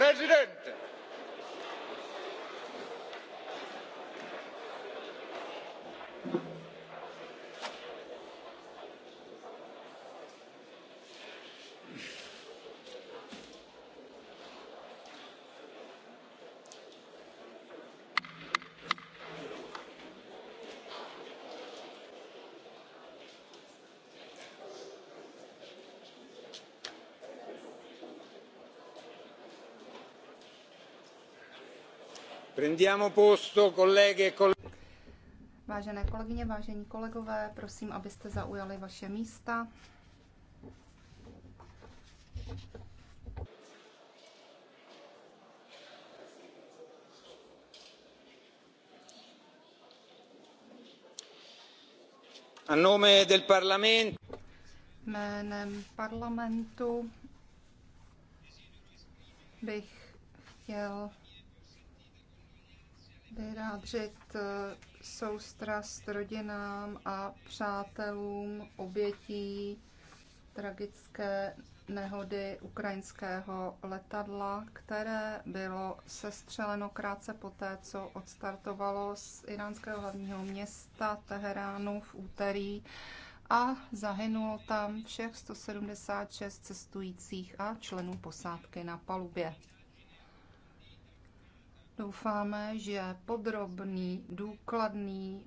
prezident! E Vážené kolegyně, vážení kolegové, prosím, abyste zaujali vaše místa. A nome del Parlamento. Jménem parlamentu vyjádřit eh, soustrast rodinám a přátelům obětí tragické nehody ukrajinského letadla, které bylo sestřeleno krátce poté, co odstartovalo z iránského hlavního města Teheránu v úterý a zahynulo tam všech 176 cestujících a členů posádky na palubě. Doufáme, že podrobný, důkladný,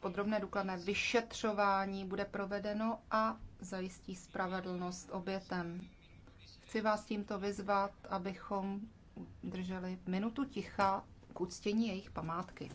podrobné důkladné vyšetřování bude provedeno a zajistí spravedlnost obětem. Chci vás tímto vyzvat, abychom drželi minutu ticha k uctění jejich památky.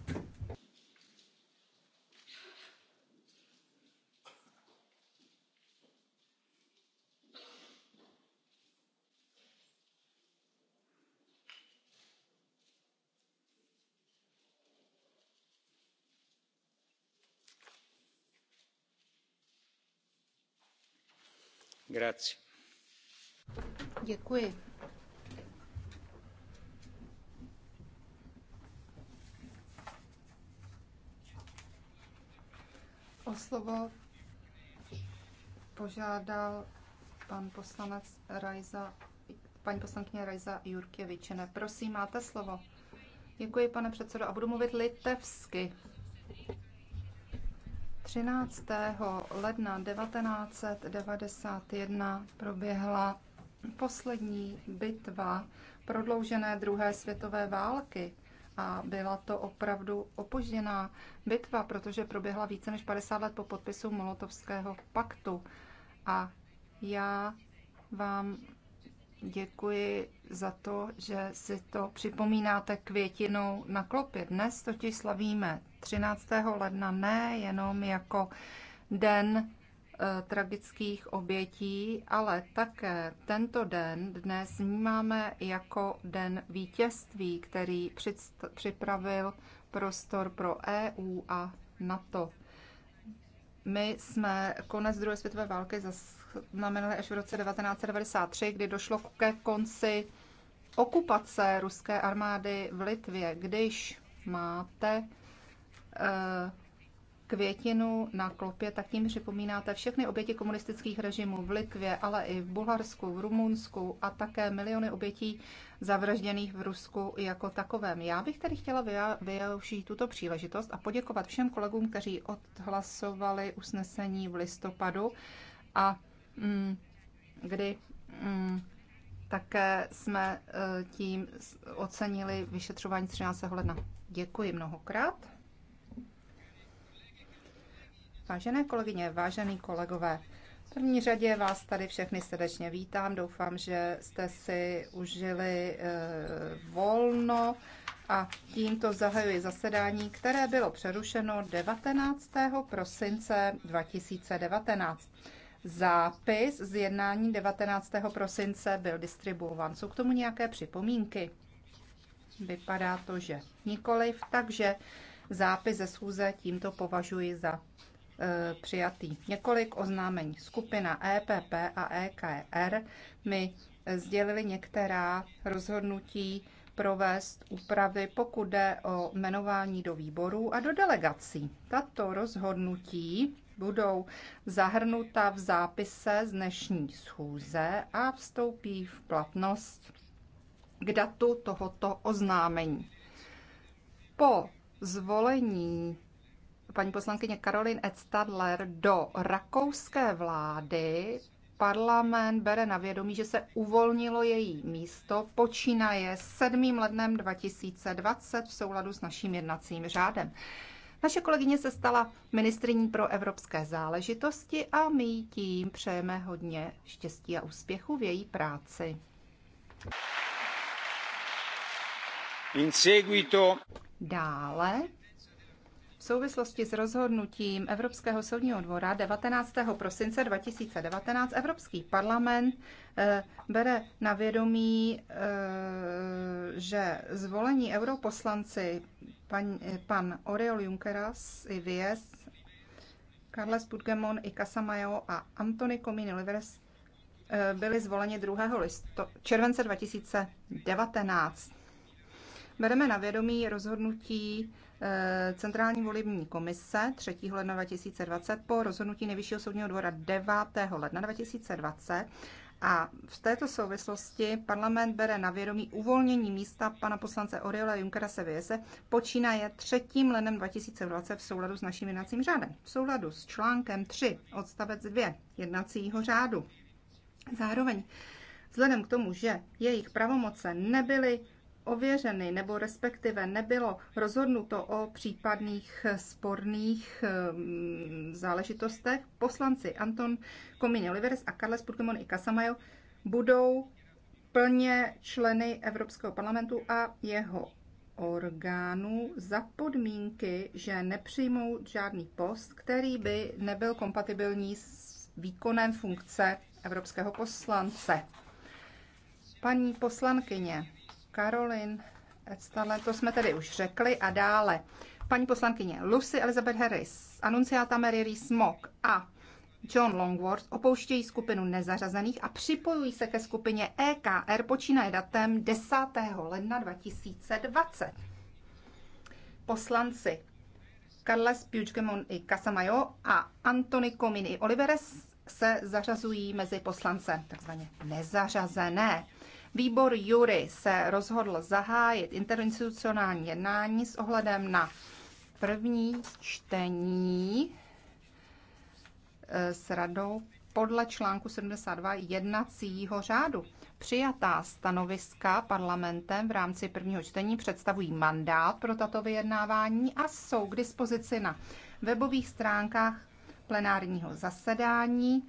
Grazie. Děkuji. O slovo požádal pan poslanec Rajza, paní poslankyně Rajza Jurkěvičene. Prosím, máte slovo. Děkuji, pane předsedo, a budu mluvit litevsky. 13. ledna 1991 proběhla poslední bitva prodloužené druhé světové války a byla to opravdu opožděná bitva, protože proběhla více než 50 let po podpisu Molotovského paktu. A já vám děkuji za to, že si to připomínáte květinou na klopě. Dnes totiž slavíme 13. ledna ne jenom jako den eh, tragických obětí, ale také tento den dnes vnímáme jako den vítězství, který připravil prostor pro EU a NATO. My jsme konec druhé světové války zase znamenaly až v roce 1993, kdy došlo ke konci okupace ruské armády v Litvě. Když máte eh, květinu na klopě, tak tím připomínáte všechny oběti komunistických režimů v Litvě, ale i v Bulharsku, v Rumunsku a také miliony obětí zavražděných v Rusku jako takovém. Já bych tedy chtěla využít tuto příležitost a poděkovat všem kolegům, kteří odhlasovali usnesení v listopadu a Mm, kdy mm, také jsme e, tím ocenili vyšetřování 13. ledna. Děkuji mnohokrát. Vážené kolegyně, vážení kolegové, v první řadě vás tady všechny srdečně vítám. Doufám, že jste si užili e, volno a tímto zahajuji zasedání, které bylo přerušeno 19. prosince 2019. Zápis z jednání 19. prosince byl distribuován. Jsou k tomu nějaké připomínky? Vypadá to, že nikoliv, takže zápis ze schůze tímto považuji za e, přijatý. Několik oznámení. Skupina EPP a EKR mi sdělili některá rozhodnutí provést úpravy, pokud jde o jmenování do výborů a do delegací. Tato rozhodnutí budou zahrnuta v zápise z dnešní schůze a vstoupí v platnost k datu tohoto oznámení. Po zvolení paní poslankyně Karolin Edstadler do rakouské vlády parlament bere na vědomí, že se uvolnilo její místo, počínaje 7. lednem 2020 v souladu s naším jednacím řádem. Naše kolegyně se stala ministriní pro evropské záležitosti a my jí tím přejeme hodně štěstí a úspěchu v její práci. In seguito... Dále v souvislosti s rozhodnutím Evropského soudního dvora 19. prosince 2019 Evropský parlament eh, bere na vědomí, eh, že zvolení europoslanci pan, eh, pan Oriol Junkeras i Vies, Carles Putgemon i Casamayo a Antony Comín Livers eh, byli zvoleni 2. Listo, července 2019. Bereme na vědomí rozhodnutí eh, Centrální volební komise 3. ledna 2020 po rozhodnutí Nejvyššího soudního dvora 9. ledna 2020 a v této souvislosti parlament bere na vědomí uvolnění místa pana poslance Oriola Junkera Seviese počínaje 3. lenem 2020 v souladu s naším jednacím řádem. V souladu s článkem 3 odstavec 2 jednacího řádu. Zároveň Vzhledem k tomu, že jejich pravomoce nebyly ověřeny, nebo respektive nebylo rozhodnuto o případných sporných ehm, záležitostech, poslanci Anton Komín Oliveres a Carles Putemon i Casamayo budou plně členy Evropského parlamentu a jeho orgánů za podmínky, že nepřijmou žádný post, který by nebyl kompatibilní s výkonem funkce evropského poslance. Paní poslankyně, Karolin Edstadle, to jsme tedy už řekli a dále. Paní poslankyně Lucy Elizabeth Harris, Anunciata Mary Rees Smog a John Longworth opouštějí skupinu nezařazených a připojují se ke skupině EKR počínaje datem 10. ledna 2020. Poslanci Carles Puigdemont i Casamayo a Antony Comín i Oliveres se zařazují mezi poslance, takzvaně nezařazené. Výbor Jury se rozhodl zahájit interinstitucionální jednání s ohledem na první čtení e, s radou podle článku 72 jednacího řádu. Přijatá stanoviska parlamentem v rámci prvního čtení představují mandát pro tato vyjednávání a jsou k dispozici na webových stránkách plenárního zasedání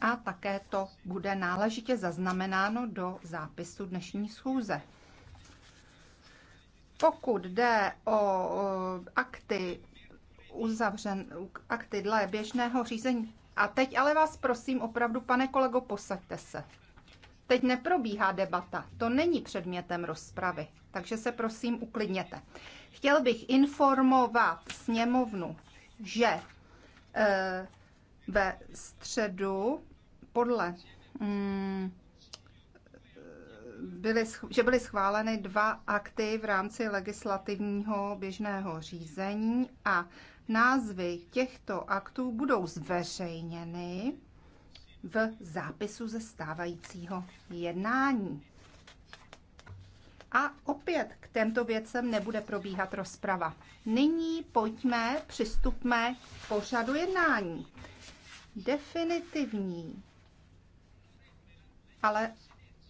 a také to bude náležitě zaznamenáno do zápisu dnešní schůze. Pokud jde o eh, akty uzavřen, akty dle běžného řízení, a teď ale vás prosím opravdu, pane kolego, posaďte se. Teď neprobíhá debata, to není předmětem rozpravy, takže se prosím uklidněte. Chtěl bych informovat sněmovnu, že eh, ve středu podle mm, byly, že byly schváleny dva akty v rámci legislativního běžného řízení a názvy těchto aktů budou zveřejněny v zápisu ze stávajícího jednání. A opět k těmto věcem nebude probíhat rozprava. Nyní pojďme, přistupme k pořadu jednání definitivní. Ale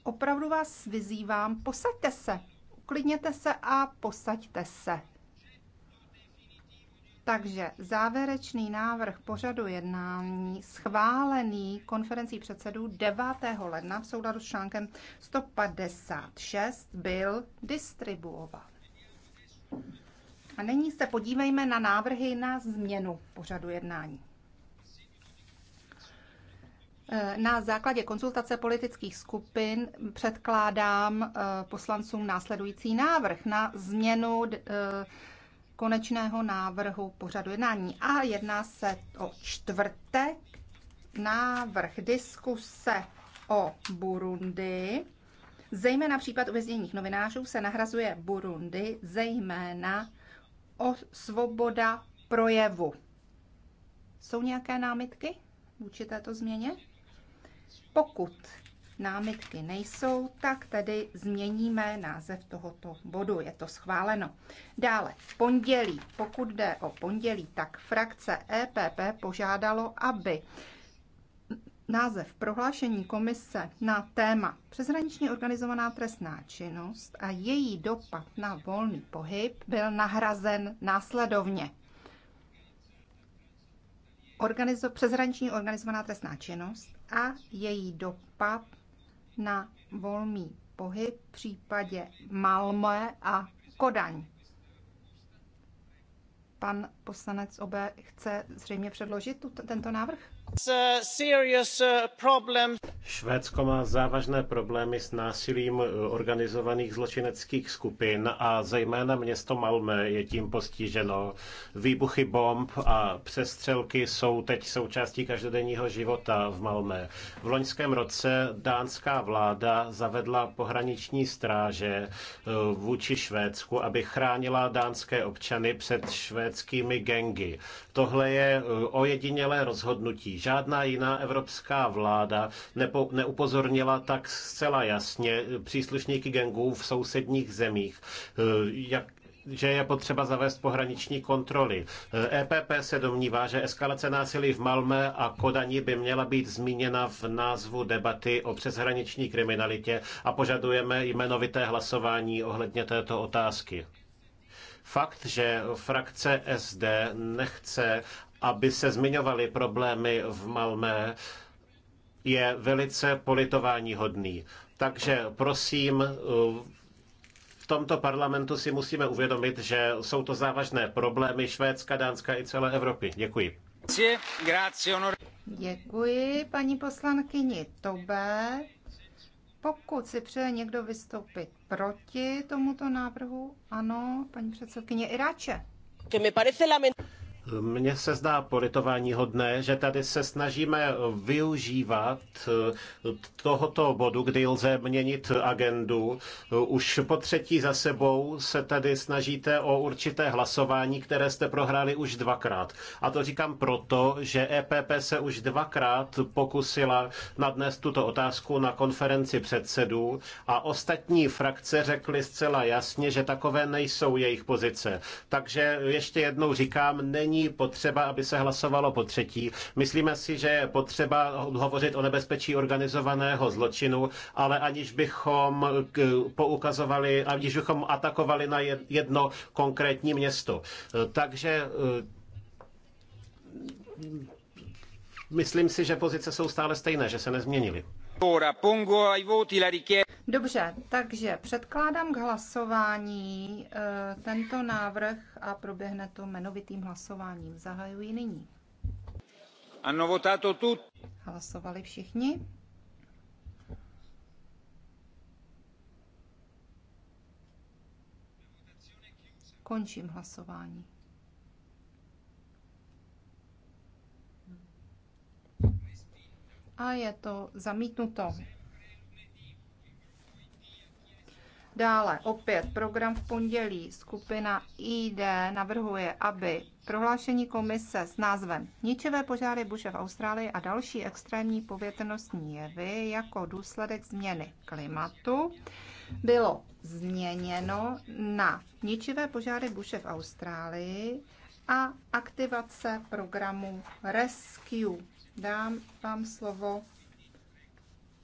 opravdu vás vyzývám, posaďte se, uklidněte se a posaďte se. Takže závěrečný návrh pořadu jednání schválený konferencí předsedů 9. ledna v souladu s článkem 156 byl distribuován. A nyní se podívejme na návrhy na změnu pořadu jednání. Na základě konzultace politických skupin předkládám eh, poslancům následující návrh na změnu eh, konečného návrhu pořadu jednání. A jedná se o čtvrtek, návrh diskuse o Burundi. Zejména případ uvězněných novinářů se nahrazuje Burundi, zejména o svoboda projevu. Jsou nějaké námitky vůči této změně? Pokud námitky nejsou, tak tedy změníme název tohoto bodu. Je to schváleno. Dále, pondělí. Pokud jde o pondělí, tak frakce EPP požádalo, aby název prohlášení komise na téma přeshraničně organizovaná trestná činnost a její dopad na volný pohyb byl nahrazen následovně. Organizo- přeshraniční organizovaná trestná činnost a její dopad na volný pohyb v případě Malmö a Kodaň. Pan poslanec Obe chce zřejmě předložit tuto, tento návrh? Uh, Švédsko má závažné problémy s násilím uh, organizovaných zločineckých skupin a zejména město Malmö je tím postiženo. Výbuchy bomb a přestřelky jsou teď součástí každodenního života v Malmö. V loňském roce dánská vláda zavedla pohraniční stráže uh, vůči Švédsku, aby chránila dánské občany před švédskými gengy. Tohle je e, ojedinělé rozhodnutí. Žádná jiná evropská vláda nepo, neupozornila tak zcela jasně příslušníky gangů v sousedních zemích, e, jak, že je potřeba zavést pohraniční kontroly. EPP e se domnívá, že eskalace násilí v Malmé a Kodani by měla být zmíněna v názvu debaty o přeshraniční kriminalitě a požadujeme jmenovité hlasování ohledně této otázky. Fakt, že frakce SD nechce, aby se zmiňovaly problémy v Malmé, je velice politováníhodný. Takže prosím, v tomto parlamentu si musíme uvědomit, že jsou to závažné problémy Švédska, Dánska i celé Evropy. Děkuji. Děkuji paní poslankyni Tobé. Pokud si přeje někdo vystoupit proti tomuto návrhu, ano, paní předsedkyně Iráče. Mně se zdá politování hodné, že tady se snažíme využívat eh, tohoto bodu, kdy lze měnit agendu. Už po třetí za sebou se tady snažíte o určité hlasování, které jste prohráli už dvakrát. A to říkám proto, že EPP se už dvakrát pokusila nadnést tuto otázku na konferenci předsedů a ostatní frakce řekly zcela jasně, že takové nejsou jejich pozice. Takže ještě jednou říkám, není není potřeba, aby se hlasovalo po třetí. Myslíme si, že je potřeba hovořit o nebezpečí organizovaného zločinu, ale aniž bychom poukazovali, aniž bychom atakovali na jedno konkrétní město. Takže eh, myslím si, že pozice jsou stále stejné, že se nezměnily. Dobře, takže předkládám k hlasování eh, tento návrh a proběhne to jmenovitým hlasováním. Zahajuji nyní. Hlasovali všichni. Končím hlasování. a je to zamítnuto. Dále opět program v pondělí. Skupina ID navrhuje, aby prohlášení komise s názvem Ničivé požáry buše v Austrálii a další extrémní povětrnostní jevy jako důsledek změny klimatu bylo změněno na Ničivé požáry buše v Austrálii a aktivace programu Rescue dám vám slovo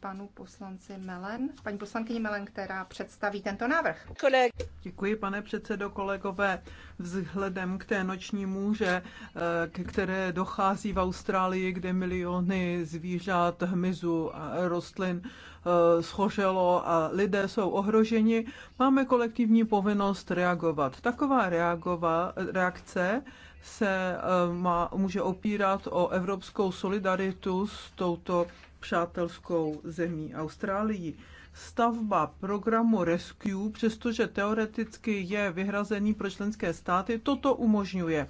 panu poslanci Melen, paní poslankyni Melen, která představí tento návrh. Koleg. Děkuji, pane předsedo, kolegové. Vzhledem k té noční můře, eh, ke které dochází v Austrálii, kde miliony zvířat, hmyzu a rostlin eh, schořelo a lidé jsou ohroženi, máme kolektivní povinnost reagovat. Taková reagova, reakce se eh, má, může opírat o evropskou solidaritu s touto přátelskou zemí Austrálií. Stavba programu Rescue, přestože teoreticky je vyhrazený pro členské státy, toto umožňuje.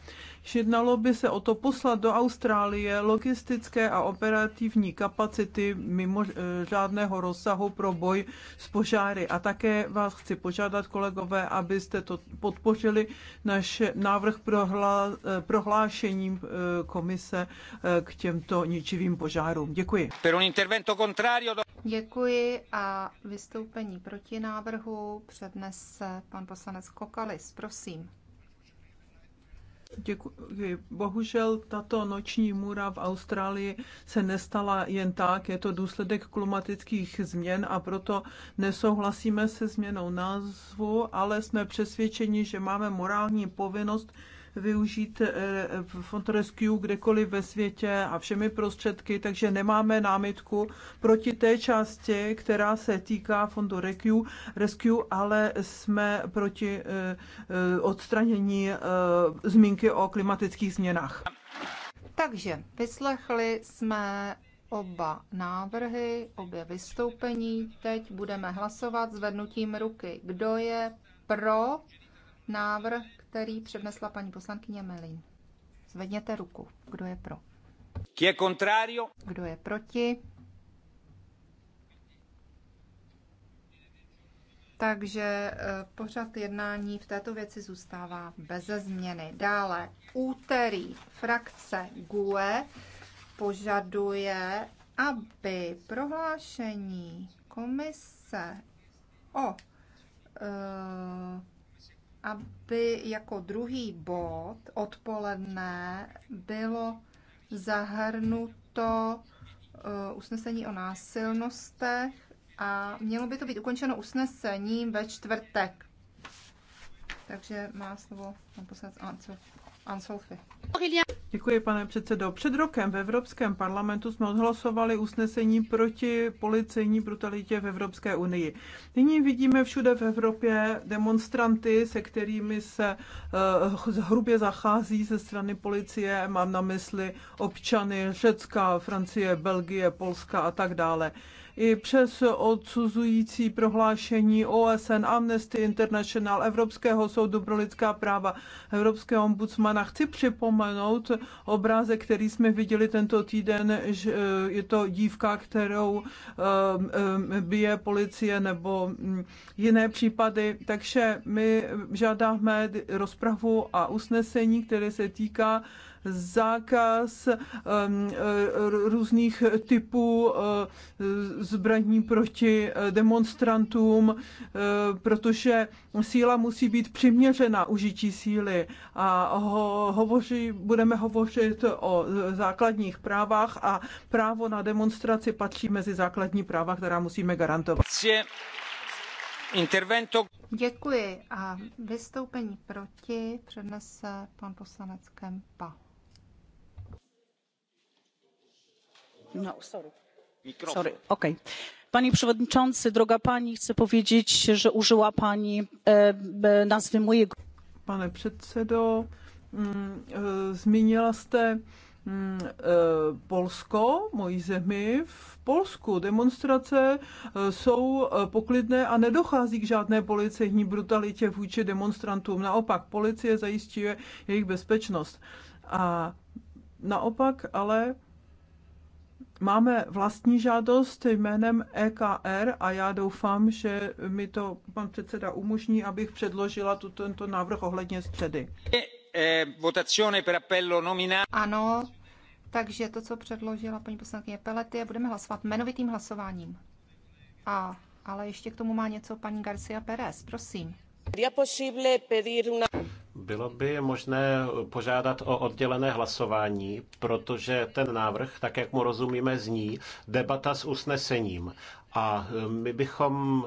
Jednalo by se o to poslat do Austrálie logistické a operativní kapacity mimo eh, žádného rozsahu pro boj s požáry. A také vás chci požádat, kolegové, abyste to podpořili náš návrh eh, prohlášením eh, komise k těmto ničivým požárům. Děkuji. Děkuji a vystoupení proti návrhu přednese pan poslanec Kokalis. Prosím. Děkuji. Bohužel tato noční můra v Austrálii se nestala jen tak, je to důsledek klimatických změn a proto nesouhlasíme se změnou názvu, ale jsme přesvědčeni, že máme morální povinnost využít eh, Fond Rescue kdekoliv ve světě a všemi prostředky, takže nemáme námitku proti té části, která se týká Fondu Rescue, Rescue ale jsme proti eh, eh, odstranění zmínky o klimatických změnách. Takže vyslechli jsme oba návrhy, obě vystoupení. Teď budeme hlasovat zvednutím ruky. Kdo je pro návrh který přednesla paní poslankyně Melin. Zvedněte ruku. Kdo je pro? Kdo je proti? Takže eh, pořad jednání v této věci zůstává beze změny. Dále úterý frakce GUE požaduje, aby prohlášení komise o e, aby jako druhý bod odpoledne bylo zahrnuto eh, usnesení o násilnostech a mělo by to být ukončeno usnesením ve čtvrtek. Takže má slovo pan poslanec Ancel. Děkuji, pane předsedo. Před rokem v Evropském parlamentu jsme odhlasovali usnesení proti policejní brutalitě v Evropské unii. Nyní vidíme všude v Evropě demonstranty, se kterými se uh, hrubě zachází ze strany policie. Mám na mysli občany Řecka, Francie, Belgie, Polska a tak dále. Uh, i přes odsuzující prohlášení OSN, Amnesty International, Evropského soudu pro lidská práva, Evropského ombudsmana. Chci připomenout obrázek, který jsme viděli tento týden. Že eh, je to dívka, kterou eh, eh, bije policie nebo hm, jiné případy. Takže my žádáme rozpravu a usnesení, které se týká zákaz um, eh, různých typů eh, zbraní proti eh, demonstrantům, protože síla musí být přiměřená užití síly. A ho, hovoří, budeme hovořit o základních právách a právo na demonstraci patří mezi základní práva, která musíme garantovat. Intervento. Děkuji a vystoupení proti přednese pan poslanec Kempa. pani przewodnicząca droga pani, chcę powiedzieć, że użyła pani e, nazwy mojego. Pane předsedo, mm, zmínila jste mm, e, Polsko, moji zemi, v Polsku demonstrace jsou e, poklidné a nedochází k žádné policejní brutalitě vůči demonstrantům. Naopak, policie zajišťuje jejich bezpečnost. A naopak, ale máme vlastní žádost jménem EKR a já doufám, že mi to pan předseda umožní, abych předložila tu tento návrh ohledně středy. E, e, ano, takže to, co předložila paní poslankyně Pelety, budeme hlasovat jmenovitým hlasováním. A, ale ještě k tomu má něco paní Garcia Perez, prosím. Bylo by možné požádat o oddělené hlasování, protože ten návrh, tak jak mu rozumíme, zní debata s usnesením. A e, my bychom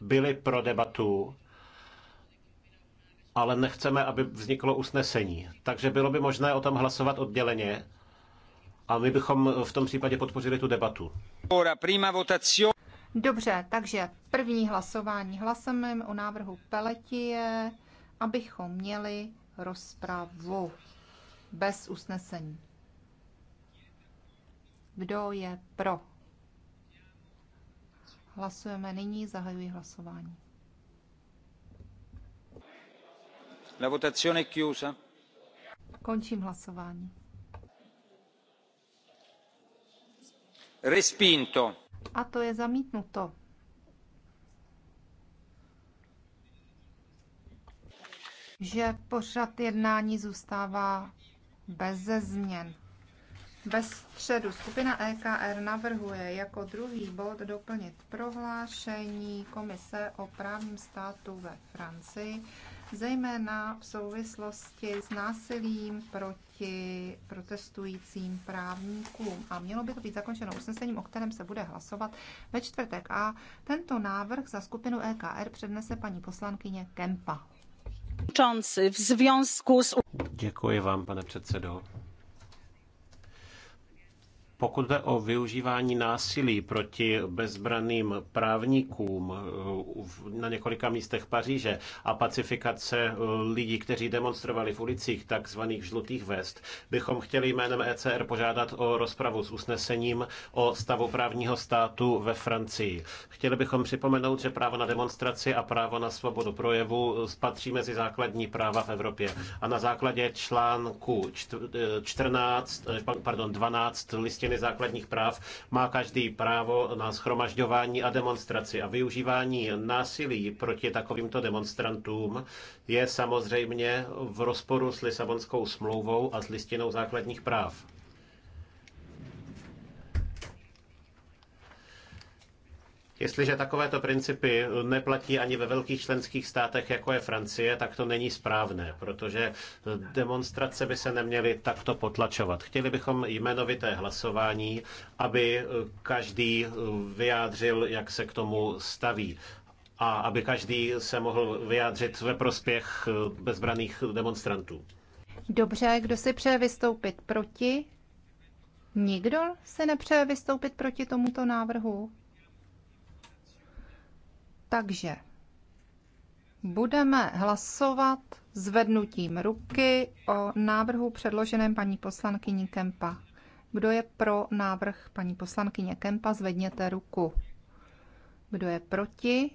byli pro debatu, ale nechceme, aby vzniklo usnesení. Takže bylo by možné o tom hlasovat odděleně a my bychom v tom případě podpořili tu debatu. Ora, prima votazione. Dobře, takže první hlasování. Hlasujeme o návrhu Peletie, abychom měli rozpravu bez usnesení. Kdo je pro? Hlasujeme nyní, zahajuji hlasování. La votazione è chiusa. Končím hlasování. Respinto a to je zamítnuto. Že pořad jednání zůstává beze změn. Ve středu skupina EKR navrhuje jako druhý bod doplnit prohlášení Komise o právním státu ve Francii zejména v souvislosti s násilím proti protestujícím právníkům. A mělo by to být zakončeno usnesením, o kterém se bude hlasovat ve čtvrtek. A tento návrh za skupinu EKR přednese paní poslankyně Kempa. Děkuji vám, pane předsedo. Pokud jde o využívání násilí proti bezbraným právníkům eh, na několika místech Paříže a pacifikace eh, lidí, kteří demonstrovali v ulicích takzvaných žlutých vest, bychom chtěli jménem ECR požádat o rozpravu s usnesením o stavu právního státu ve Francii. Chtěli bychom připomenout, že právo na demonstraci a právo na svobodu projevu spatří eh, mezi základní práva v Evropě. A na základě článku 14, pardon, 12 listě listiny základních práv má každý právo na schromažďování a demonstraci a využívání násilí proti takovýmto demonstrantům je samozřejmě v rozporu s Lisabonskou smlouvou a s listinou základních práv. Jestliže takovéto principy neplatí ani ve velkých členských státech, jako je Francie, tak to není správné, protože demonstrace by se neměly takto potlačovat. Chtěli bychom jmenovité hlasování, aby každý vyjádřil, jak se k tomu staví a aby každý se mohl vyjádřit ve prospěch bezbraných demonstrantů. Dobře, kdo si přeje vystoupit proti? Nikdo se nepřeje vystoupit proti tomuto návrhu? Takže budeme hlasovat zvednutím ruky o návrhu předloženém paní poslankyni Kempa. Kdo je pro návrh paní poslankyně Kempa, zvedněte ruku. Kdo je proti?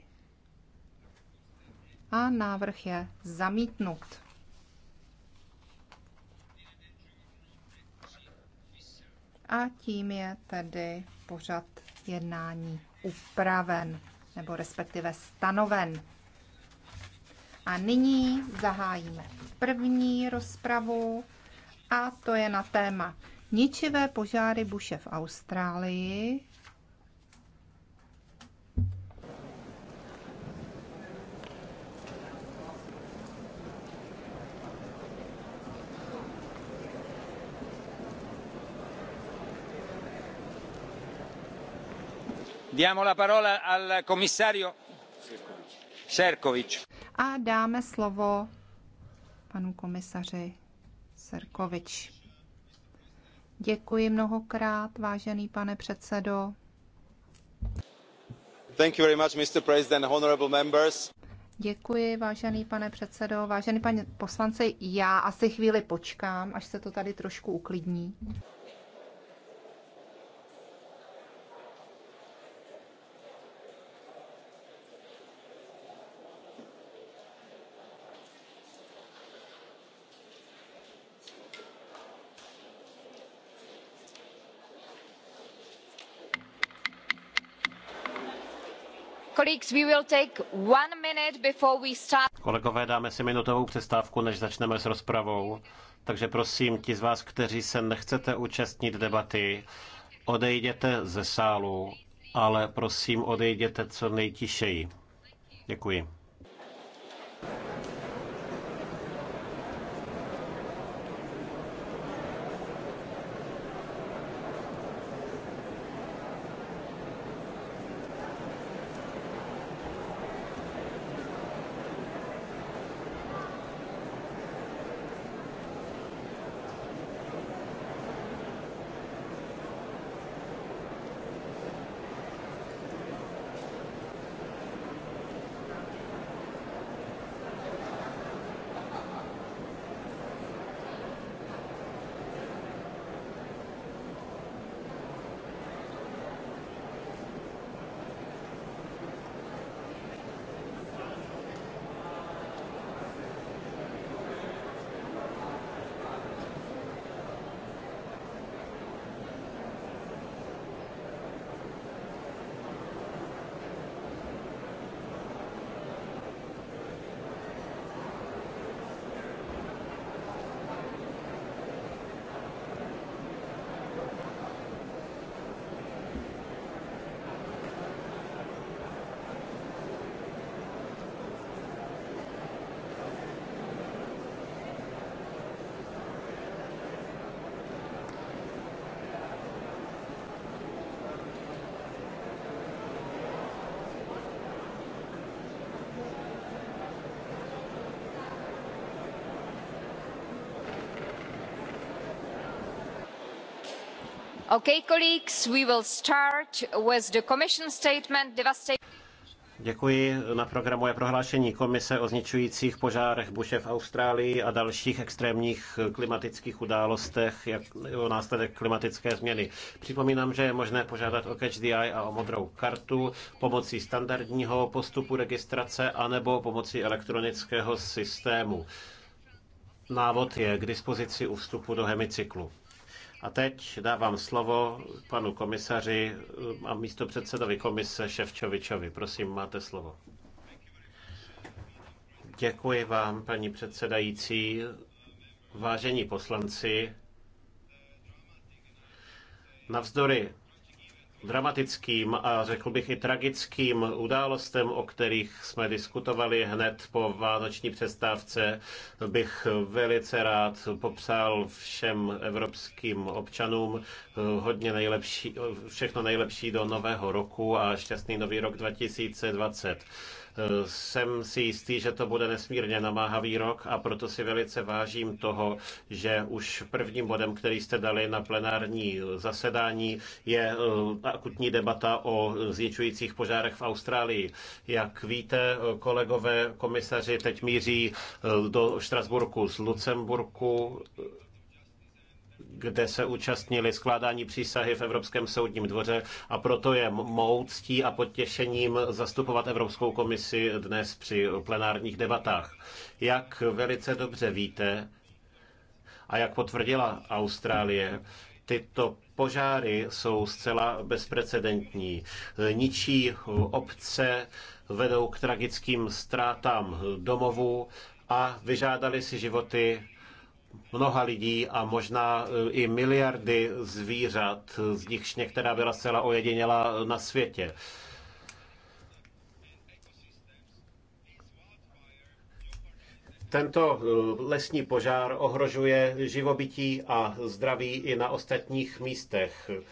A návrh je zamítnut. A tím je tedy pořad jednání upraven nebo respektive stanoven. A nyní zahájíme první rozpravu a to je na téma ničivé požáry buše v Austrálii, A dáme slovo panu komisaři Serkovič. Děkuji mnohokrát, vážený pane předsedo. Thank you very much, Mr. President, honorable members. Děkuji, vážený pane předsedo. Vážený pane poslanci, já asi chvíli počkám, až se to tady trošku uklidní. Kolegové, dáme si minutovou přestávku, než začneme s rozpravou. Takže prosím, ti z vás, kteří se nechcete účastnit debaty, odejděte ze sálu, ale prosím, odejděte co nejtišeji. Děkuji. Děkuji. Na programu je prohlášení komise o zničujících požárech buše v Austrálii a dalších extrémních klimatických událostech jak o následek klimatické změny. Připomínám, že je možné požádat o Catch the Eye a o modrou kartu pomocí standardního postupu registrace anebo pomocí elektronického systému. Návod je k dispozici u vstupu do hemicyklu. A teď dávám slovo panu komisaři a místo předsedovi komise Ševčovičovi. Prosím, máte slovo. Děkuji vám, paní předsedající. Vážení poslanci, navzdory dramatickým a řekl bych i tragickým událostem, o kterých jsme diskutovali hned po vánoční přestávce, bych velice rád popřál všem evropským občanům eh, hodně nejlepší, eh, všechno nejlepší do nového roku a šťastný nový rok 2020. Jsem si jistý, že to bude nesmírně namáhavý rok a proto si velice vážím toho, že už prvním bodem, který jste dali na plenární zasedání, je e, akutní debata o zničujících požárech v Austrálii. Jak víte, kolegové komisaři teď míří e, do Štrasburku z Lucemburku, kde se účastnili skládání přísahy v Evropském soudním dvoře a proto je mou ctí a potěšením zastupovat Evropskou komisi dnes při plenárních debatách. Jak velice dobře víte a jak potvrdila Austrálie, tyto požáry jsou zcela bezprecedentní. Ničí obce, vedou k tragickým ztrátám domovů a vyžádali si životy mnoha lidí a možná e, i miliardy zvířat, z nichž některá byla zcela ojedinělá na světě. Tento eh, lesní požár ohrožuje živobytí a zdraví i na ostatních místech. Eh,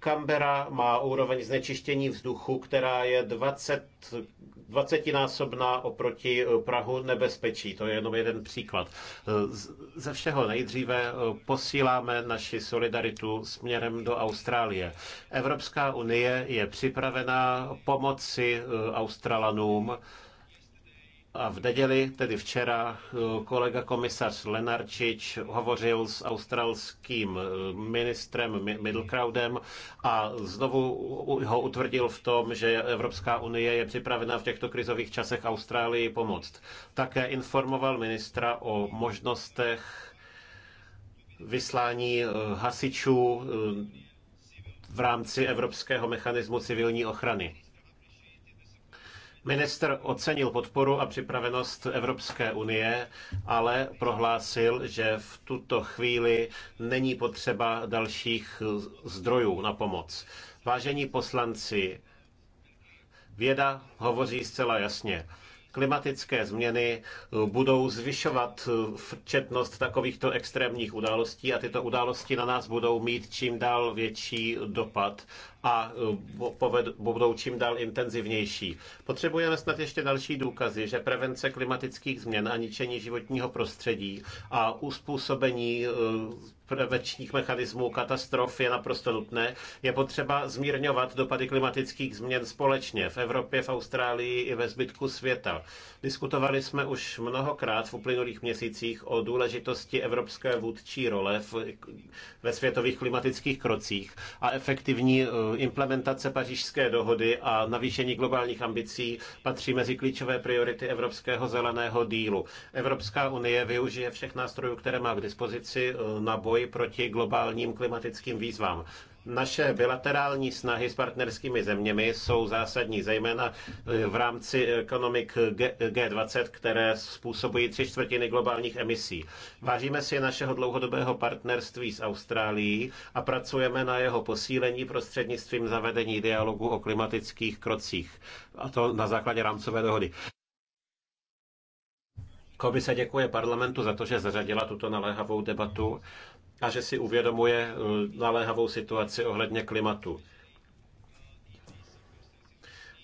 Canberra má úroveň znečištění vzduchu, která je 20, 20-násobná oproti eh, Prahu nebezpečí. To je jenom jeden příklad. Ze všeho nejdříve posíláme naši solidaritu směrem do Austrálie. Evropská unie je připravená pomoci Australanům a v neděli, tedy včera, kolega komisař Lenarčič hovořil s australským eh, ministrem Middlecrowdem a znovu ho utvrdil v tom, že Evropská unie je připravena v těchto krizových časech Austrálii pomoct. Také informoval ministra o možnostech vyslání eh, hasičů eh, v rámci Evropského mechanismu civilní ochrany. Minister ocenil podporu a připravenost Evropské unie, ale prohlásil, že v tuto chvíli není potřeba dalších zdrojů na pomoc. Vážení poslanci, věda hovoří zcela jasně klimatické změny budou zvyšovat četnost takovýchto extrémních událostí a tyto události na nás budou mít čím dál větší dopad a e, budou čím dál intenzivnější. Potřebujeme snad ještě další důkazy, že prevence klimatických změn a ničení životního prostředí a uspůsobení e, prevenčních mechanismů katastrof je naprosto nutné. Je potřeba zmírňovat dopady klimatických změn společně v Evropě, v Austrálii i ve zbytku světa. Diskutovali jsme už mnohokrát v uplynulých měsících o důležitosti evropské vůdčí role v, ve světových klimatických krocích a efektivní e, implementace pařížské dohody a navýšení globálních ambicí patří mezi klíčové priority Evropského zeleného dílu. Evropská unie využije všech nástrojů, které má k dispozici eh, na boj proti globálním klimatickým výzvám. Naše bilaterální snahy s partnerskými zeměmi jsou zásadní, zejména eh, v rámci ekonomik G20, které způsobují tři čtvrtiny globálních emisí. Vážíme si našeho dlouhodobého partnerství s Austrálií a pracujeme na jeho posílení prostřednictvím zavedení dialogu o klimatických krocích, a to na základě rámcové dohody. Komise děkuje parlamentu za to, že zařadila tuto naléhavou debatu a že si uvědomuje eh, naléhavou situaci ohledně klimatu.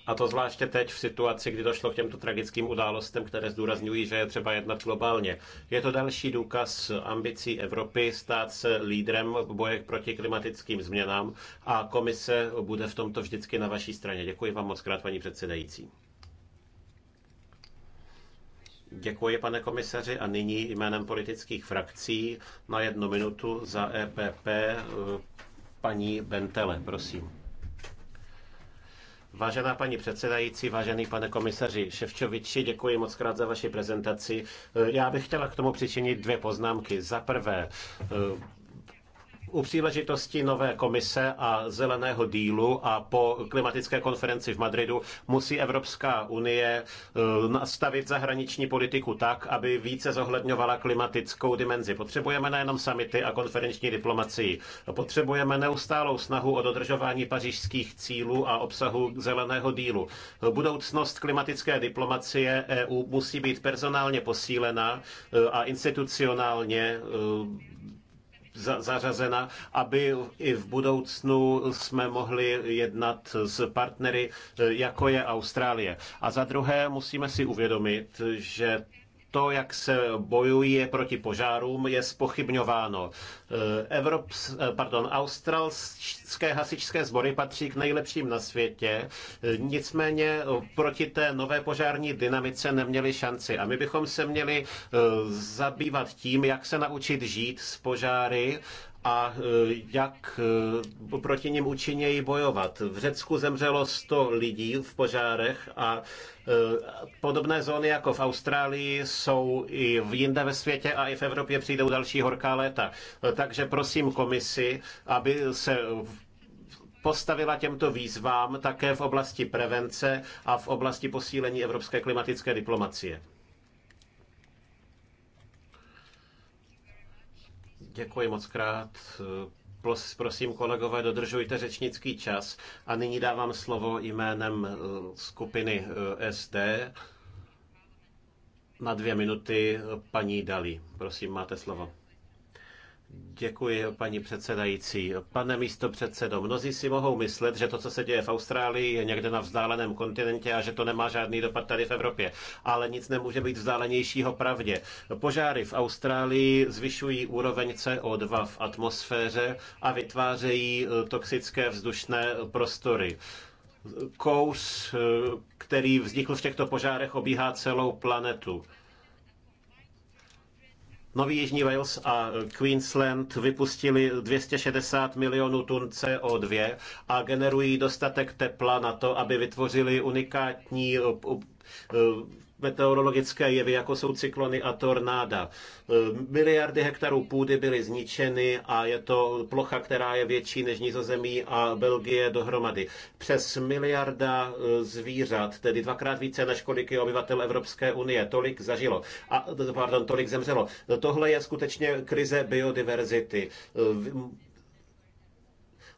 A to zvláště teď v situaci, kdy došlo k těmto tragickým událostem, které zdůrazňují, že je třeba jednat globálně. Je to další důkaz ambicí Evropy stát se lídrem v boji proti klimatickým změnám a komise bude v tomto vždycky na vaší straně. Děkuji vám moc krát, paní předsedající. Děkuji, pane komisaři, a nyní jménem politických frakcí na jednu minutu za EPP eh, paní Bentele, prosím. Vážená paní předsedající, vážený pane komisaři Ševčoviči, děkuji moc krát za vaši prezentaci. Eh, já bych chtěla k tomu přičinit dvě poznámky. Za prvé, eh, u příležitosti nové komise a zeleného dílu a po klimatické konferenci v Madridu musí Evropská unie e, nastavit zahraniční politiku tak, aby více zohledňovala klimatickou dimenzi. Potřebujeme nejenom samity a konferenční diplomacii. Potřebujeme neustálou snahu o dodržování pařížských cílů a obsahu zeleného dílu. Budoucnost klimatické diplomacie EU musí být personálně posílena e, a institucionálně e, zařazena, aby i v budoucnu jsme mohli jednat s partnery, e, jako je Austrálie. A za druhé musíme si uvědomit, že to, jak se bojuje proti požárům, je spochybňováno. Eh, Evrops, eh, pardon, australské hasičské sbory patří k nejlepším na světě, eh, nicméně proti té nové požární dynamice neměli šanci. A my bychom se měli zabývat tím, jak se naučit žít s požáry a eh, jak eh, proti nim účinněji bojovat. V Řecku zemřelo 100 lidí v požárech a eh, podobné zóny jako v Austrálii jsou i v jinde ve světě a i v Evropě přijdou další horká léta. Takže prosím komisi, aby se postavila těmto výzvám také v oblasti prevence a v oblasti posílení evropské klimatické diplomacie. Děkuji moc krát. Prosím, kolegové, dodržujte řečnický čas. A nyní dávám slovo jménem eh, skupiny eh, SD na dvě minuty eh, paní Dali. Prosím, máte slovo. Děkuji, paní předsedající. Pane místo předsedo, mnozí si mohou myslet, že to, co se děje v Austrálii, je někde na vzdáleném kontinentě a že to nemá žádný dopad tady v Evropě. Ale nic nemůže být vzdálenějšího pravdě. Požáry v Austrálii zvyšují úroveň CO2 v atmosféře a vytvářejí eh, toxické vzdušné prostory kous, eh, který vznikl v těchto požárech, obíhá celou planetu. Nový Jižní Wales a e, Queensland vypustili 260 milionů tun CO2 a generují dostatek tepla na to, aby vytvořili unikátní e, e, meteorologické jevy, jako jsou cyklony a tornáda. E, miliardy hektarů půdy byly zničeny a je to plocha, která je větší než Nizozemí a Belgie dohromady. Přes miliarda e, zvířat, tedy dvakrát více než kolik je obyvatel Evropské unie, tolik zažilo. A, e, pardon, tolik zemřelo. Tohle je skutečně krize biodiverzity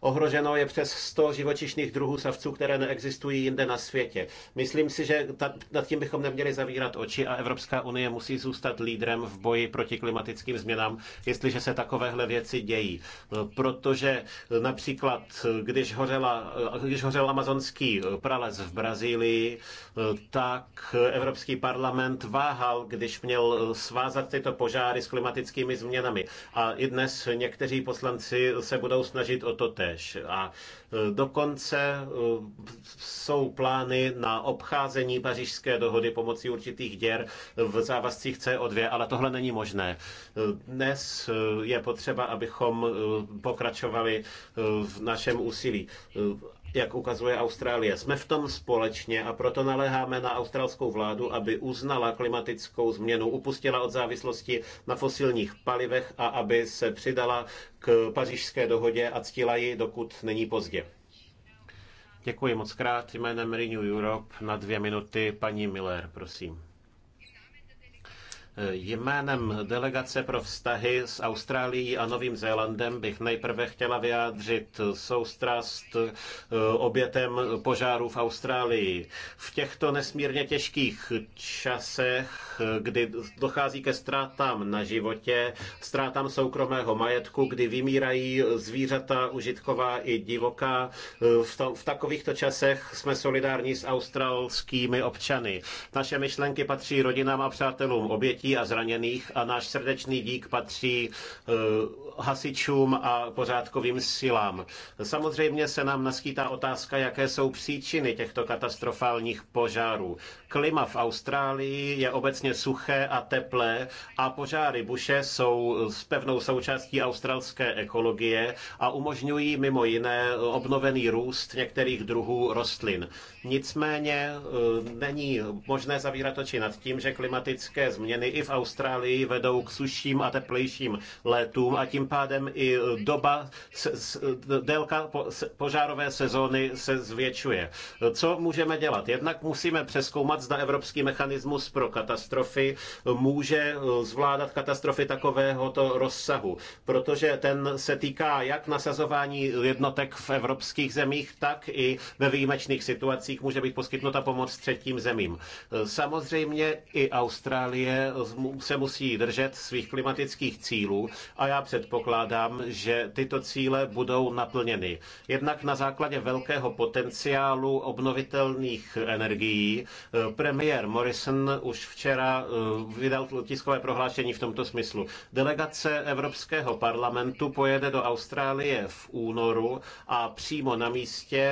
Ohroženo je přes 100 živočišných druhů savců, které neexistují jinde na světě. Myslím si, že nad tím bychom neměli zavírat oči a Evropská unie musí zůstat lídrem v boji proti klimatickým změnám, jestliže se takovéhle věci dějí. Protože například, když, hořela, když hořel amazonský prales v Brazílii, tak Evropský parlament váhal, když měl svázat tyto požáry s klimatickými změnami. A i dnes někteří poslanci se budou snažit o to tež totéž. A e, dokonce e, jsou plány na obcházení pařížské dohody pomocí určitých děr v závazcích CO2, ale tohle není možné. E, dnes je potřeba, abychom pokračovali v našem úsilí jak ukazuje Austrálie. Jsme v tom společně a proto naléháme na australskou vládu, aby uznala klimatickou změnu, upustila od závislosti na fosilních palivech a aby se přidala k pařížské dohodě a ctila ji, dokud není pozdě. Děkuji moc krát. Jménem Renew Europe na dvě minuty paní Miller, prosím. Jménem delegace pro vztahy s Austrálií a Novým Zélandem bych nejprve chtěla vyjádřit soustrast eh, obětem požáru v Austrálii. V těchto nesmírně těžkých časech, kdy dochází ke ztrátám na životě, ztrátám soukromého majetku, kdy vymírají zvířata užitková i divoká, eh, v, to, v takovýchto časech jsme solidární s australskými občany. Naše myšlenky patří rodinám a přátelům obětí obětí a zraněných a náš srdečný dík patří eh, hasičům a pořádkovým silám. Samozřejmě se nám naskýtá otázka, jaké jsou příčiny těchto katastrofálních požárů. Klima v Austrálii je obecně suché a teplé a požáry buše jsou s pevnou součástí australské ekologie a umožňují mimo jiné obnovený růst některých druhů rostlin. Nicméně eh, není možné zavírat oči nad tím, že klimatické změny i v Austrálii vedou k suším a teplejším létům a tím pádem i doba, délka požárové sezóny se zvětšuje. Co můžeme dělat? Jednak musíme přeskoumat, zda evropský mechanismus pro katastrofy může eh, zvládat katastrofy takovéhoto rozsahu, protože ten se týká jak nasazování jednotek v evropských zemích, tak i ve výjimečných situacích může být poskytnuta pomoc třetím zemím. Eh, samozřejmě i Austrálie eh, se musí držet svých klimatických cílů a já předpokládám, že tyto cíle budou naplněny. Jednak na základě velkého potenciálu obnovitelných energií. Eh, premiér Morrison už včera eh, vydal tiskové prohlášení v tomto smyslu. Delegace Evropského parlamentu pojede do Austrálie v únoru a přímo na místě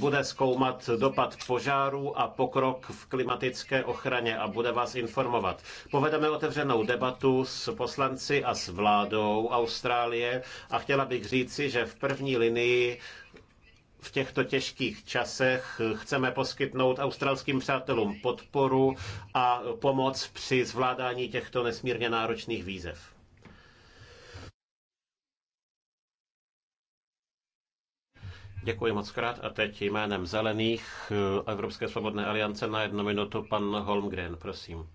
bude zkoumat dopad požárů a pokrok v klimatické ochraně a bude vás informovat. Povedeme otevřenou debatu s poslanci a s vládou Austrálie a chtěla bych říci, že v první linii v těchto těžkých časech chceme poskytnout australským přátelům podporu a pomoc při zvládání těchto nesmírně náročných výzev. Děkuji moc krát a teď jménem Zelených eh, Evropské svobodné aliance na jednu minutu pan Holmgren, prosím.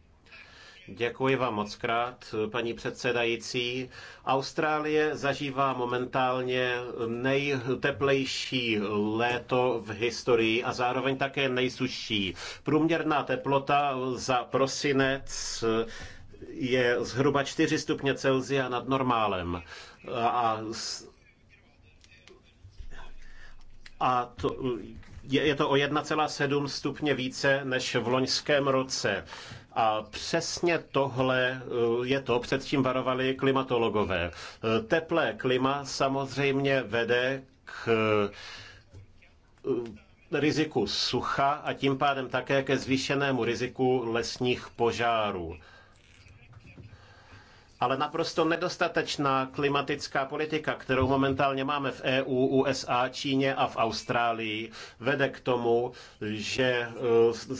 Děkuji vám moc krát, paní předsedající. Austrálie zažívá momentálně nejteplejší léto v historii a zároveň také nejsušší. Průměrná teplota za prosinec je zhruba 4 stupně Celsia nad normálem. A a to, je, je to o 1,7 stupně více než v loňském roce. A přesně tohle eh, je to, před varovali klimatologové. Eh, teplé klima samozřejmě vede k eh, riziku sucha a tím pádem také ke zvýšenému riziku lesních požárů ale naprosto nedostatečná klimatická politika, kterou momentálně máme v EU, USA, Číně a v Austrálii, vede k tomu, že eh,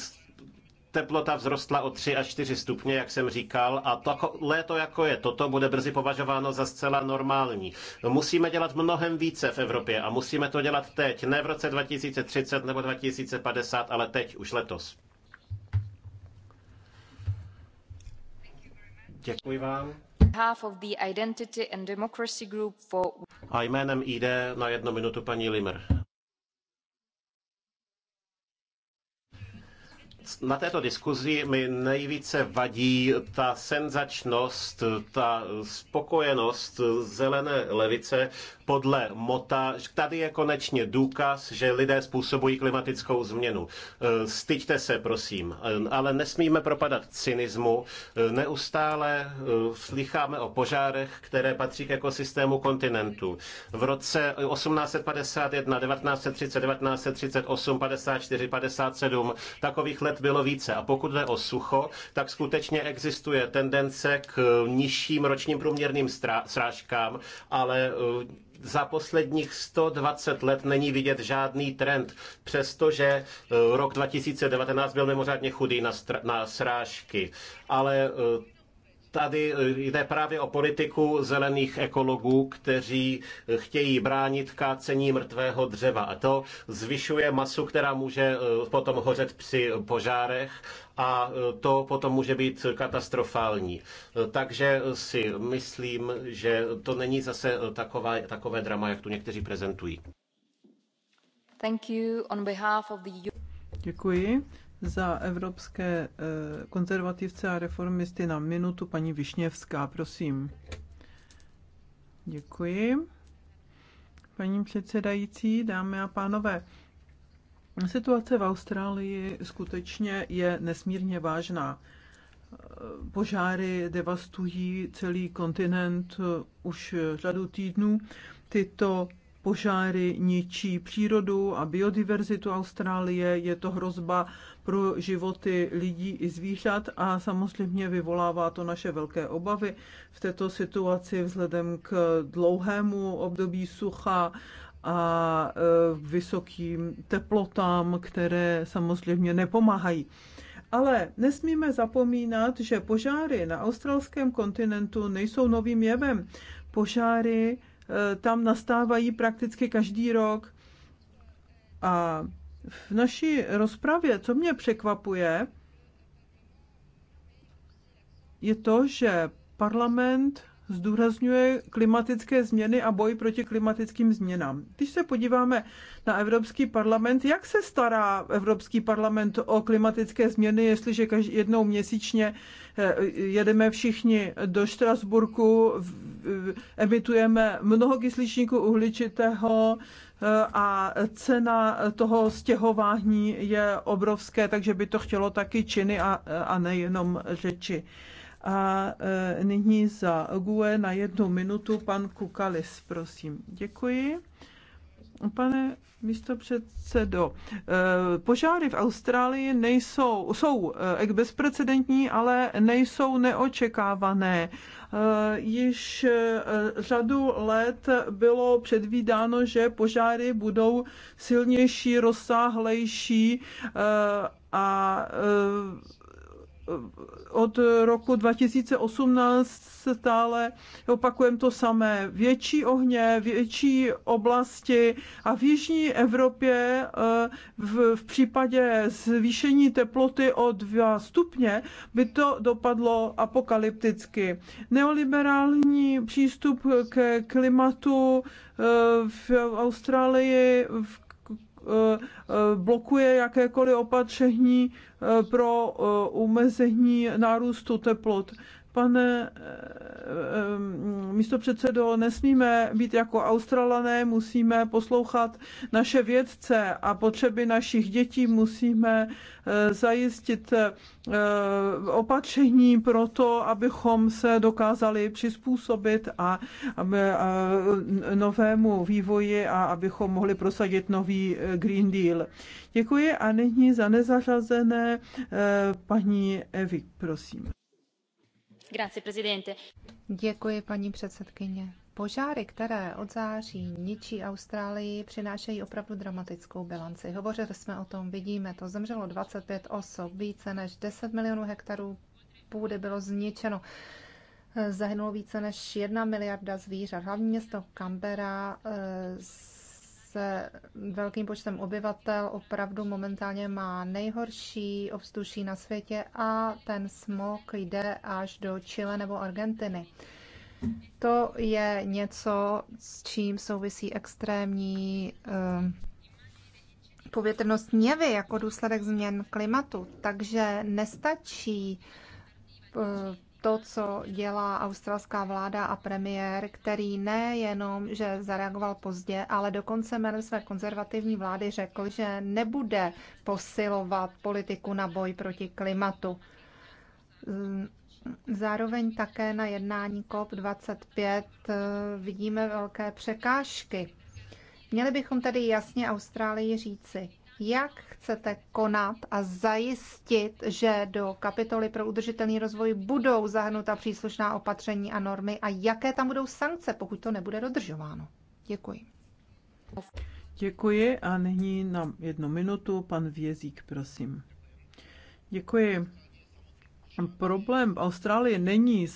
teplota vzrostla o 3 až 4 stupně, jak jsem říkal, a tako, léto, jako je toto, bude brzy považováno za zcela normální. Musíme dělat mnohem více v Evropě a musíme to dělat teď, ne v roce 2030 nebo 2050, ale teď, už letos. Děkuji vám. A jménem ID na jednu minutu paní Limer. Na této diskuzi mi nejvíce vadí ta senzačnost, ta spokojenost zelené levice podle Mota, tady je konečně důkaz, že lidé způsobují klimatickou změnu. E, styďte se, prosím, e, ale nesmíme propadat cynismu. E, neustále slycháme o požárech, které patří k ekosystému kontinentu. V roce 1851, 1930, 1938, 54, 57 takových let bylo více. A pokud jde o sucho, tak skutečně existuje tendence k nižším ročním průměrným srážkám, ale za posledních 120 let není vidět žádný trend, přestože eh, rok 2019 byl mimořádně chudý na, na srážky. Ale eh, Tady eh, jde právě o politiku zelených ekologů, kteří eh, chtějí bránit kácení mrtvého dřeva. A to zvyšuje masu, která může eh, potom hořet při požárech a to potom může být katastrofální. Takže si myslím, že to není zase takové, takové drama, jak tu někteří prezentují. Thank you on behalf of the... Děkuji za evropské eh, konzervativce a reformisty na minutu paní Višněvská, prosím. Děkuji. Paní předsedající, dámy a pánové, situace v Austrálii skutečně je nesmírně vážná. Požáry devastují celý kontinent už řadu týdnů. Tyto Požáry ničí přírodu a biodiverzitu Austrálie, je to hrozba pro životy lidí i zvířat a samozřejmě vyvolává to naše velké obavy v této situaci vzhledem k dlouhému období sucha a e, vysokým teplotám, které samozřejmě nepomáhají. Ale nesmíme zapomínat, že požáry na australském kontinentu nejsou novým jevem. Požáry Eh, tam nastávají prakticky každý rok. A v naší rozpravě, co mě překvapuje, je to, že parlament zdůrazňuje klimatické změny a boj proti klimatickým změnám. Když se podíváme na Evropský parlament, jak se stará Evropský parlament o klimatické změny, jestliže každý, jednou měsíčně eh, jedeme všichni do Štrasburku, emitujeme mnoho kysličníku uhličitého eh, a cena toho stěhování je obrovské, takže by to chtělo taky činy a, a nejenom řeči. A e, nyní za GUE na jednu minutu pan Kukalis, prosím. Děkuji. Pane místo předsedo, e, požáry v Austrálii nejsou, jsou e, bezprecedentní, ale nejsou neočekávané. Již řadu let bylo předvídáno, že požáry budou silnější, rozsáhlejší a od roku 2018 stále opakujeme to samé. Větší ohně, větší oblasti a v jižní Evropě eh, v, v případě zvýšení teploty o 2 stupně by to dopadlo apokalypticky. Neoliberální přístup ke klimatu eh, v Austrálii, v Eh, eh, blokuje jakékoliv opatření eh, pro omezení nárůstu teplot. Pane eh, eh, místo předsedo, nesmíme být jako Australané, musíme poslouchat naše vědce a potřeby našich dětí, musíme eh, zajistit opatření pro to, abychom se dokázali přizpůsobit a, novému vývoji a abychom mohli prosadit nový Green Deal. Děkuji a nyní za nezařazené paní Evi, prosím. Děkuji, paní předsedkyně. Požáry, které od září ničí Austrálii, přinášejí opravdu dramatickou bilanci. Hovořili jsme o tom, vidíme to. Zemřelo 25 osob, více než 10 milionů hektarů půdy bylo zničeno. Zahynulo více než 1 miliarda zvířat. Hlavní město Canberra eh, se velkým počtem obyvatel opravdu momentálně má nejhorší ovzduší na světě a ten smog jde až do Chile nebo Argentiny. To je něco, s čím souvisí extrémní eh, povětrnost měvy jako důsledek změn klimatu. Takže nestačí eh, to, co dělá australská vláda a premiér, který nejenom, že zareagoval pozdě, ale dokonce jménem své konzervativní vlády řekl, že nebude posilovat politiku na boj proti klimatu. Zároveň také na jednání COP25 eh, vidíme velké překážky. Měli bychom tedy jasně Austrálii říci, jak chcete konat a zajistit, že do kapitoly pro udržitelný rozvoj budou zahrnuta příslušná opatření a normy a jaké tam budou sankce, pokud to nebude dodržováno? Děkuji. Děkuji a nyní na jednu minutu pan Vězík, prosím. Děkuji. Problém Austrálie není e,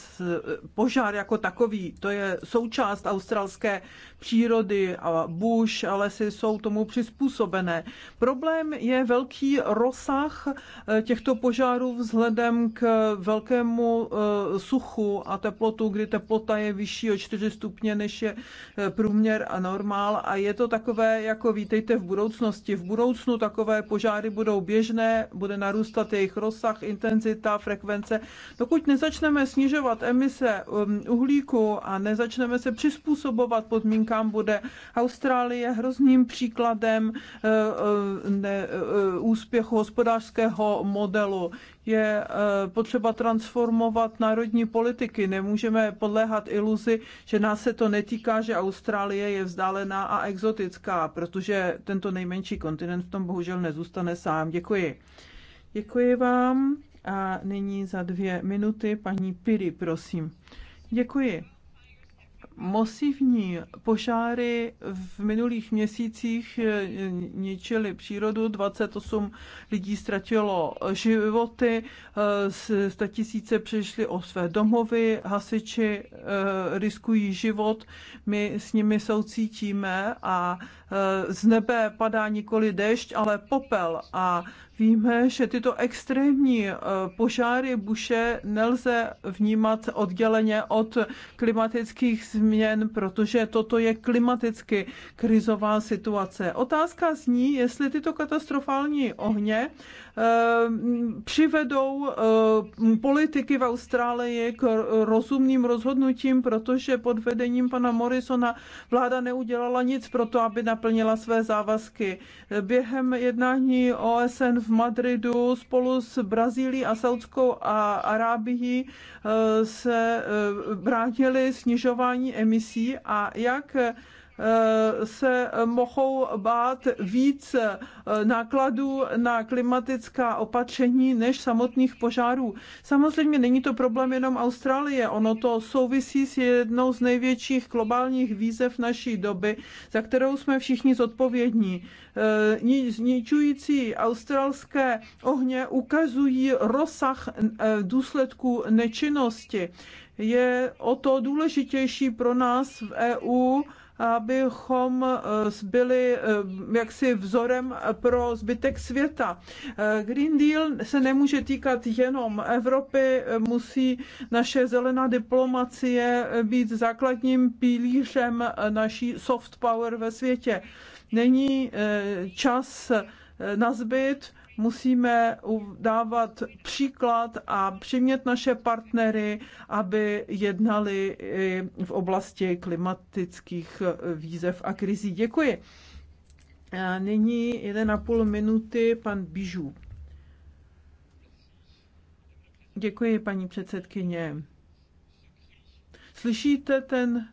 požár jako takový, to je součást australské přírody a buš ale lesy jsou tomu přizpůsobené. Problém je velký rozsah e, těchto požárů vzhledem k velkému e, suchu a teplotu, kdy teplota je vyšší o 4 stupně, než je průměr a normál a je to takové, jako vítejte v budoucnosti. V budoucnu takové požáry budou běžné, bude narůstat jejich rozsah, intenzita, frekvence frekvence. Dokud nezačneme snižovat emise um, uhlíku a nezačneme se přizpůsobovat podmínkám, bude Austrálie hrozným příkladem uh, uh, uh, úspěchu hospodářského modelu je potřeba transformovat národní politiky. Nemůžeme podléhat iluzi, že nás se to netýká, že Austrálie je vzdálená a exotická, protože tento nejmenší kontinent v tom bohužel nezůstane sám. Děkuji. Děkuji vám. A nyní za dvě minuty paní Piri, prosím. Děkuji. Masivní požáry v minulých měsících eh, ničily přírodu, 28 lidí ztratilo životy, eh, tisíce přišli o své domovy, hasiči eh, riskují život, my s nimi soucítíme a Eh, z nebe padá nikoli dešť, ale popel. A víme, že tyto extrémní eh, požáry buše nelze vnímat odděleně od klimatických změn, protože toto je klimaticky krizová situace. Otázka zní, jestli tyto katastrofální ohně Eh, přivedou eh, politiky v Austrálii k rozumným rozhodnutím, protože pod vedením pana Morrisona vláda neudělala nic pro to, aby naplnila své závazky. Během jednání OSN v Madridu spolu s Brazílií a Saudskou a Arábií eh, se vrátili snižování emisí a jak se mohou bát víc eh, nákladů na klimatická opatření než samotných požárů. Samozřejmě není to problém jenom Austrálie, ono to souvisí s jednou z největších globálních výzev naší doby, za kterou jsme všichni zodpovědní. Eh, zničující australské ohně ukazují rozsah eh, důsledků nečinnosti. Je o to důležitější pro nás v EU, abychom eh, byli eh, jaksi vzorem pro zbytek světa. Eh, Green Deal se nemůže týkat jenom Evropy, musí naše zelená diplomacie být základním pilířem naší soft power ve světě. Není čas nazbyt, musíme dávat příklad a přimět naše partnery, aby jednali i v oblasti klimatických výzev a krizí. Děkuji. A nyní 1,5 minuty pan Bižů. Děkuji, paní předsedkyně. Slyšíte ten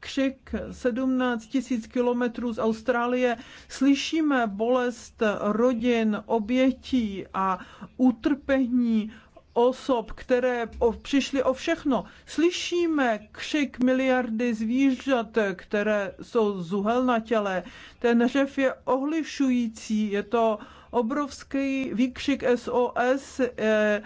křik 17 tisíc kilometrů z Austrálie. Slyšíme bolest rodin, obětí a utrpení osob, které přišly o všechno. Slyšíme křik miliardy zvířat, které jsou zuhelnatělé. Ten řev je ohlišující, je to obrovský výkřik SOS, eh,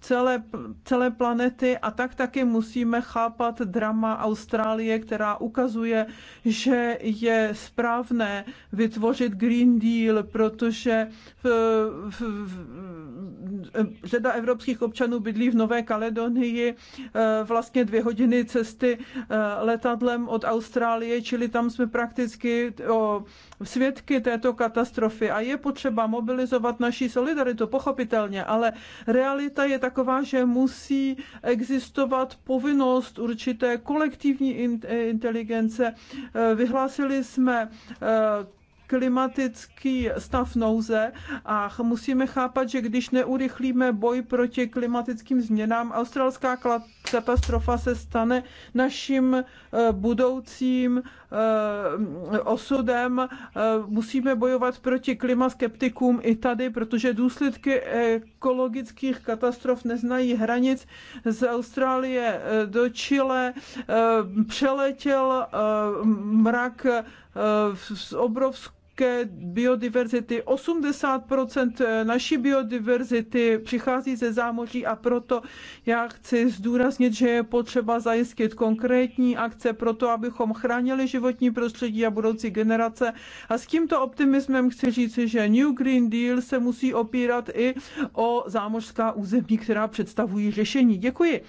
celé, celé planety a tak taky musíme chápat drama Austrálie, která ukazuje, že je správné vytvořit Green Deal, protože v, v, v, řada evropských občanů bydlí v Nové Kaledonii eh, vlastně dvě hodiny cesty eh, letadlem od Austrálie, čili tam jsme prakticky eh, o, svědky této katastrofy a je potřeba mobilizovat naší solidaritu, pochopitelně, ale realita je taková, že musí existovat povinnost určité kolektivní eh, inteligence. Eh, vyhlásili jsme eh, klimatický stav nouze a musíme chápat, že když neurychlíme boj proti klimatickým změnám, australská katastrofa se stane naším eh, budoucím eh, osudem. Eh, musíme bojovat proti klimaskeptikům i tady, protože důsledky ekologických katastrof neznají hranic. Z Austrálie do Chile přeletěl mrak s obrovskou české biodiverzity. 80% eh, naší biodiverzity přichází ze zámoří a proto já chci zdůraznit, že je potřeba zajistit konkrétní akce pro to, abychom chránili životní prostředí a budoucí generace. A s tímto optimismem chci říci, že New Green Deal se musí opírat i o zámořská území, která představují řešení. Děkuji.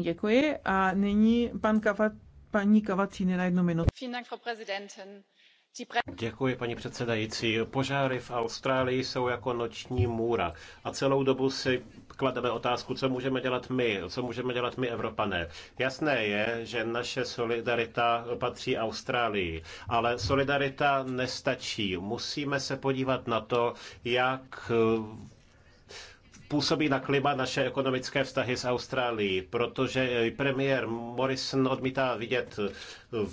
Děkuji a nyní pan Kavat, paní Kavacíny na jednu minutu. Děkuji, paní předsedající. Požáry v Austrálii jsou jako noční můra a celou dobu si klademe otázku, co můžeme dělat my, co můžeme dělat my Evropané. Jasné je, že naše solidarita patří Austrálii, ale solidarita nestačí. Musíme se podívat na to, jak působí na klima naše ekonomické vztahy s Austrálií, protože eh, premiér Morrison odmítá vidět eh,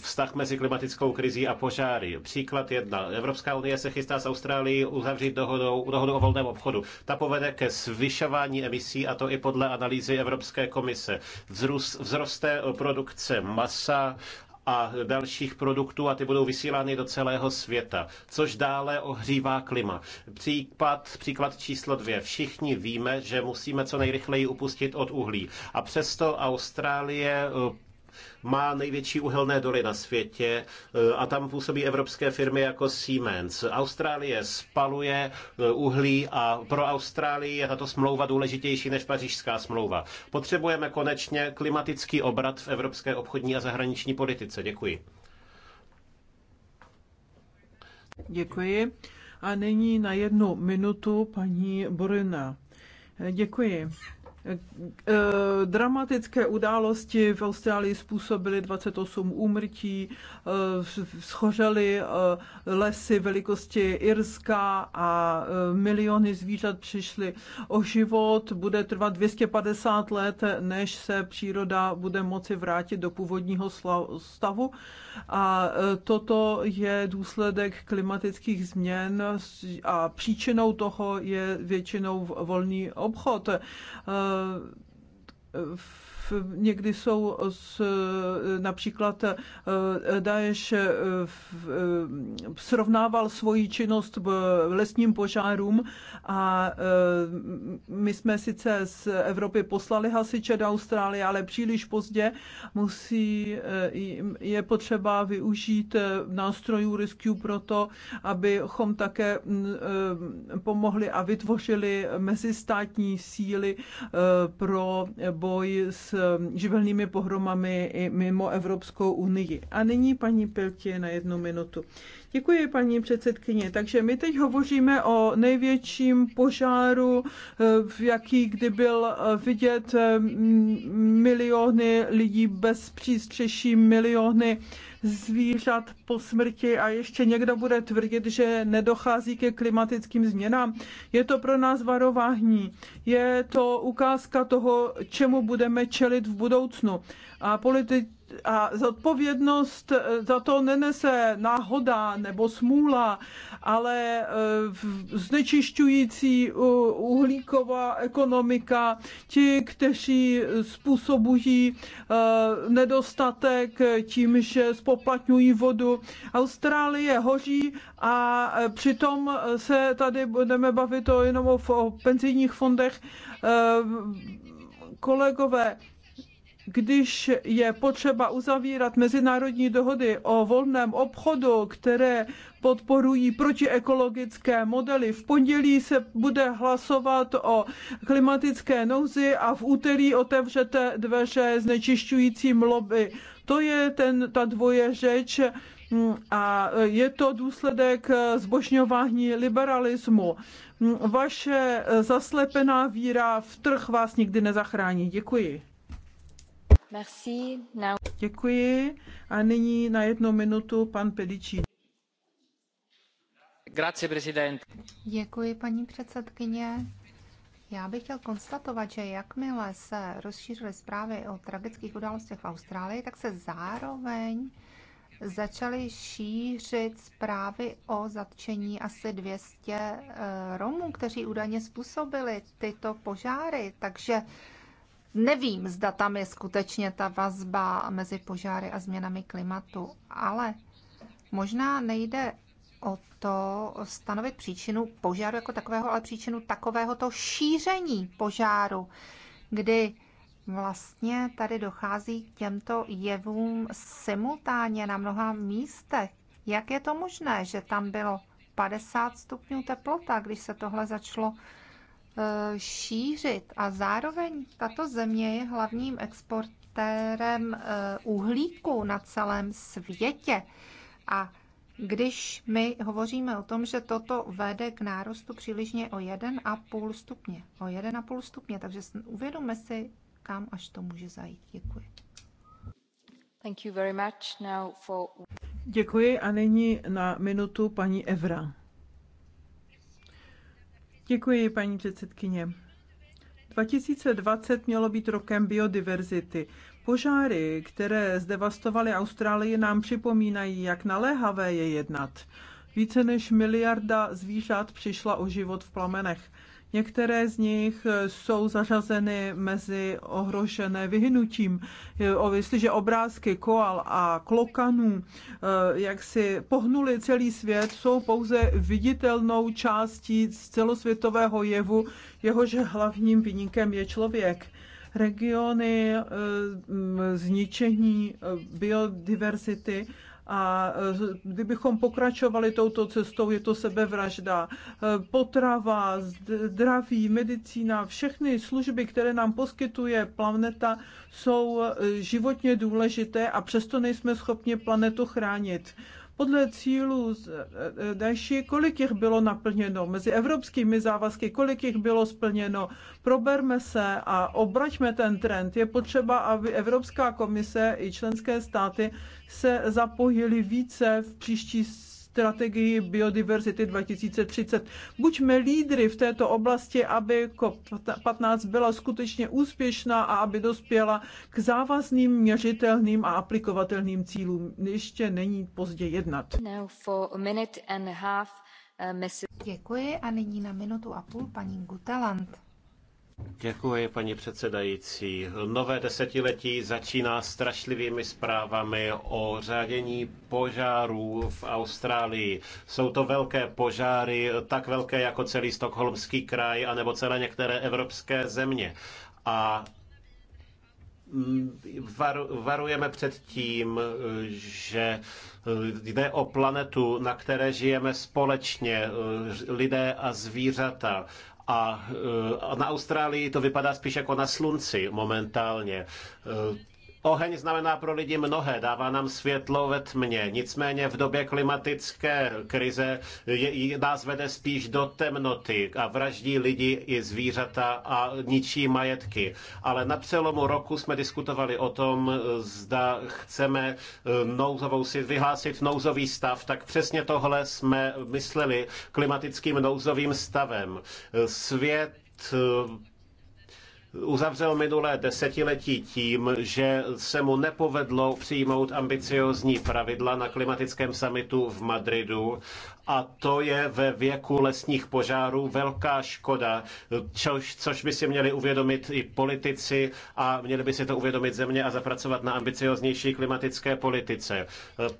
vztah mezi klimatickou krizí a požáry. Příklad jedna. Evropská unie se chystá s Austrálií uzavřít dohodu, dohodu o volném obchodu. Ta povede ke zvyšování emisí a to i podle analýzy Evropské komise. Vzrůst, vzroste produkce masa a dalších produktů a ty budou vysílány do celého světa, což dále ohřívá klima. Příklad, příklad číslo dvě. Všichni víme, že musíme co nejrychleji upustit od uhlí. A přesto Austrálie eh, má největší uhelné doly na světě eh, a tam působí evropské firmy jako Siemens. Austrálie spaluje eh, uhlí a pro Austrálii je tato smlouva důležitější než pařížská smlouva. Potřebujeme konečně klimatický obrat v evropské obchodní a zahraniční politice. Děkuji. Děkuji. A nyní na jednu minutu paní Borina. Děkuji. Eh, dramatické události v Austrálii způsobily 28 úmrtí, eh, schořely eh, lesy velikosti Irska a miliony zvířat přišly o život. Bude trvat 250 let, než se příroda bude moci vrátit do původního stavu. A toto je důsledek klimatických změn a příčinou toho je většinou volný obchod Eh, v někdy jsou s, například eh, Daesh eh, eh, srovnával svoji činnost lesním požárům a my jsme sice z Evropy poslali hasiče do Austrálie, ale příliš pozdě musí, je potřeba využít nástrojů Rescue pro to, abychom také mm, pomohli a vytvořili mezistátní síly pro boj s Um, živelnými pohromami i mimo Evropskou unii. A nyní paní Piltě na jednu minutu. Děkuji, paní předsedkyně. Takže my teď hovoříme o největším požáru, uh, v jaký kdy byl uh, vidět um, miliony lidí bez přístřeší, miliony zvířat po smrti a ještě někdo bude tvrdit, že nedochází ke klimatickým změnám. Je to pro nás varování. Je to ukázka toho, čemu budeme čelit v budoucnu. A politik a zodpovědnost eh, za to nenese náhoda nebo smůla, ale eh, znečišťující uhlíková ekonomika, ti, kteří způsobují eh, nedostatek tím, že spoplatňují vodu. Austrálie hoří a e, přitom e, se tady budeme bavit o jenom o penzijních fondech. E, kolegové, když je potřeba uzavírat mezinárodní dohody o volném obchodu, které podporují protiekologické modely. V pondělí se bude hlasovat o klimatické nouzi a v úterý otevřete dveře znečišťujícím lobby. To je ten, ta dvoje řeč a je to důsledek zbožňování liberalismu. Vaše zaslepená víra v trh vás nikdy nezachrání. Děkuji. Merci. Now. Děkuji. A nyní na jednu minutu pan Pedičí. Grazie, prezident. Děkuji, paní předsedkyně. Já bych chtěl konstatovat, že jakmile se rozšířily zprávy o tragických událostech v Austrálii, tak se zároveň začaly šířit zprávy o zatčení asi 200 eh, Romů, kteří údajně způsobili tyto požáry. Takže nevím, zda tam je skutečně ta vazba mezi požáry a změnami klimatu, ale možná nejde o to stanovit příčinu požáru jako takového, ale příčinu takovéhoto šíření požáru, kdy vlastně tady dochází k těmto jevům simultánně na mnoha místech. Jak je to možné, že tam bylo 50 stupňů teplota, když se tohle začalo e, šířit. A zároveň tato země je hlavním exportérem e, uhlíku na celém světě. A když my hovoříme o tom, že toto vede k nárostu přibližně o 1,5 stupně. O 1,5 stupně, takže uvědomme si, kam až to může zajít. Děkuji. Thank you very much now for... Děkuji a nyní na minutu paní Evra. Děkuji, paní předsedkyně. 2020 mělo být rokem biodiverzity. Požáry, které zdevastovaly Austrálii, nám připomínají, jak naléhavé je jednat. Více než miliarda zvířat přišla o život v plamenech. Některé z nich jsou zařazeny mezi ohrožené vyhnutím. Jestliže obrázky koal a klokanů eh, jak si pohnuli celý svět, jsou pouze viditelnou částí z celosvětového jevu, jehož hlavním vyníkem je člověk regiony, eh, zničení eh, biodiverzity. A eh, kdybychom pokračovali touto cestou, je to sebevražda. Potrava, zdraví, medicína, všechny služby, které nám poskytuje planeta, jsou životně důležité a přesto nejsme schopni planetu chránit podle cílů Daši, e, e, kolik jich bylo naplněno, mezi evropskými závazky, kolik jich bylo splněno. Proberme se a obraťme ten trend. Je potřeba, aby Evropská komise i členské státy se zapojili více v příští strategii biodiverzity 2030. Buďme lídry v této oblasti, aby COP15 byla skutečně úspěšná a aby dospěla k závazným, měřitelným a aplikovatelným cílům. Ještě není pozdě jednat. Uh, Děkuji a nyní na minutu a půl paní Gutaland. Děkuji, paní předsedající. Nové desetiletí začíná strašlivými zprávami o řádění požárů v Austrálii. Jsou to velké požáry, tak velké jako celý Stockholmský kraj anebo celé některé evropské země. A varujeme před tím, že jde o planetu, na které žijeme společně, lidé a zvířata. E, a na Austrálii to vypadá spíš jako na slunci momentálně. E, Oheň znamená pro lidi mnohé, dává nám světlo ve tmě. Nicméně v době klimatické krize je, nás vede spíš do temnoty a vraždí lidi i zvířata a ničí majetky. Ale na přelomu roku jsme diskutovali o tom, zda chceme eh, nouzovou, vyhlásit nouzový stav, tak přesně tohle jsme mysleli klimatickým nouzovým stavem. Svět eh, uzavřel minulé desetiletí tím, že se mu nepovedlo přijmout ambiciozní pravidla na klimatickém summitu v Madridu a to je ve věku lesních požárů velká škoda, což, což by si měli uvědomit i politici a měli by si to uvědomit země a zapracovat na ambicioznější klimatické politice.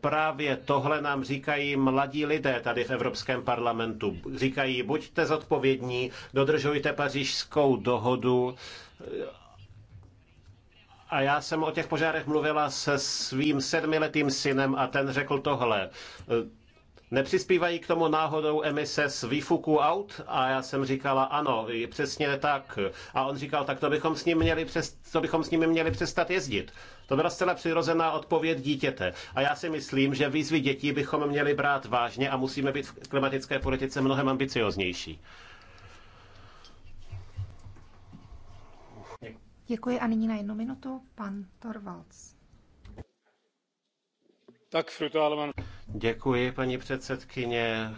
Právě tohle nám říkají mladí lidé tady v Evropském parlamentu. Říkají, buďte zodpovědní, dodržujte pařížskou dohodu a já jsem o těch požárech mluvila se svým sedmiletým synem a ten řekl tohle. Nepřispívají k tomu náhodou emise z výfuku aut? A já jsem říkala, ano, přesně tak. A on říkal, tak to bychom s, ním měli přes, to bychom s nimi měli přestat jezdit. To byla zcela přirozená odpověď dítěte. A já si myslím, že výzvy dětí bychom měli brát vážně a musíme být v klimatické politice mnohem ambicioznější. Děkuji a nyní na jednu minutu pan Torvalds. Děkuji, paní předsedkyně.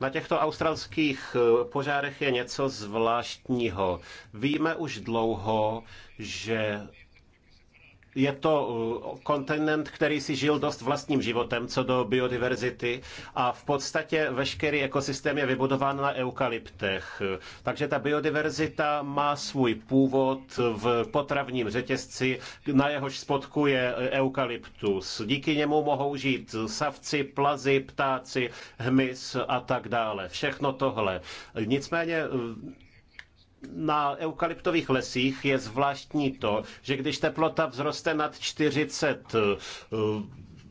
Na těchto australských eh, požárech je něco zvláštního. Víme už dlouho, že je to uh, kontinent, který si žil dost vlastním životem co do biodiverzity a v podstatě veškerý ekosystém je vybudován na eukalyptech. Takže ta biodiverzita má svůj původ v potravním řetězci, na jehož spodku je uh, eukalyptus. Díky němu mohou žít savci, plazy, ptáci, hmyz a tak dále. Všechno tohle. Nicméně uh, na eukalyptových lesích je zvláštní to, že když teplota vzroste nad 40 eh,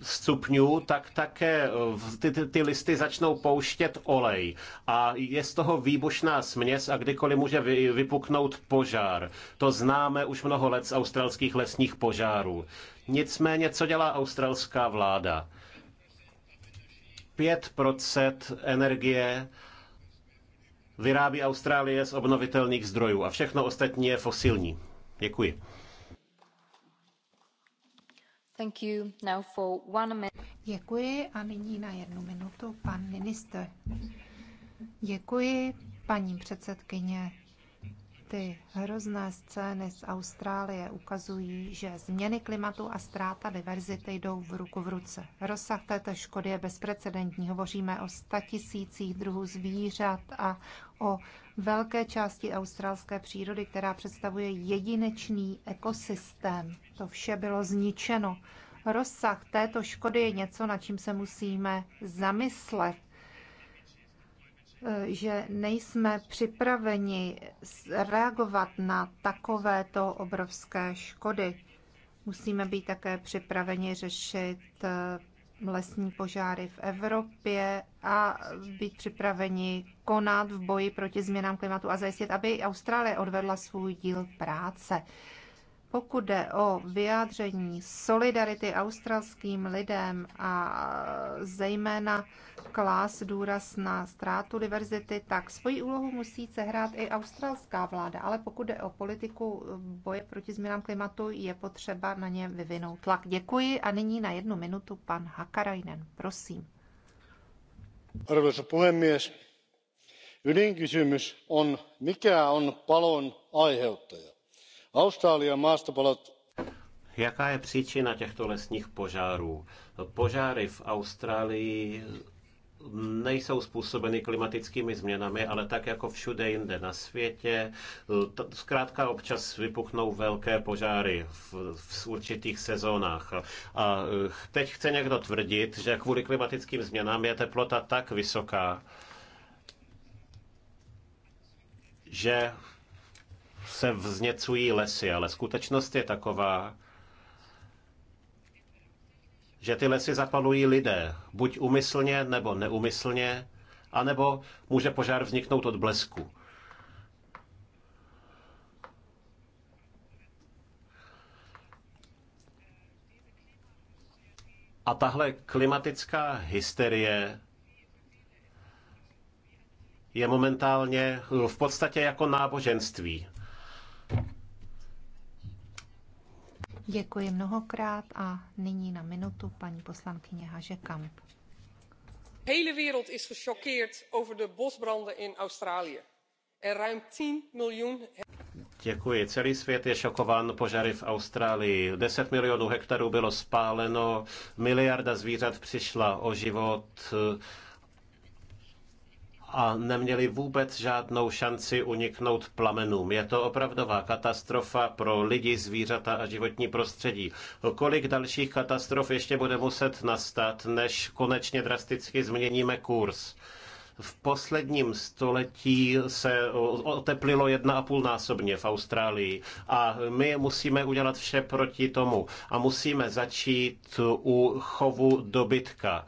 stupňů, tak také eh, ty, ty, ty listy začnou pouštět olej. A je z toho výbušná směs a kdykoliv může vy, vypuknout požár. To známe už mnoho let z australských lesních požárů. Nicméně, co dělá australská vláda? 5 energie vyrábí Austrálie z obnovitelných zdrojů a všechno ostatní je fosilní. Děkuji. Thank you. Now for one minute. Děkuji a nyní na jednu minutu pan minister. Děkuji, paní předsedkyně ty hrozné scény z Austrálie ukazují, že změny klimatu a ztráta diverzity jdou v ruku v ruce. Rozsah této škody je bezprecedentní. Hovoříme o statisících druhů zvířat a o velké části australské přírody, která představuje jedinečný ekosystém. To vše bylo zničeno. Rozsah této škody je něco, nad čím se musíme zamyslet že nejsme připraveni reagovat na takovéto obrovské škody. Musíme být také připraveni řešit eh, lesní požáry v Evropě a být připraveni konat v boji proti změnám klimatu a zajistit, aby Austrálie odvedla svůj díl práce. Pokud jde o vyjádření solidarity australským lidem a zejména klás důraz na ztrátu diverzity, tak svoji úlohu musí sehrát i australská vláda, ale pokud jde o politiku boje proti změnám klimatu, je potřeba na ně vyvinout tlak. Děkuji a nyní na jednu minutu pan Hakarainen. Prosím. Arvoisa puhemies, ydinkysymys on, mikä on palon aiheuttaja? Jaká je příčina těchto lesních požárů? Požáry v Austrálii nejsou způsobeny klimatickými změnami, ale tak jako všude jinde na světě. Zkrátka občas vypuknou velké požáry v, v určitých sezónách. A eh, teď chce někdo tvrdit, že kvůli klimatickým změnám je teplota tak vysoká, že se vzněcují lesy, ale skutečnost je taková, že ty lesy zapalují lidé, buď umyslně nebo neumyslně, anebo může požár vzniknout od blesku. A tahle klimatická hysterie je momentálně v podstatě jako náboženství. Děkuji mnohokrát a nyní na minutu paní poslankyně Hažekamp. Hele wereld is gechoqueerd over de bosbranden in Australië. Er ruim 10 miljoen Děkuji. Celý svět je šokován požary v Austrálii. 10 milionů hektarů bylo spáleno, miliarda zvířat přišla o život a neměli vůbec žádnou šanci uniknout plamenům. Je to opravdová katastrofa pro lidi, zvířata a životní prostředí. Kolik dalších katastrof ještě bude muset nastat, než konečně drasticky změníme kurz? V posledním století se oteplilo 1,5 násobně v Austrálii a my musíme udělat vše proti tomu a musíme začít u chovu dobytka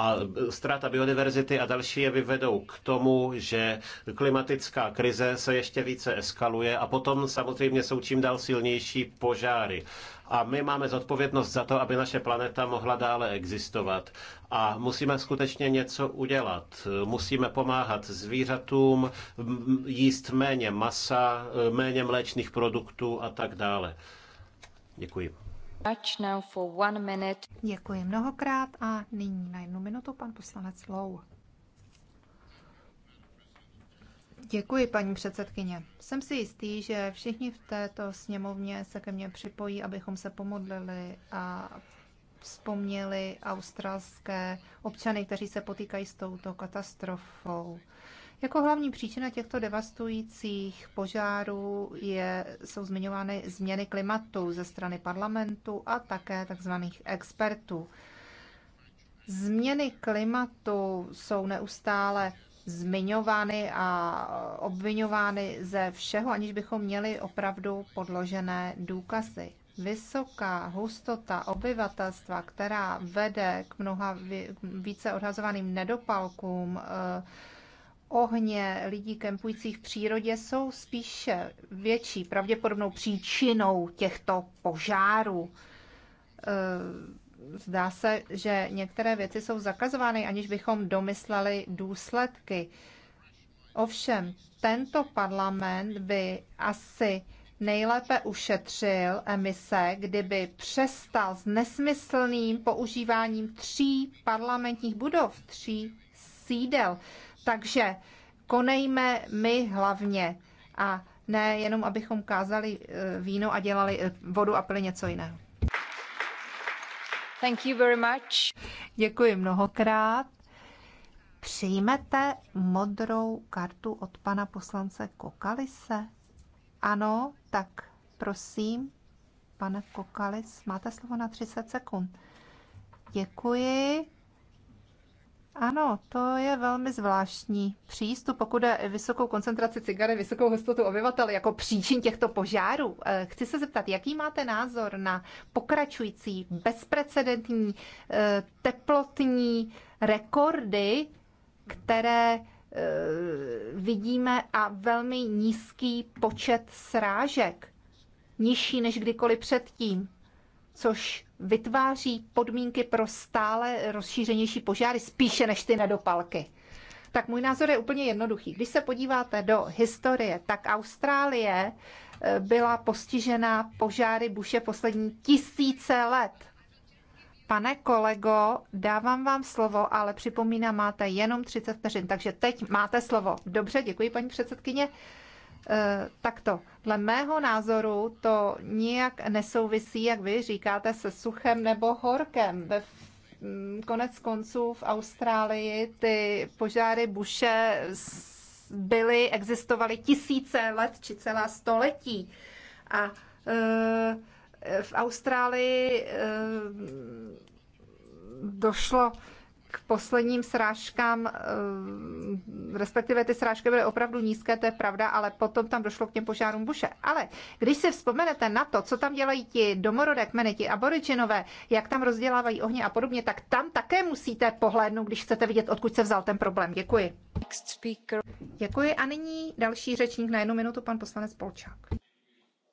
a e, ztráta biodiverzity a další je vyvedou k tomu, že klimatická krize se ještě více eskaluje a potom samozřejmě jsou čím dál silnější požáry a my máme zodpovědnost za to, aby naše planeta mohla dále existovat. A musíme skutečně něco udělat. Musíme pomáhat zvířatům, jíst méně masa, e, méně mléčných produktů a tak dále. Děkuji. Děkuji mnohokrát a nyní na jednu minutu pan poslanec Lou. Děkuji, paní předsedkyně. Jsem si jistý, že všichni v této sněmovně se ke mně připojí, abychom se pomodlili a vzpomněli australské občany, kteří se potýkají s touto katastrofou. Jako hlavní příčina těchto devastujících požárů je, jsou zmiňovány změny klimatu ze strany parlamentu a také tzv. expertů. Změny klimatu jsou neustále zmiňovány a obvinovány ze všeho, aniž bychom měli opravdu podložené důkazy. Vysoká hustota obyvatelstva, která vede k mnoha více odhazovaným nedopalkům, eh, ohně lidí kempujících v přírodě jsou spíše větší pravděpodobnou příčinou těchto požárů. Eh, zdá se, že některé věci jsou zakazovány, aniž bychom domysleli důsledky. Ovšem, tento parlament by asi nejlépe ušetřil emise, kdyby přestal s nesmyslným používáním tří parlamentních budov, tří sídel. Takže konejme my hlavně a ne jenom, abychom kázali eh, víno a dělali eh, vodu a pili něco jiného. Thank you very much. Děkuji mnohokrát. Přijmete modrou kartu od pana poslance Kokalise? Ano, tak prosím, pane Kokalis, máte slovo na 30 sekund. Děkuji. Ano, to je velmi zvláštní přístup, pokud je vysokou koncentraci cigary, vysokou hustotu obyvatel jako příčin těchto požárů. Eh, chci se zeptat, jaký máte názor na pokračující bezprecedentní eh, teplotní rekordy, které eh, vidíme a velmi nízký počet srážek, nižší než kdykoliv předtím, což vytváří podmínky pro stále rozšířenější požáry spíše než ty nedopalky. Tak můj názor je úplně jednoduchý. Když se podíváte do historie, tak Austrálie eh, byla postižena požáry buše poslední tisíce let. Pane kolego, dávám vám slovo, ale připomínám, máte jenom 30 vteřin, takže teď máte slovo. Dobře, děkuji paní předsedkyně. Eh, takto, dle mého názoru to nijak nesouvisí, jak vy říkáte, se suchem nebo horkem. Ve mm, konec konců v Austrálii ty požáry buše byly, existovaly tisíce let či celá století. A eh, v Austrálii eh, došlo k posledním srážkám, eh, respektive ty srážky byly opravdu nízké, to je pravda, ale potom tam došlo k těm požárům buše. Ale když si vzpomenete na to, co tam dělají ti domorodé kmeny, ti aboriginové, jak tam rozdělávají ohně a podobně, tak tam také musíte pohlédnout, když chcete vidět, odkud se vzal ten problém. Děkuji. Děkuji a nyní další řečník na jednu minutu, pan poslanec Polčák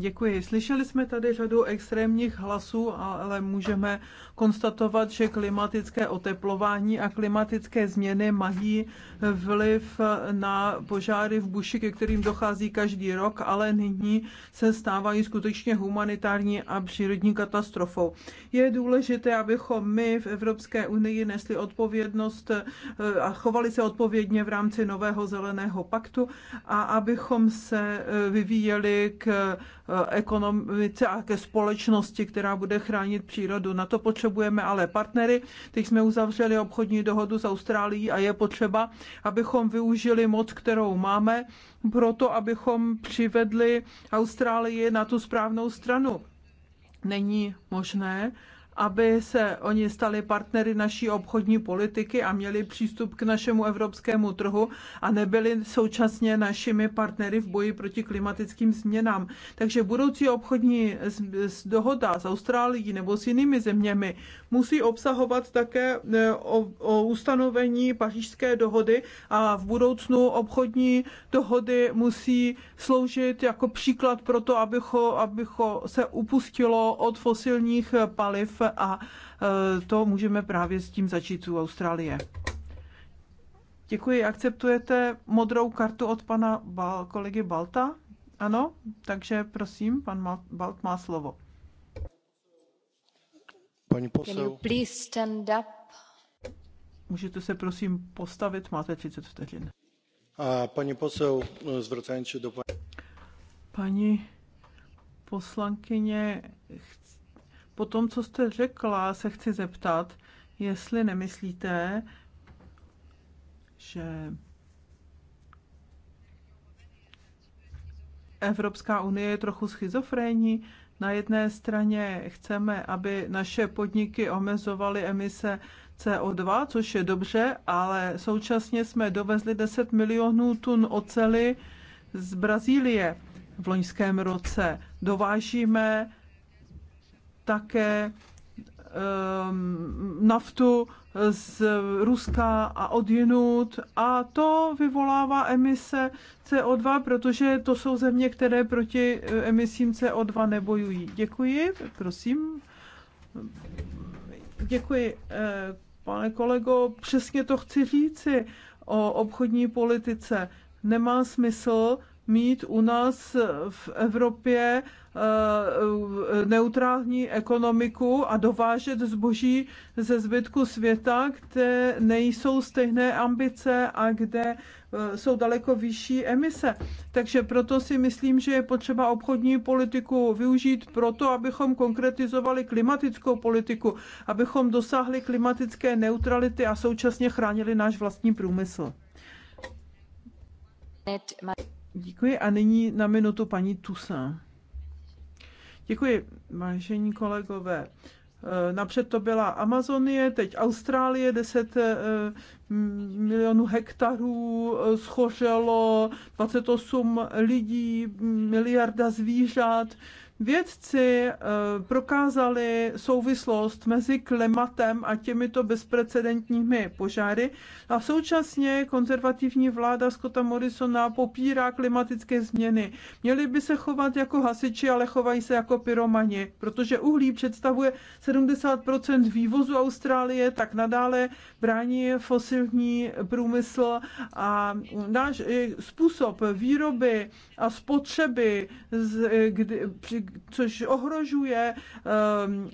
Děkuji. Slyšeli jsme tady řadu extrémních hlasů, ale můžeme konstatovat, že klimatické oteplování a klimatické změny mají vliv na požáry v buši, ke kterým dochází každý rok, ale nyní se stávají skutečně humanitární a přírodní katastrofou. Je důležité, abychom my v Evropské unii nesli odpovědnost eh, a chovali se odpovědně v rámci nového zeleného paktu a abychom se eh, vyvíjeli k Eh, ekonomice a ke společnosti, která bude chránit přírodu. Na to potřebujeme ale partnery. Teď jsme uzavřeli obchodní dohodu s Austrálií a je potřeba, abychom využili moc, kterou máme, proto abychom přivedli Austrálii na tu správnou stranu. Není možné, aby se oni stali partnery naší obchodní politiky a měli přístup k našemu evropskému trhu a nebyli současně našimi partnery v boji proti klimatickým změnám. Takže budoucí obchodní dohoda s Austrálií nebo s jinými zeměmi musí obsahovat také e, o, o ustanovení pařížské dohody a v budoucnu obchodní dohody musí sloužit jako příklad pro to, abycho, abycho se upustilo od fosilních paliv e, a e, to můžeme právě s tím začít u Austrálie. Děkuji. Akceptujete modrou kartu od pana Bal, kolegy Balta? Ano, takže prosím, pan Balt má slovo. Paní posel. Můžete se prosím postavit, máte 30 vteřin. A paní posel, Zvracení do paní... Paní poslankyně, po tom, co jste řekla, se chci zeptat, jestli nemyslíte, že Evropská unie je trochu schizofrénní. Na jedné straně chceme, aby naše podniky omezovaly emise CO2, což je dobře, ale současně jsme dovezli 10 milionů tun ocely z Brazílie v loňském roce. Dovážíme také ehm, naftu z Ruska a jinut. a to vyvolává emise CO2, protože to jsou země, které proti eh, emisím CO2 nebojují. Děkuji, prosím. Děkuji, eh, pane kolego, přesně to chci říci o obchodní politice. Nemá smysl mít u nás v Evropě eh, neutrální ekonomiku a dovážet zboží ze zbytku světa, kde nejsou stejné ambice a kde eh, jsou daleko vyšší emise. Takže proto si myslím, že je potřeba obchodní politiku využít proto, abychom konkretizovali klimatickou politiku, abychom dosáhli klimatické neutrality a současně chránili náš vlastní průmysl. Děkuji a nyní na minutu paní Tusa. Děkuji, vážení kolegové. Eh, napřed to byla Amazonie, teď Austrálie, 10 eh, milionů hektarů eh, schořelo, 28 lidí, miliarda zvířat. Vědci eh, prokázali souvislost mezi klimatem a těmito bezprecedentními požáry a současně konzervativní vláda Scotta Morrisona popírá klimatické změny. Měli by se chovat jako hasiči, ale chovají se jako pyromani, protože uhlí představuje 70 vývozu Austrálie, tak nadále brání fosilní průmysl a náš eh, způsob výroby a spotřeby, eh, kdy, při což ohrožuje ehm,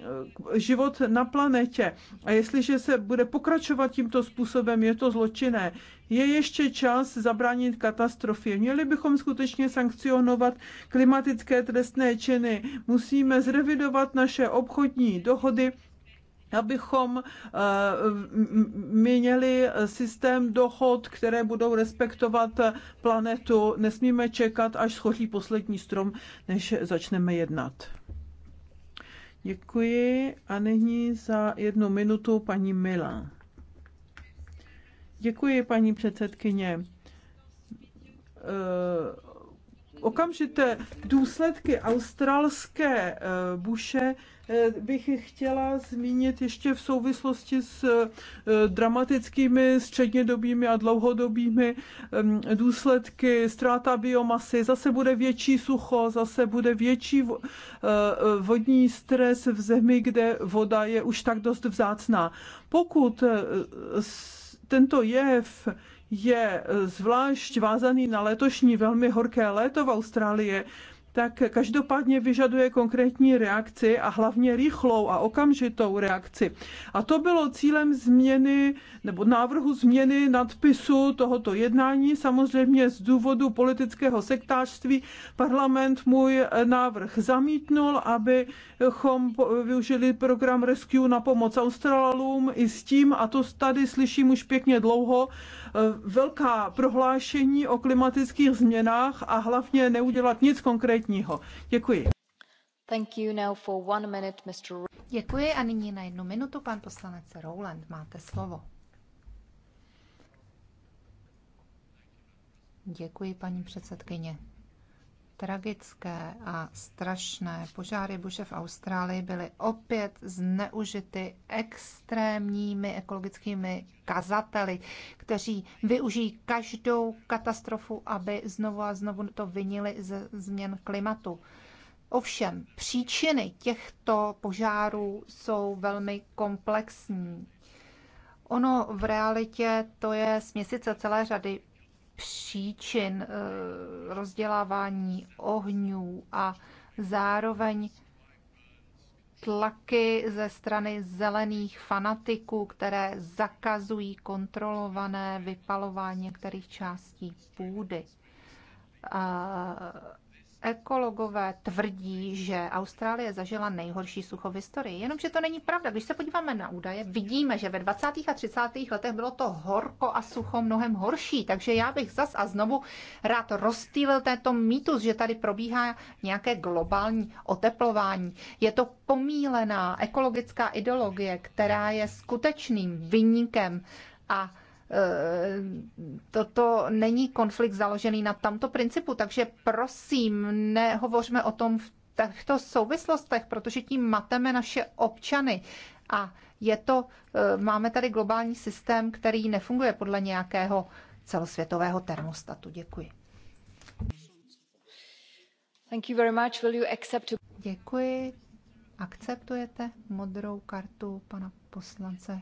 život na planetě. A jestliže se bude pokračovat tímto způsobem, je to zločinné. Je ještě čas zabránit katastrofě. Měli bychom skutečně sankcionovat klimatické trestné činy. Musíme zrevidovat naše obchodní dohody abychom eh, měli systém dohod, které budou respektovat planetu. Nesmíme čekat, až schoří poslední strom, než začneme jednat. Děkuji a nyní za jednu minutu paní Mila. Děkuji, paní předsedkyně eh, okamžité důsledky australské eh, buše Eh, bych chtěla zmínit ještě v souvislosti s eh, dramatickými střednědobými a dlouhodobými důsledky. Ztráta biomasy, zase bude větší sucho, zase bude větší eh, vodní stres v zemi, kde voda je už tak dost vzácná. Pokud tento jev je zvlášť vázaný na letošní velmi horké léto v Austrálii, tak každopádně vyžaduje konkrétní reakci a hlavně rychlou a okamžitou reakci. A to bylo cílem změny nebo návrhu změny nadpisu tohoto jednání. Samozřejmě z důvodu politického sektářství parlament můj návrh zamítnul, abychom využili program Rescue na pomoc Australalům i s tím, a to tady slyším už pěkně dlouho, Eh, velká prohlášení o klimatických změnách a hlavně neudělat nic konkrétního. Děkuji. Děkuji a nyní na jednu minutu pan poslanec Rowland. Máte slovo. Děkuji, paní předsedkyně tragické a strašné požáry buše v Austrálii byly opět zneužity extrémními ekologickými kazateli, kteří využijí každou katastrofu, aby znovu a znovu to vinili ze změn klimatu. Ovšem, příčiny těchto požárů jsou velmi komplexní. Ono v realitě to je směsice celé řady příčin eh, rozdělávání ohňů a zároveň tlaky ze strany zelených fanatiků, které zakazují kontrolované vypalování některých částí půdy. Ekologové tvrdí, že Austrálie zažila nejhorší sucho v historii, jenomže to není pravda. Když se podíváme na údaje, vidíme, že ve 20. a 30. letech bylo to horko a sucho mnohem horší, takže já bych zas a znovu rád rozstýlil tento mýtus, že tady probíhá nějaké globální oteplování. Je to pomílená ekologická ideologie, která je skutečným vyníkem a Eh, toto není konflikt založený na tamto principu, takže prosím, nehovořme o tom v těchto souvislostech, protože tím mateme naše občany. A je to, eh, máme tady globální systém, který nefunguje podle nějakého celosvětového termostatu. Děkuji. Thank you very much. Will you accept... Děkuji. Akceptujete modrou kartu pana poslance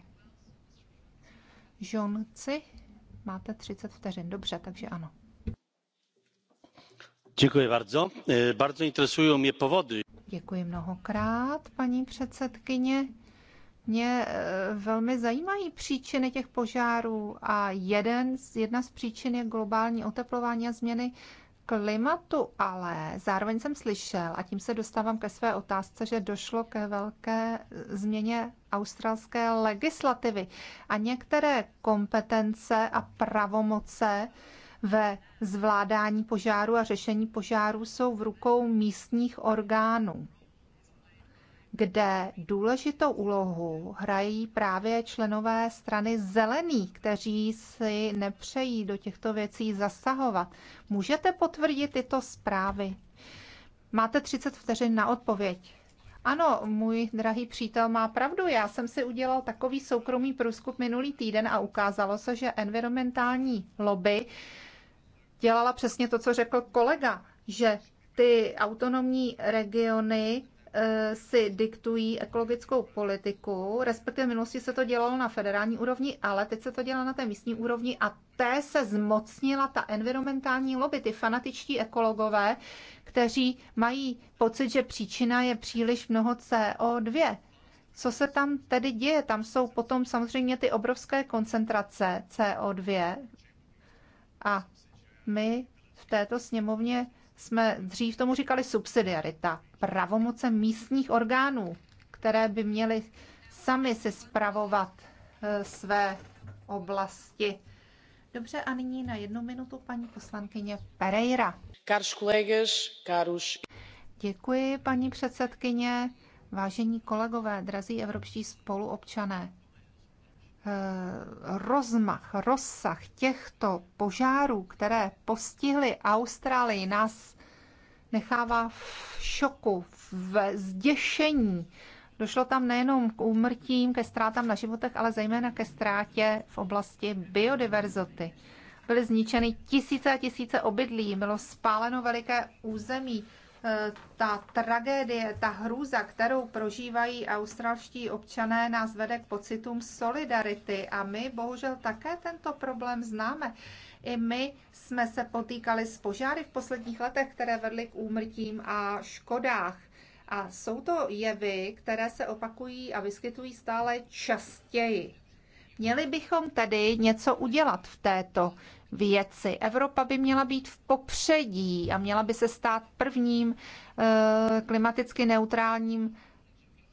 Žonci. Máte 30 vteřin, dobře, takže ano. Děkuji bardzo. E, bardzo interesují mě povody. Děkuji mnohokrát, paní předsedkyně. Mě e, velmi zajímají příčiny těch požárů a jeden, jedna z příčin je globální oteplování a změny klimatu, ale zároveň jsem slyšel, a tím se dostávám ke své otázce, že došlo ke velké změně australské legislativy a některé kompetence a pravomoce ve zvládání požáru a řešení požáru jsou v rukou místních orgánů kde důležitou úlohu hrají právě členové strany zelených, kteří si nepřejí do těchto věcí zasahovat. Můžete potvrdit tyto zprávy? Máte 30 vteřin na odpověď. Ano, můj drahý přítel má pravdu. Já jsem si udělal takový soukromý průzkup minulý týden a ukázalo se, že environmentální lobby dělala přesně to, co řekl kolega, že ty autonomní regiony Eh, si diktují ekologickou politiku, respektive v minulosti se to dělalo na federální úrovni, ale teď se to dělá na té místní úrovni a té se zmocnila ta environmentální lobby, ty fanatičtí ekologové, kteří mají pocit, že příčina je příliš mnoho CO2. Co se tam tedy děje? Tam jsou potom samozřejmě ty obrovské koncentrace CO2 a my v této sněmovně jsme dřív tomu říkali subsidiarita, pravomoce místních orgánů, které by měly sami si spravovat eh, své oblasti. Dobře, a nyní na jednu minutu paní poslankyně Pereira. Caros colegas, caros... Děkuji, paní předsedkyně. Vážení kolegové, drazí evropští spoluobčané, Eh, rozmach, rozsah těchto požárů, které postihly Austrálii, nás nechává v šoku, v zděšení. Došlo tam nejenom k úmrtím, ke ztrátám na životech, ale zejména ke ztrátě v oblasti biodiverzity. Byly zničeny tisíce a tisíce obydlí, bylo spáleno veliké území, Eh, ta tragédie, ta hrůza, kterou prožívají australští občané, nás vede k pocitům solidarity a my bohužel také tento problém známe. I my jsme se potýkali s požáry v posledních letech, které vedly k úmrtím a škodách. A jsou to jevy, které se opakují a vyskytují stále častěji. Měli bychom tedy něco udělat v této věci. Evropa by měla být v popředí a měla by se stát prvním eh, klimaticky neutrálním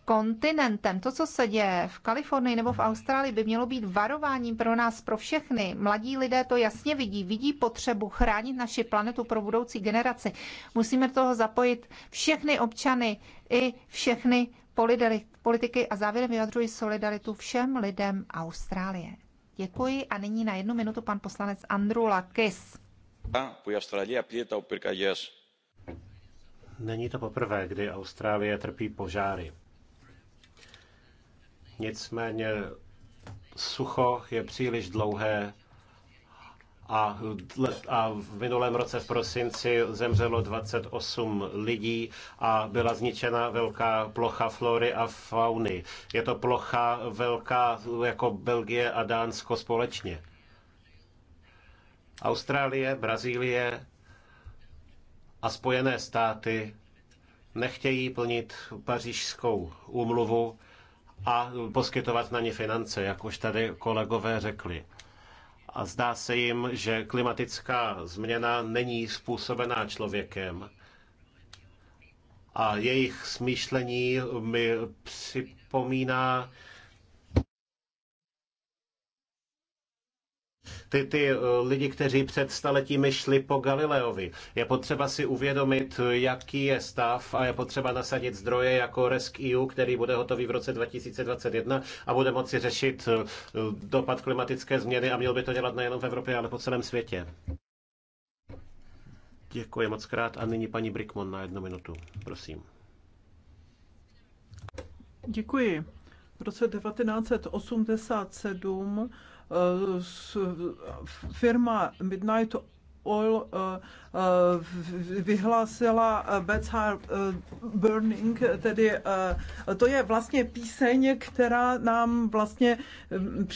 kontinentem. To, co se děje v Kalifornii nebo v Austrálii, by mělo být varováním pro nás, pro všechny. Mladí lidé to jasně vidí, vidí potřebu chránit naši planetu pro budoucí generaci. Musíme do toho zapojit všechny občany i všechny politiky a závěrem vyjadřuji solidaritu všem lidem Austrálie. Děkuji a nyní na jednu minutu pan poslanec Andrew Lakis. Není to poprvé, kdy Austrálie trpí požáry. Nicméně sucho je příliš dlouhé a, a v minulém roce v prosinci zemřelo 28 lidí a byla zničena velká plocha flory a fauny. Je to plocha velká jako Belgie a Dánsko společně. Austrálie, Brazílie a Spojené státy nechtějí plnit pařížskou úmluvu a poskytovat na ně finance, jak už tady kolegové řekli a zdá se jim, že klimatická změna není způsobená člověkem. A jejich smýšlení mi připomíná ty, ty eh, lidi, kteří před staletími šli po Galileovi. Je potřeba si uvědomit, jaký je stav a je potřeba nasadit zdroje jako RESC-EU, který bude hotový v roce 2021 a bude moci řešit eh, dopad klimatické změny a měl by to dělat nejenom v Evropě, ale po celém světě. Děkuji moc krát a nyní paní Brickmon na jednu minutu. Prosím. Děkuji. V roce 1987 Eh, eh, firma Midnight Oil eh, vyhlásila Bad Heart Burning, tedy to je vlastně píseň, která nám vlastně mm,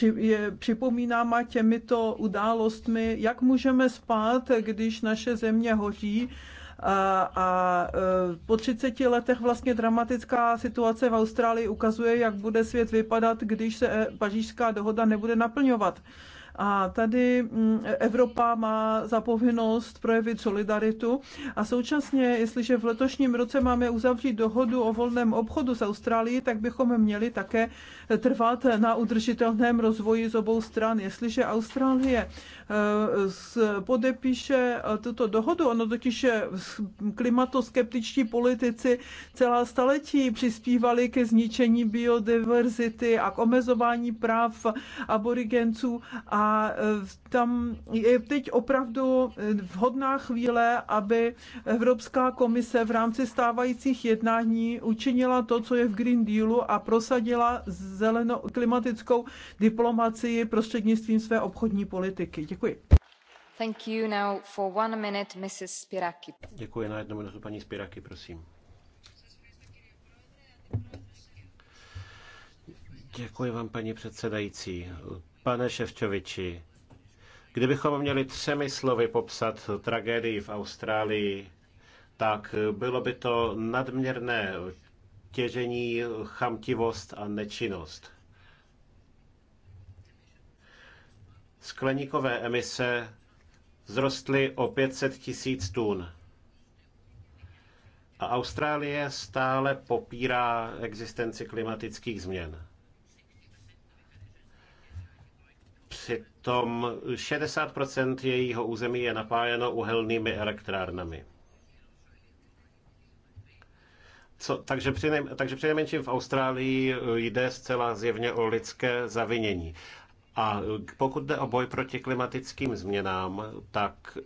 připomíná má těmito událostmi, jak můžeme spát, když naše země hoří a, a e, po 30 letech vlastně dramatická situace v Austrálii ukazuje, jak bude svět vypadat, když se e, pařížská dohoda nebude naplňovat. A tady mm, Evropa má za povinnost projevit solidaritu a současně, jestliže v letošním roce máme uzavřít dohodu o volném obchodu s Austrálií, tak bychom měli také trvat na udržitelném rozvoji z obou stran. Jestliže Austrálie e, podepíše e, tuto dohodu, ono totiž e, klimatoskeptičtí politici celá staletí přispívali ke zničení biodiverzity a k omezování práv aborigenců a E, tam je teď opravdu e, vhodná chvíle, aby Evropská komise v rámci stávajících jednání učinila to, co je v Green Dealu a prosadila zelenou klimatickou diplomacii prostřednictvím své obchodní politiky. Děkuji. Thank you now for one minute, Mrs. Spiraki. Děkuji na jednu minutu, paní Spiraki, prosím. Děkuji vám, paní předsedající. Pane Ševčoviči, kdybychom měli třemi slovy popsat tragédii v Austrálii, tak bylo by to nadměrné těžení, chamtivost a nečinnost. Skleníkové emise vzrostly o 500 tisíc tun. A Austrálie stále popírá existenci klimatických změn. Přitom 60% jejího území je napájeno uhelnými elektrárnami. Co, takže, při, takže nejmenším v Austrálii jde zcela zjevně o lidské zavinění. A pokud jde o boj proti klimatickým změnám, tak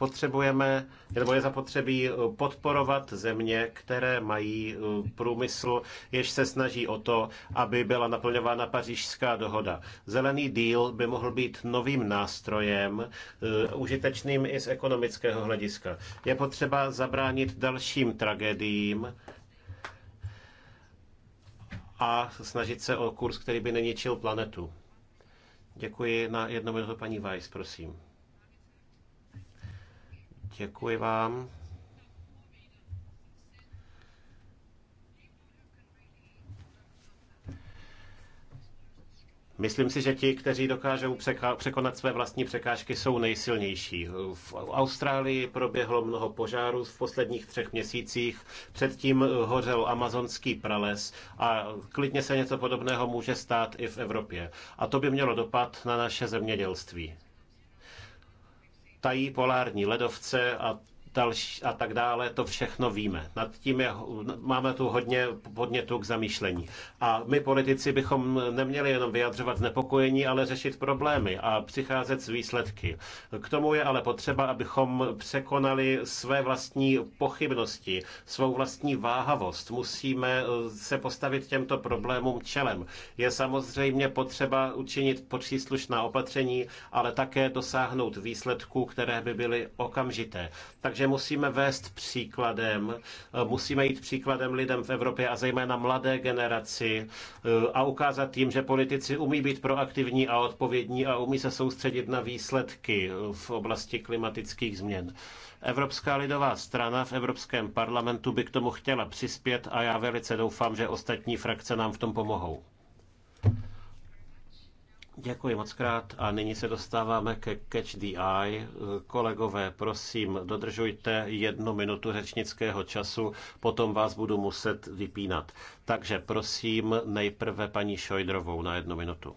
potřebujeme, nebo je zapotřebí eh, podporovat země, které mají eh, průmysl, jež se snaží o to, aby byla naplňována pařížská dohoda. Zelený díl by mohl být novým nástrojem, eh, užitečným i z ekonomického hlediska. Je potřeba zabránit dalším tragédiím, a snažit se o kurz, který by neničil planetu. Děkuji na jednu minutu paní Weiss, prosím. Děkuji vám. Myslím si, že ti, kteří dokážou překonat své vlastní překážky, jsou nejsilnější. V Austrálii proběhlo mnoho požárů v posledních třech měsících, předtím hořel amazonský prales a klidně se něco podobného může stát i v Evropě. A to by mělo dopad na naše zemědělství tají polární ledovce a další a tak dále, to všechno víme. Nad tím je, máme tu hodně podnětů k zamýšlení. A my politici bychom neměli jenom vyjadřovat znepokojení, ale řešit problémy a přicházet s výsledky. K tomu je ale potřeba, abychom překonali své vlastní pochybnosti, svou vlastní váhavost. Musíme eh, se postavit těmto problémům čelem. Je samozřejmě potřeba učinit příslušná opatření, ale také dosáhnout výsledků, které by byly okamžité. Takže takže musíme vést příkladem, eh, musíme jít příkladem lidem v Evropě a zejména mladé generaci eh, a ukázat jim, že politici umí být proaktivní a odpovědní a umí se soustředit na výsledky eh, v oblasti klimatických změn. Evropská lidová strana v Evropském parlamentu by k tomu chtěla přispět a já velice doufám, že ostatní frakce nám v tom pomohou. Děkuji moc krát a nyní se dostáváme ke Catch the Eye. Kolegové, prosím, dodržujte jednu minutu řečnického času, potom vás budu muset vypínat. Takže prosím nejprve paní Šojdrovou na jednu minutu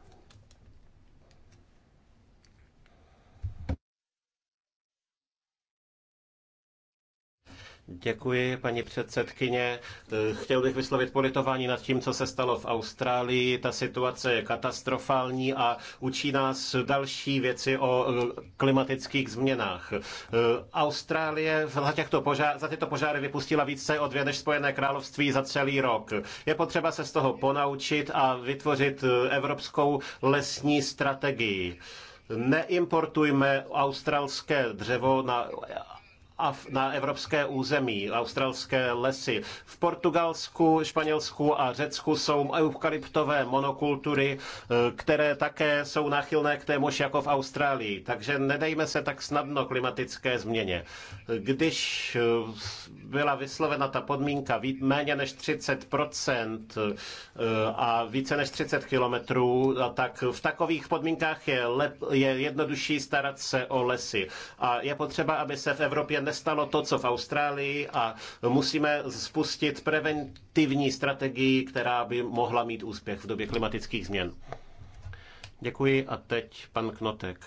Děkuji, paní předsedkyně. Chtěl bych vyslovit politování nad tím, co se stalo v Austrálii. Ta situace je katastrofální a učí nás další věci o eh, klimatických změnách. Eh, Austrálie za, požár, za tyto požáry vypustila více o dvě než Spojené království za celý rok. Je potřeba se z toho ponaučit a vytvořit eh, evropskou lesní strategii. Neimportujme australské dřevo na na evropské území, australské lesy. V Portugalsku, Španělsku a Řecku jsou eukalyptové monokultury, eh, které také jsou náchylné k témuž jako v Austrálii. Takže nedejme se tak snadno klimatické změně. Když eh, byla vyslovena ta podmínka méně než 30% eh, a více než 30 kilometrů, tak v takových podmínkách je, lep, je jednodušší starat se o lesy. A je potřeba, aby se v Evropě nestalo to, co v Austrálii a musíme spustit preventivní strategii, která by mohla mít úspěch v době klimatických změn. Děkuji a teď pan Knotek.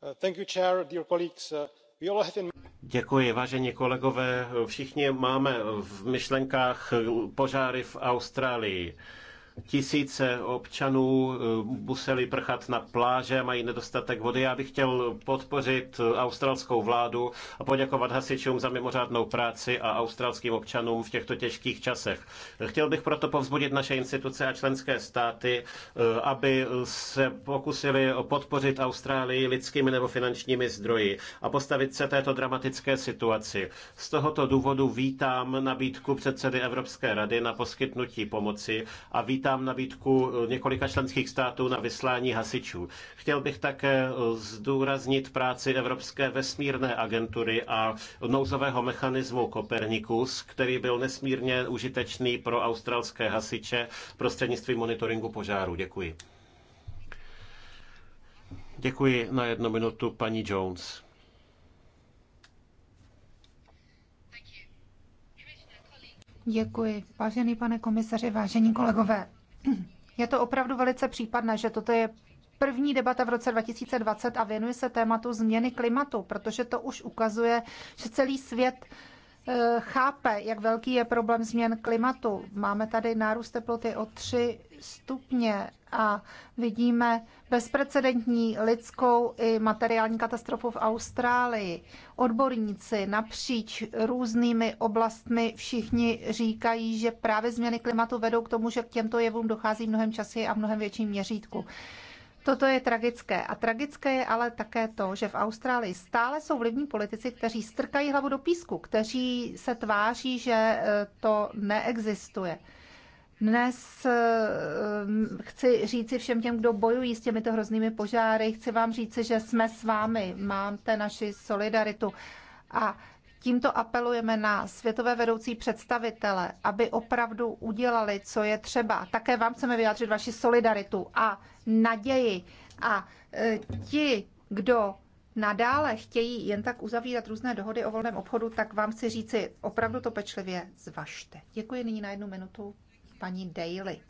Uh, thank you, chair, dear colleagues. Uh, Děkuji, vážení kolegové. Všichni máme v myšlenkách požáry v Austrálii. Tisíce občanů eh, museli prchat na pláže, mají nedostatek vody. Já bych chtěl podpořit australskou vládu a poděkovat hasičům za mimořádnou práci a australským občanům v těchto těžkých časech. Chtěl bych proto povzbudit naše instituce a členské státy, eh, aby se pokusili podpořit Austrálii lidskými nebo finančními zdroji a postavit se této dramatické situaci. Z tohoto důvodu vítám nabídku předsedy Evropské rady na poskytnutí pomoci a vítám vítám nabídku eh, několika členských států na vyslání hasičů. Chtěl bych také eh, zdůraznit práci Evropské vesmírné agentury a nouzového mechanismu Copernicus, který byl nesmírně užitečný pro australské hasiče prostřednictvím monitoringu požáru. Děkuji. Děkuji na jednu minutu paní Jones. Děkuji. Vážený pane komisaři, vážení kolegové. Je to opravdu velice případné, že toto je první debata v roce 2020 a věnuje se tématu změny klimatu, protože to už ukazuje, že celý svět eh, chápe, jak velký je problém změn klimatu. Máme tady nárůst teploty o 3 stupně a vidíme bezprecedentní lidskou i materiální katastrofu v Austrálii. Odborníci napříč různými oblastmi všichni říkají, že právě změny klimatu vedou k tomu, že k těmto jevům dochází mnohem časy a mnohem větším měřítku. Toto je tragické. A tragické je ale také to, že v Austrálii stále jsou vlivní politici, kteří strkají hlavu do písku, kteří se tváří, že eh, to neexistuje. Dnes eh, chci říci všem těm, kdo bojují s těmito hroznými požáry, chci vám říci, že jsme s vámi, máte naši solidaritu. A tímto apelujeme na světové vedoucí představitele, aby opravdu udělali, co je třeba. Také vám chceme vyjádřit vaši solidaritu a naději. A eh, ti, kdo nadále chtějí jen tak uzavírat různé dohody o volném obchodu, tak vám chci říci, opravdu to pečlivě zvažte. Děkuji nyní na jednu minutu paní Daly.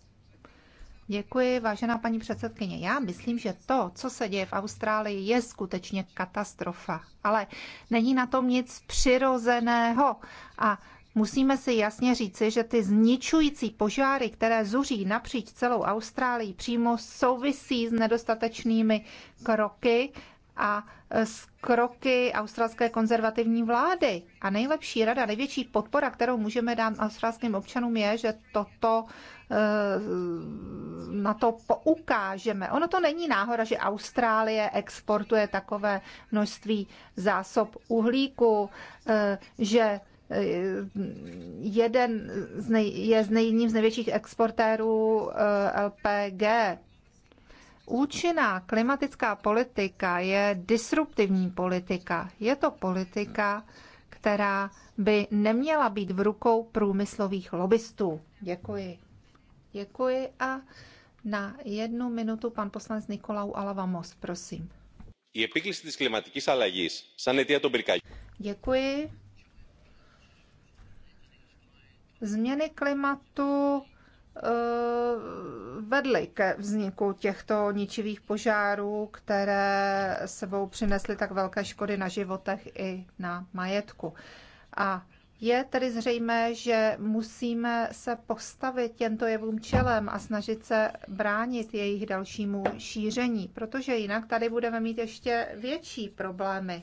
Děkuji, vážená paní předsedkyně. Já myslím, že to, co se děje v Austrálii, je skutečně katastrofa, ale není na tom nic přirozeného. A musíme si jasně říci, že ty zničující požáry, které zuří napříč celou Austrálii, přímo souvisí s nedostatečnými kroky a z e, kroky australské konzervativní vlády. A nejlepší rada, největší podpora, kterou můžeme dát australským občanům, je, že toto e, na to poukážeme. Ono to není náhoda, že Austrálie exportuje takové množství zásob uhlíku, e, že jeden je z nej, jedním z největších exportérů LPG Účinná klimatická politika je disruptivní politika. Je to politika, která by neměla být v rukou průmyslových lobbystů. Děkuji. Děkuji a na jednu minutu pan poslanec Nikolau Alavamos, prosím. Děkuji. Změny klimatu Eh, vedly ke vzniku těchto ničivých požárů, které sebou přinesly tak velké škody na životech i na majetku. A je tedy zřejmé, že musíme se postavit těmto jevům čelem a snažit se bránit jejich dalšímu šíření, protože jinak tady budeme mít ještě větší problémy.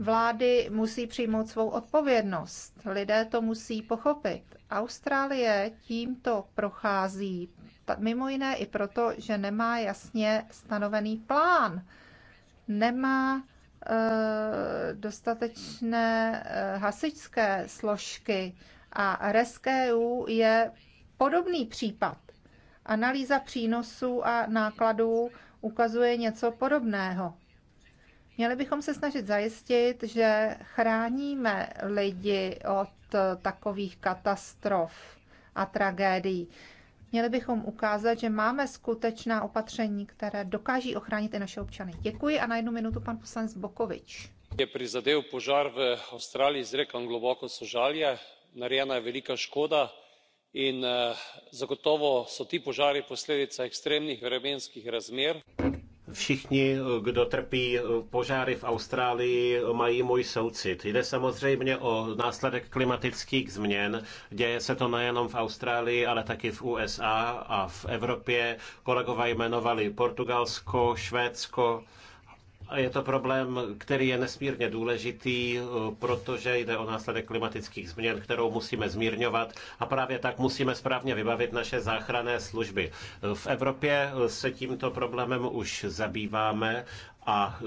Vlády musí přijmout svou odpovědnost. Lidé to musí pochopit. Austrálie tímto prochází, mimo jiné i proto, že nemá jasně stanovený plán. Nemá eh, dostatečné eh, hasičské složky a RescEU je podobný případ. Analýza přínosů a nákladů ukazuje něco podobného. Měli bychom se snažit zajistit, že chráníme lidi od takových katastrof a tragédií. Měli bychom ukázat, že máme skutečná opatření, které dokáží ochránit i naše občany. Děkuji a na jednu minutu pan poslanec Bokovič. Je prizadel požár v Austrálii. izrekam globoko sožalje, narejena je velika škoda in eh, zagotovo so ti požari posledica ekstremnih vremenskih razmer. Všichni, kdo trpí eh, požáry v Austrálii, eh, mají můj soucit. Jde samozřejmě o následek klimatických změn. Děje se to nejenom v Austrálii, ale taky v USA a v Evropě. Kolegové jmenovali Portugalsko, Švédsko, je to problém, který je nesmírně důležitý, protože jde o následek klimatických změn, kterou musíme zmírňovat a právě tak musíme správně vybavit naše záchranné služby. V Evropě se tímto problémem už zabýváme a e,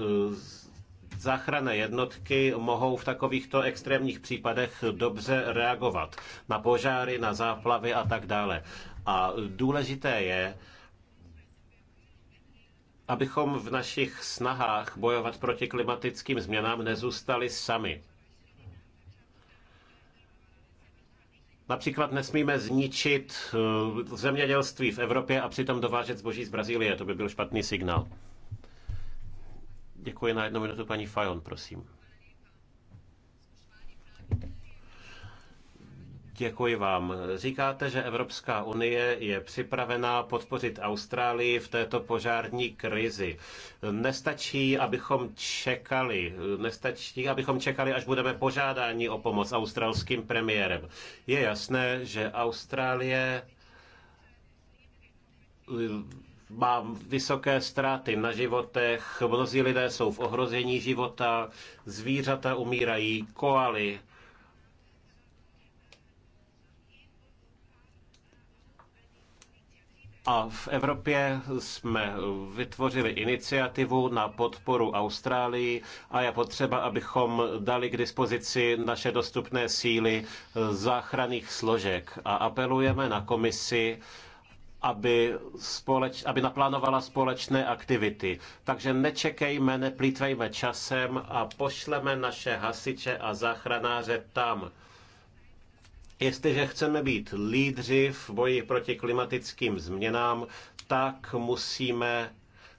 záchranné jednotky mohou v takovýchto extrémních případech dobře reagovat na požáry, na záplavy a tak dále. A důležité je, abychom v našich snahách bojovat proti klimatickým změnám nezůstali sami. Například nesmíme zničit eh, zemědělství v Evropě a přitom dovážet zboží z Brazílie. To by byl špatný signál. Děkuji na jednu minutu paní Fajon, prosím. Děkuji vám. Říkáte, že Evropská unie je připravená podpořit Austrálii v této požární krizi. Nestačí, abychom čekali, nestačí, abychom čekali, až budeme požádáni o pomoc australským premiérem. Je jasné, že Austrálie eh, má vysoké ztráty na životech, mnozí lidé jsou v ohrožení života, zvířata umírají, koaly A v Evropě jsme vytvořili iniciativu na podporu Austrálii a je potřeba, abychom dali k dispozici naše dostupné síly záchranných složek a apelujeme na komisi, aby, společ, aby naplánovala společné aktivity. Takže nečekejme, neplýtvejme časem a pošleme naše hasiče a záchranáře tam Jestliže chceme být lídři v boji proti klimatickým změnám, tak musíme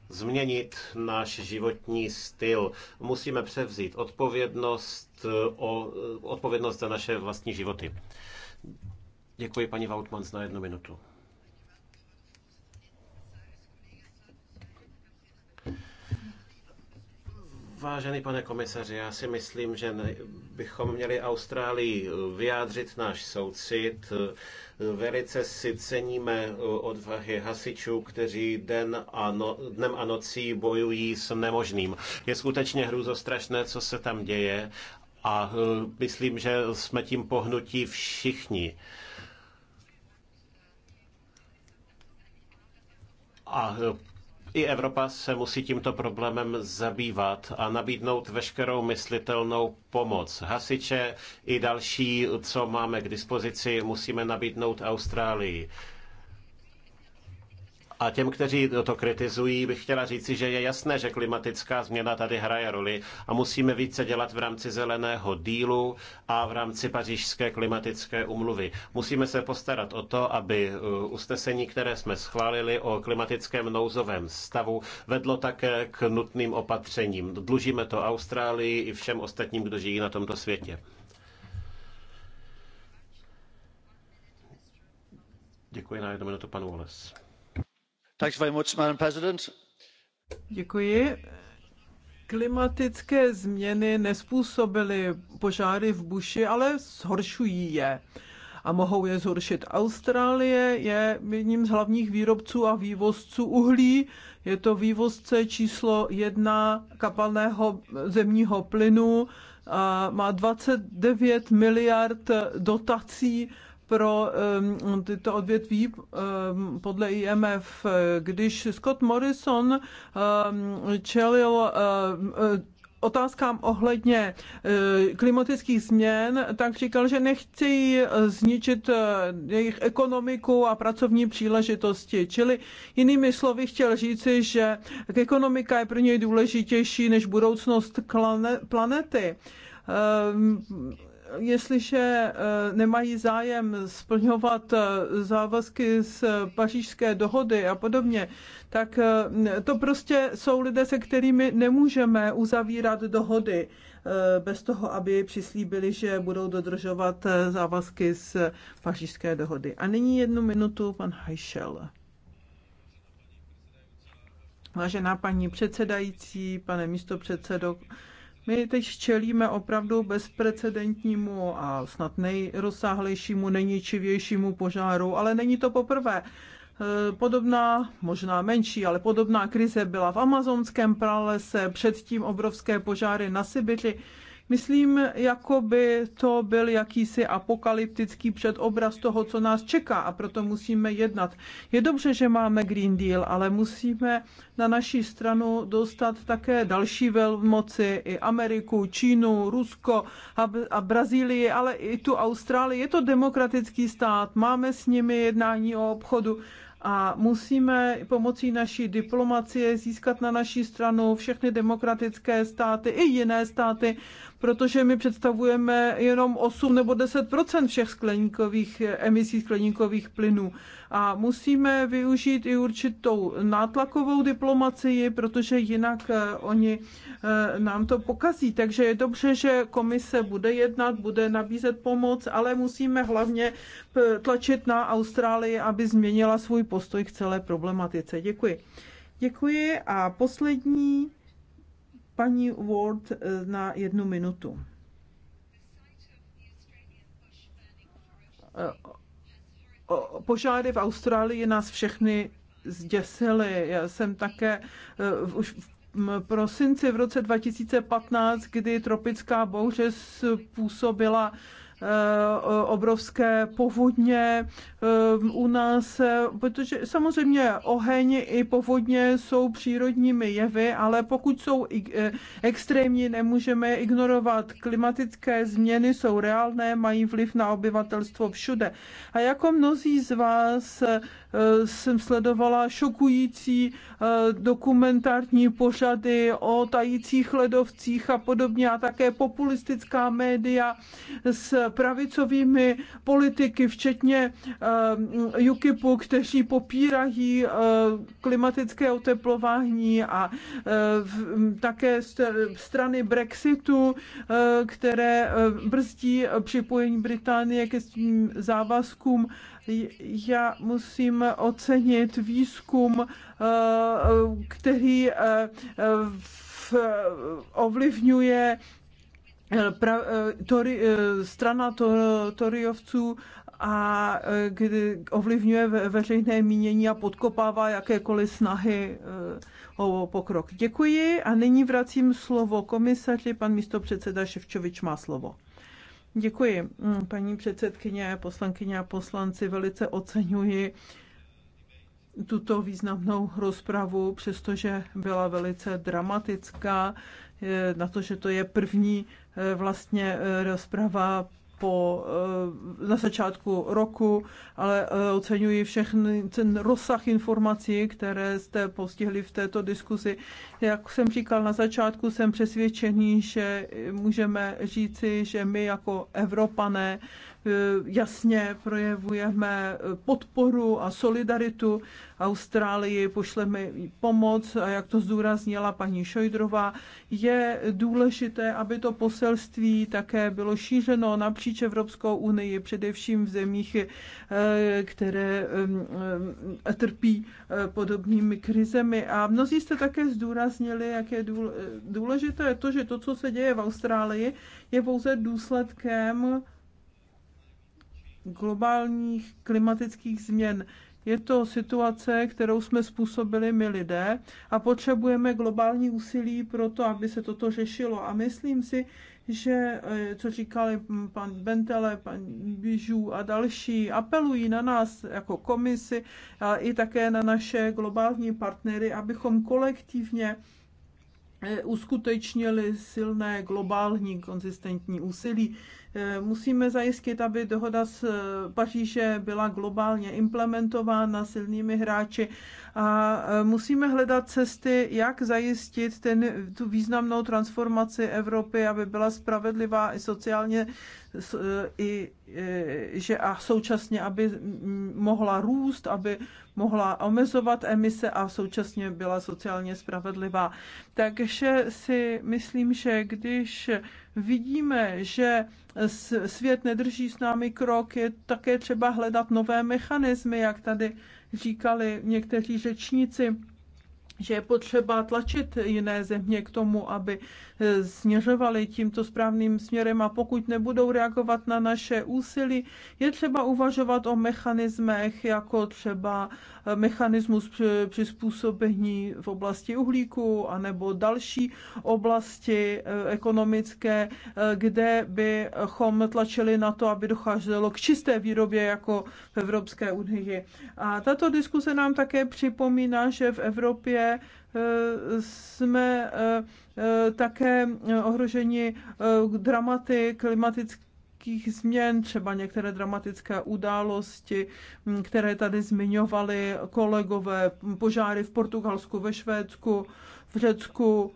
změnit náš životní styl. Musíme převzít odpovědnost, eh, o, odpovědnost za naše vlastní životy. Děkuji paní Vautmans na jednu minutu. Vážený pane komisaři, já si myslím, že bychom měli Austrálii eh, vyjádřit náš soucit. Eh, velice si ceníme eh, odvahy hasičů, kteří den a no, dnem a nocí bojují s nemožným. Je skutečně hrůzostrašné, co se tam děje a myslím, že jsme tím pohnutí všichni. A i Evropa se musí tímto problémem zabývat a nabídnout veškerou myslitelnou pomoc. Hasiče i další, co máme k dispozici, musíme nabídnout Austrálii. A těm, kteří to kritizují, bych chtěla říci, že je jasné, že klimatická změna tady hraje roli a musíme více dělat v rámci zeleného dílu a v rámci pařížské klimatické umluvy. Musíme se postarat o to, aby eh, usnesení, které jsme schválili o klimatickém nouzovém stavu, vedlo také k nutným opatřením. Dlužíme to Austrálii i všem ostatním, kdo žijí na tomto světě. Děkuji na jednu minutu panu Wallace paní předsedající klimatické změny nezpůsobily požáry v buši ale zhoršují je a mohou je zhoršit. Austrálie je jedním z hlavních výrobců a vývozců uhlí. Je to vývozce číslo jedna kapalného zemního plynu. A má 29 miliard dotací pro um, tyto odvětví um, podle IMF. Když Scott Morrison um, čelil um, otázkám ohledně eh, klimatických změn, tak říkal, že nechci zničit eh, jejich ekonomiku a pracovní příležitosti. Čili jinými slovy chtěl říci, že ekonomika je pro něj důležitější než budoucnost planety jestliže eh, nemají zájem splňovat eh, závazky z pařížské dohody a podobně, tak eh, to prostě jsou lidé, se kterými nemůžeme uzavírat dohody bez toho, aby přislíbili, že budou dodržovat závazky z pařížské dohody. A nyní jednu minutu pan Heischel. Vážená paní předsedající, pane místopředsedo, my teď čelíme opravdu bezprecedentnímu a snad nejrozsáhlejšímu, nejničivějšímu požáru, ale není to poprvé. Eh, podobná, možná menší, ale podobná krize byla v amazonském pralese, předtím obrovské požáry na Sibiři. Myslím, jako by to byl jakýsi apokalyptický předobraz toho, co nás čeká a proto musíme jednat. Je dobře, že máme Green Deal, ale musíme na naší stranu dostat také další velmoci, i Ameriku, Čínu, Rusko a Brazílii, ale i tu Austrálii. Je to demokratický stát, máme s nimi jednání o obchodu a musíme pomocí naší diplomacie získat na naší stranu všechny demokratické státy i jiné státy, protože my představujeme jenom 8 nebo 10 všech skleníkových emisí skleníkových plynů. A musíme využít i určitou nátlakovou diplomacii, protože jinak eh, oni eh, nám to pokazí. Takže je dobře, že komise bude jednat, bude nabízet pomoc, ale musíme hlavně tlačit na Austrálii, aby změnila svůj postoj k celé problematice. Děkuji. Děkuji a poslední Paní Ward eh, na jednu minutu. Eh, požáry v Austrálii nás všechny zděsily. Já jsem také eh, už v prosinci v roce 2015, kdy tropická bouře způsobila Eh, obrovské povodně eh, u nás, eh, protože samozřejmě oheň i povodně jsou přírodními jevy, ale pokud jsou extrémní, nemůžeme ignorovat. Klimatické změny jsou reálné, mají vliv na obyvatelstvo všude. A jako mnozí z vás jsem sledovala šokující dokumentární pořady o tajících ledovcích a podobně a také populistická média s pravicovými politiky, včetně eh, UKIPu, kteří popírají eh, klimatické oteplování a eh, také strany Brexitu, které brzdí připojení Británie ke svým závazkům. Já musím ocenit výzkum, který ovlivňuje Eh, pra, eh, tori, eh, strana tor, Toriovců a kdy ovlivňuje veřejné mínění a podkopává jakékoliv snahy o pokrok. Děkuji a nyní vracím slovo komisaři. Pan místopředseda Ševčovič má slovo. Děkuji. Hm, paní předsedkyně, poslankyně a poslanci, velice oceňuji tuto významnou rozpravu, přestože byla velice dramatická, na to, že to je první Eh, vlastně eh, rozprava po, eh, na začátku roku, ale oceňuji všechny ten rozsah informací, které jste postihli v této diskuzi. Jak jsem říkal na začátku, jsem přesvědčený, že můžeme říci, že my jako Evropané Eh, jasně projevujeme eh, podporu a solidaritu Austrálii, pošleme pomoc a jak to zdůraznila paní Šojdrová, je důležité, aby to poselství také bylo šířeno napříč Evropskou unii, především v zemích, eh, které trpí podobnými krizemi. A mnozí jste také zdůraznili, jak je důležité to, že to, co se děje v Austrálii, je pouze důsledkem globálních klimatických změn. Je to situace, kterou jsme způsobili my lidé a potřebujeme globální úsilí pro to, aby se toto řešilo. A myslím si, že, eh, co říkali pan Bentele, pan Bižů a další, apelují na nás jako komisi a i také na naše globální partnery, abychom kolektivně eh, uskutečnili silné globální konzistentní úsilí. Eh, musíme zajistit, aby dohoda z eh, Paříže byla globálně implementována silnými hráči a eh, musíme hledat cesty, jak zajistit ten, tu významnou transformaci Evropy, aby byla spravedlivá i sociálně, i, že a současně, aby mm, mohla růst, aby mohla omezovat emise a současně byla sociálně spravedlivá. Takže si myslím, že když vidíme, že svět nedrží s námi krok, je také třeba hledat nové mechanismy, jak tady říkali někteří řečníci že je potřeba tlačit jiné země k tomu, aby eh, směřovaly tímto správným směrem a pokud nebudou reagovat na naše úsilí, je třeba uvažovat o mechanismech, jako třeba eh, mechanismus přizpůsobení v oblasti uhlíku anebo další oblasti eh, ekonomické, kde bychom tlačili na to, aby docházelo k čisté výrobě jako v Evropské unii. A tato diskuse nám také připomíná, že v Evropě Eh, jsme eh, eh, také ohroženi dramaty klimatických změn, třeba některé dramatické události, hm, které tady zmiňovali kolegové, požáry v Portugalsku, ve Švédsku, v Řecku.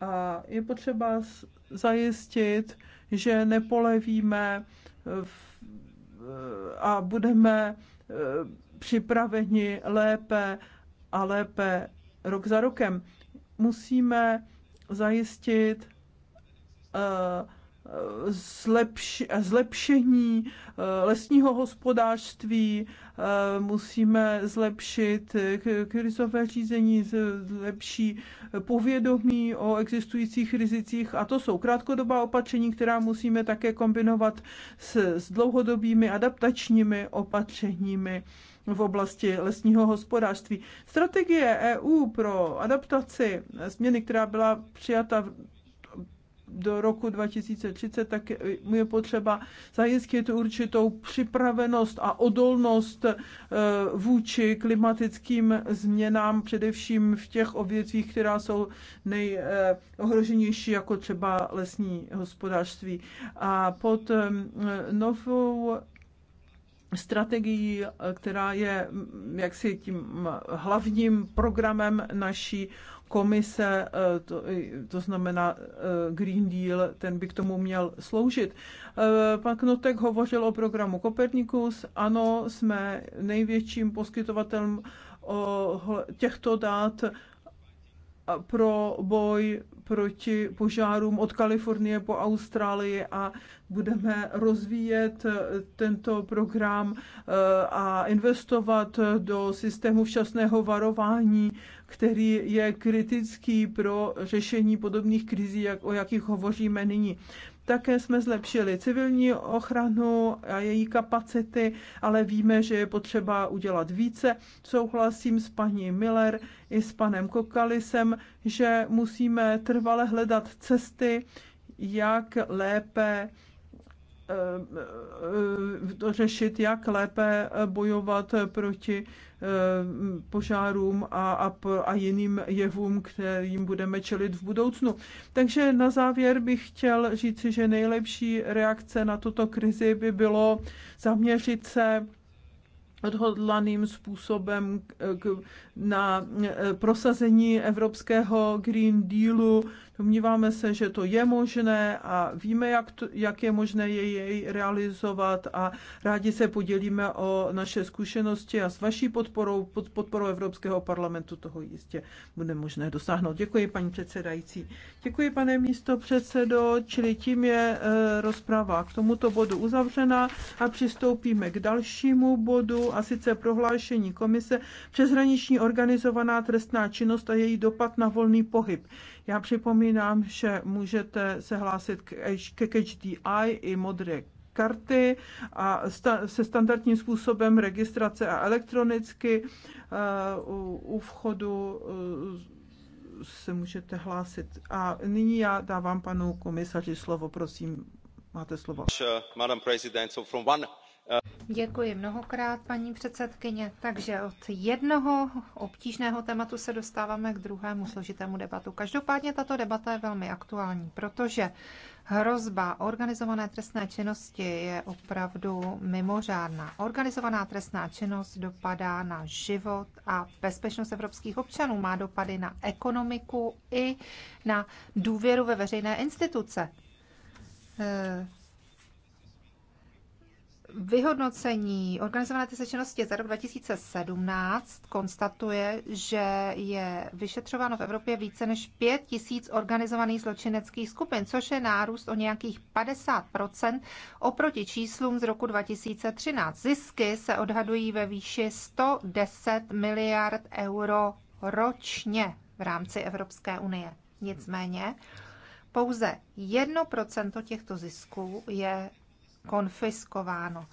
A je potřeba zajistit, že nepolevíme a budeme připraveni lépe a lépe rok za rokem. Musíme zajistit eh, zlepšení eh, lesního hospodářství, eh, musíme zlepšit krizové řízení, zlepší povědomí o existujících rizicích a to jsou krátkodobá opatření, která musíme také kombinovat s, s dlouhodobými adaptačními opatřeními v oblasti lesního hospodářství. Strategie EU pro adaptaci změny, která byla přijata do roku 2030, tak je potřeba zajistit určitou připravenost a odolnost eh, vůči klimatickým změnám, především v těch odvětvích, která jsou nejohroženější, jako třeba lesní hospodářství. A pod eh, novou strategií, eh, která je mm, jaksi tím mm, hlavním programem naší komise, eh, to, to znamená eh, Green Deal, ten by k tomu měl sloužit. Pan Knotek hovořil o programu Copernicus. Ano, jsme největším poskytovatelem těchto dát pro boj proti požárům od Kalifornie po Austrálii a budeme rozvíjet eh, tento program eh, a investovat do systému včasného varování, který je kritický pro řešení podobných krizí, jak, o jakých hovoříme nyní. Také jsme zlepšili civilní ochranu a její kapacity, ale víme, že je potřeba udělat více. Souhlasím s paní Miller i s panem Kokalisem, že musíme trvale hledat cesty, jak lépe Eh, eh, to řešit, jak lépe bojovat proti eh, požárům a, a, a jiným jevům, kterým budeme čelit v budoucnu. Takže na závěr bych chtěl říci, že nejlepší reakce na tuto krizi by bylo zaměřit se odhodlaným způsobem na prosazení evropského Green Dealu, Domníváme se, že to je možné a víme, jak, to, jak je možné jej realizovat a rádi se podělíme o naše zkušenosti a s vaší podporou, pod podporou Evropského parlamentu toho jistě bude možné dosáhnout. Děkuji, paní předsedající. Děkuji, pane místo předsedo, čili tím je e, rozprava k tomuto bodu uzavřena a přistoupíme k dalšímu bodu a sice prohlášení komise přeshraniční organizovaná trestná činnost a její dopad na volný pohyb. Já připomínám, že můžete se hlásit ke Catch i modré karty a sta- se standardním způsobem registrace a elektronicky uh, u, u vchodu uh, se můžete hlásit. A nyní já dávám panu komisaři slovo, prosím, máte slovo. Madam President, so from one Děkuji mnohokrát, paní předsedkyně. Takže od jednoho obtížného tématu se dostáváme k druhému složitému debatu. Každopádně tato debata je velmi aktuální, protože hrozba organizované trestné činnosti je opravdu mimořádná. Organizovaná trestná činnost dopadá na život a bezpečnost evropských občanů, má dopady na ekonomiku i na důvěru ve veřejné instituce Vyhodnocení organizované trestné činnosti za rok 2017 konstatuje, že je vyšetřováno v Evropě více než 5 tisíc organizovaných zločineckých skupin, což je nárůst o nějakých 50 oproti číslům z roku 2013. Zisky se odhadují ve výši 110 miliard euro ročně v rámci Evropské unie. Nicméně pouze 1% těchto zisků je konfiskováno.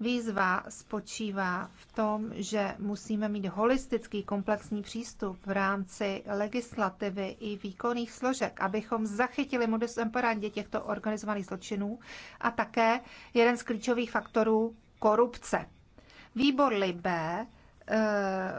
Výzva spočívá v tom, že musíme mít holistický komplexní přístup v rámci legislativy i výkonných složek, abychom zachytili modus operandi těchto organizovaných zločinů a také jeden z klíčových faktorů korupce. Výbor Libé eh,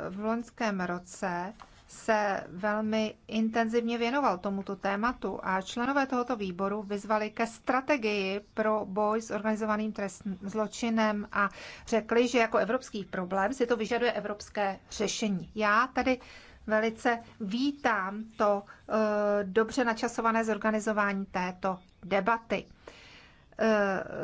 v loňském roce se velmi intenzivně věnoval tomuto tématu a členové tohoto výboru vyzvali ke strategii pro boj s organizovaným trestním zločinem a řekli, že jako evropský problém si to vyžaduje evropské řešení. Já tady velice vítám to uh, dobře načasované zorganizování této debaty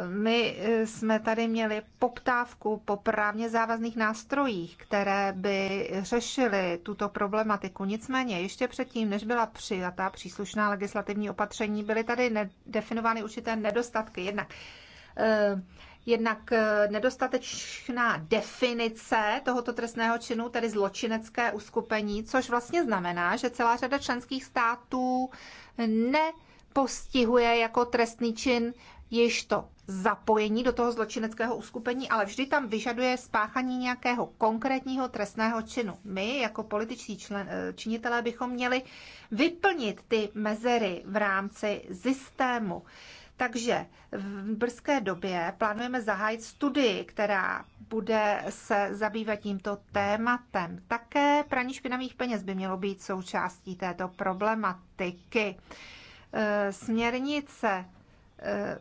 my eh, jsme tady měli poptávku po právně závazných nástrojích, které by řešily tuto problematiku. Nicméně ještě předtím, než byla přijata příslušná legislativní opatření, byly tady definovány určité nedostatky. Jednak eh, Jednak eh, nedostatečná definice tohoto trestného činu, tedy zločinecké uskupení, což vlastně znamená, že celá řada členských států ne postihuje jako trestný čin jež to zapojení do toho zločineckého uskupení, ale vždy tam vyžaduje spáchaní nějakého konkrétního trestného činu. My jako političní člen, eh, činitelé bychom měli vyplnit ty mezery v rámci systému. Takže v brzké době plánujeme zahájit studii, která bude se zabývat tímto tématem. Také praní špinavých peněz by mělo být součástí této problematiky. Eh, směrnice Eh,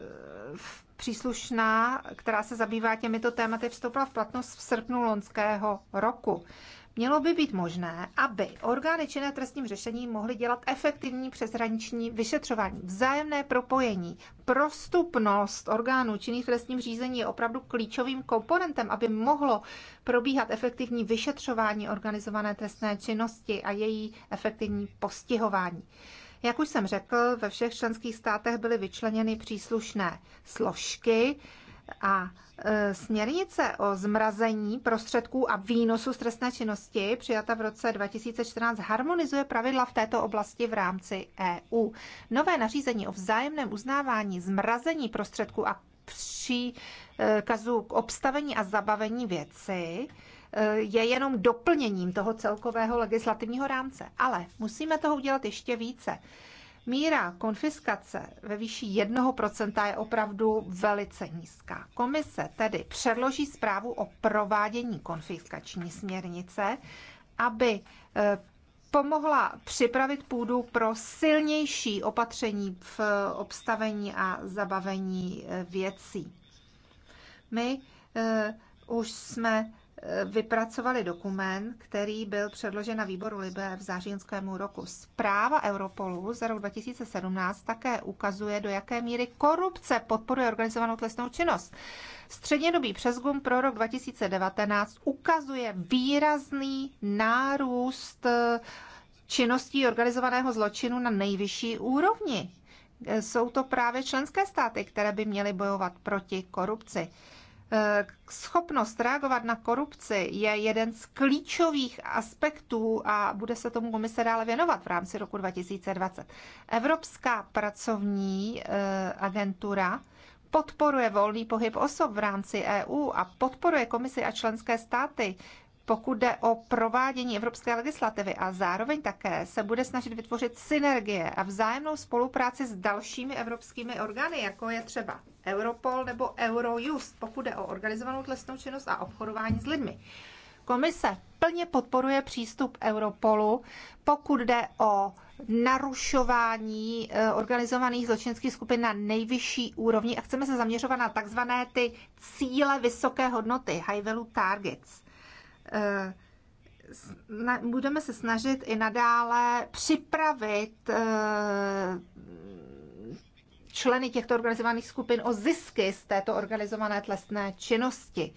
příslušná, která se zabývá těmito tématy, vstoupila v platnost v srpnu loňského roku. Mělo by být možné, aby orgány činné trestním řešení mohly dělat efektivní přeshraniční vyšetřování, vzájemné propojení. Prostupnost orgánů činných trestním řízení je opravdu klíčovým komponentem, aby mohlo probíhat efektivní vyšetřování organizované trestné činnosti a její efektivní postihování. Jak už jsem řekl, ve všech členských státech byly vyčleněny příslušné složky a e, směrnice o zmrazení prostředků a výnosu z trestné činnosti, přijata v roce 2014, harmonizuje pravidla v této oblasti v rámci EU. Nové nařízení o vzájemném uznávání zmrazení prostředků a příkazu k obstavení a zabavení věci je jenom doplněním toho celkového legislativního rámce. Ale musíme toho udělat ještě více. Míra konfiskace ve výši 1% je opravdu velice nízká. Komise tedy předloží zprávu o provádění konfiskační směrnice, aby e, pomohla připravit půdu pro silnější opatření v obstavení a zabavení e, věcí. My e, už jsme vypracovali dokument, který byl předložen na výboru Libe v zářínskému roku. Zpráva Europolu za rok 2017 také ukazuje, do jaké míry korupce podporuje organizovanou trestnou činnost. Střednědobý přezkum pro rok 2019 ukazuje výrazný nárůst eh, činností organizovaného zločinu na nejvyšší úrovni. Jsou to právě členské státy, které by měly bojovat proti korupci. Eh, schopnost reagovat na korupci je jeden z klíčových aspektů a bude se tomu komise dále věnovat v rámci roku 2020. Evropská pracovní eh, agentura podporuje volný pohyb osob v rámci EU a podporuje komisi a členské státy pokud jde o provádění evropské legislativy a zároveň také se bude snažit vytvořit synergie a vzájemnou spolupráci s dalšími evropskými orgány, jako je třeba Europol nebo Eurojust, pokud jde o organizovanou tlesnou činnost a obchodování s lidmi. Komise plně podporuje přístup Europolu, pokud jde o narušování eh, organizovaných zločinských skupin na nejvyšší úrovni a chceme se zaměřovat na takzvané ty cíle vysoké hodnoty, high value targets. Eh, budeme se snažit i nadále připravit eh, členy těchto organizovaných skupin o zisky z této organizované tlestné činnosti.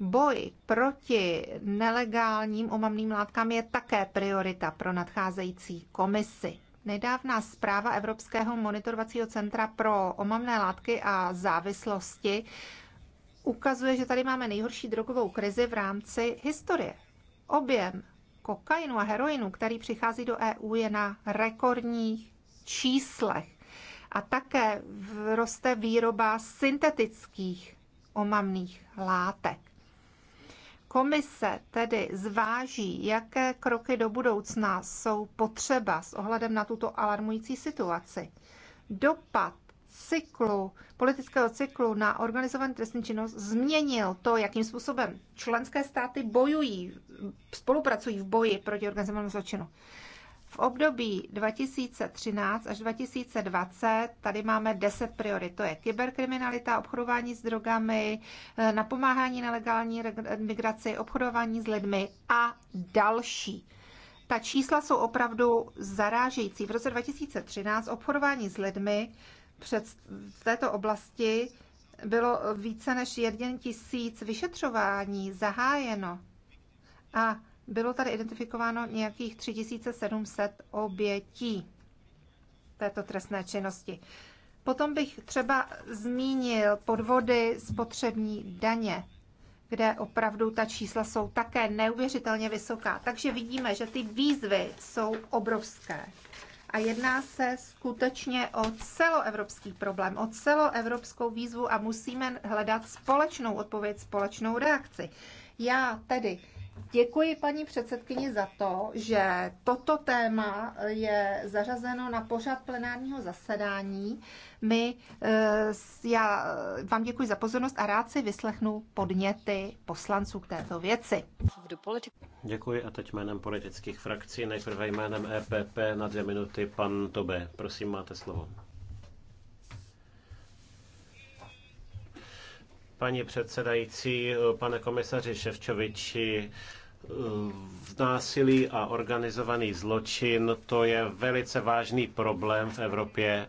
Boj proti nelegálním omamným látkám je také priorita pro nadcházející komisi. Nedávná zpráva Evropského monitorovacího centra pro omamné látky a závislosti ukazuje, že tady máme nejhorší drogovou krizi v rámci historie. Objem kokainu a heroinu, který přichází do EU, je na rekordních číslech. A také roste výroba syntetických omamných látek. Komise tedy zváží, jaké kroky do budoucna jsou potřeba s ohledem na tuto alarmující situaci. Dopad cyklu, politického cyklu na organizovaný trestní činnost změnil to, jakým způsobem členské státy bojují, spolupracují v boji proti organizovanému zločinu. V období 2013 až 2020 tady máme 10 priorit. To je kyberkriminalita, obchodování s drogami, eh, napomáhání nelegální migraci, obchodování s lidmi a další. Ta čísla jsou opravdu zarážející. V roce 2013 obchodování s lidmi před, v této oblasti bylo více než 1 tisíc vyšetřování zahájeno a bylo tady identifikováno nějakých 3700 obětí této trestné činnosti. Potom bych třeba zmínil podvody spotřební daně, kde opravdu ta čísla jsou také neuvěřitelně vysoká. Takže vidíme, že ty výzvy jsou obrovské. A jedná se skutečně o celoevropský problém, o celoevropskou výzvu a musíme hledat společnou odpověď, společnou reakci. Já tedy Děkuji paní předsedkyni za to, že toto téma je zařazeno na pořad plenárního zasedání. My, eh, já vám děkuji za pozornost a rád si vyslechnu podněty poslanců k této věci. Děkuji a teď jménem politických frakcí, nejprve jménem EPP na dvě minuty pan Tobe. Prosím, máte slovo. Paní předsedající, pane komisaři Ševčoviči, násilí a organizovaný zločin, to je velice vážný problém v Evropě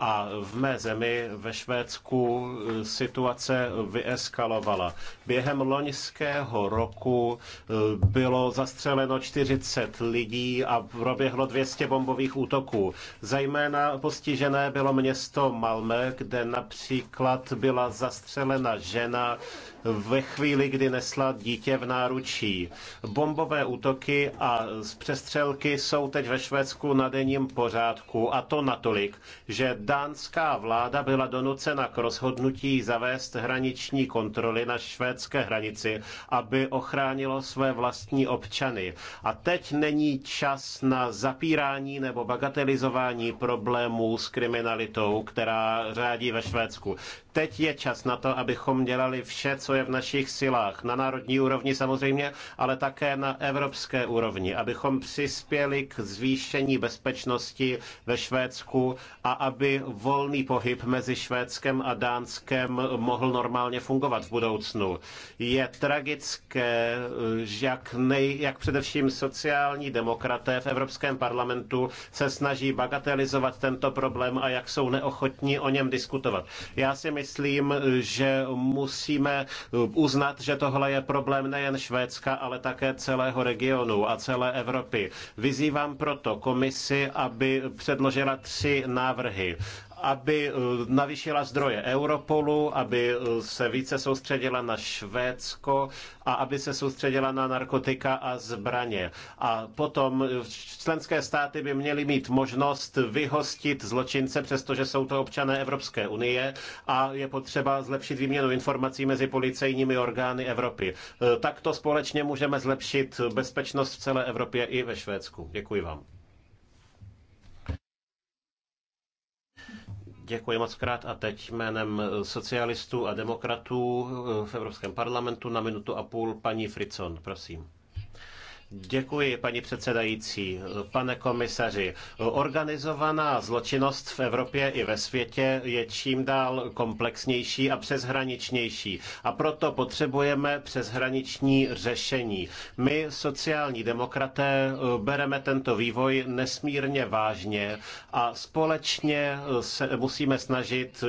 a v mé zemi, ve Švédsku, situace vyeskalovala. Během loňského roku e, bylo zastřeleno 40 lidí a proběhlo 200 bombových útoků. Zajména postižené bylo město Malmö, kde například byla zastřelena žena, ve chvíli, kdy nesla dítě v náručí. Bombové útoky a přestřelky jsou teď ve Švédsku na denním pořádku a to natolik, že dánská vláda byla donucena k rozhodnutí zavést hraniční kontroly na švédské hranici, aby ochránilo své vlastní občany. A teď není čas na zapírání nebo bagatelizování problémů s kriminalitou, která řádí ve Švédsku. Teď je čas na to, abychom dělali vše, co je v našich silách. Na národní úrovni samozřejmě, ale také na evropské úrovni, abychom přispěli k zvýšení bezpečnosti ve Švédsku a aby volný pohyb mezi Švédskem a Dánskem mohl normálně fungovat v budoucnu. Je tragické, jak, nej, jak především sociální demokraté v Evropském parlamentu se snaží bagatelizovat tento problém a jak jsou neochotní o něm diskutovat. Já si myslím, myslím, že musíme uznat, že tohle je problém nejen Švédska, ale také celého regionu a celé Evropy. Vyzývám proto komisi, aby předložila tři návrhy aby eh, navýšila zdroje Europolu, aby eh, se více soustředila na Švédsko a aby se soustředila na narkotika a zbraně. A potom eh, členské státy by měly mít možnost vyhostit zločince, přestože jsou to občané Evropské unie a je potřeba zlepšit výměnu informací mezi policejními orgány Evropy. Takto společně můžeme zlepšit bezpečnost v celé Evropě i ve Švédsku. Děkuji vám. Děkuji moc krát a teď jménem socialistů a demokratů v Evropském parlamentu na minutu a půl paní Fricon, prosím. Děkuji, paní předsedající. Pane komisaři, organizovaná zločinnost v Evropě i ve světě je čím dál komplexnější a přeshraničnější. A proto potřebujeme přeshraniční řešení. My, sociální demokraté, bereme tento vývoj nesmírně vážně a společně se musíme snažit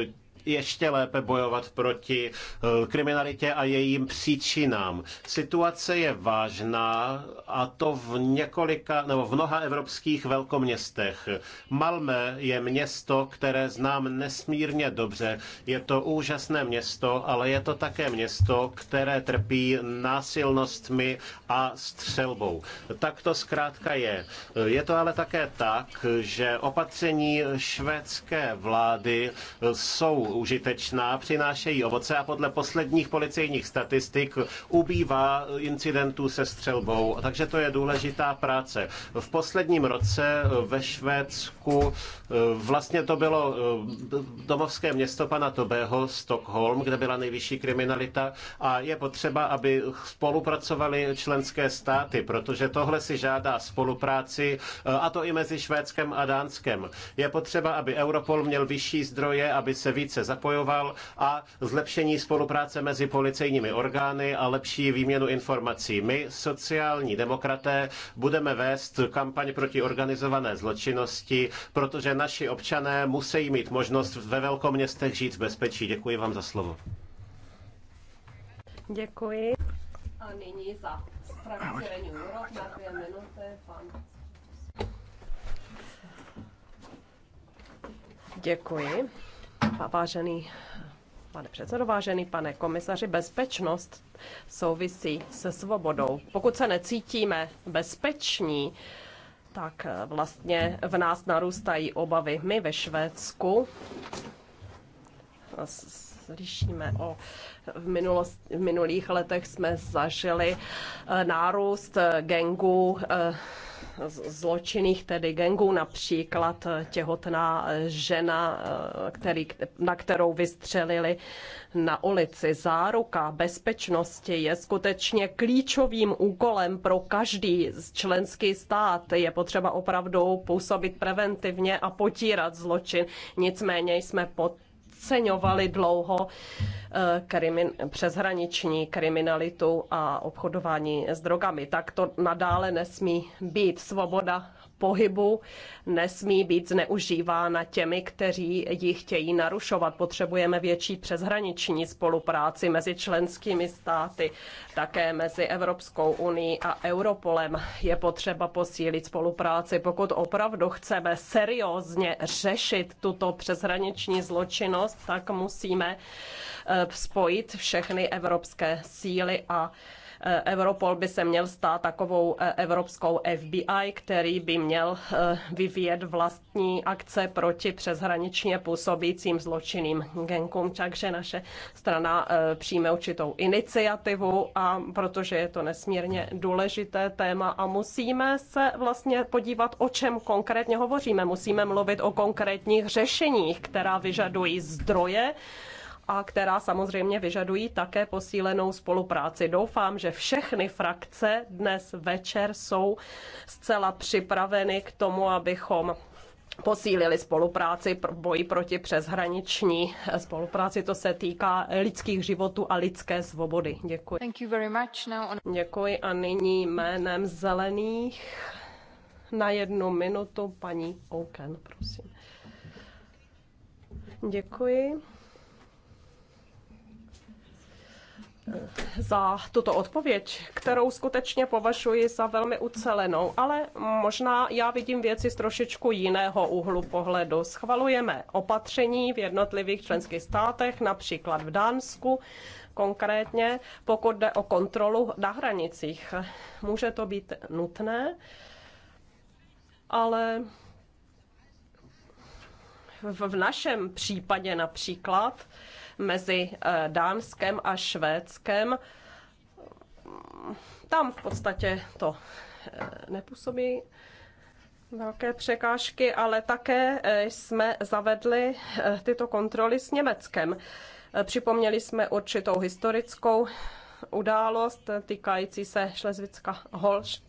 ještě lépe bojovat proti eh, kriminalitě a jejím příčinám. Situace je vážná a to v několika nebo v mnoha evropských velkoměstech. Malmö je město, které znám nesmírně dobře. Je to úžasné město, ale je to také město, které trpí násilnostmi a střelbou. Tak to zkrátka je. Je to ale také tak, že opatření švédské vlády jsou užitečná, přinášejí ovoce a podle posledních policejních statistik ubývá incidentů se střelbou. Takže to je důležitá práce. V posledním roce ve Švédsku eh, vlastně to bylo eh, domovské město pana Tobého, Stockholm, kde byla nejvyšší kriminalita a je potřeba, aby spolupracovali členské státy, protože tohle si žádá spolupráci eh, a to i mezi Švédskem a Dánskem. Je potřeba, aby Europol měl vyšší zdroje, aby se více se zapojoval a zlepšení spolupráce mezi policejními orgány a lepší výměnu informací. My, sociální demokraté, budeme vést kampaň proti organizované zločinnosti, protože naši občané musí mít možnost ve velkoměstech žít v bezpečí. Děkuji vám za slovo. Děkuji. A nyní za frakci Renew na dvě minuty pan Děkuji. Vážený pane předsedo, vážený pane komisaři, bezpečnost souvisí se svobodou. Pokud se necítíme bezpeční, tak vlastně v nás narůstají obavy. My ve Švédsku slyšíme o v, minulost, v minulých letech jsme zažili eh, nárůst eh, gengů eh, zločinných, tedy gangů, například těhotná žena, eh, který, na kterou vystřelili na ulici. Záruka bezpečnosti je skutečně klíčovým úkolem pro každý členský stát. Je potřeba opravdu působit preventivně a potírat zločin. Nicméně jsme pod podceňovali dlouho eh, krimin, přeshraniční kriminalitu a obchodování s drogami. Tak to nadále nesmí být. Svoboda pohybu nesmí být zneužívána těmi, kteří ji chtějí narušovat. Potřebujeme větší přeshraniční spolupráci mezi členskými státy, také mezi Evropskou unii a Europolem. Je potřeba posílit spolupráci, pokud opravdu chceme seriózně řešit tuto přeshraniční zločinnost, tak musíme eh, spojit všechny evropské síly a Eh, Europol by se měl stát takovou eh, evropskou FBI, který by měl eh, vyvíjet vlastní akce proti přeshraničně působícím zločinným genkům. Takže naše strana přijme určitou iniciativu a protože je to nesmírně důležité téma a musíme se vlastně podívat, o čem konkrétně hovoříme. Musíme mluvit o konkrétních řešeních, která vyžadují zdroje, a která samozřejmě vyžadují také posílenou spolupráci. Doufám, že všechny frakce dnes večer jsou zcela připraveny k tomu, abychom posílili spolupráci boji proti přeshraniční spolupráci. To se týká lidských životů a lidské svobody. Děkuji. Thank you very much. Now on... Děkuji a nyní jménem zelených na jednu minutu paní Oken, prosím. Děkuji. za tuto odpověď, kterou skutečně považuji za velmi ucelenou, ale možná já vidím věci z trošičku jiného úhlu pohledu. Schvalujeme opatření v jednotlivých členských státech, například v Dánsku, konkrétně pokud jde o kontrolu na hranicích. Může to být nutné, ale v našem případě například mezi eh, Dánskem a Švédskem. Tam v podstatě to eh, nepůsobí velké překážky, ale také eh, jsme zavedli tyto kontroly s Německem. Připomněli jsme určitou historickou událost týkající se Šlezvicka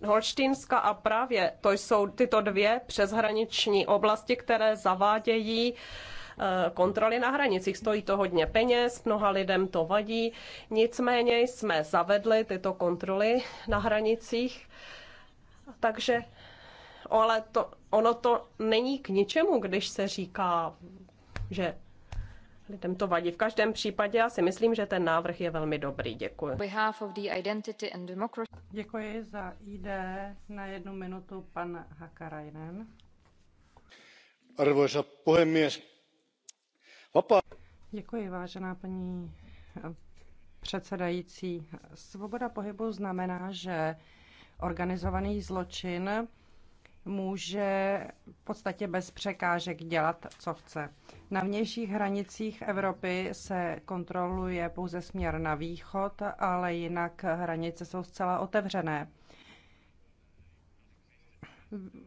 Holštínska a právě to jsou tyto dvě přeshraniční oblasti, které zavádějí Eh, kontroly na hranicích. Stojí to hodně peněz, mnoha lidem to vadí, nicméně jsme zavedli tyto kontroly na hranicích, takže ale to, ono to není k ničemu, když se říká, že lidem to vadí. V každém případě já si myslím, že ten návrh je velmi dobrý. Děkuji. Děkuji za ID. Na jednu minutu pan Hakarajnen. Arvoisa puhemies, Děkuji, vážená paní předsedající. Svoboda pohybu znamená, že organizovaný zločin může v podstatě bez překážek dělat, co chce. Na vnějších hranicích Evropy se kontroluje pouze směr na východ, ale jinak hranice jsou zcela otevřené.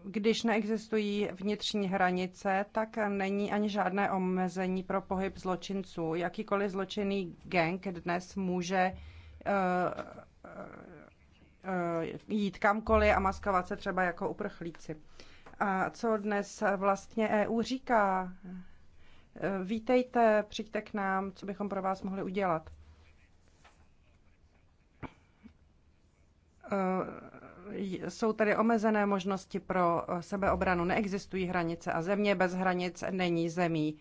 Když neexistují vnitřní hranice, tak není ani žádné omezení pro pohyb zločinců. Jakýkoliv zločinný gang dnes může eh, eh, jít kamkoliv a maskovat se třeba jako uprchlíci. A co dnes vlastně EU říká? Eh, vítejte, přijďte k nám, co bychom pro vás mohli udělat jsou tady omezené možnosti pro sebeobranu. Neexistují hranice a země bez hranic není zemí.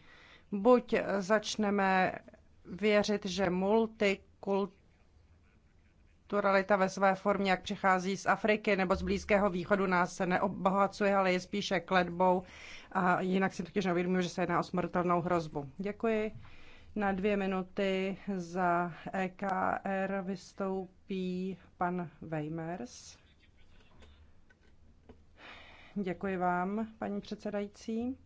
Buď začneme věřit, že multikulturalita ve své formě, jak přichází z Afriky nebo z Blízkého východu, nás se neobohacuje, ale je spíše kletbou. A jinak si totiž neuvědomím, že se jedná o smrtelnou hrozbu. Děkuji. Na dvě minuty za EKR vystoupí pan Weimers. Děkuji vám, paní předsedající.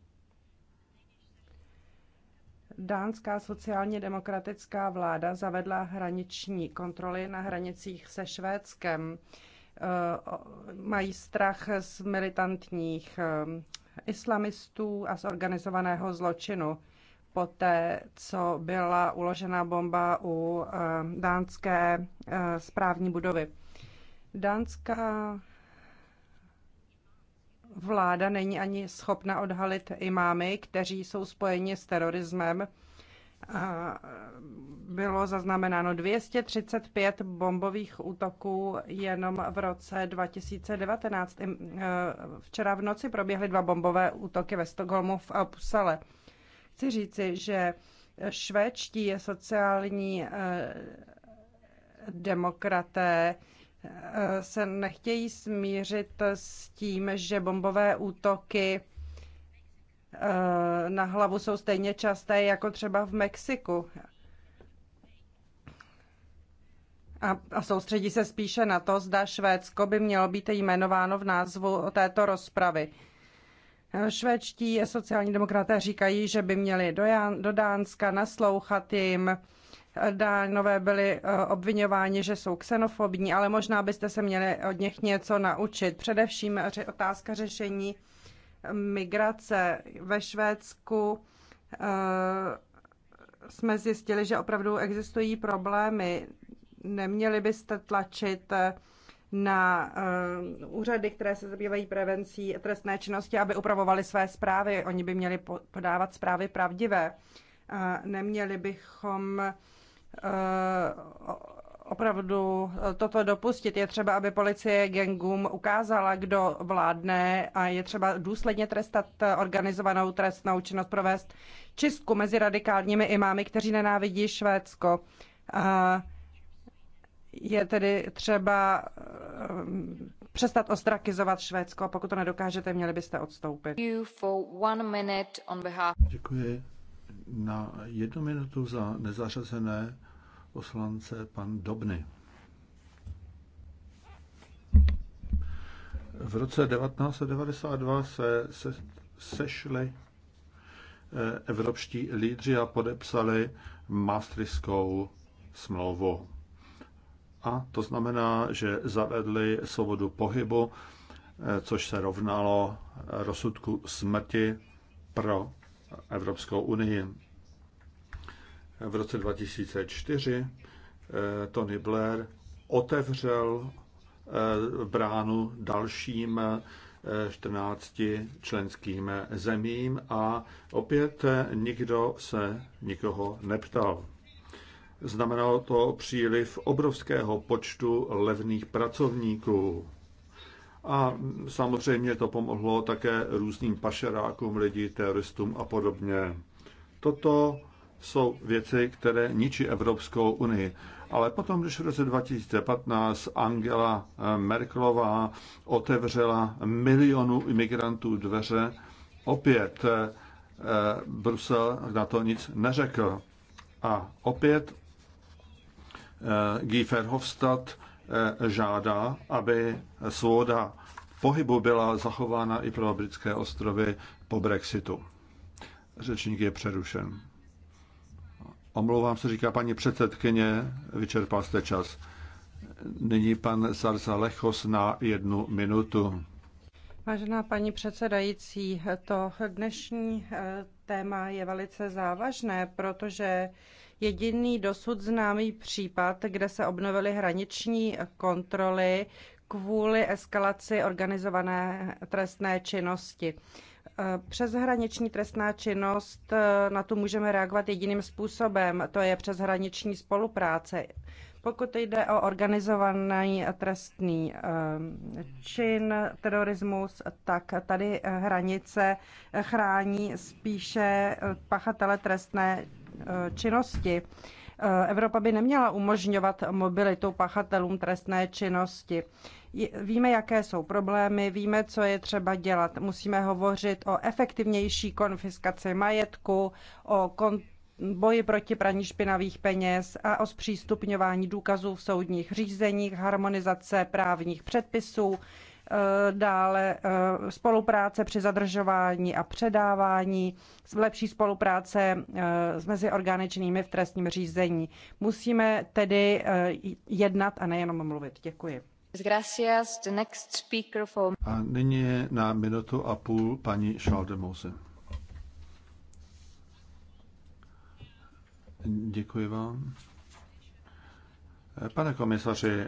Dánská sociálně demokratická vláda zavedla hraniční kontroly na hranicích se Švédskem. E, mají strach z militantních e, islamistů a z organizovaného zločinu. Poté, co byla uložena bomba u e, dánské správní budovy. Dánská vláda není ani schopna odhalit imámy, kteří jsou spojeni s terorismem. A bylo zaznamenáno 235 bombových útoků jenom v roce 2019. Eh, včera v noci proběhly dva bombové útoky ve Stockholmu v Apusale. Chci říci, že švédští sociální eh, demokraté se nechtějí smířit s tím, že bombové útoky eh, na hlavu jsou stejně časté jako třeba v Mexiku. A, a soustředí se spíše na to, zda Švédsko by mělo být jmenováno v názvu této rozpravy. Švédští sociální demokraté říkají, že by měli do, Ján, do Dánska naslouchat jim, Dánové byli eh, obvinováni, že jsou xenofobní, ale možná byste se měli od nich něco naučit. Především otázka řešení eh, migrace ve Švédsku eh, jsme zjistili, že opravdu existují problémy. Neměli byste tlačit na úřady, které se zabývají prevencí trestné činnosti, aby upravovali své zprávy. Oni by měli podávat zprávy pravdivé. Neměli bychom Eh, opravdu eh, toto dopustit. Je třeba, aby policie gengům ukázala, kdo vládne a je třeba důsledně trestat eh, organizovanou trestnou činnost, provést čistku mezi radikálními imámy, kteří nenávidí Švédsko. A je tedy třeba přestat ostrakizovat Švédsko a pokud to nedokážete, měli byste odstoupit. Děkuji na jednu minutu za nezařazené poslance pan Dobny. V roce 1992 se, se sešli eh, evropští lídři a podepsali Maastrichtskou smlouvu. A to znamená, že zavedli svobodu pohybu, eh, což se rovnalo rozsudku smrti pro Evropskou unii v roce 2004 eh, Tony Blair otevřel eh, bránu dalším 14 eh, členským zemím a opět nikdo se nikoho neptal. Znamenalo to příliv obrovského počtu levných pracovníků. A samozřejmě to pomohlo také různým pašerákům lidí, teroristům a podobně. Toto jsou věci, které ničí Evropskou unii. Ale potom, když v roce 2015 Angela eh, Merklová otevřela milionu imigrantů dveře, opět eh, Brusel na to nic neřekl. A opět eh, Guy Verhofstadt žádá, aby svoboda pohybu byla zachována i pro britské ostrovy po Brexitu. Řečník je přerušen. Omlouvám se, říká paní předsedkyně, vyčerpal jste čas. Nyní pan Sarsa Lechos na jednu minutu. Vážená paní předsedající, to dnešní eh, téma je velice závažné, protože jediný dosud známý případ, kde se obnovily hraniční kontroly kvůli eskalaci organizované trestné činnosti. Přeshraniční trestná činnost, eh, na to můžeme reagovat jediným způsobem, to je přeshraniční spolupráce. Pokud jde o organizovaný trestný eh, čin, terorismus, tak tady eh, hranice chrání spíše pachatele trestné činnosti. Evropa by neměla umožňovat mobilitu pachatelům trestné činnosti. Víme, jaké jsou problémy, víme, co je třeba dělat. Musíme hovořit o efektivnější konfiskaci majetku, o boji proti praní špinavých peněz a o zpřístupňování důkazů v soudních řízeních, harmonizace právních předpisů, e, dále e, spolupráce při zadržování a předávání, lepší spolupráce e, mezi orgány činnými v trestním řízení. Musíme tedy jednat a nejenom mluvit. Děkuji. A nyní je na minutu a půl paní Schaldemose. Děkuji vám. Pane komisaři,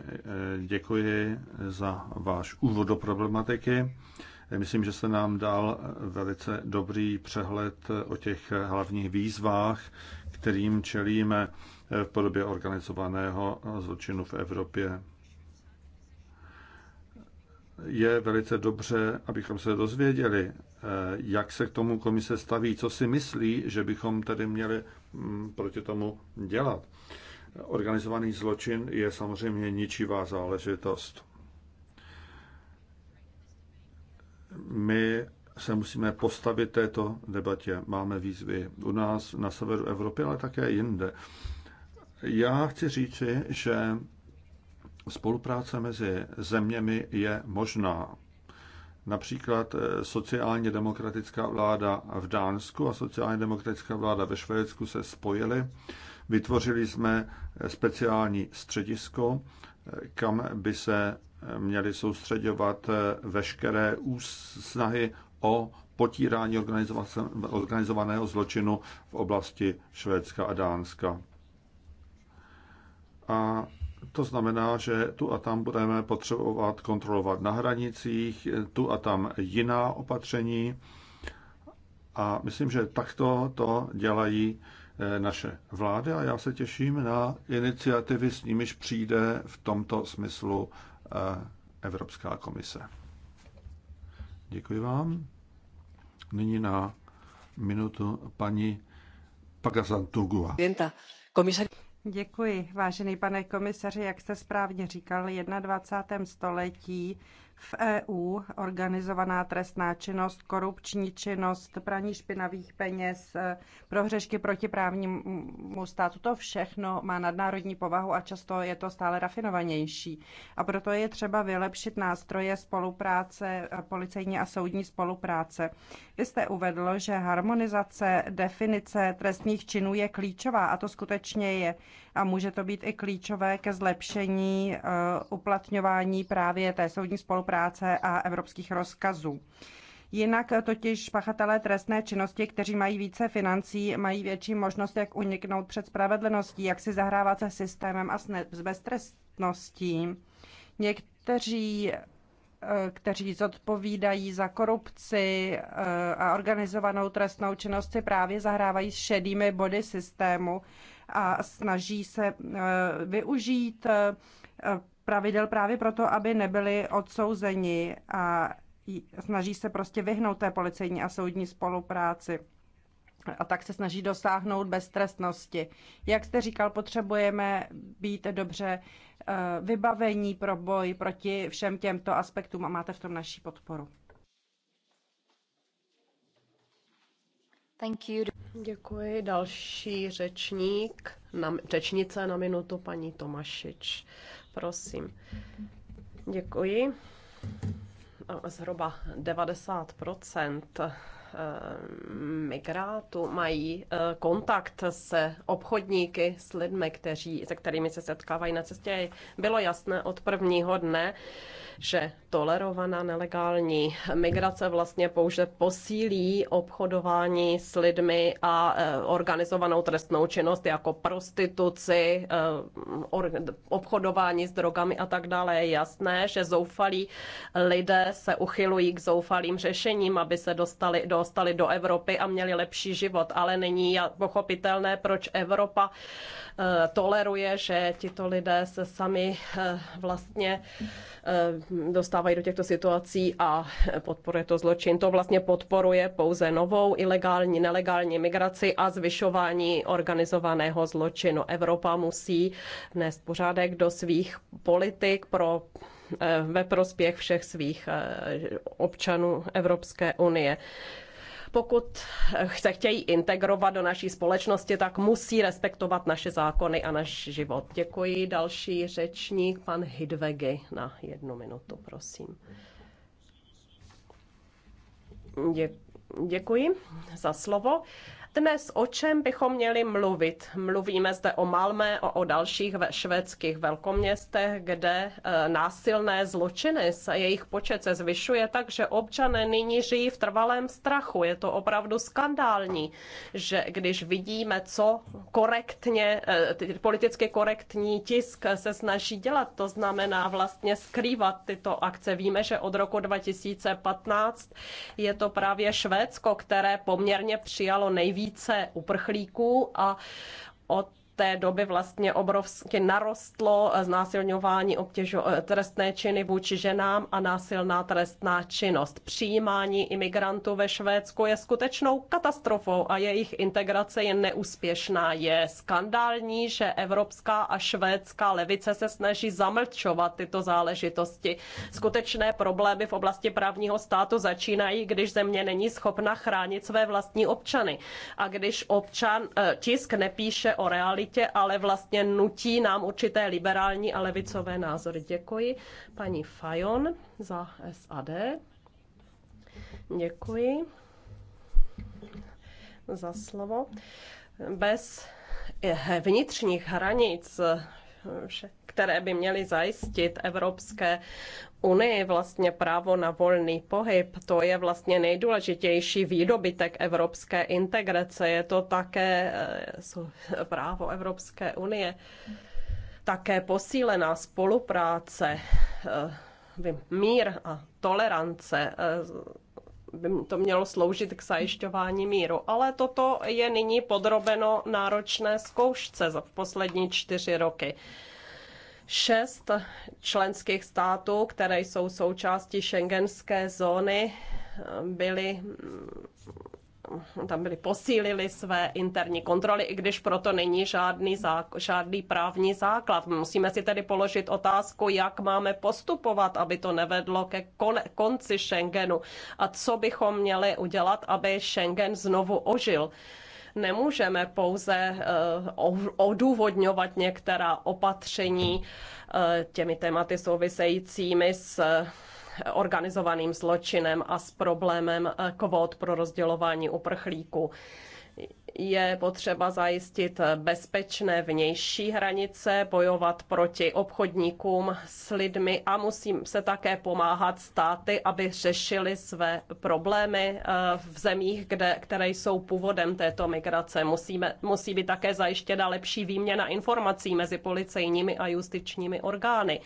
děkuji za váš úvod do problematiky. Myslím, že se nám dal velice dobrý přehled o těch hlavních výzvách, kterým čelíme v podobě organizovaného zločinu v Evropě je velice dobře, abychom se dozvěděli, eh, jak se k tomu komise staví, co si myslí, že bychom tedy měli mm, proti tomu dělat. Organizovaný zločin je samozřejmě ničivá záležitost. My se musíme postavit této debatě. Máme výzvy u nás na severu Evropy, ale také jinde. Já chci říci, že Spolupráce mezi zeměmi je možná. Například eh, sociálně demokratická vláda v Dánsku a sociálně demokratická vláda ve Švédsku se spojily. Vytvořili jsme eh, speciální středisko, eh, kam by se měly soustředovat veškeré snahy o potírání organizovaného zločinu v oblasti Švédska a Dánska. A to znamená, že tu a tam budeme potřebovat kontrolovat na hranicích, tu a tam jiná opatření. A myslím, že takto to dělají eh, naše vlády a já se těším na iniciativy, s nimiž přijde v tomto smyslu eh, Evropská komise. Děkuji vám. Nyní na minutu paní Pagazantugua. Komisar... Děkuji, vážený pane komisaři, jak jste správně říkal, 21. století v EU organizovaná trestná činnost, korupční činnost, praní špinavých peněz, prohřešky proti právnímu státu, to všechno má nadnárodní povahu a často je to stále rafinovanější. A proto je třeba vylepšit nástroje spolupráce, policejní a soudní spolupráce. Vy jste uvedl, že harmonizace definice trestných činů je klíčová a to skutečně je a může to být i klíčové ke zlepšení eh, uplatňování právě té soudní spolupráce a evropských rozkazů. Jinak totiž pachatelé trestné činnosti, kteří mají více financí, mají větší možnost, jak uniknout před spravedlností, jak si zahrávat se systémem a s beztrestností. Někteří eh, kteří zodpovídají za korupci eh, a organizovanou trestnou činnost, si právě zahrávají s šedými body systému a snaží se eh, využít eh, pravidel právě proto, aby nebyli odsouzeni a snaží se prostě vyhnout té policejní a soudní spolupráci a tak se snaží dosáhnout beztrestnosti. Jak jste říkal, potřebujeme být dobře eh, vybavení pro boj proti všem těmto aspektům a máte v tom naší podporu. Thank you. Děkuji. Další řečník, na, řečnice na minutu paní Tomašič. Prosím. Děkuji. Zhruba 90 Eh, migrátu mají eh, kontakt se obchodníky, s lidmi, kteří, se kterými se setkávají na cestě. Bylo jasné od prvního dne, že tolerovaná nelegální migrace vlastně pouze posílí obchodování s lidmi a eh, organizovanou trestnou činnost jako prostituci, obchodování s drogami a tak dále. Je jasné, že zoufalí lidé se uchylují k zoufalým řešením, aby se dostali do dostali do Evropy a měli lepší život, ale není pochopitelné, proč Evropa eh, toleruje, že tito lidé se sami eh, vlastně eh, dostávají do těchto situací a podporuje to zločin. To vlastně podporuje pouze novou ilegální, nelegální migraci a zvyšování organizovaného zločinu. Evropa musí nést pořádek do svých politik pro ve prospěch všech svých občanů Evropské unie. Pokud se chtějí integrovat do naší společnosti, tak musí respektovat naše zákony a náš život. Děkuji. Další řečník, pan Hidvegi, na jednu minutu, prosím. Děkuji děkuji za slovo. Dnes o čem bychom měli mluvit? Mluvíme zde o Malmé a o dalších švédských velkoměstech, kde e, násilné zločiny se jejich počet se zvyšuje, takže občané nyní žijí v trvalém strachu. Je to opravdu skandální, že když vidíme, co korektně, e, politicky korektní tisk se snaží dělat, to znamená vlastně skrývat tyto akce. Víme, že od roku 2015 je to právě Švédsko, které poměrně přijalo nejvíce tisíce uprchlíků a od té doby vlastně obrovsky narostlo eh, znásilňování obtěžo, eh, trestné činy vůči ženám a násilná trestná činnost. Přijímání imigrantů ve Švédsku je skutečnou katastrofou a jejich integrace je neúspěšná. Je skandální, že evropská a švédská levice se snaží zamlčovat tyto záležitosti. Skutečné problémy v oblasti právního státu začínají, když země není schopna chránit své vlastní občany a když občan eh, tisk nepíše o realitě světě, ale vlastně nutí nám určité liberální a levicové názory. Děkuji paní Fajon za SAD. Děkuji za slovo. Bez vnitřních hranic, které by měly zajistit evropské unii vlastně právo na volný pohyb, to je vlastně nejdůležitější výdobytek evropské integrace. Je to také eh, právo Evropské unie. Také posílená spolupráce, eh, mír a tolerance by eh, to mělo sloužit k zajišťování míru. Ale toto je nyní podrobeno náročné zkoušce za poslední čtyři roky. Šest členských států, které jsou součástí šengenské zóny, byly tam byli posílili své interní kontroly, i když proto není žádný, zák- žádný právní základ. Musíme si tedy položit otázku, jak máme postupovat, aby to nevedlo ke kon, konci Schengenu a co bychom měli udělat, aby Schengen znovu ožil. Nemůžeme pouze eh, odůvodňovat některá opatření eh, těmi tématy souvisejícími s eh, organizovaným zločinem a s problémem kvót pro rozdělování uprchlíků je potřeba zajistit bezpečné vnější hranice, bojovat proti obchodníkům s lidmi a musím se také pomáhat státy, aby řešili své problémy eh, v zemích, kde, které jsou původem této migrace. Musíme, musí být také zajištěna lepší výměna informací mezi policejními a justičními orgány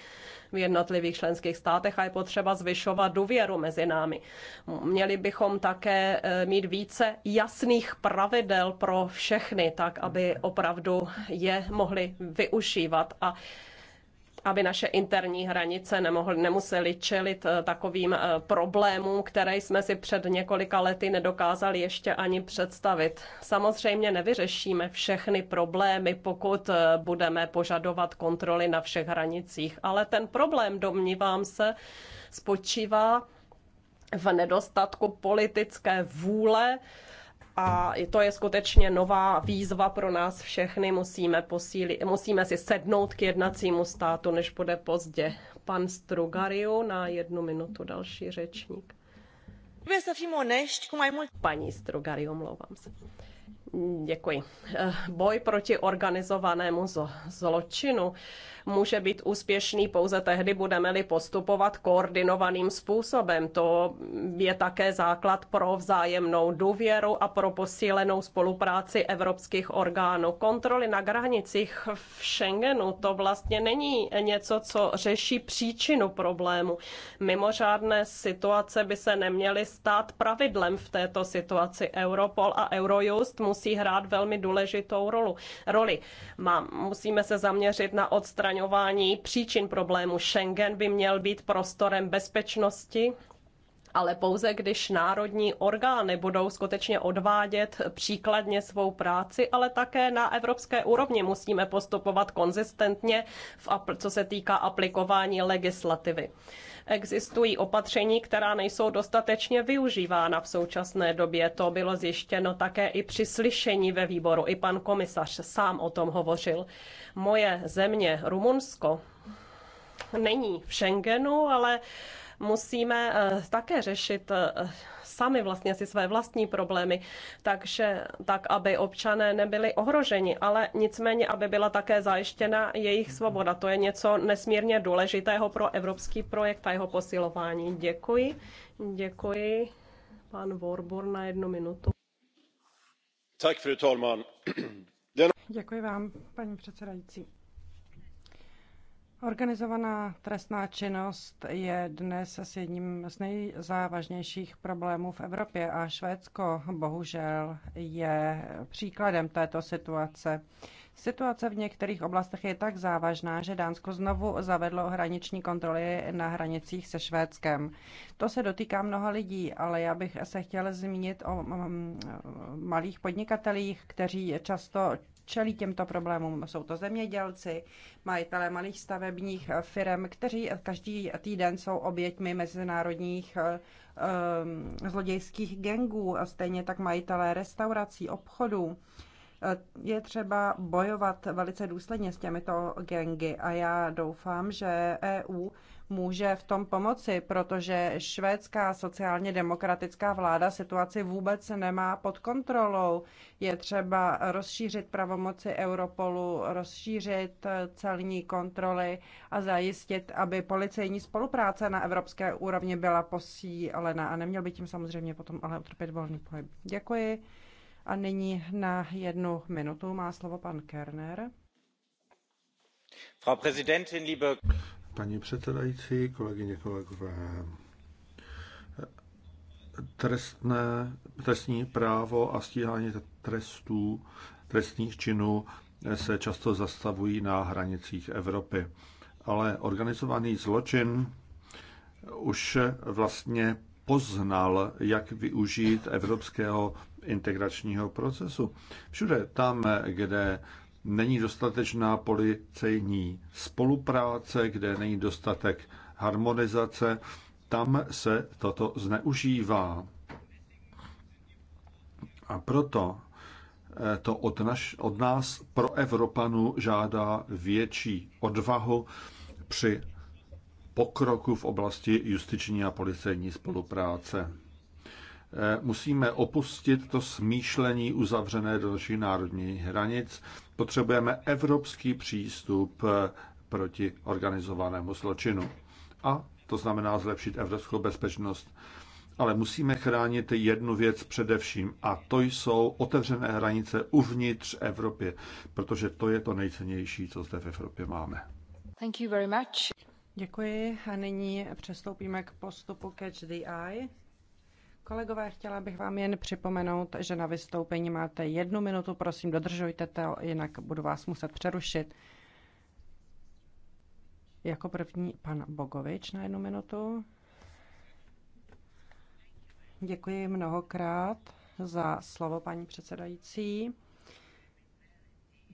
v jednotlivých členských státech a je potřeba zvyšovat důvěru mezi námi. Měli bychom také eh, mít více jasných pravidel pro všechny, tak aby opravdu je mohli využívat a aby naše interní hranice nemohly, nemuseli čelit eh, takovým eh, problémům, které jsme si před několika lety nedokázali ještě ani představit. Samozřejmě nevyřešíme všechny problémy, pokud eh, budeme požadovat kontroly na všech hranicích, ale ten problém, domnívám se, spočívá v nedostatku politické vůle a to je skutečně nová výzva pro nás všechny. Musíme, posílit, musíme si sednout k jednacímu státu, než bude pozdě. Pan Strugariu na jednu minutu další řečník. Paní Strugariu, omlouvám se. Děkuji. Eh, boj proti organizovanému zločinu může být úspěšný pouze tehdy, budeme-li postupovat koordinovaným způsobem. To je také základ pro vzájemnou důvěru a pro posílenou spolupráci evropských orgánů. Kontroly na hranicích v Schengenu to vlastně není něco, co řeší příčinu problému. Mimořádné situace by se neměly stát pravidlem v této situaci. Europol a Eurojust musí hrát velmi důležitou roli. Má, musíme se zaměřit na odstranění odstraňování příčin problému. Schengen by měl být prostorem bezpečnosti, ale pouze když národní orgány budou skutečně odvádět příkladně svou práci, ale také na evropské úrovni musíme postupovat konzistentně, co se týká aplikování legislativy existují opatření, která nejsou dostatečně využívána v současné době. To bylo zjištěno také i při slyšení ve výboru. I pan komisař sám o tom hovořil. Moje země, Rumunsko, není v Schengenu, ale musíme eh, také řešit eh, sami vlastně si své vlastní problémy, takže tak, aby občané nebyli ohroženi, ale nicméně, aby byla také zajištěna jejich svoboda. To je něco nesmírně důležitého pro evropský projekt a jeho posilování. Děkuji. Děkuji. Pan Vorbor na jednu minutu. Tak, fru Děkuji vám, paní předsedající. Organizovaná trestná činnost je dnes s jedním z nejzávažnějších problémů v Evropě a Švédsko bohužel je příkladem této situace. Situace v některých oblastech je tak závažná, že Dánsko znovu zavedlo hraniční kontroly na hranicích se Švédskem. To se dotýká mnoha lidí, ale já bych se chtěla zmínit o mm, malých podnikatelích, kteří často čelí těmto problémům. Jsou to zemědělci, majitelé malých stavebních firm, kteří každý týden jsou oběťmi mezinárodních eh, eh, zlodějských gengů, stejně tak majitelé restaurací, obchodů eh, je třeba bojovat velice důsledně s těmito gengy a já doufám, že EU může v tom pomoci, protože švédská sociálně demokratická vláda situaci vůbec nemá pod kontrolou. Je třeba rozšířit pravomoci Europolu, rozšířit celní kontroly a zajistit, aby policejní spolupráce na evropské úrovni byla posílena a neměl by tím samozřejmě potom ale utrpět volný pohyb. Děkuji. A nyní na jednu minutu má slovo pan Kerner. Frau Präsidentin, liebe Paní předsedající, kolegyně, kolegové, trestné, trestní právo a stíhání trestů, trestních činů se často zastavují na hranicích Evropy. Ale organizovaný zločin už vlastně poznal, jak využít evropského integračního procesu. Všude tam, kde není dostatečná policejní spolupráce, kde není dostatek harmonizace, tam se toto zneužívá. A proto eh, to od, naš, od nás pro Evropanů žádá větší odvahu při pokroku v oblasti justiční a policejní spolupráce. Eh, musíme opustit to smýšlení uzavřené do našich národních hranic. Potřebujeme evropský přístup eh, proti organizovanému zločinu. A to znamená zlepšit evropskou bezpečnost. Ale musíme chránit jednu věc především, a to jsou otevřené hranice uvnitř Evropy, protože to je to nejcennější, co zde v Evropě máme. Thank you very much. Děkuji a nyní přestoupíme k postupu Catch the Eye. Kolegové, chtěla bych vám jen připomenout, že na vystoupení máte jednu minutu. Prosím, dodržujte to, jinak budu vás muset přerušit. Jako první pan Bogovič na jednu minutu. Děkuji mnohokrát za slovo, paní předsedající.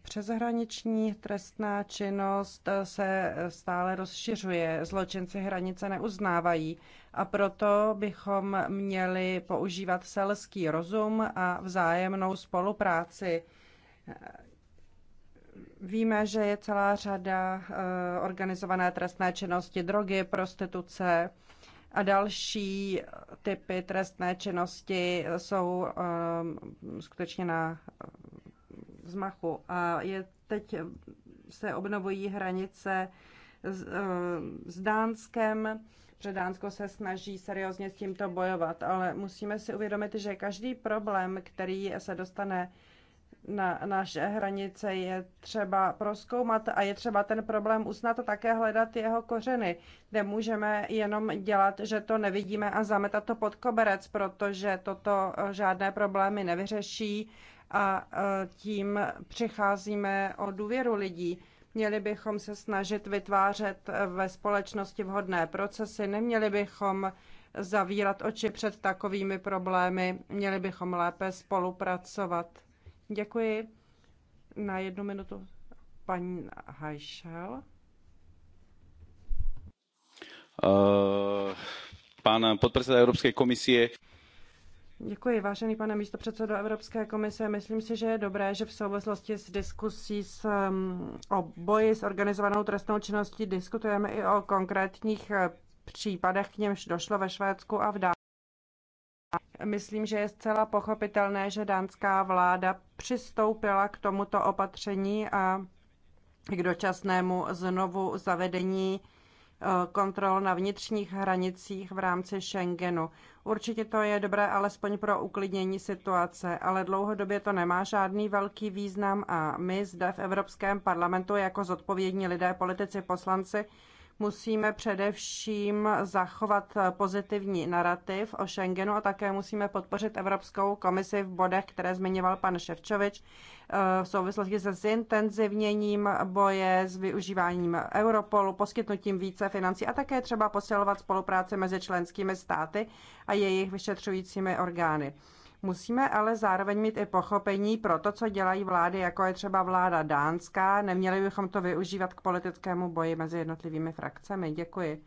Přeshraniční trestná činnost se stále rozšiřuje, zločinci hranice neuznávají a proto bychom měli používat selský rozum a vzájemnou spolupráci. Víme, že je celá řada eh, organizované trestné činnosti, drogy, prostituce a další typy trestné činnosti jsou eh, skutečně na vzmachu. A je, teď se obnovují hranice s, eh, s Dánskem, protože Dánsko se snaží seriózně s tímto bojovat, ale musíme si uvědomit, že každý problém, který se dostane na naše hranice, je třeba proskoumat a je třeba ten problém usnat a také hledat jeho kořeny. Nemůžeme jenom dělat, že to nevidíme a zametat to pod koberec, protože toto eh, žádné problémy nevyřeší a tím přicházíme o důvěru lidí. Měli bychom se snažit vytvářet ve společnosti vhodné procesy, neměli bychom zavírat oči před takovými problémy, měli bychom lépe spolupracovat. Děkuji. Na jednu minutu paní Hajšel. Uh, pan podpředseda Evropské komisie Děkuji, vážený pane předsedo Evropské komise. Myslím si, že je dobré, že v souvislosti s diskusí s, um, o boji s organizovanou trestnou činností diskutujeme i o konkrétních eh, případech, k němž došlo ve Švédsku a v Dánsku. Myslím, že je zcela pochopitelné, že dánská vláda přistoupila k tomuto opatření a k dočasnému znovu zavedení Eh, kontrol na vnitřních hranicích v rámci Schengenu. Určitě to je dobré alespoň pro uklidnění situace, ale dlouhodobě to nemá žádný velký význam a my zde v Evropském parlamentu jako zodpovědní lidé, politici, poslanci, musíme především zachovat pozitivní narrativ o Schengenu a také musíme podpořit Evropskou komisi v bodech, které zmiňoval pan Ševčovič eh, v souvislosti se zintenzivněním boje, s využíváním Europolu, poskytnutím více financí a také třeba posilovat spolupráci mezi členskými státy a jejich vyšetřujícími orgány. Musíme ale zároveň mít i pochopení pro to, co dělají vlády, jako je třeba vláda dánská. Neměli bychom to využívat k politickému boji mezi jednotlivými frakcemi. Děkuji.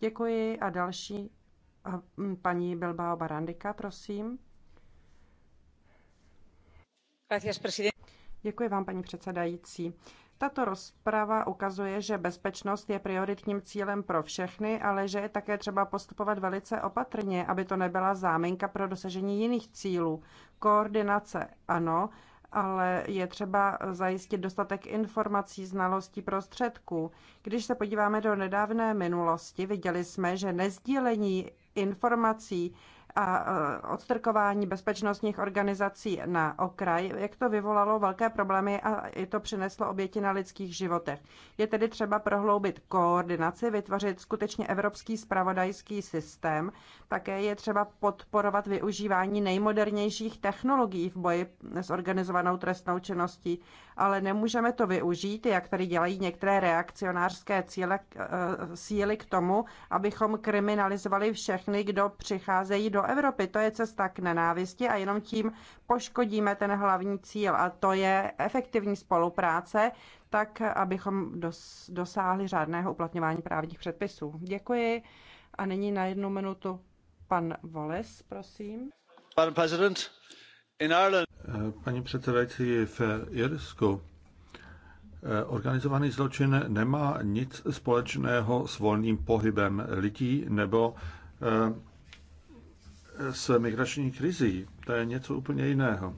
Děkuji a další hm, paní Bilbao Barandika, prosím. Děkuji vám, paní předsedající. Tato rozprava ukazuje, že bezpečnost je prioritním cílem pro všechny, ale že je také třeba postupovat velice opatrně, aby to nebyla záminka pro dosažení jiných cílů. Koordinace ano, ale je třeba zajistit dostatek informací, znalostí, prostředků. Když se podíváme do nedávné minulosti, viděli jsme, že nezdílení informací a e, odstrkování bezpečnostních organizací na okraj, jak to vyvolalo velké problémy a i to přineslo oběti na lidských životech. Je tedy třeba prohloubit koordinaci, vytvořit skutečně evropský spravodajský systém. Také je třeba podporovat využívání nejmodernějších technologií v boji s organizovanou trestnou činností, ale nemůžeme to využít, jak tady dělají některé reakcionářské cíle, e, síly k tomu, abychom kriminalizovali všechny, kdo přicházejí do Evropy. To je cesta k nenávisti a jenom tím poškodíme ten hlavní cíl a to je efektivní spolupráce, tak abychom dos, dosáhli řádného uplatňování právních předpisů. Děkuji a nyní na jednu minutu pan Voles, prosím. Pan prezident, in Ireland... Paní předsedající, v Irsku eh, Organizovaný zločin nemá nic společného s volným pohybem lidí nebo eh, s migrační krizí, to je něco úplně jiného.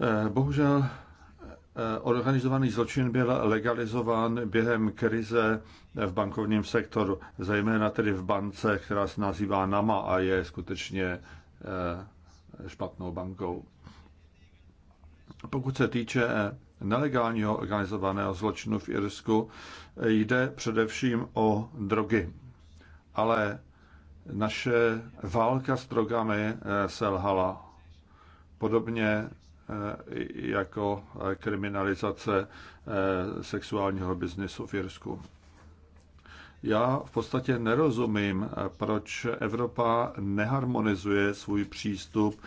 Eh, bohužel eh, organizovaný zločin byl legalizován během krize v bankovním sektoru, zejména tedy v bance, která se nazývá NAMA a je skutečně eh, špatnou bankou. Pokud se týče nelegálního organizovaného zločinu v Irsku, jde především o drogy. Ale naše válka s drogami eh, selhala. Podobně eh, jako eh, kriminalizace sexuálního biznesu v Jirsku. Já v podstatě nerozumím, proč Evropa neharmonizuje svůj přístup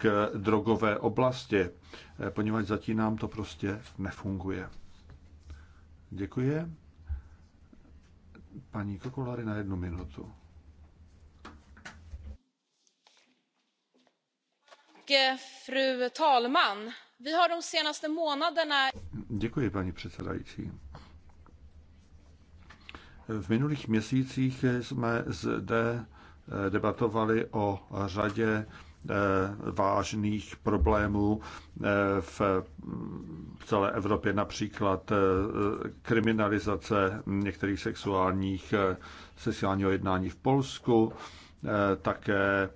k drogové oblasti, poněvadž zatím nám to prostě nefunguje. Děkuji. Paní Kokolary na jednu minutu. Fru talman! Vi har de senaste månaderna... Děkuji, paní předsedající. V minulých měsících jsme zde eh, debatovali o řadě eh, vážných problémů eh, mm, v celé Evropě, například kriminalizace některých sexuálních sexuálního jednání v Polsku, také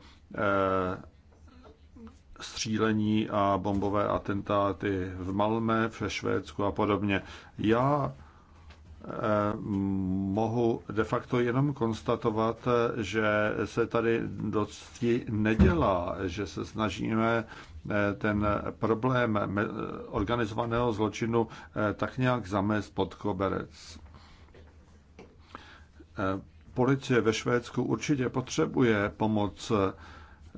střílení a bombové atentáty v Malmé, ve Švédsku a podobně. Já eh, mohu de facto jenom konstatovat, že se tady dosti nedělá, že se snažíme eh, ten problém eh, organizovaného zločinu tak nějak zamést pod koberec. Policie ve Švédsku určitě potřebuje pomoc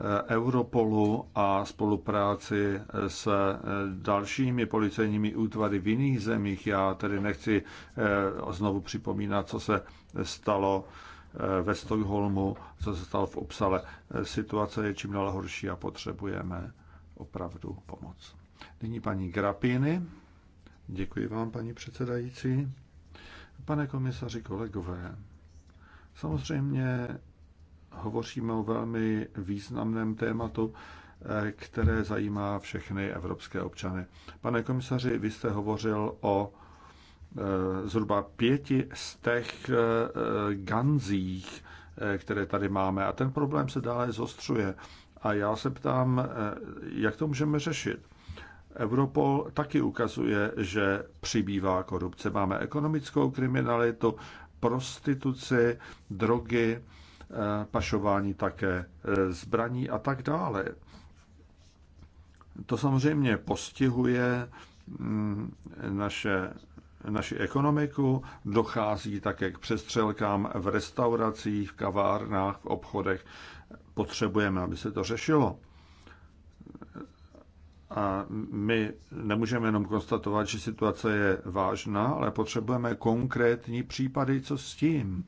Eh, Europolu a spolupráci s eh, dalšími policejními útvary v jiných zemích. Já tedy nechci eh, znovu připomínat, co se stalo ve Stockholmu, co se stalo v Upsale. Situace je čím dál horší a potřebujeme opravdu pomoc. Nyní paní Grapiny. Děkuji vám, paní předsedající. Pane komisaři, kolegové, samozřejmě hovoříme o velmi významném tématu, eh, které zajímá všechny evropské občany. Pane komisaři, vy jste hovořil o eh, zhruba pěti z těch eh, ganzích, které tady máme. A ten problém se dále zostřuje. A já se ptám, jak to můžeme řešit? Europol taky ukazuje, že přibývá korupce. Máme ekonomickou kriminalitu, prostituci, drogy, Eh, pašování také eh, zbraní a tak dále. To samozřejmě postihuje mm, naše, naši ekonomiku, dochází také k přestřelkám v restauracích, v kavárnách, v obchodech. Potřebujeme, aby se to řešilo. A my nemůžeme jenom konstatovat, že situace je vážná, ale potřebujeme konkrétní případy, co s tím.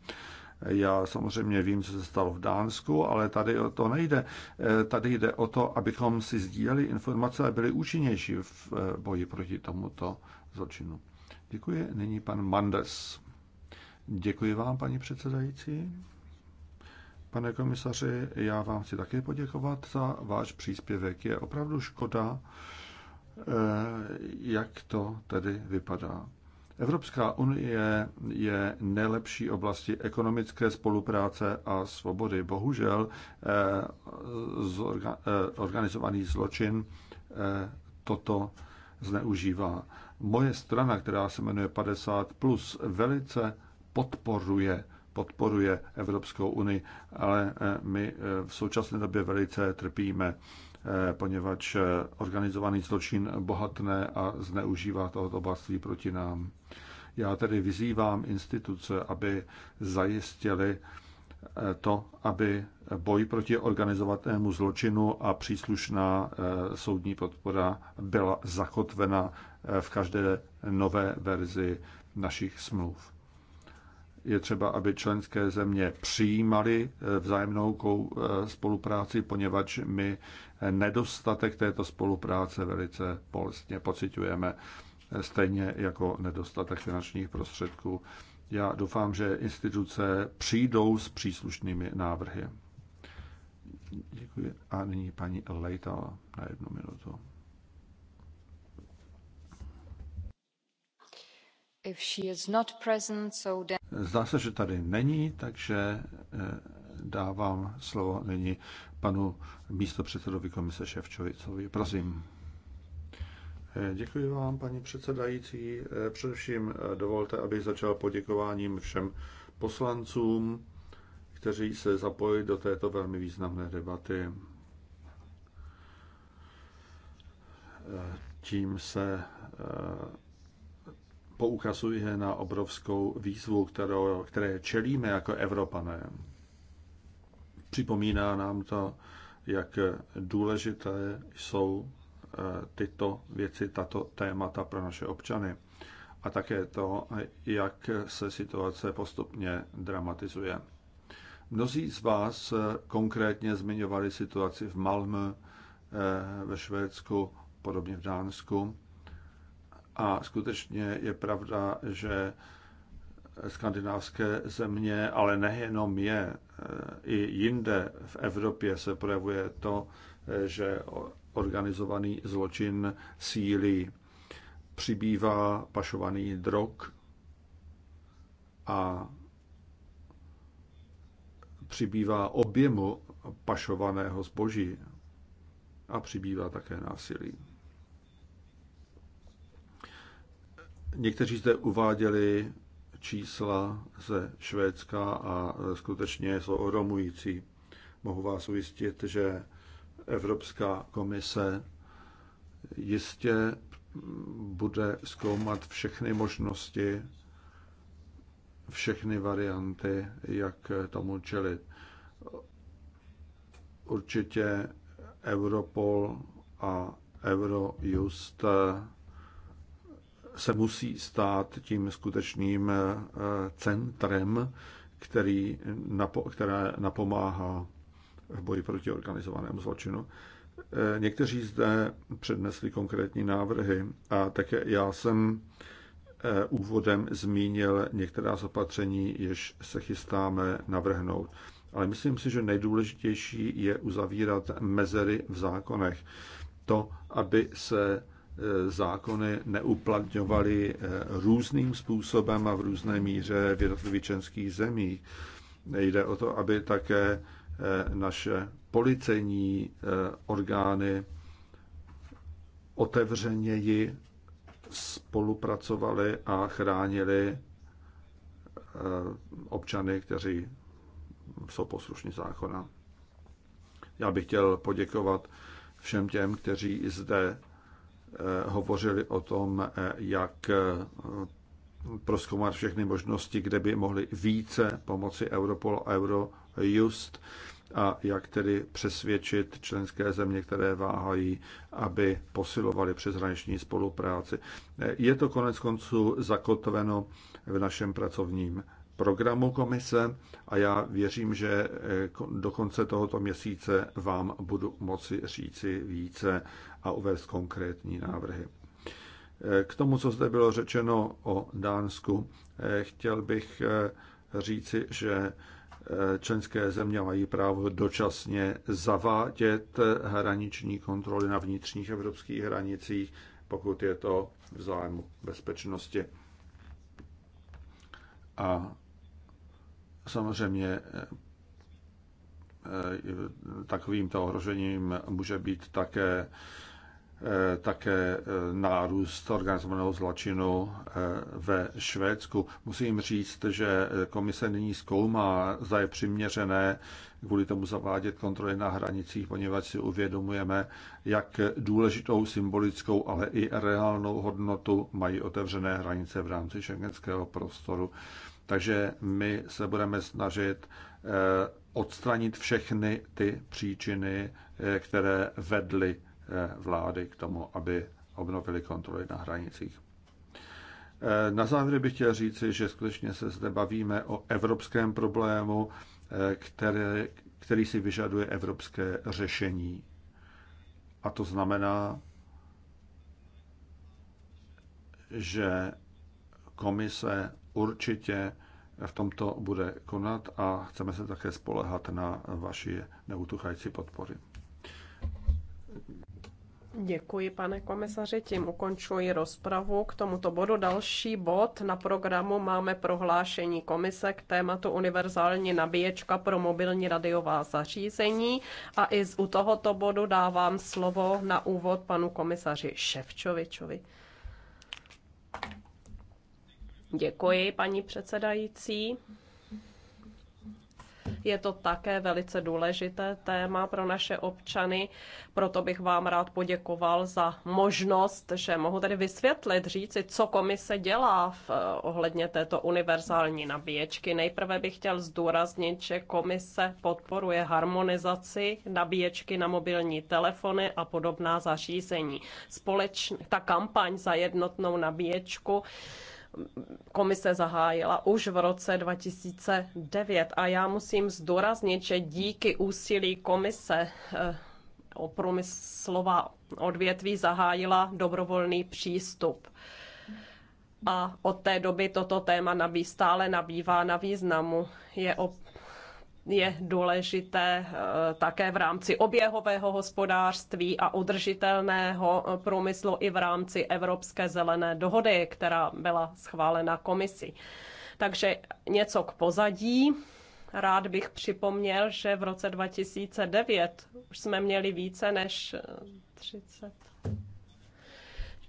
Já samozřejmě vím, co se stalo v Dánsku, ale tady o to nejde. Eh, tady jde o to, abychom si sdíleli informace a byli účinnější v eh, boji proti tomuto zločinu. Děkuji. Nyní pan Mandes. Děkuji vám, paní předsedající. Pane komisaři, já vám chci také poděkovat za váš příspěvek. Je opravdu škoda, eh, jak to tedy vypadá. Evropská unie je nejlepší oblasti ekonomické spolupráce a svobody. Bohužel eh, eh, organizovaný zločin eh, toto zneužívá. Moje strana, která se jmenuje 50, plus, velice podporuje podporuje Evropskou unii, ale eh, my eh, v současné době velice trpíme, eh, poněvadž organizovaný zločin bohatne a zneužívá tohoto bohatství proti nám. Já tedy vyzývám instituce, aby zajistili to, aby boj proti organizovanému zločinu a příslušná soudní podpora byla zakotvena v každé nové verzi našich smluv je třeba, aby členské země přijímaly eh, vzájemnou eh, spolupráci, poněvadž my nedostatek této spolupráce velice polstně pocitujeme eh, stejně jako nedostatek finančních prostředků. Já doufám, že instituce přijdou s příslušnými návrhy. Děkuji. A nyní paní Lejtala na jednu minutu. If she is not present, so then... Zdá se, že tady není, takže eh, dávám slovo nyní panu místopředsedovi komise Ševčovicovi. Prosím. Eh, děkuji vám, paní předsedající. Eh, především dovolte, abych začal poděkováním všem poslancům, kteří se zapojili do této velmi významné debaty. Tím se poukazuje na obrovskou výzvu, kterou, které čelíme jako Evropané. Připomíná nám to, jak důležité jsou eh, tyto věci, tato témata pro naše občany. A také to, jak se situace postupně dramatizuje. Mnozí z vás konkrétně zmiňovali situaci v Malmö, eh, ve Švédsku, podobně v Dánsku. A skutečně je pravda, že skandinávské země, ale nejenom je, e, i jinde v Evropě se projevuje to, e, že organizovaný zločin sílí. Přibývá pašovaný drog a přibývá objemu pašovaného zboží a přibývá také násilí. Někteří zde uváděli čísla ze Švédska a skutečně jsou ohromující. Mohu vás ujistit, že Evropská komise jistě bude zkoumat všechny možnosti, všechny varianty, jak tomu čelit. Určitě Europol a Eurojust se musí stát tím skutečným eh, centrem, který napo- které napomáhá v boji proti organizovanému zločinu. Eh, někteří zde přednesli konkrétní návrhy a také já jsem eh, úvodem zmínil některá z opatření, jež se chystáme navrhnout. Ale myslím si, že nejdůležitější je uzavírat mezery v zákonech. To, aby se Eh, zákony neuplatňovaly eh, různým způsobem a v různé míře v jednotlivých členských zemích. Jde o to, aby také eh, naše policejní orgány otevřeněji spolupracovali a chránili občany, kteří jsou poslušní zákona. Já bych chtěl poděkovat všem těm, kteří zde Eh, hovořili o tom, eh, jak eh, proskoumat všechny možnosti, kde by mohli více pomoci Europol a Eurojust a jak tedy přesvědčit členské země, které váhají, aby posilovali přeshraniční spolupráci. Je to konec konců zakotveno v našem pracovním programu komise a já věřím, že do konce tohoto měsíce vám budu moci říci více a uvést konkrétní návrhy. Eh, k tomu, co zde bylo řečeno o Dánsku, eh, chtěl bych eh, říci, že členské země mají právo dočasně zavádět hraniční kontroly na vnitřních evropských hranicích, pokud je to v zájmu bezpečnosti. A samozřejmě takovýmto ohrožením může být také Eh, také eh, nárůst organizovaného zločinu eh, ve Švédsku. Musím říct, že komise nyní zkoumá, zda je přiměřené kvůli tomu zavádět kontroly na hranicích, poněvadž si uvědomujeme, jak důležitou symbolickou, ale i reálnou hodnotu mají otevřené hranice v rámci šengenského prostoru. Takže my se budeme snažit odstranit všechny ty příčiny, které vedly Eh, vlády k tomu, aby obnovili kontroly na hranicích. Eh, na závěr bych chtěl říci, že skutečně se zde bavíme o evropském problému, eh, který, který si vyžaduje evropské řešení. A to znamená, že komise určitě v tomto bude konat a chceme se také spolehat na vaši neutuchající podpory. Děkuji, pane komisaři. Tím ukončuji rozpravu k tomuto bodu. Další bod na programu máme prohlášení komise k tématu univerzální nabíječka pro mobilní radiová zařízení. A i z u tohoto bodu dávám slovo na úvod panu komisaři Ševčovičovi. Děkuji, paní předsedající. Je to také velice důležité téma pro naše občany, proto bych vám rád poděkoval za možnost, že mohu tady vysvětlit, říci, co komise dělá v, eh, ohledně této univerzální nabíječky. Nejprve bych chtěl zdůraznit, že komise podporuje harmonizaci nabíječky na mobilní telefony a podobná zařízení. Společně ta kampaň za jednotnou nabíječku komise zahájila už v roce 2009. A já musím zdůraznit, že díky úsilí komise eh, o průmyslová odvětví zahájila dobrovolný přístup. A od té doby toto téma nabí, stále nabývá na významu. Je op- je důležité eh, také v rámci oběhového hospodářství a udržitelného eh, průmyslu i v rámci Evropské zelené dohody, která byla schválena komisí. Takže něco k pozadí. Rád bych připomněl, že v roce 2009 už jsme měli více než 30 eh,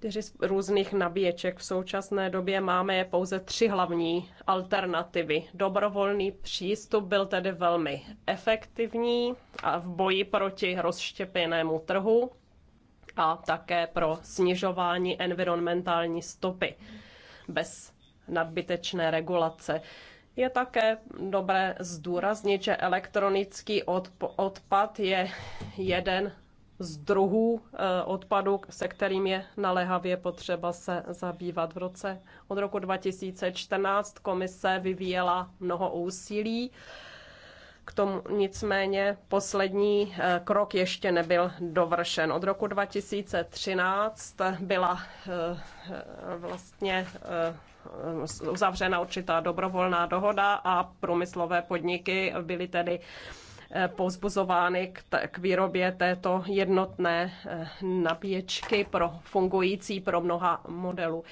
čtyři různých nabíječek. V současné době máme je pouze tři hlavní alternativy. Dobrovolný přístup byl tedy velmi efektivní a v boji proti rozštěpenému trhu a také pro snižování environmentální stopy bez nadbytečné regulace. Je také dobré zdůraznit, že elektronický odpad je jeden z druhů eh, odpadu, se kterým je naléhavě potřeba se zabývat. V roce od roku 2014 komise vyvíjela mnoho úsilí. K tomu nicméně poslední eh, krok ještě nebyl dovršen. Od roku 2013 byla eh, vlastně uzavřena určitá dobrovolná dohoda a průmyslové podniky byly tedy Eh, povzbuzovány k, k výrobě této jednotné eh, nabíječky pro fungující pro mnoha modelů.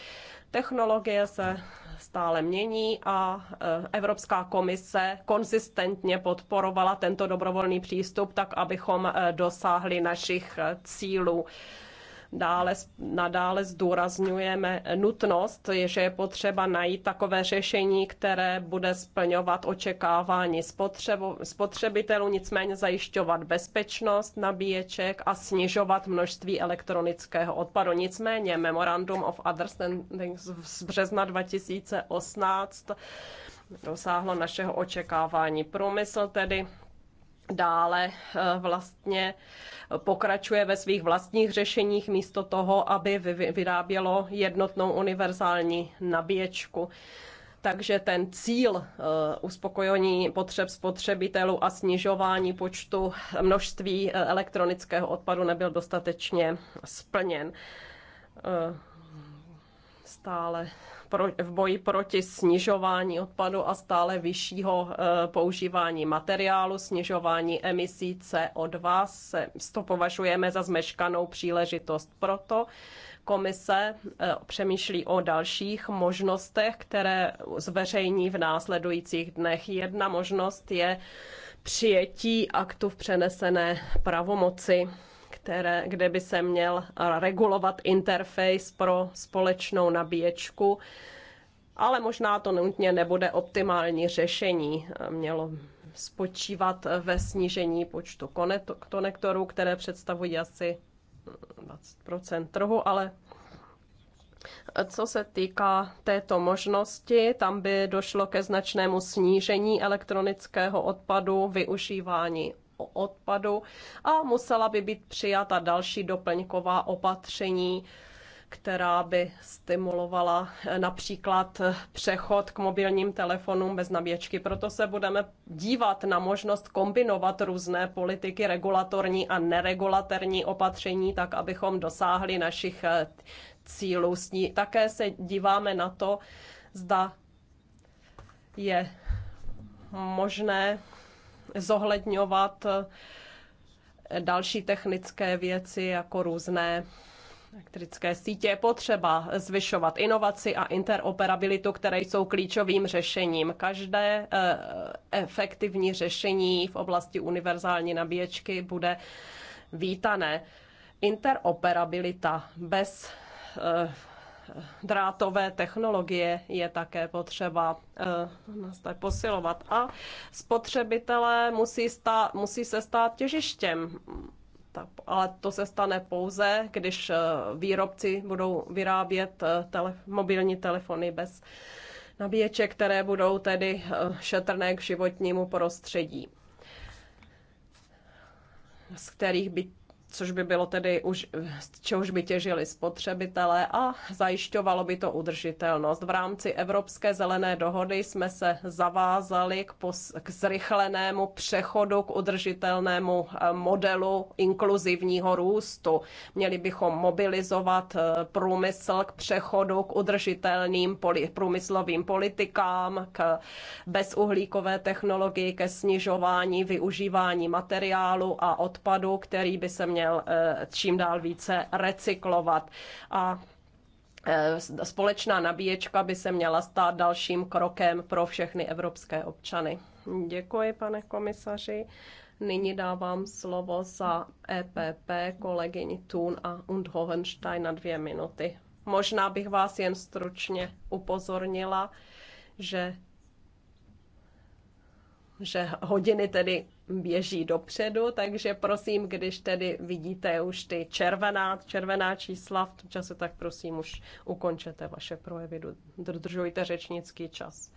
Technologie se stále mění a eh, Evropská komise konzistentně podporovala tento dobrovolný přístup tak, abychom dosáhli našich cílů Dále nadále zdůrazňujeme nutnost, že je potřeba najít takové řešení, které bude splňovat očekávání spotřebu, spotřebitelů, nicméně zajišťovat bezpečnost nabíječek a snižovat množství elektronického odpadu. Nicméně Memorandum of Understanding z března 2018 dosáhlo našeho očekávání. Průmysl tedy dále eh, vlastně pokračuje ve svých vlastních řešeních místo toho, aby vyrábělo jednotnou univerzální nabíječku. Takže ten cíl eh, uspokojení potřeb spotřebitelů a snižování počtu množství eh, elektronického odpadu nebyl dostatečně splněn. Stále pro, v boji proti snižování odpadu a stále vyššího eh, používání materiálu, snižování emisí CO2 se, to považujeme za zmeškanou příležitost. Proto komise eh, přemýšlí o dalších možnostech, které zveřejní v následujících dnech. Jedna možnost je přijetí aktu v přenesené pravomoci které, kde by se měl regulovat interface pro společnou nabíječku, ale možná to nutně nebude optimální řešení. Mělo spočívat ve snížení počtu konektorů, které představují asi 20 trhu, ale co se týká této možnosti, tam by došlo ke značnému snížení elektronického odpadu, využívání odpadu a musela by být přijata další doplňková opatření, která by stimulovala eh, například eh, přechod k mobilním telefonům bez nabíječky. Proto se budeme dívat na možnost kombinovat různé politiky regulatorní a neregulatorní opatření, tak abychom dosáhli našich eh, cílů. Také se díváme na to, zda je možné zohledňovat eh, další technické věci, jako různé elektrické sítě. Je potřeba zvyšovat inovaci a interoperabilitu, které jsou klíčovým řešením. Každé eh, efektivní řešení v oblasti univerzální nabíječky bude vítané. Interoperabilita bez eh, drátové technologie je také potřeba eh, posilovat. A spotřebitelé musí, stát, musí se stát těžištěm ale to se stane pouze, když eh, výrobci budou vyrábět eh, tele, mobilní telefony bez nabíječe, které budou tedy šetrné k životnímu prostředí, z kterých by což by bylo tedy už, z čehož by těžili spotřebitelé a zajišťovalo by to udržitelnost. V rámci Evropské zelené dohody jsme se zavázali k, pos, k zrychlenému přechodu k udržitelnému eh, modelu inkluzivního růstu. Měli bychom mobilizovat eh, průmysl k přechodu k udržitelným poli, průmyslovým politikám, k bezuhlíkové technologii, ke snižování využívání materiálu a odpadu, který by se měl měl eh, čím dál více recyklovat. A eh, společná nabíječka by se měla stát dalším krokem pro všechny evropské občany. Děkuji, pane komisaři. Nyní dávám slovo za EPP kolegyni Thun a Hohenstein na dvě minuty. Možná bych vás jen stručně upozornila, že že hodiny tedy běží dopředu, takže prosím, když tedy vidíte už ty červená, červená čísla v tom čase, tak prosím už ukončete vaše projevy, dodržujte řečnický čas.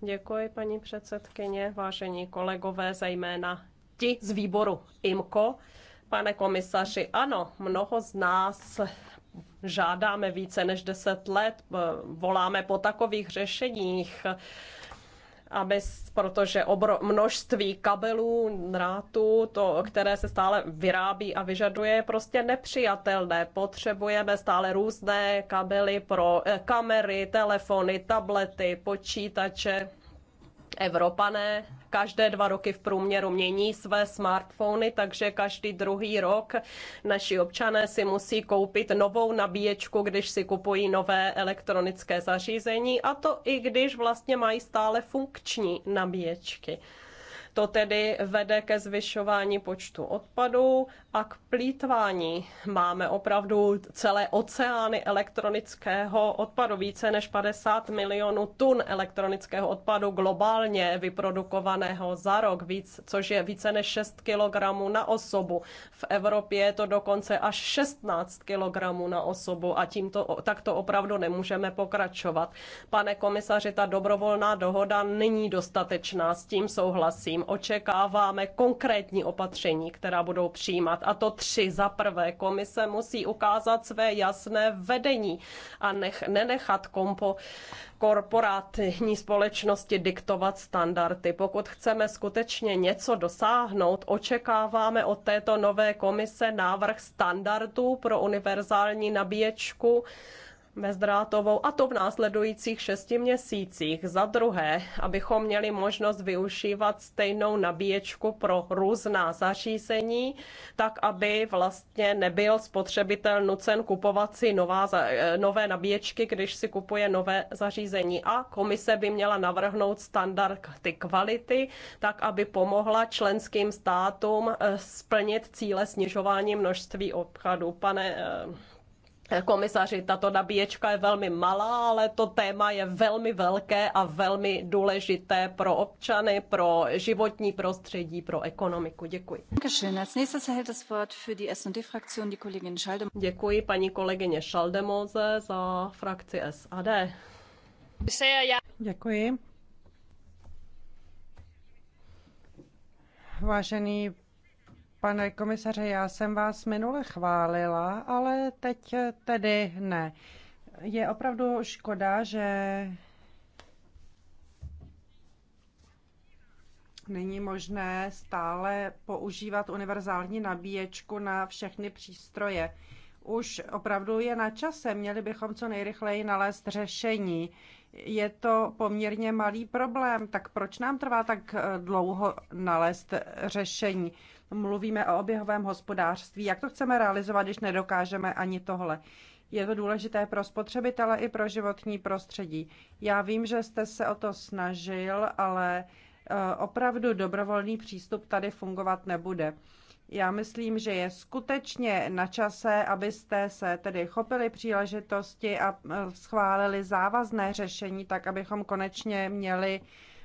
Děkuji, paní předsedkyně, vážení kolegové, zejména ti z výboru IMKO. Pane komisaři, ano, mnoho z nás žádáme více než deset let, eh, voláme po takových řešeních, aby, protože obro, množství kabelů, drátů, to, které se stále vyrábí a vyžaduje, je prostě nepřijatelné. Potřebujeme stále různé kabely pro eh, kamery, telefony, tablety, počítače. Evropané každé dva roky v průměru mění své smartfony, takže každý druhý rok naši občané si musí koupit novou nabíječku, když si kupují nové elektronické zařízení a to i když vlastně mají stále funkční nabíječky. To tedy vede ke zvyšování počtu odpadů a k plítvání. Máme opravdu celé oceány elektronického odpadu, více než 50 milionů tun elektronického odpadu globálně vyprodukovaného za rok, víc, což je více než 6 kg na osobu. V Evropě je to dokonce až 16 kg na osobu a tímto takto opravdu nemůžeme pokračovat. Pane komisaři, ta dobrovolná dohoda není dostatečná, s tím souhlasím očekáváme konkrétní opatření, která budou přijímat. A to tři. Za prvé, komise musí ukázat své jasné vedení a nech, nenechat kompo korporátní společnosti diktovat standardy. Pokud chceme skutečně něco dosáhnout, očekáváme od této nové komise návrh standardů pro univerzální nabíječku, bezdrátovou a to v následujících šesti měsících. Za druhé, abychom měli možnost využívat stejnou nabíječku pro různá zařízení, tak aby vlastně nebyl spotřebitel nucen kupovat si nová, eh, nové nabíječky, když si kupuje nové zařízení. A komise by měla navrhnout standardy kvality, tak aby pomohla členským státům eh, splnit cíle snižování množství odpadů. Pane eh, komisaři, tato nabíječka je velmi malá, ale to téma je velmi velké a velmi důležité pro občany, pro životní prostředí, pro ekonomiku. Děkuji. Děkuji paní kolegyně Šaldemoze za frakci SAD. Děkuji. Vážený Pane komisaře, já jsem vás minule chválila, ale teď tedy ne. Je opravdu škoda, že není možné stále používat univerzální nabíječku na všechny přístroje. Už opravdu je na čase, měli bychom co nejrychleji nalézt řešení. Je to poměrně malý problém, tak proč nám trvá tak eh, dlouho nalézt řešení? mluvíme o oběhovém hospodářství. Jak to chceme realizovat, když nedokážeme ani tohle? Je to důležité pro spotřebitele i pro životní prostředí. Já vím, že jste se o to snažil, ale eh, opravdu dobrovolný přístup tady fungovat nebude. Já myslím, že je skutečně na čase, abyste se tedy chopili příležitosti a eh, schválili závazné řešení, tak abychom konečně měli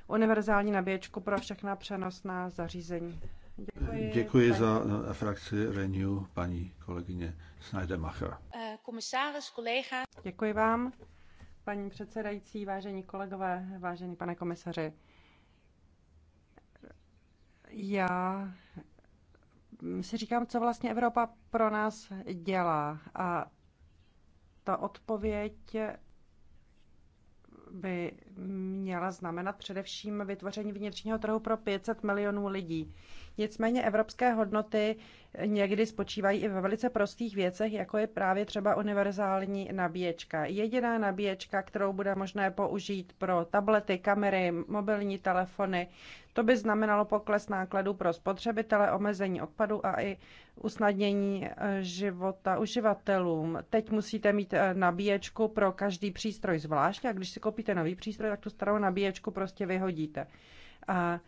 univerzální nabíječku pro všechna přenosná zařízení. Děkuji, Děkuji za frakci Renew, paní kolegyně Snajdemacher. Eh, kolega. Děkuji vám, paní předsedající, vážení kolegové, vážený pane komisaři. Já si říkám, co vlastně Evropa pro nás dělá. A ta odpověď by měla znamenat především vytvoření vnitřního trhu pro 500 milionů lidí. Nicméně evropské hodnoty někdy spočívají i ve velice prostých věcech, jako je právě třeba univerzální nabíječka. Jediná nabíječka, kterou bude možné použít pro tablety, kamery, mobilní telefony, to by znamenalo pokles nákladů pro spotřebitele, omezení odpadu a i usnadnění eh, života uživatelům. Teď musíte mít eh, nabíječku pro každý přístroj zvlášť a když si koupíte nový přístroj, tak tu starou nabíječku prostě vyhodíte. A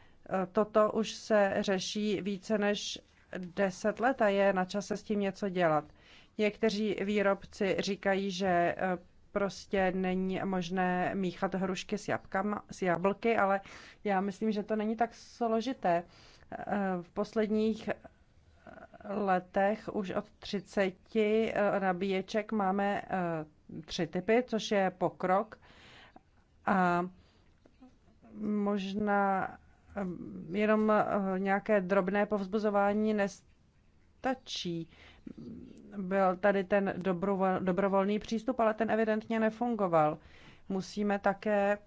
Toto už se řeší více než 10 let a je na čase s tím něco dělat. Někteří výrobci říkají, že eh, prostě není možné míchat hrušky s, jabkama, s jablky, ale já myslím, že to není tak složité. Eh, v posledních eh, letech už od 30 nabíječek máme tři typy, což je pokrok. A možná Ehm, jenom eh, nějaké drobné povzbuzování nestačí. Byl tady ten dobrovolný přístup, ale ten evidentně nefungoval. Musíme také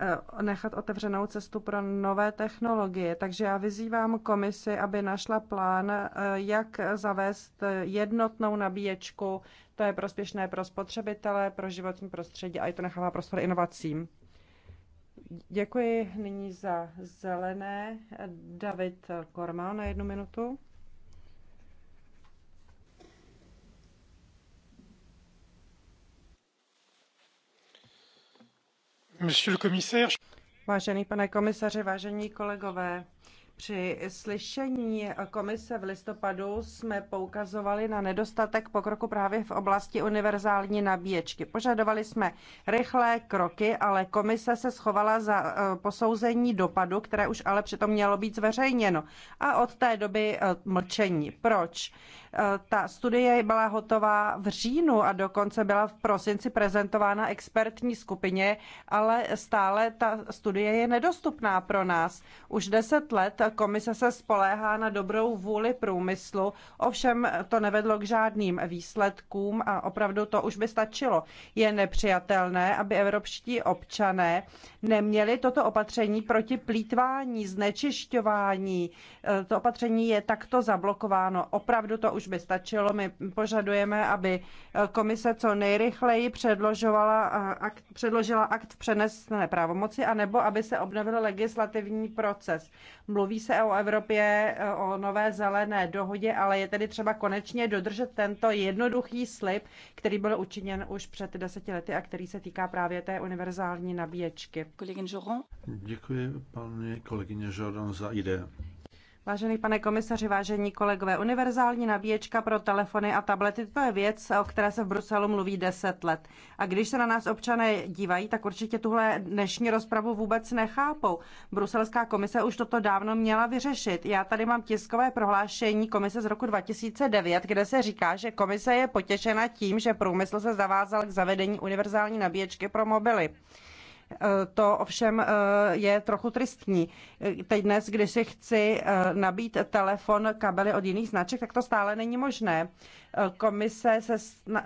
eh, nechat otevřenou cestu pro nové technologie. Takže já vyzývám komisi, aby našla plán, eh, jak zavést jednotnou nabíječku. To je prospěšné pro spotřebitele, pro životní prostředí a i to nechává prostor inovacím. Děkuji nyní za zelené. David Korma na jednu minutu. Monsieur le commissaire. Vážený pane komisaři, vážení kolegové, při slyšení komise v listopadu jsme poukazovali na nedostatek pokroku právě v oblasti univerzální nabíječky. Požadovali jsme rychlé kroky, ale komise se schovala za e, posouzení dopadu, které už ale přitom mělo být zveřejněno. A od té doby e, mlčení. Proč? E, ta studie byla hotová v říjnu a dokonce byla v prosinci prezentována expertní skupině, ale stále ta studie je nedostupná pro nás. Už deset let komise se spoléhá na dobrou vůli průmyslu, ovšem to nevedlo k žádným výsledkům a opravdu to už by stačilo. Je nepřijatelné, aby evropští občané neměli toto opatření proti plítvání, znečišťování. E, to opatření je takto zablokováno. Opravdu to už by stačilo. My požadujeme, aby e, komise co nejrychleji předložovala akt, předložila akt v přenesné pravomoci, anebo aby se obnovil legislativní proces. Mluví Mluví se o Evropě, eh, o nové zelené dohodě, ale je tedy třeba konečně dodržet tento jednoduchý slib, který byl učiněn už před deseti lety a který se týká právě té univerzální nabíječky. Děkuji, paní kolegyně Jordan, za ideu. Vážený pane komisaři, vážení kolegové, univerzální nabíječka pro telefony a tablety, to je věc, o které se v Bruselu mluví 10 let. A když se na nás občané dívají, tak určitě tuhle dnešní rozpravu vůbec nechápou. Bruselská komise už toto dávno měla vyřešit. Já tady mám tiskové prohlášení komise z roku 2009, kde se říká, že komise je potěšena tím, že průmysl se zavázal k zavedení univerzální nabíječky pro mobily. To ovšem eh, je trochu tristní. Teď dnes, když si chci eh, nabít telefon kabely od jiných značek, tak to stále není možné. Komise se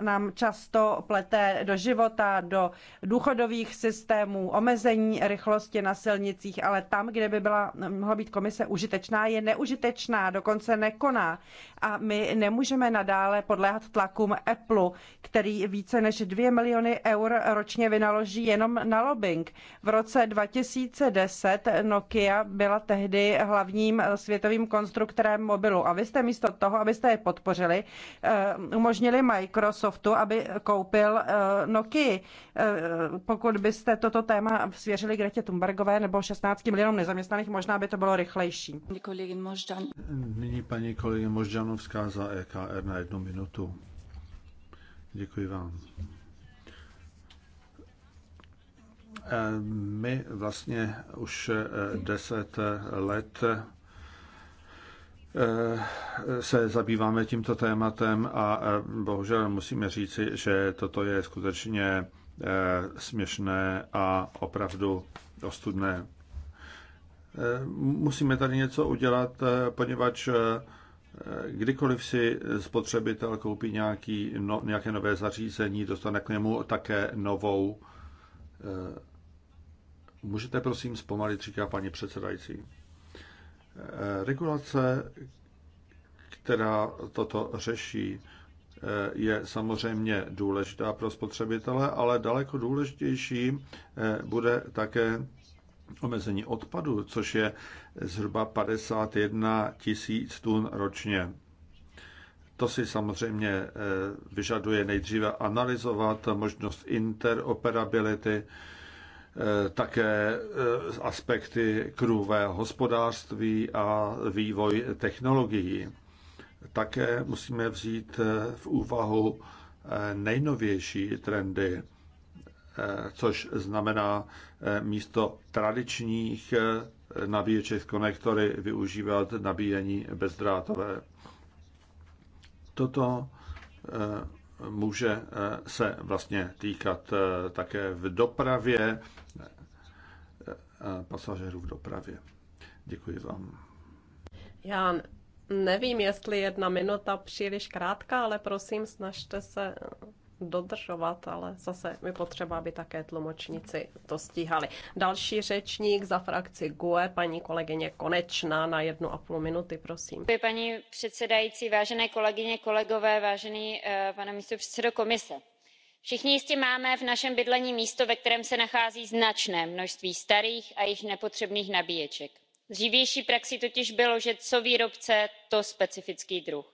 nám často plete do života, do důchodových systémů, omezení rychlosti na silnicích, ale tam, kde by byla, mohla být komise užitečná, je neužitečná, dokonce nekoná. A my nemůžeme nadále podléhat tlakům Apple, který více než 2 miliony eur ročně vynaloží jenom na lobbying. V roce 2010 Nokia byla tehdy hlavním světovým konstruktorem mobilu. A vy jste místo toho, abyste je podpořili, eh, Eh, umožnili Microsoftu, aby koupil eh, Nokia. Eh, pokud byste toto téma svěřili Gretě Thunbergové nebo 16 milionům nezaměstnaných, možná by to bylo rychlejší. Nyní paní kolegyně Možďanovská za EKR na jednu minutu. Děkuji vám. My vlastně už deset let Eh, se zabýváme tímto tématem a eh, bohužel musíme říci, že toto je skutečně eh, směšné a opravdu ostudné. Musíme tady něco udělat, poněvadž kdykoliv si spotřebitel koupí nějaký, no, nějaké nové zařízení, dostane k němu také novou. Můžete prosím zpomalit, říká paní předsedající. Eh, regulace, která toto řeší, eh, je samozřejmě důležitá pro spotřebitele, ale daleko důležitější eh, bude také omezení odpadu, což je zhruba 51 tisíc tun ročně. To si samozřejmě vyžaduje nejdříve analyzovat možnost interoperability, Eh, také eh, aspekty kruhového hospodářství a vývoj technologií. Také musíme vzít eh, v úvahu nejnovější trendy, což znamená místo tradičních nabíječek konektory využívat nabíjení bezdrátové. Toto může eh, se vlastně týkat eh, také v dopravě, eh, pasažerů v dopravě. Děkuji vám. Já nevím, jestli jedna minuta příliš krátká, ale prosím, snažte se dodržovat, ale zase mi potřeba, aby také tlumočníci to stíhali. Další řečník za frakci GUE, paní kolegyně Konečná, na jednu a půl minuty, prosím. Děkuji, paní předsedající, vážené kolegyně, kolegové, vážený eh, pane předsedo komise. Všichni jistě máme v našem bydlení místo, ve kterém se nachází značné množství starých a již nepotřebných nabíječek. Dřívější praxi totiž bylo, že co výrobce, to specifický druh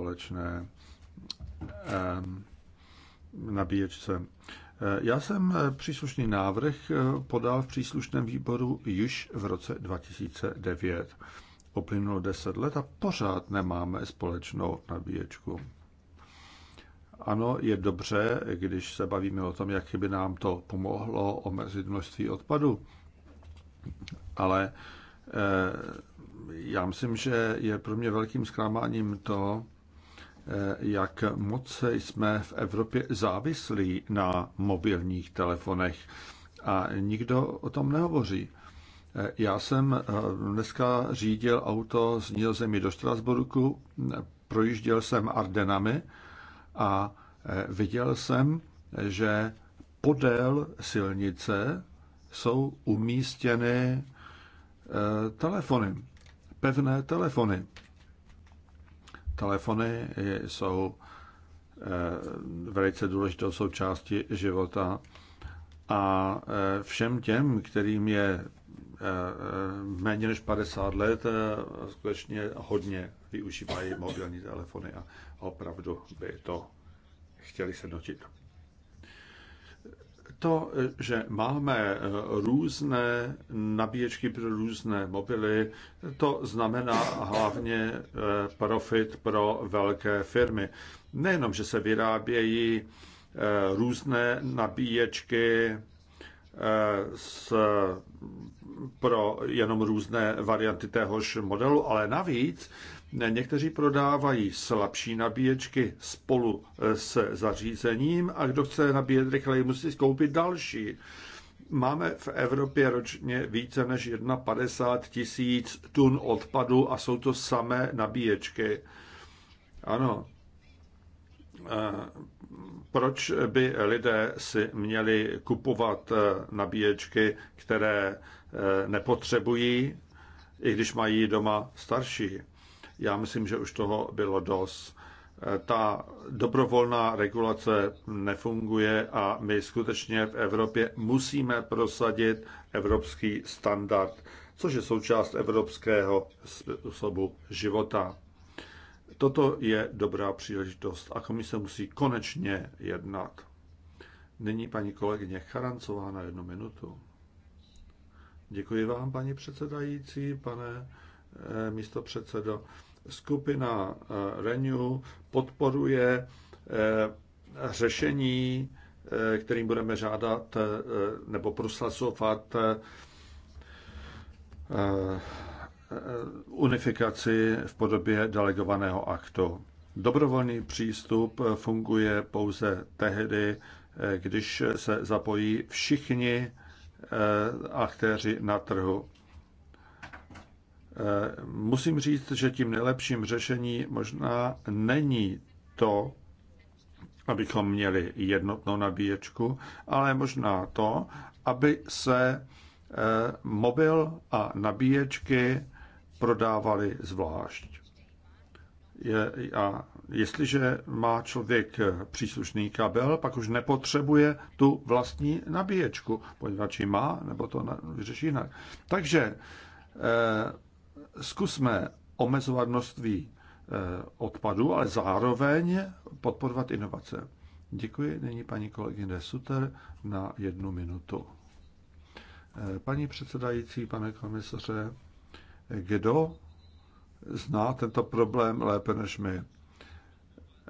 společné ehm, nabíječce. Eh, já jsem eh, příslušný návrh eh, podal v příslušném výboru již v roce 2009. Uplynulo 10 let a pořád nemáme společnou nabíječku. Ano, je dobře, když se bavíme o tom, jak by nám to pomohlo omezit množství odpadu, ale já myslím, že je pro mě velkým zklamáním to, Eh, jak moc jsme v Evropě závislí na mobilních telefonech a nikdo o tom nehovoří. Eh, já jsem eh, dneska řídil auto z Nizozemí do Strasburku, projížděl jsem Ardenami a viděl jsem, že podél silnice jsou umístěny telefony, pevné telefony. Telefony jsou eh, velice důležitou součástí života a eh, všem těm, kterým je eh, méně než 50 let, skutečně hodně využívají mobilní telefony a opravdu by to chtěli se dotit to, že máme eh, různé nabíječky pro různé mobily, to znamená hlavně eh, profit pro velké firmy. Nejenom, že se vyrábějí eh, různé nabíječky s, pro jenom různé varianty téhož modelu, ale navíc Někteří prodávají slabší nabíječky spolu eh, s zařízením a kdo chce nabíjet rychleji, musí koupit další. Máme v Evropě ročně více než 51 tisíc tun odpadu a jsou to samé nabíječky. Ano. Eh, proč by lidé si měli kupovat eh, nabíječky, které nepotřebují, i když mají doma starší? Já myslím, že už toho bylo dost. Eh, ta dobrovolná regulace nefunguje a my skutečně v Evropě musíme prosadit evropský standard, což je součást evropského způsobu života. Toto je dobrá příležitost a komise musí konečně jednat. Nyní paní kolegyně Charancová na jednu minutu. Děkuji vám, paní předsedající, pane eh, místo předsedo skupina eh, Renew podporuje eh, řešení, eh, kterým budeme žádat nebo prosazovat unifikaci v podobě delegovaného aktu. Dobrovolný přístup funguje pouze tehdy, když se zapojí všichni aktéři na trhu. Eh, musím říct, že tím nejlepším řešení možná není to, abychom měli jednotnou nabíječku, ale možná to, aby se eh, mobil a nabíječky prodávaly zvlášť. Je, a jestliže má člověk eh, příslušný kabel, pak už nepotřebuje tu vlastní nabíječku, poněvadž ji má, nebo to vyřeší jinak. Takže zkusme omezovat množství eh, odpadu, ale zároveň podporovat inovace. Děkuji. Nyní paní kolegyně Suter na jednu minutu. Eh, paní předsedající, pane komisaře, kdo zná tento problém lépe než my?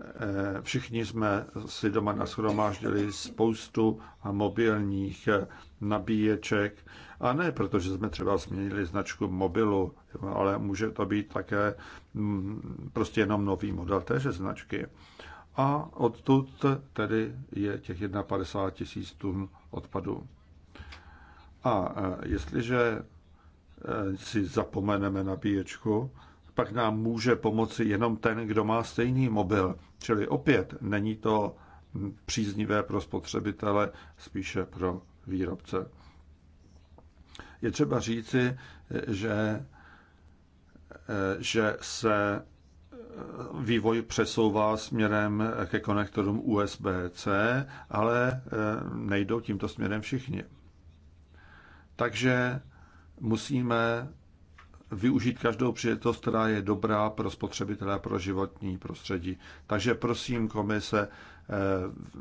Eh, všichni jsme si doma nashromáždili spoustu mobilních eh, nabíječek a ne protože jsme třeba změnili značku mobilu, ale může to být také mm, prostě jenom nový model téže značky. A odtud tedy je těch 51 tisíc tun odpadu. A eh, jestliže si zapomeneme nabíječku, pak nám může pomoci jenom ten, kdo má stejný mobil. Čili opět není to příznivé pro spotřebitele, spíše pro výrobce. Je třeba říci, že, že se vývoj přesouvá směrem ke konektorům USB-C, ale nejdou tímto směrem všichni. Takže musíme využít každou příležitost, která je dobrá pro spotřebitele pro životní prostředí. Takže prosím komise, eh,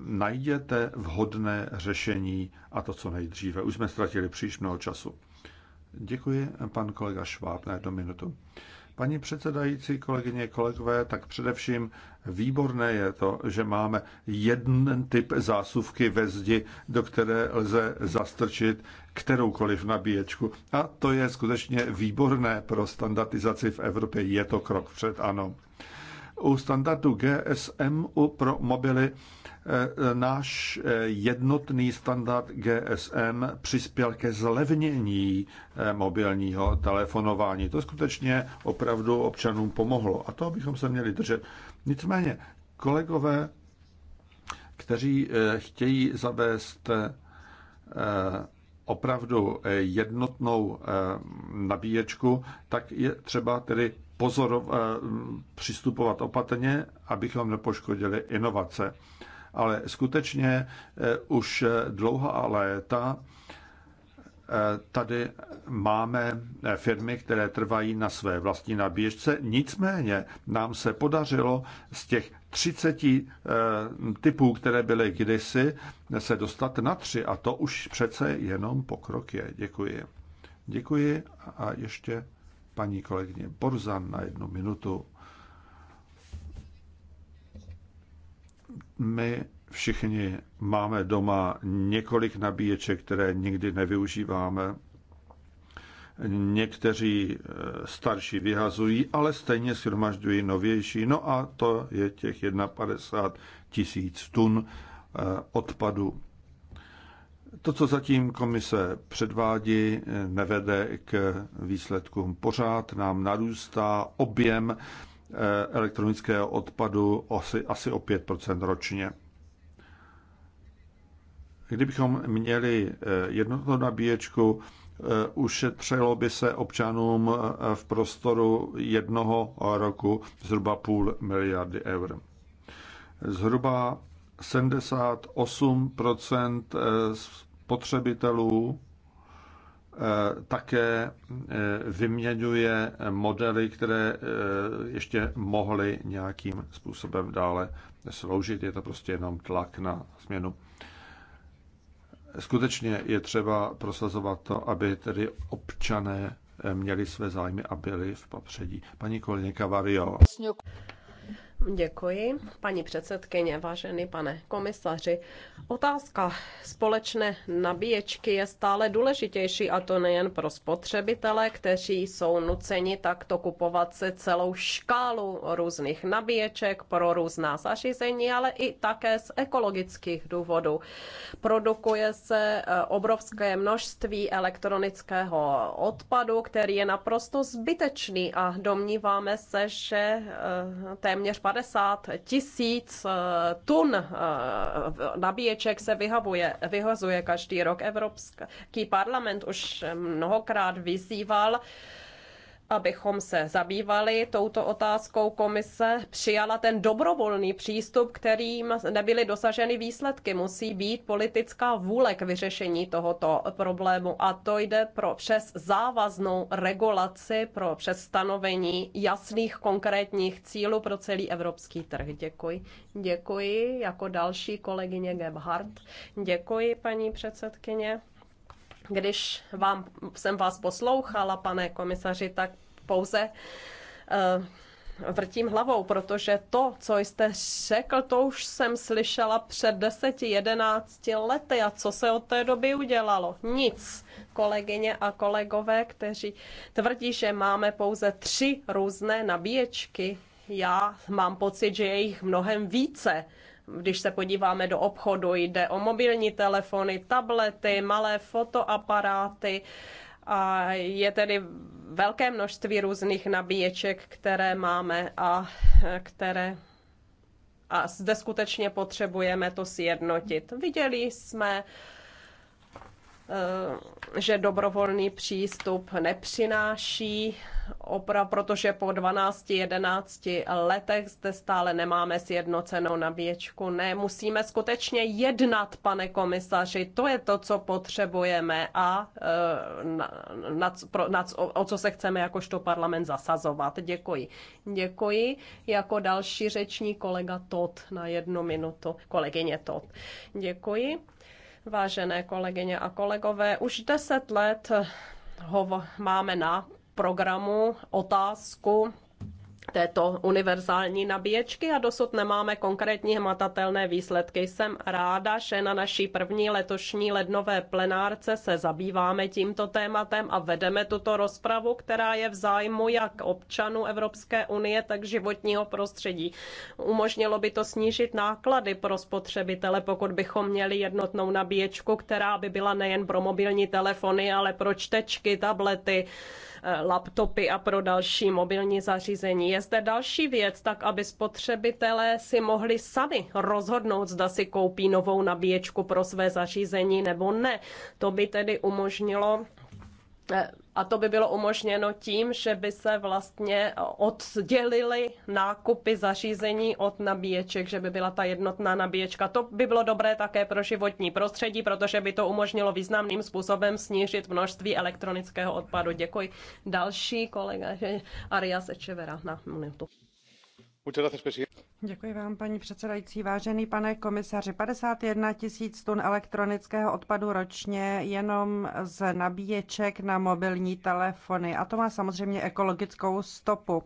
najděte vhodné řešení a to co nejdříve. Už jsme ztratili příliš mnoho času. Děkuji, pan kolega Šváb, na jednu minutu. Paní předsedající, kolegyně, kolegové, tak především výborné je to, že máme jeden typ zásuvky ve zdi, do které lze zastrčit kteroukoliv nabíječku. A to je skutečně výborné pro standardizaci v Evropě. Je to krok před, ano. U standardu GSM u pro mobily Eh, náš eh, jednotný standard GSM přispěl ke zlevnění eh, mobilního telefonování. To skutečně opravdu občanům pomohlo a to bychom se měli držet. Nicméně, kolegové, kteří chtějí zavést opravdu jednotnou nabíječku, tak je třeba tedy pozor přistupovat opatrně, abychom nepoškodili inovace ale skutečně eh, už dlouhá léta eh, tady máme eh, firmy, které trvají na své vlastní nabíječce. Nicméně nám se podařilo z těch 30 typů, které byly kdysi, se dostat na tři. A to už přece jenom pokrok je. Děkuji. Děkuji a ještě paní kolegyně Borzan na jednu minutu. My všichni máme doma několik nabíječek, které nikdy nevyužíváme. Někteří eh, starší vyhazují, ale stejně shromažďují novější. No a to je těch 51 tisíc tun eh, odpadu. To, co zatím komise předvádí, eh, nevede k výsledkům. Pořád nám narůstá objem Eh, elektronického odpadu asi, asi o 5 ročně. Kdybychom měli eh, jednotnou nabíječku, eh, ušetřilo by se občanům v prostoru jednoho roku zhruba půl miliardy eur. Zhruba 78 spotřebitelů Eh, také eh, vyměňuje modely, které eh, ještě mohly nějakým způsobem dále sloužit. Je to prostě jenom tlak na změnu. Skutečně je třeba prosazovat to, aby tedy občané měli své zájmy a byli v popředí. Paní kolegyně Kavario. Děkuji, paní předsedkyně, vážený pane komisaři. Otázka společné nabíječky je stále důležitější a to nejen pro spotřebitele, kteří jsou nuceni takto kupovat se celou škálu různých nabíječek pro různá zařízení, ale i také z ekologických důvodů. Produkuje se e, obrovské množství elektronického odpadu, který je naprosto zbytečný a domníváme se, že e, téměř 50 tisíc eh, tun eh, nabíječek se vyhavuje, vyhazuje každý rok. Evropský parlament už mnohokrát vyzýval abychom se zabývali touto otázkou komise, přijala ten dobrovolný přístup, kterým nebyly dosaženy výsledky. Musí být politická vůle k vyřešení tohoto problému a to jde pro přes závaznou regulaci, pro přes stanovení jasných konkrétních cílů pro celý evropský trh. Děkuji. Děkuji jako další kolegyně Gebhardt. Děkuji, paní předsedkyně. Když vám, jsem vás poslouchala, pane komisaři, tak pouze uh, vrtím hlavou, protože to, co jste řekl, to už jsem slyšela před 10-11 lety a co se od té doby udělalo? Nic. Kolegyně a kolegové, kteří tvrdí, že máme pouze tři různé nabíječky, já mám pocit, že je jich mnohem více když se podíváme do obchodu, jde o mobilní telefony, tablety, malé fotoaparáty a je tedy velké množství různých nabíječek, které máme a e, které a zde skutečně potřebujeme to sjednotit. Viděli jsme Eh, že dobrovolný přístup nepřináší opra, protože po 12-11 letech zde stále nemáme sjednocenou nabíječku. Ne, musíme skutečně jednat, pane komisaři, to je to, co potřebujeme a eh, na, na, pro, na, o, o co se chceme jakožto parlament zasazovat. Děkuji. Děkuji. Jako další řeční kolega Tot na jednu minutu, kolegyně Tot. Děkuji. Vážené kolegyně a kolegové, už deset let máme na programu otázku této univerzální nabíječky a dosud nemáme konkrétní hmatatelné výsledky. Jsem ráda, že na naší první letošní lednové plenárce se zabýváme tímto tématem a vedeme tuto rozpravu, která je v zájmu jak občanů Evropské unie, tak životního prostředí. Umožnilo by to snížit náklady pro spotřebitele, pokud bychom měli jednotnou nabíječku, která by byla nejen pro mobilní telefony, ale pro čtečky, tablety, Eh, laptopy a pro další mobilní zařízení. Je zde další věc, tak aby spotřebitelé si mohli sami rozhodnout, zda si koupí novou nabíječku pro své zařízení nebo ne. To by tedy umožnilo eh, a to by bylo umožněno tím, že by se vlastně oddělily nákupy zařízení od nabíječek, že by byla ta jednotná nabíječka. To by bylo dobré také pro životní prostředí, protože by to umožnilo významným způsobem snížit množství elektronického odpadu. Děkuji. Další kolega Arias Echevera na minutu. Děkuji vám, paní předsedající. Vážený pane komisaři, 51 tisíc tun elektronického odpadu ročně jenom z nabíječek na mobilní telefony. A to má samozřejmě ekologickou stopu.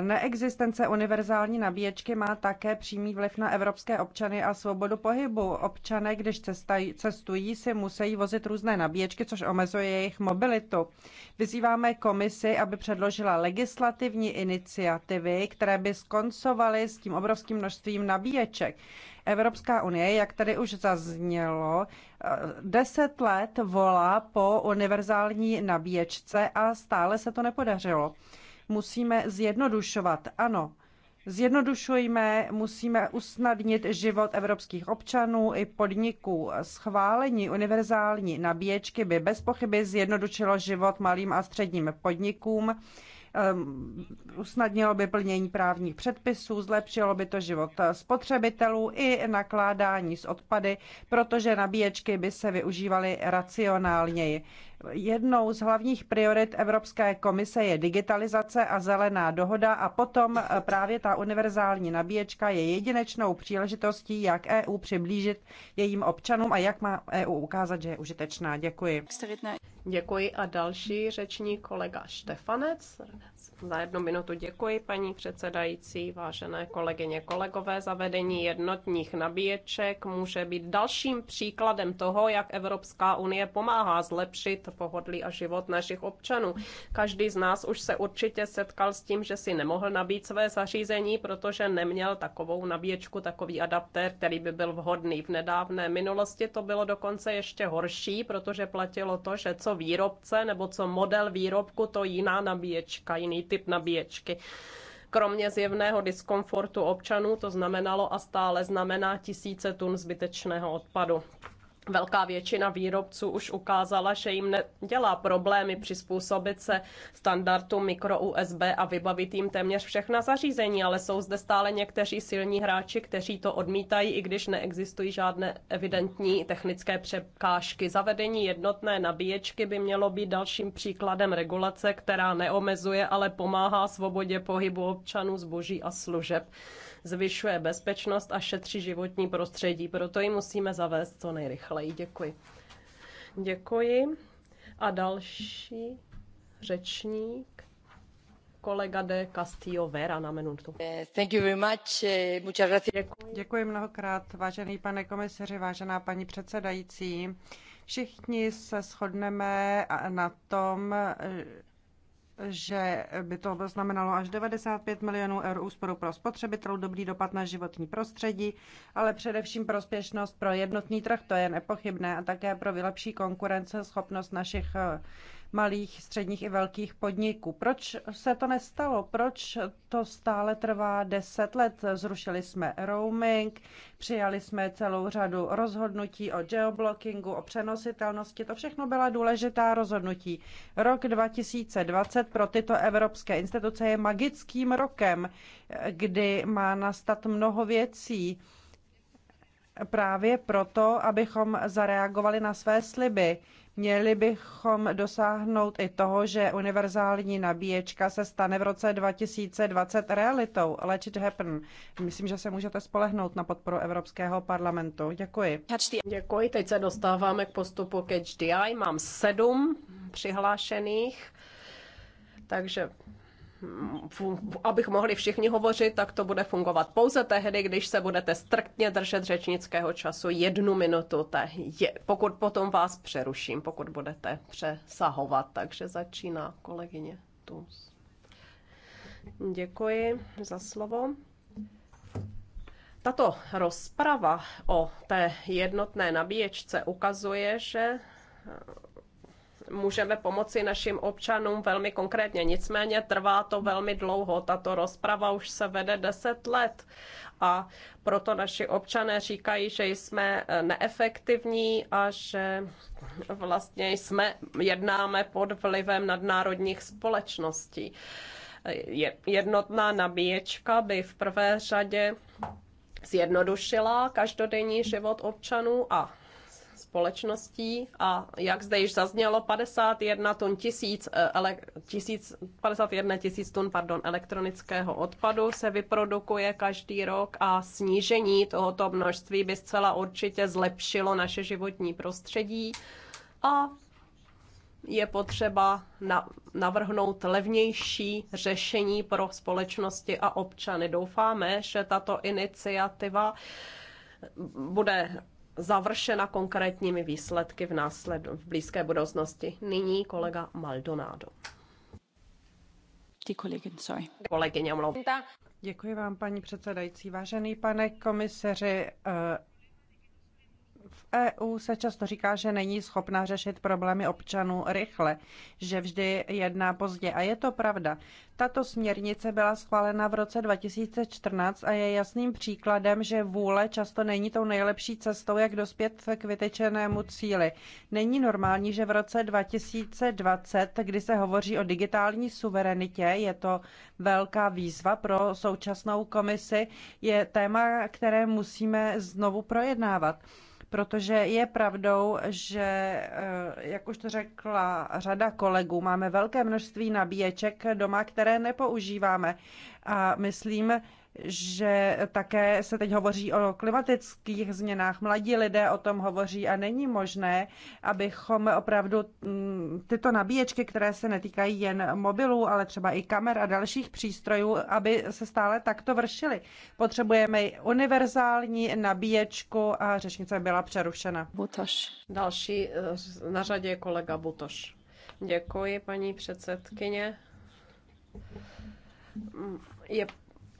Neexistence univerzální nabíječky má také přímý vliv na evropské občany a svobodu pohybu. Občané, když cestují, si musí vozit různé nabíječky, což omezuje jejich mobilitu. Vyzýváme komisi, aby předložila legislativní iniciativy, které by skoncovaly dohromady s tím obrovským množstvím nabíječek. Evropská unie, jak tady už zaznělo, eh, deset let volá po univerzální nabíječce a stále se to nepodařilo. Musíme zjednodušovat, ano, Zjednodušujme, musíme usnadnit život evropských občanů i podniků. Schválení univerzální nabíječky by bez pochyby zjednodušilo život malým a středním podnikům Ehm, usnadnilo by plnění právních předpisů, zlepšilo by to život spotřebitelů i nakládání s odpady, protože nabíječky by se využívaly racionálněji. Jednou z hlavních priorit Evropské komise je digitalizace a zelená dohoda a potom eh, právě ta univerzální nabíječka je jedinečnou příležitostí, jak EU přiblížit jejím občanům a jak má EU ukázat, že je užitečná. Děkuji. Děkuji a další řeční kolega Štefanec. Za jednu minutu děkuji, paní předsedající, vážené kolegyně, kolegové. Zavedení jednotních nabíječek může být dalším příkladem toho, jak Evropská unie pomáhá zlepšit pohodlí a život našich občanů. Každý z nás už se určitě setkal s tím, že si nemohl nabít své zařízení, protože neměl takovou nabíječku, takový adaptér, který by byl vhodný. V nedávné minulosti to bylo dokonce ještě horší, protože platilo to, že co výrobce nebo co model výrobku, to jiná nabíječka, jiný typ nabíječky. Kromě zjevného diskomfortu občanů to znamenalo a stále znamená tisíce tun zbytečného odpadu. Velká většina výrobců už ukázala, že jim nedělá problémy přizpůsobit se standardu mikro USB a vybavit jim téměř všechna zařízení, ale jsou zde stále někteří silní hráči, kteří to odmítají, i když neexistují žádné evidentní technické překážky. Zavedení jednotné nabíječky by mělo být dalším příkladem regulace, která neomezuje, ale pomáhá svobodě pohybu občanů zboží a služeb zvyšuje bezpečnost a šetří životní prostředí. Proto ji musíme zavést co nejrychleji. Děkuji. Děkuji. A další řečník, kolega de Castillo Vera na minutu. Eh, thank you very much. Eh, muchas gracias. Děkuji. Děkuji mnohokrát, vážený pane komisaři, vážená paní předsedající. Všichni se shodneme na tom, že by to znamenalo až 95 milionů eur úsporu pro spotřebitelů, dobrý dopad na životní prostředí, ale především prospěšnost pro jednotný trh, to je nepochybné, a také pro vylepší konkurenceschopnost našich eh, malých, středních i velkých podniků. Proč se to nestalo? Proč to stále trvá deset let? Zrušili jsme roaming, přijali jsme celou řadu rozhodnutí o geoblockingu, o přenositelnosti. To všechno byla důležitá rozhodnutí. Rok 2020 pro tyto evropské instituce je magickým rokem, kdy má nastat mnoho věcí právě proto, abychom zareagovali na své sliby. Měli bychom dosáhnout i toho, že univerzální nabíječka se stane v roce 2020 realitou. Let it happen. Myslím, že se můžete spolehnout na podporu Evropského parlamentu. Děkuji. Děkuji. Teď se dostáváme k postupu the Eye. Mám sedm přihlášených, takže abych mohli všichni hovořit, tak to bude fungovat pouze tehdy, když se budete strktně držet řečnického času jednu minutu. Te je, pokud potom vás přeruším, pokud budete přesahovat. Takže začíná kolegyně Tus. Děkuji za slovo. Tato rozprava o té jednotné nabíječce ukazuje, že můžeme pomoci našim občanům velmi konkrétně. Nicméně trvá to velmi dlouho. Tato rozprava už se vede 10 let a proto naši občané říkají, že jsme eh, neefektivní a že vlastně jsme, jednáme pod vlivem nadnárodních společností. Jednotná nabíječka by v prvé řadě zjednodušila každodenní život občanů a společností a jak zde již zaznělo, 51 tun tisíc, eh, ele, tisíc 51 tisíc tun pardon, elektronického odpadu se vyprodukuje každý rok a snížení tohoto množství by zcela určitě zlepšilo naše životní prostředí a je potřeba navrhnout levnější řešení pro společnosti a občany. Doufáme, že tato iniciativa bude završena konkrétními výsledky v, následu, v blízké budoucnosti. Nyní kolega Maldonado. Ty kolegyn, sorry. Kolegyně, omlouvám. Děkuji vám, paní předsedající. Vážený pane komisaři, eh, v EU se často říká, že není schopná řešit problémy občanů rychle, že vždy jedná pozdě. A je to pravda. Tato směrnice byla schválena v roce 2014 a je jasným příkladem, že vůle často není tou nejlepší cestou, jak dospět k vytečenému cíli. Není normální, že v roce 2020, kdy se hovoří o digitální suverenitě, je to velká výzva pro současnou komisi, je téma, které musíme znovu projednávat protože je pravdou, že, eh, jak už to řekla řada kolegů, máme velké množství nabíječek doma, které nepoužíváme. A myslím, že také se teď hovoří o klimatických změnách. Mladí lidé o tom hovoří a není možné, abychom opravdu mm, tyto nabíječky, které se netýkají jen mobilů, ale třeba i kamer a dalších přístrojů, aby se stále takto vršily. Potřebujeme univerzální nabíječku a řečnice byla přerušena. Butoš. Další eh, na řadě je kolega Butoš. Děkuji, paní předsedkyně. Je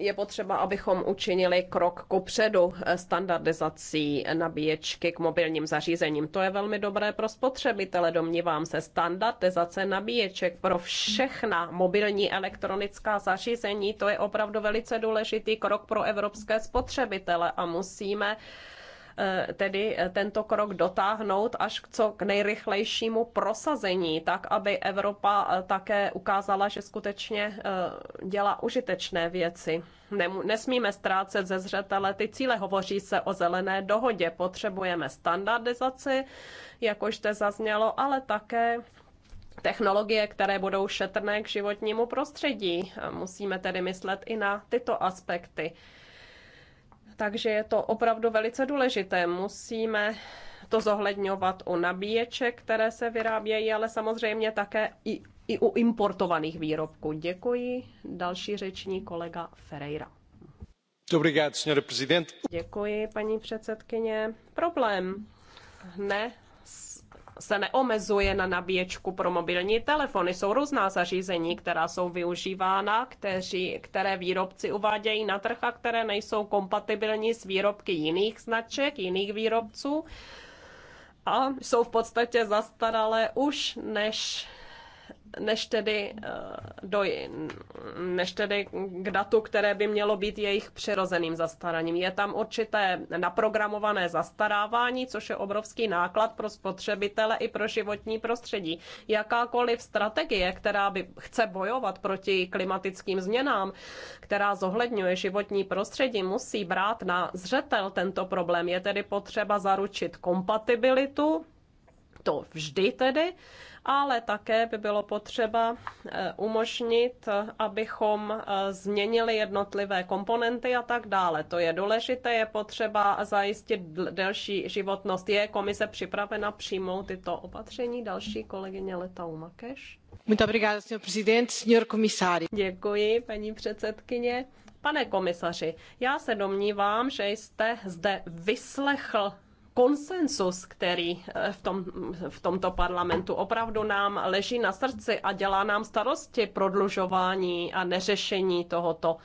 je potřeba, abychom učinili krok předu eh, standardizací nabíječky k mobilním zařízením. To je velmi dobré pro spotřebitele, domnívám se. Standardizace nabíječek pro všechna mobilní elektronická zařízení, to je opravdu velice důležitý krok pro evropské spotřebitele a musíme Eh, tedy eh, tento krok dotáhnout až k co k nejrychlejšímu prosazení, tak aby Evropa eh, také ukázala, že skutečně dělá užitečné věci. Nesmíme ztrácet ze zřetele ty cíle. Hovoří se o zelené dohodě. Potřebujeme standardizaci, jak už zde zaznělo, ale také technologie, které budou šetrné k životnímu prostředí. Musíme tedy myslet i na tyto aspekty. Takže je to opravdu velice důležité. Musíme to zohledňovat u nabíječek, které se vyrábějí, ale samozřejmě také i, i u importovaných výrobků. Děkuji. Další řeční kolega Ferreira. Děkuji, paní předsedkyně. Problém ne se neomezuje na nabíječku pro mobilní telefony. Jsou různá zařízení, která jsou využívána, kteří, které výrobci uvádějí na trh a které nejsou kompatibilní s výrobky jiných značek, jiných výrobců a jsou v podstatě zastaralé už než než tedy, eh, do, než tedy k datu, které by mělo být jejich přirozeným zastaraním. Je tam určité naprogramované zastarávání, což je obrovský náklad pro spotřebitele i pro životní prostředí. Jakákoliv strategie, která by chce bojovat proti klimatickým změnám, která zohledňuje životní prostředí, musí brát na zřetel tento problém. Je tedy potřeba zaručit kompatibilitu, to vždy tedy, ale také by bylo potřeba eh, umožnit, eh, abychom eh, změnili jednotlivé komponenty a tak dále. To je důležité, je potřeba zajistit delší životnost. Je komise připravena přijmout tyto opatření? Další kolegyně Letau Makeš. Děkuji, paní předsedkyně. Pane komisaři, já se domnívám, že jste zde vyslechl konsensus, který eh, v, tom, v tomto parlamentu opravdu nám leží na srdci a dělá nám starosti prodlužování a neřešení tohoto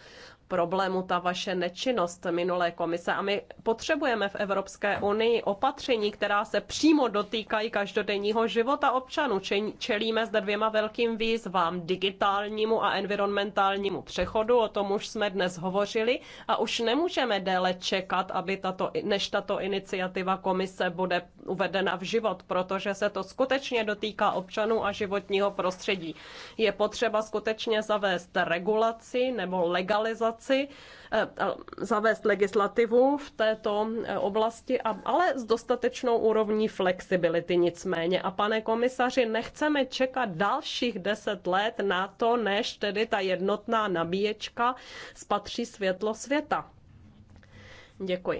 problému ta vaše nečinnost minulé komise. A my potřebujeme v Evropské unii opatření, která se přímo dotýkají každodenního života občanů. Čelíme zde dvěma velkým výzvám, digitálnímu a environmentálnímu přechodu, o tom už jsme dnes hovořili a už nemůžeme déle čekat, aby tato, než tato iniciativa komise bude uvedena v život, protože se to skutečně dotýká občanů a životního prostředí. Je potřeba skutečně zavést regulaci nebo legalizaci legislaci, eh, zavést legislativu v této eh, oblasti, ale s dostatečnou úrovní flexibility nicméně. A pane komisaři, nechceme čekat dalších deset let na to, než tedy ta jednotná nabíječka spatří světlo světa. Děkuji.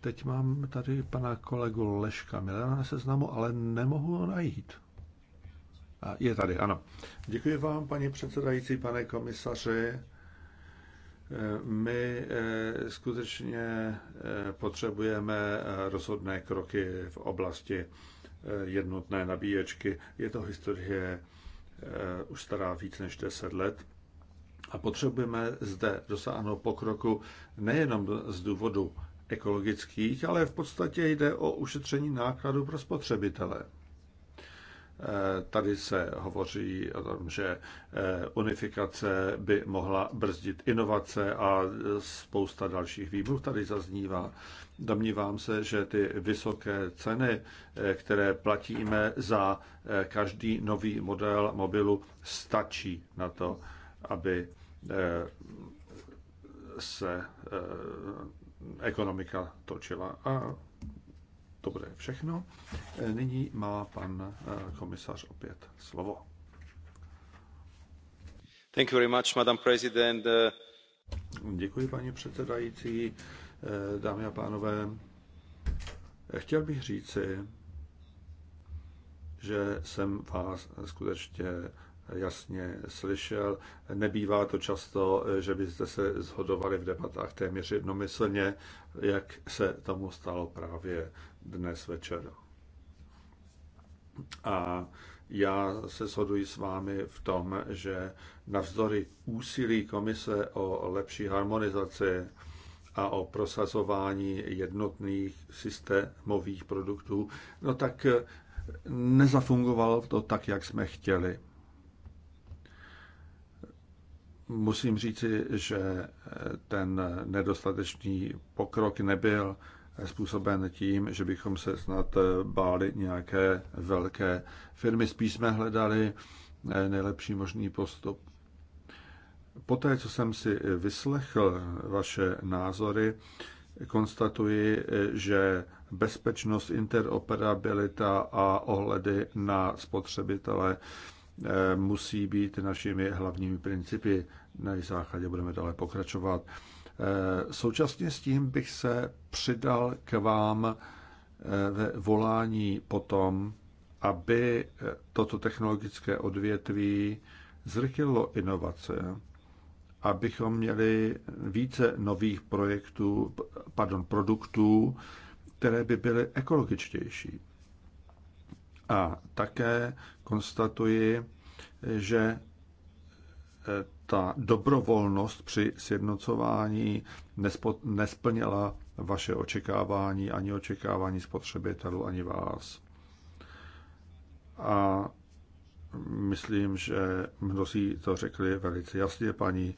Teď mám tady pana kolegu Leška Milena na seznamu, ale nemohu ho najít. A je tady, ano. Děkuji vám, paní předsedající, pane komisaři. Eh, my eh, skutečně eh, potřebujeme rozhodné kroky v oblasti jednotné nabíječky. Je to historie už stará víc než 10 let. A potřebujeme zde dosáhnout pokroku nejenom z důvodu ekologických, ale v podstatě jde o ušetření nákladů pro spotřebitele. E, tady se hovoří o tom, že e, unifikace by mohla brzdit inovace a spousta dalších výmluv tady zaznívá. Domnívám se, že ty vysoké ceny, e, které platíme za každý nový model mobilu, stačí na to, aby se ekonomika točila. A to bude všechno. Nyní má pan eh, komisař opět slovo. Thank you very much, Madam President. Děkuji, paní předsedající, eh, dámy a pánové. Chtěl bych říci, že jsem vás skutečně jasně slyšel. Nebývá to často, že byste se zhodovali v debatách téměř jednomyslně, jak se tomu stalo právě dnes večer. A já se shoduji s vámi v tom, že navzdory úsilí komise o lepší harmonizaci a o prosazování jednotných systémových produktů, no tak nezafungovalo to tak, jak jsme chtěli musím říci, že ten nedostatečný pokrok nebyl způsoben tím, že bychom se snad báli nějaké velké firmy. Spíš jsme hledali nejlepší možný postup. Poté, co jsem si vyslechl vaše názory, konstatuji, že bezpečnost, interoperabilita a ohledy na spotřebitele Eh, musí být našimi hlavními principy. Na jejich základě budeme dále pokračovat. Eh, současně s tím bych se přidal k vám eh, ve volání potom, aby toto technologické odvětví zrychlilo inovace, abychom měli více nových projektů, pardon, produktů, které by byly ekologičtější. A také konstatuji, že eh, ta dobrovolnost při sjednocování nesplněla vaše očekávání, ani očekávání spotřebitelů, ani vás. A myslím, že mnozí to řekli velice jasně, paní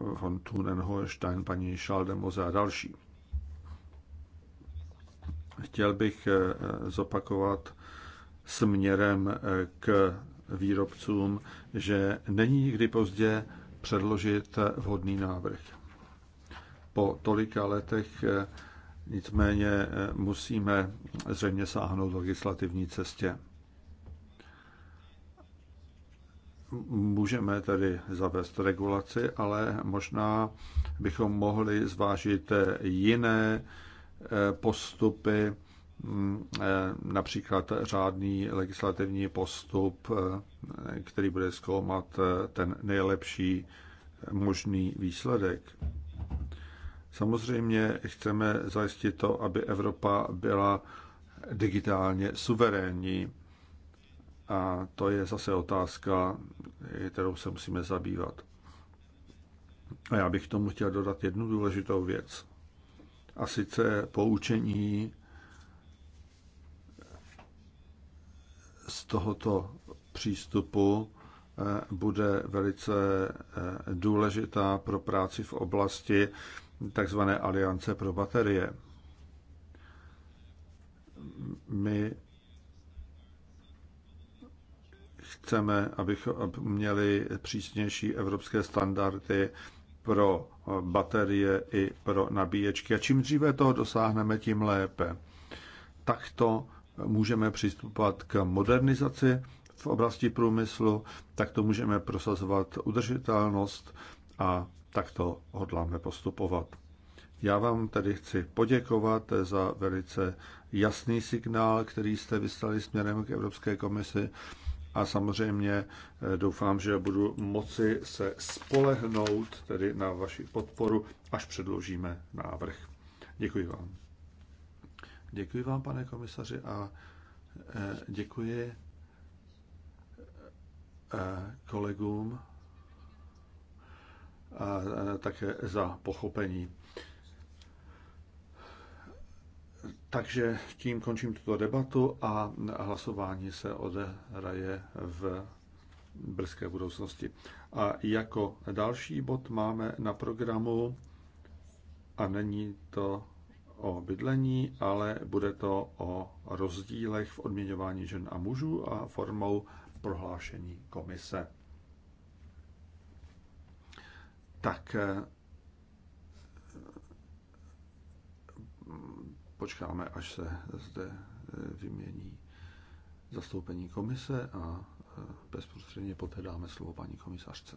von Thunenhoštajn, paní Šaldemoze a další. Chtěl bych eh, zopakovat směrem eh, k výrobcům, že není nikdy pozdě předložit eh, vhodný návrh. Po tolika letech eh, nicméně musíme zřejmě sáhnout legislativní cestě. Můžeme tedy zavést regulaci, ale možná bychom mohli zvážit jiné postupy, Mm, eh, například řádný legislativní postup, eh, který bude zkoumat eh, ten nejlepší možný výsledek. Samozřejmě chceme zajistit to, aby Evropa byla digitálně suverénní. A to je zase otázka, kterou se musíme zabývat. A já bych k tomu chtěl dodat jednu důležitou věc. A sice poučení z tohoto přístupu eh, bude velice eh, důležitá pro práci v oblasti tzv. aliance pro baterie. My chceme, abychom měli přísnější evropské standardy pro baterie i pro nabíječky. A čím dříve toho dosáhneme, tím lépe. Takto můžeme přistupovat k modernizaci v oblasti průmyslu, tak to můžeme prosazovat udržitelnost a tak to hodláme postupovat. Já vám tedy chci poděkovat za velice jasný signál, který jste vyslali směrem k Evropské komisi a samozřejmě eh, doufám, že budu moci se spolehnout tedy na vaši podporu, až předložíme návrh. Děkuji vám. Děkuji vám, pane komisaři, a e, děkuji e, kolegům a e, také za pochopení. Takže tím končím tuto debatu a hlasování se odehraje v brzké budoucnosti. A jako další bod máme na programu, a není to o bydlení, ale bude to o rozdílech v odměňování žen a mužů a formou prohlášení komise. Tak eh, počkáme, až se zde eh, vymění zastoupení komise a eh, bezprostředně poté dáme slovo paní komisařce.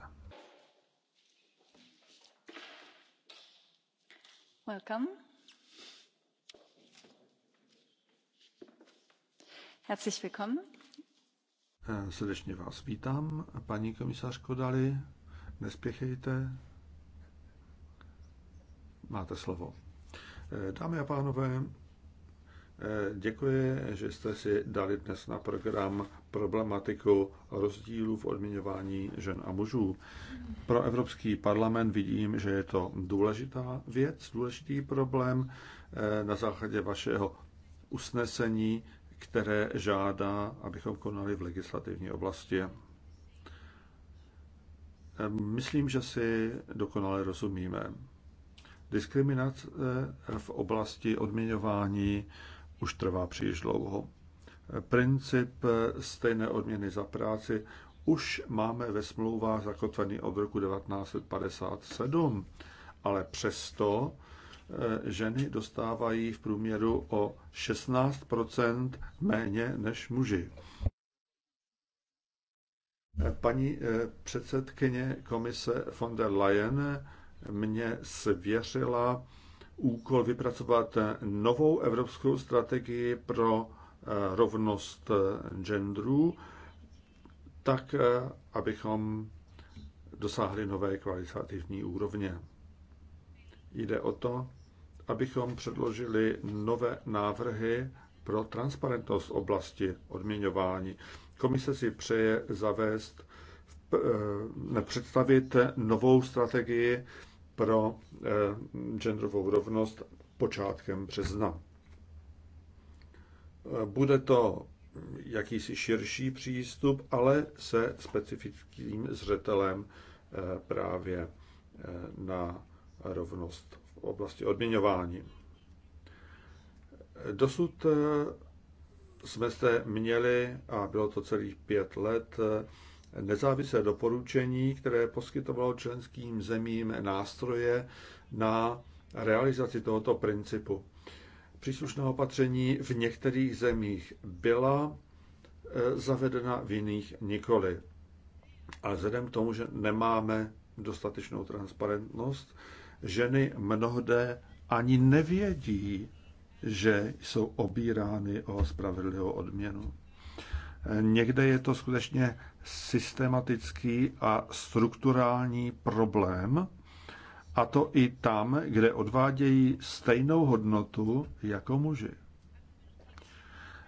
Welcome. Herzlich willkommen. Eh, srdečně vás vítám, paní komisařko Dali. Nespěchejte. Máte slovo. Eh, dámy a pánové, eh, děkuji, že jste si dali dnes na program problematiku rozdílů v odměňování žen a mužů. Pro Evropský parlament vidím, že je to důležitá věc, důležitý problém. Na základě vašeho usnesení které žádá, abychom konali v legislativní oblasti. Myslím, že si dokonale rozumíme. Diskriminace v oblasti odměňování už trvá příliš dlouho. Princip stejné odměny za práci už máme ve smlouvách zakotvený od roku 1957, ale přesto Eh, ženy dostávají v průměru o 16 méně než muži. Eh, paní eh, předsedkyně komise von der Leyen mě svěřila úkol vypracovat novou evropskou strategii pro rovnost genderů, tak abychom dosáhli nové kvalitativní úrovně. Jde o to, abychom předložili nové návrhy pro transparentnost oblasti odměňování. Komise si přeje zavést, eh, představit novou strategii pro eh, genderovou rovnost počátkem března. Eh, bude to jakýsi širší přístup, ale se specifickým zřetelem právě na rovnost v oblasti odměňování. Dosud eh, jsme se měli, a bylo to celých pět let, eh, nezávislé doporučení, které poskytovalo členským zemím nástroje na realizaci tohoto principu. Příslušná opatření v některých zemích byla eh, zavedena, v jiných nikoli. a vzhledem k tomu, že nemáme dostatečnou transparentnost, ženy mnohde ani nevědí, že jsou obírány o spravedlivou odměnu. Někde je to skutečně systematický a strukturální problém, a to i tam, kde odvádějí stejnou hodnotu jako muži.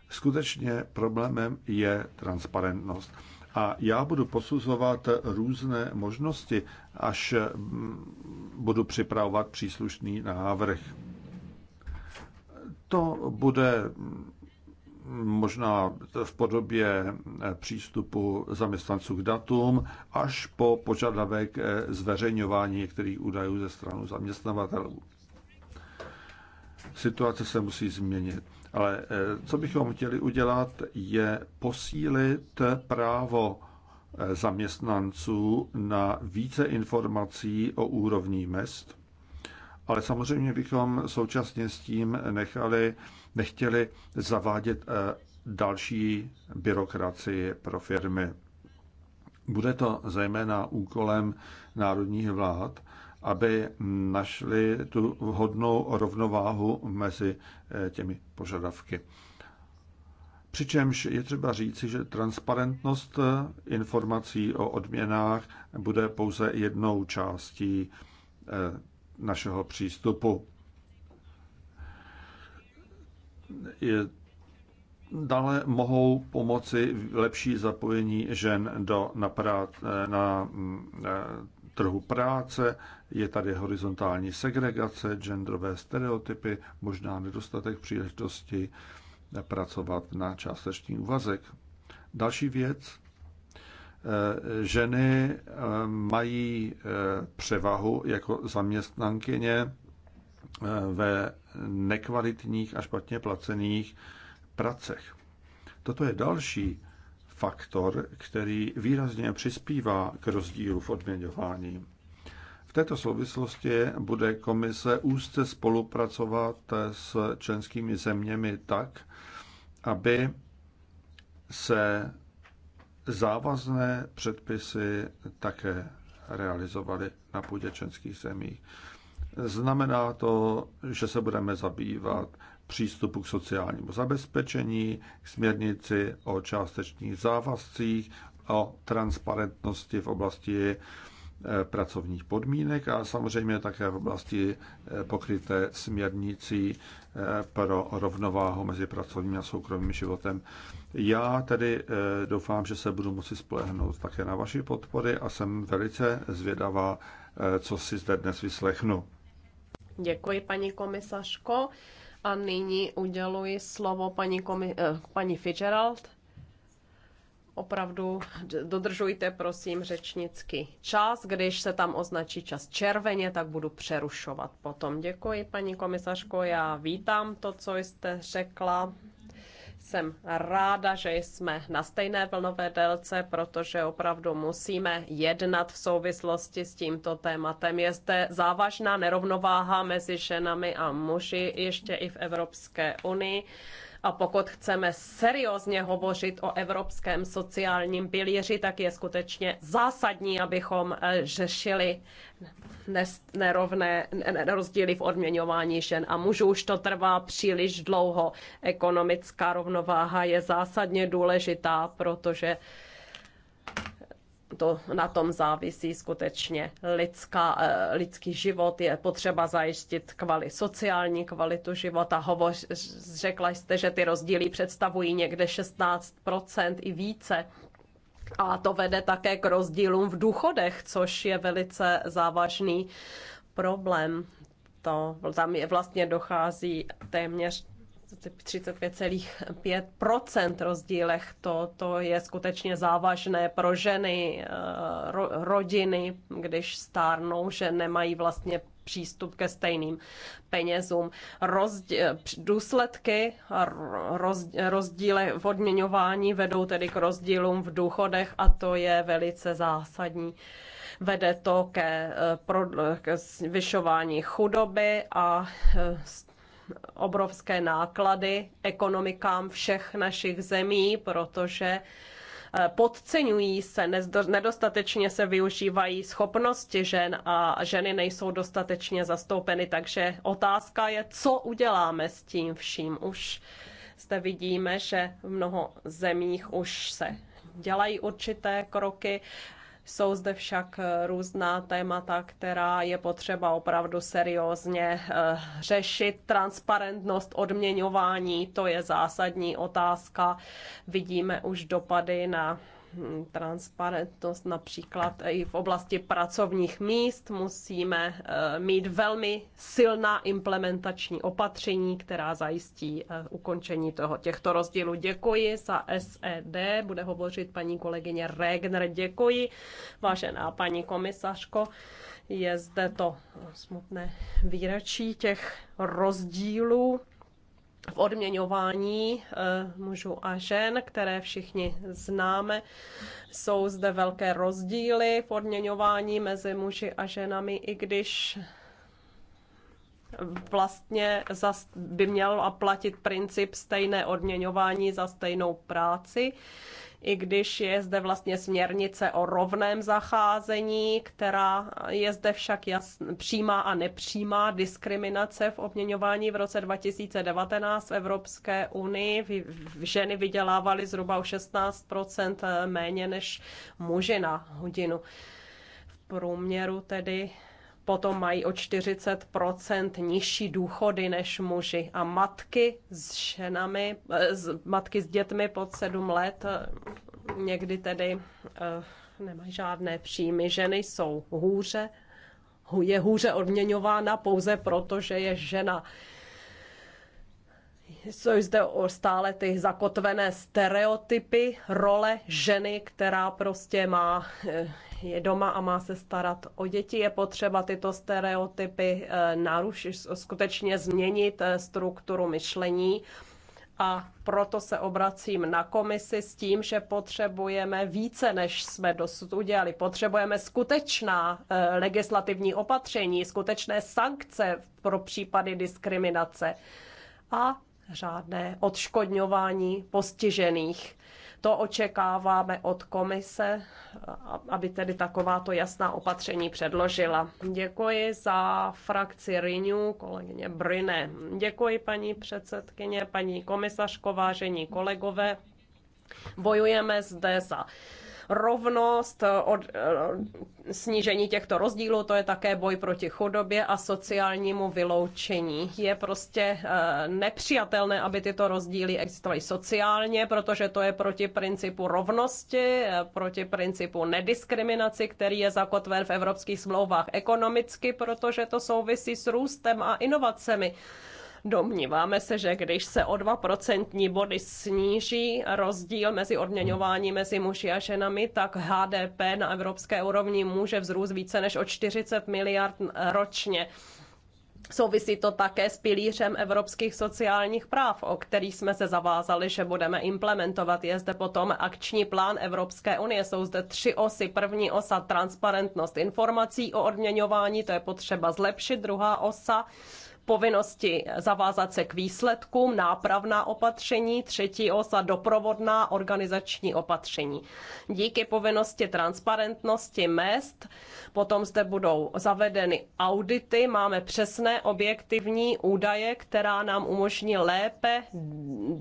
Skutečně problémem je transparentnost. A já budu posuzovat různé možnosti, až mm, budu připravovat příslušný návrh. To bude mm, možná v podobě e, přístupu zaměstnanců k datům až po požadavek e, zveřejňování některých údajů ze strany zaměstnavatelů. Situace se musí změnit. Ale eh, co bychom chtěli udělat, je posílit právo eh, zaměstnanců na více informací o úrovni mest, ale samozřejmě bychom současně s tím nechali, nechtěli zavádět eh, další byrokracii pro firmy. Bude to zejména úkolem národních vlád, aby našli tu vhodnou rovnováhu mezi eh, těmi požadavky. Přičemž je třeba říci, že transparentnost eh, informací o odměnách bude pouze jednou částí eh, našeho přístupu. Je, dále mohou pomoci lepší zapojení žen do na, na, mm, na trhu práce, je tady horizontální segregace, genderové stereotypy, možná nedostatek příležitosti pracovat na částečný úvazek. Další věc, eh, ženy eh, mají eh, převahu jako zaměstnankyně ve nekvalitních a špatně placených pracech. Toto je další faktor, který výrazně přispívá k rozdílu v odměňování. V této souvislosti bude komise úzce spolupracovat s členskými zeměmi tak, aby se závazné předpisy také realizovaly na půdě členských zemí. Znamená to, že se budeme zabývat přístupu k sociálnímu zabezpečení, k směrnici o částečných závazcích, o transparentnosti v oblasti eh, pracovních podmínek a samozřejmě také v oblasti eh, pokryté směrnicí eh, pro rovnováhu mezi pracovním a soukromým životem. Já tedy doufám, že se budu moci spolehnout také na vaši podpory a jsem velice zvědavá, co si zde dnes vyslechnu. Děkuji, paní komisařko. A nyní uděluji slovo paní, komi- eh, paní Fitzgerald. Opravdu dodržujte, prosím, řečnický čas. Když se tam označí čas červeně, tak budu přerušovat. Potom děkuji, paní komisařko. Já vítám to, co jste řekla jsem ráda, že jsme na stejné vlnové délce, protože opravdu musíme jednat v souvislosti s tímto tématem. Je zde závažná nerovnováha mezi ženami a muži ještě i v Evropské unii. A pokud chceme seriózně hovořit o evropském sociálním pilíři, tak je skutečně zásadní, abychom eh, řešili nerovné rozdíly v odměňování žen a mužů. Už to trvá příliš dlouho. Ekonomická rovnováha je zásadně důležitá, protože to, na tom závisí skutečně lidská, eh, lidský život. Je potřeba zajistit kvali, sociální kvalitu života. Hovoř, řekla jste, že ty rozdíly představují někde 16% i více. A to vede také k rozdílům v důchodech, což je velice závažný problém. To, tam je vlastně dochází téměř 35,5% rozdílech. To, to je skutečně závažné pro ženy, eh, ro, rodiny, když stárnou, že nemají vlastně přístup ke stejným penězům. Rozdíl, eh, důsledky rozdíle, rozdíle v odměňování vedou tedy k rozdílům v důchodech a to je velice zásadní vede to ke, eh, ke zvyšování chudoby a obrovské náklady ekonomikám všech našich zemí, protože eh, podceňují se, nedostatečně se využívají schopnosti žen a ženy nejsou dostatečně zastoupeny. Takže otázka je, co uděláme s tím vším. Už zde vidíme, že v mnoho zemích už se dělají určité kroky. Jsou zde však eh, různá témata, která je potřeba opravdu seriózně eh, řešit. Transparentnost odměňování, to je zásadní otázka. Vidíme už dopady na Hm, transparentnost například i v oblasti pracovních míst. Musíme eh, mít velmi silná implementační opatření, která zajistí eh, ukončení toho, těchto rozdílů. Děkuji za SED, bude hovořit paní kolegyně Regner. Děkuji, vážená paní komisařko. Je zde to smutné výračí těch rozdílů v odměňování eh, mužů a žen, které všichni známe. Jsou zde velké rozdíly v odměňování mezi muži a ženami, i když vlastně by měl platit princip stejné odměňování za stejnou práci i když je zde vlastně směrnice o rovném zacházení, která je zde však jasn, přímá a nepřímá diskriminace v obměňování v roce 2019 v Evropské unii. Ženy vydělávaly zhruba o 16 méně než muži na hodinu. V průměru tedy potom mají o 40 nižší důchody než muži. A matky s ženami, eh, matky s dětmi pod 7 let eh, někdy tedy eh, nemají žádné příjmy. Ženy jsou hůře, je hůře odměňována pouze proto, že je žena jsou zde stále ty zakotvené stereotypy, role ženy, která prostě má eh, je doma a má se starat o děti. Je potřeba tyto stereotypy eh, narušit, skutečně změnit eh, strukturu myšlení a proto se obracím na komisi s tím, že potřebujeme více, než jsme dosud udělali. Potřebujeme skutečná legislativní opatření, skutečné sankce pro případy diskriminace. A řádné odškodňování postižených. To očekáváme od komise, aby tedy takováto jasná opatření předložila. Děkuji za frakci Renew, kolegyně Bryne. Děkuji paní předsedkyně, paní komisařko, vážení kolegové. Bojujeme zde za rovnost, eh, od, eh, snížení těchto rozdílů, to je také boj proti chudobě a sociálnímu vyloučení. Je prostě eh, nepřijatelné, aby tyto rozdíly existovaly sociálně, protože to je proti principu rovnosti, proti principu nediskriminaci, který je zakotven v evropských smlouvách ekonomicky, protože to souvisí s růstem a inovacemi. Domníváme se, že když se o 2% body sníží rozdíl mezi odměňování mezi muži a ženami, tak HDP na evropské úrovni může vzrůst více než o 40 miliard eh, ročně. Souvisí to také s pilířem evropských sociálních práv, o kterých jsme se zavázali, že budeme implementovat. Je zde potom akční plán Evropské unie. Jsou zde tři osy. První osa transparentnost informací o odměňování, to je potřeba zlepšit. Druhá osa povinnosti zavázat se k výsledkům, nápravná opatření, třetí osa doprovodná organizační opatření. Díky povinnosti transparentnosti mest, potom zde budou zavedeny audity, máme přesné objektivní údaje, která nám umožní lépe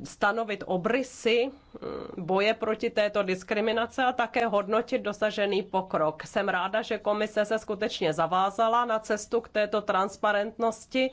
stanovit obrysy hm, boje proti této diskriminace a také hodnotit dosažený pokrok. Jsem ráda, že komise se skutečně zavázala na cestu k této transparentnosti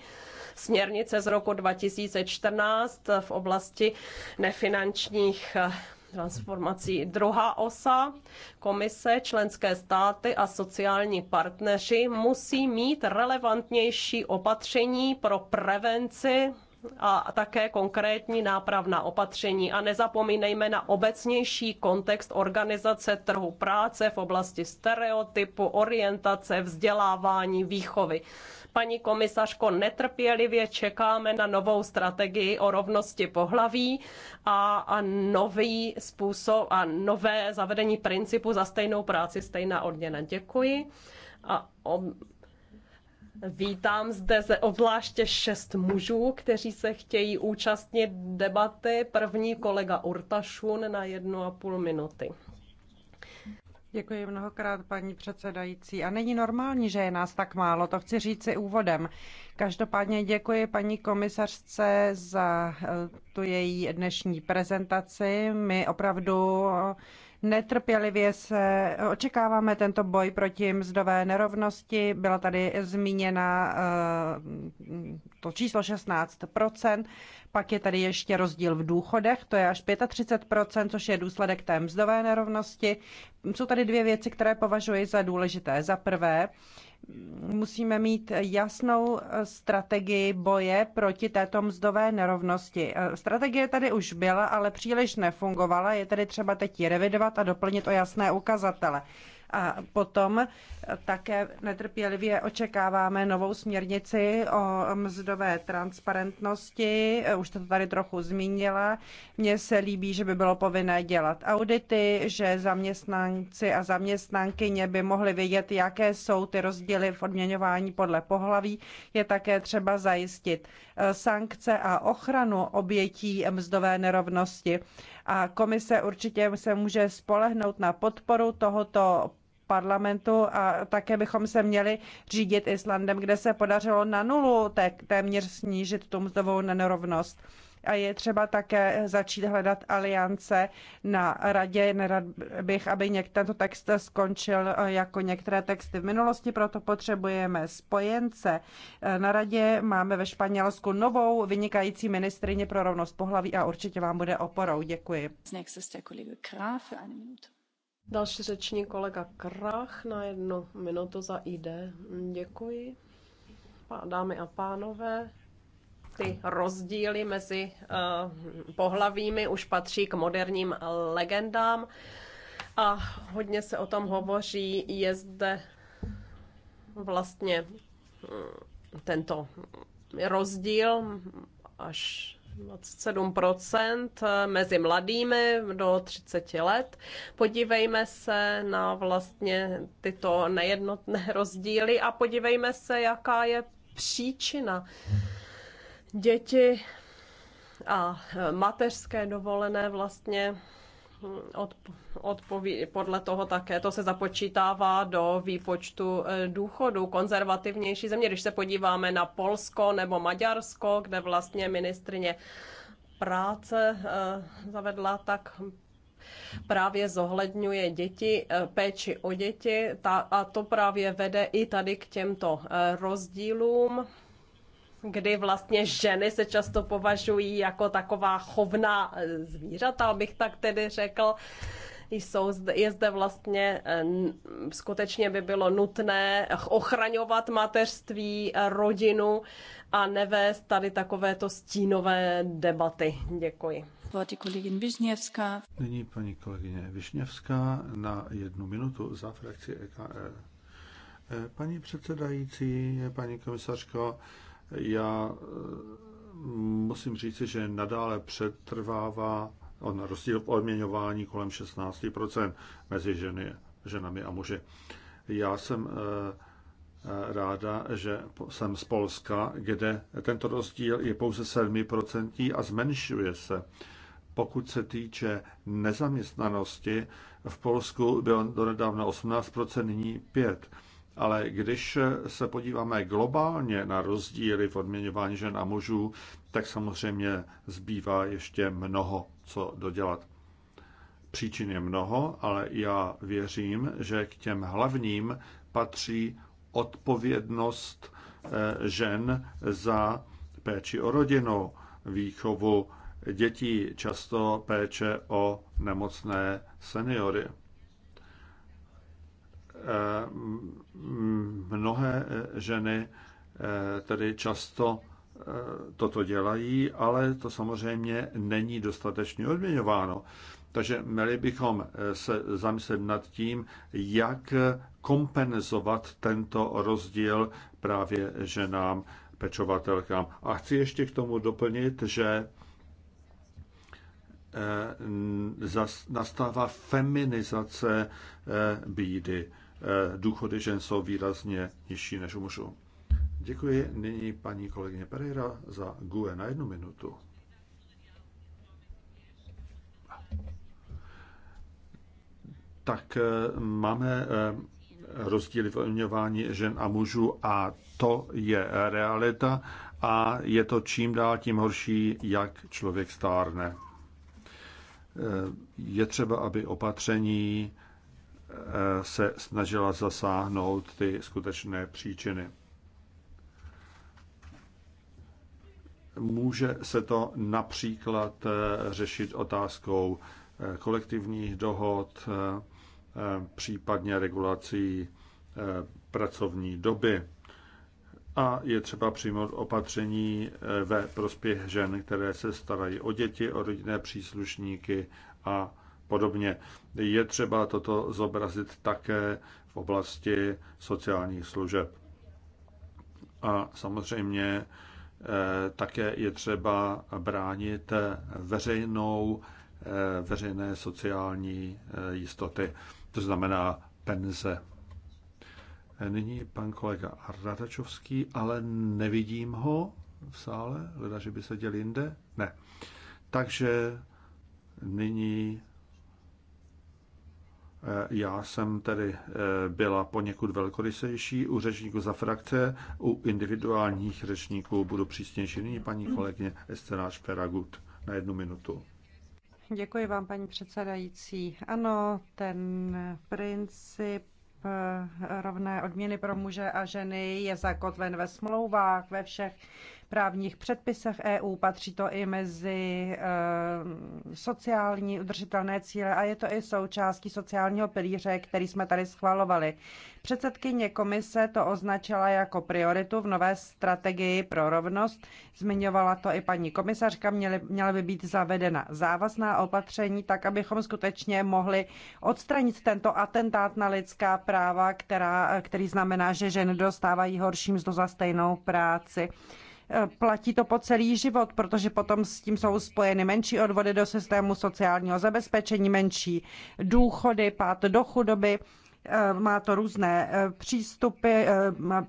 směrnice z roku 2014 v oblasti nefinančních eh, transformací. Druhá osa, komise, členské státy a sociální partneři musí mít relevantnější opatření pro prevenci a také konkrétní nápravná opatření. A nezapomínejme na obecnější kontext organizace trhu práce v oblasti stereotypu, orientace, vzdělávání, výchovy. Paní komisařko, netrpělivě čekáme na novou strategii o rovnosti pohlaví a, a nový způsob a nové zavedení principu za stejnou práci, stejná odměna. Děkuji. A o, Vítám zde ze obzvláště šest mužů, kteří se chtějí účastnit debaty. První kolega Urtašun na jednu a půl minuty. Děkuji mnohokrát, paní předsedající. A není normální, že je nás tak málo, to chci říct si úvodem. Každopádně děkuji paní komisařce za eh, tu její dnešní prezentaci. My opravdu netrpělivě se očekáváme tento boj proti mzdové nerovnosti. Byla tady zmíněna eh, to číslo 16 pak je tady ještě rozdíl v důchodech, to je až 35%, což je důsledek té mzdové nerovnosti. Jsou tady dvě věci, které považuji za důležité. Za prvé, musíme mít jasnou strategii boje proti této mzdové nerovnosti. Strategie tady už byla, ale příliš nefungovala, je tady třeba teď ji revidovat a doplnit o jasné ukazatele. A potom také netrpělivě očekáváme novou směrnici o mzdové transparentnosti. Už to tady trochu zmínila. Mně se líbí, že by bylo povinné dělat audity, že zaměstnanci a zaměstnankyně by mohli vědět, jaké jsou ty rozdíly v odměňování podle pohlaví. Je také třeba zajistit sankce a ochranu obětí mzdové nerovnosti a komise určitě se může spolehnout na podporu tohoto parlamentu a také bychom se měli řídit Islandem, kde se podařilo na nulu téměř snížit tu mzdovou nerovnost a je třeba také začít hledat aliance na radě. Nerad bych, aby tento text skončil eh, jako některé texty v minulosti, proto potřebujeme spojence. Eh, na radě máme ve Španělsku novou vynikající ministrině pro rovnost pohlaví a určitě vám bude oporou. Děkuji. Další řeční kolega Krach na jednu minutu za ID. Děkuji. Dámy a pánové, ty rozdíly mezi eh, pohlavími už patří k moderním legendám a hodně se o tom hovoří. Je zde vlastně eh, tento rozdíl až 27% eh, mezi mladými do 30 let. Podívejme se na vlastně tyto nejednotné rozdíly a podívejme se, jaká je příčina. Děti a e, mateřské dovolené vlastně mm, odpoví, podle toho také to se započítává do výpočtu e, důchodu. Konzervativnější země, když se podíváme na Polsko nebo Maďarsko, kde vlastně ministrině práce e, zavedla, tak právě zohledňuje děti, péči o děti a to právě vede i tady k těmto rozdílům kdy vlastně ženy se často považují jako taková chovná eh, zvířata, abych tak tedy řekl jsou zde, je zde vlastně eh, skutečně by bylo nutné ochraňovat mateřství, rodinu a nevést tady takovéto stínové debaty. Děkuji. Vlády kolegyně Višněvská. Nyní paní kolegyně Višněvská na jednu minutu za frakci EKR. E, paní předsedající, paní komisařko, já eh, musím říci, že nadále přetrvává on rozdíl v odměňování kolem 16% mezi ženy, ženami a muži. Já jsem eh, eh, ráda, že jsem z Polska, kde tento rozdíl je pouze 7% a zmenšuje se. Pokud se týče nezaměstnanosti, v Polsku byl donedávna 18%, nyní ale když se podíváme globálně na rozdíly v odměňování žen a mužů, tak samozřejmě zbývá ještě mnoho, co dodělat. Příčin je mnoho, ale já věřím, že k těm hlavním patří odpovědnost eh, žen za péči o rodinu, výchovu dětí, často péče o nemocné seniory. Eh, mnohé eh, ženy eh, tedy často toto dělají, ale to samozřejmě není dostatečně odměňováno. Takže měli bychom se zamyslet nad tím, jak kompenzovat tento rozdíl právě ženám, pečovatelkám. A chci ještě k tomu doplnit, že nastává feminizace bídy. Eh, důchody žen jsou výrazně nižší než u mužů. Děkuji nyní paní kolegyně Pereira za GUE na jednu minutu. Tak eh, máme eh, rozdíly v odměňování žen a mužů a to je realita a je to čím dál tím horší, jak člověk stárne. Je třeba, aby opatření Eh, se snažila zasáhnout ty skutečné příčiny. Může se to například eh, řešit otázkou eh, kolektivních dohod, případně regulací pracovní doby. A je třeba přijmout opatření ve prospěch žen, které se starají o děti, o rodinné příslušníky a podobně. Je třeba toto zobrazit také v oblasti sociálních služeb. A samozřejmě eh, také je třeba bránit veřejnou, eh, veřejné sociální eh, jistoty, to znamená penze. Nyní pan kolega Radačovský, ale nevidím ho v sále, hleda, že by seděl jinde. Ne. Takže nyní Eh, já jsem tedy eh, byla poněkud velkorysejší u řečníků za frakce, u individuálních řečníků budu přísnější. Nyní paní kolegyně Esteráš Peragut na jednu minutu. Děkuji vám, paní předsedající. Ano, ten princip eh, rovné odměny pro muže a ženy je zakotven ve smlouvách, ve všech právních předpisech EU, patří to i mezi eh, sociální udržitelné cíle a je to i součástí sociálního pilíře, který jsme tady schvalovali. Předsedkyně komise to označila jako prioritu v nové strategii pro rovnost. Zmiňovala to i paní komisařka, měly, měla by být zavedena závazná opatření, tak abychom skutečně mohli odstranit tento atentát na lidská práva, která, který znamená, že ženy dostávají horší mzdu za stejnou práci platí to po celý život, protože potom s tím jsou spojeny menší odvody do systému sociálního zabezpečení, menší důchody, pát do chudoby. Eh, má to různé eh, přístupy, eh,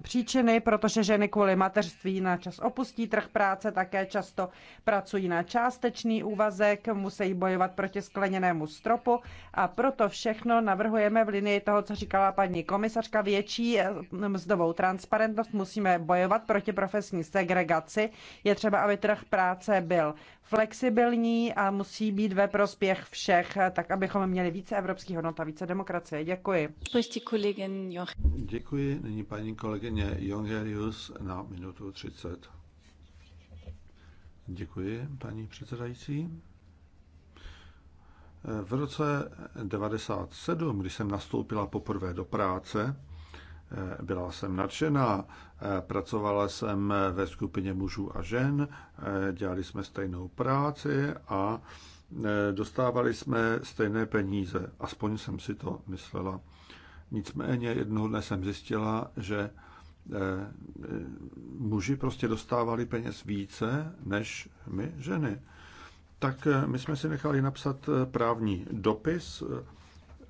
příčiny, protože ženy kvůli mateřství na čas opustí trh práce, také často pracují na částečný úvazek, musí bojovat proti skleněnému stropu a proto všechno navrhujeme v linii toho, co říkala paní komisařka, větší mzdovou transparentnost, musíme bojovat proti profesní segregaci, je třeba, aby trh práce byl flexibilní a musí být ve prospěch všech, tak abychom měli více evropských hodnot a více demokracie. Děkuji. Děkuji. Nyní paní kolegyně Jongerius na minutu 30. Děkuji, paní předsedající. V roce 1997, když jsem nastoupila poprvé do práce, Eh, byla jsem nadšená, eh, pracovala jsem eh, ve skupině mužů a žen, dělali jsme stejnou práci a dostávali jsme stejné peníze. Aspoň jsem si to myslela. Nicméně jednoho dne jsem zjistila, že muži prostě dostávali peněz více než my ženy. Tak my jsme si nechali napsat právní dopis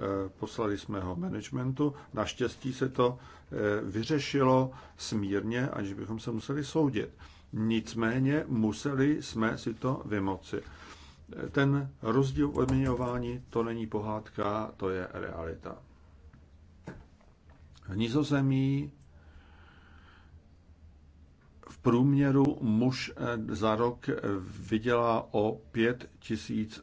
Eh, poslali jsme ho managementu. Naštěstí se to eh, vyřešilo smírně, aniž bychom se museli soudit. Nicméně museli jsme si to vymoci. Eh, ten rozdíl odměňování to není pohádka, to je realita. V Nizozemí v průměru muž za rok vydělá o 5000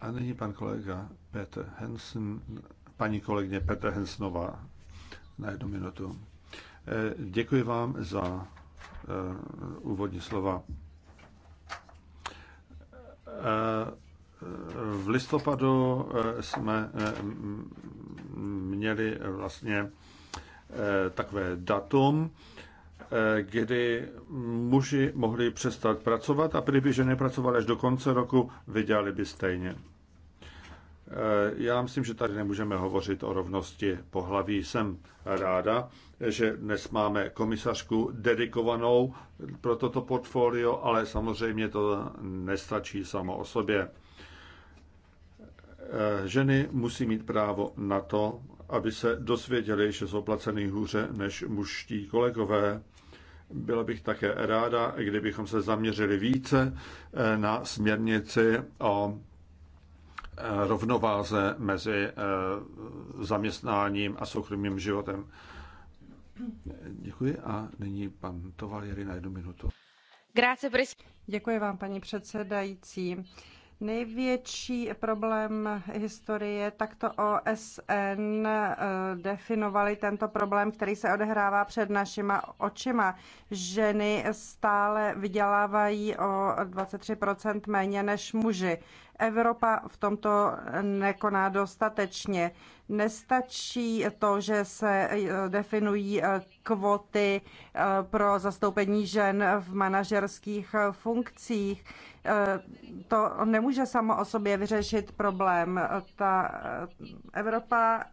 A nyní pan kolega Petr Hensen, paní kolegyně Petr Hensnová na jednu minutu. Eh, děkuji vám za eh, úvodní slova. Eh, v listopadu jsme měli vlastně takové datum, Eh, kdy muži mohli přestat pracovat a kdyby ženy pracovaly až do konce roku, vydělali by stejně. Eh, já myslím, že tady nemůžeme hovořit o rovnosti pohlaví. Jsem ráda, že dnes máme komisařku dedikovanou pro toto portfolio, ale samozřejmě to nestačí samo o sobě. Eh, ženy musí mít právo na to, aby se dozvěděli, že jsou placený hůře než mužští kolegové. Byla bych také ráda, kdybychom se zaměřili více eh, na směrnici o eh, rovnováze mezi eh, zaměstnáním a soukromým životem. Děkuji a nyní pan Tovaljery na jednu minutu. Děkuji vám, paní předsedající Největší problém historie, takto OSN eh, definovali tento problém, který se odehrává před našima očima. Ženy stále vydělávají o 23% méně než muži. Evropa v tomto nekoná dostatečně. Nestačí to, že se eh, definují eh, kvoty eh, pro zastoupení žen v manažerských funkcích. To nemůže samo o sobě vyřešit problém. Ta Evropa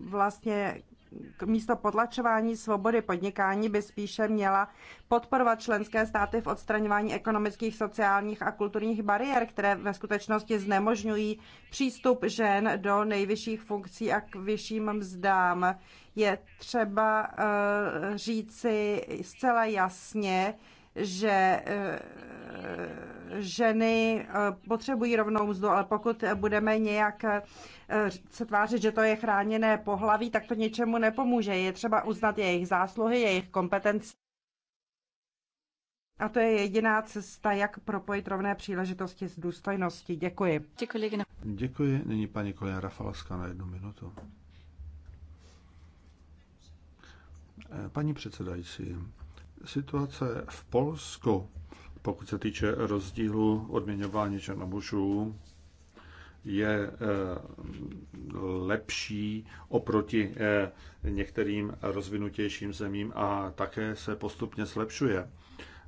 vlastně místo potlačování svobody podnikání by spíše měla podporovat členské státy v odstraňování ekonomických, sociálních a kulturních bariér, které ve skutečnosti znemožňují přístup žen do nejvyšších funkcí a k vyšším mzdám. Je třeba eh, říci zcela jasně, že eh, ženy eh, potřebují rovnou mzdu, ale pokud budeme nějak eh, se tvářit, že to je chráněné pohlaví, tak to něčemu nepomůže. Je třeba uznat jejich zásluhy, jejich kompetence. A to je jediná cesta, jak propojit rovné příležitosti s důstojností. Děkuji. Děkuji. Nyní paní kolega Rafalská na jednu minutu. Paní předsedající, Situace v Polsku, pokud se týče rozdílu odměňování žen a mužů, je eh, lepší oproti eh, některým rozvinutějším zemím a také se postupně zlepšuje.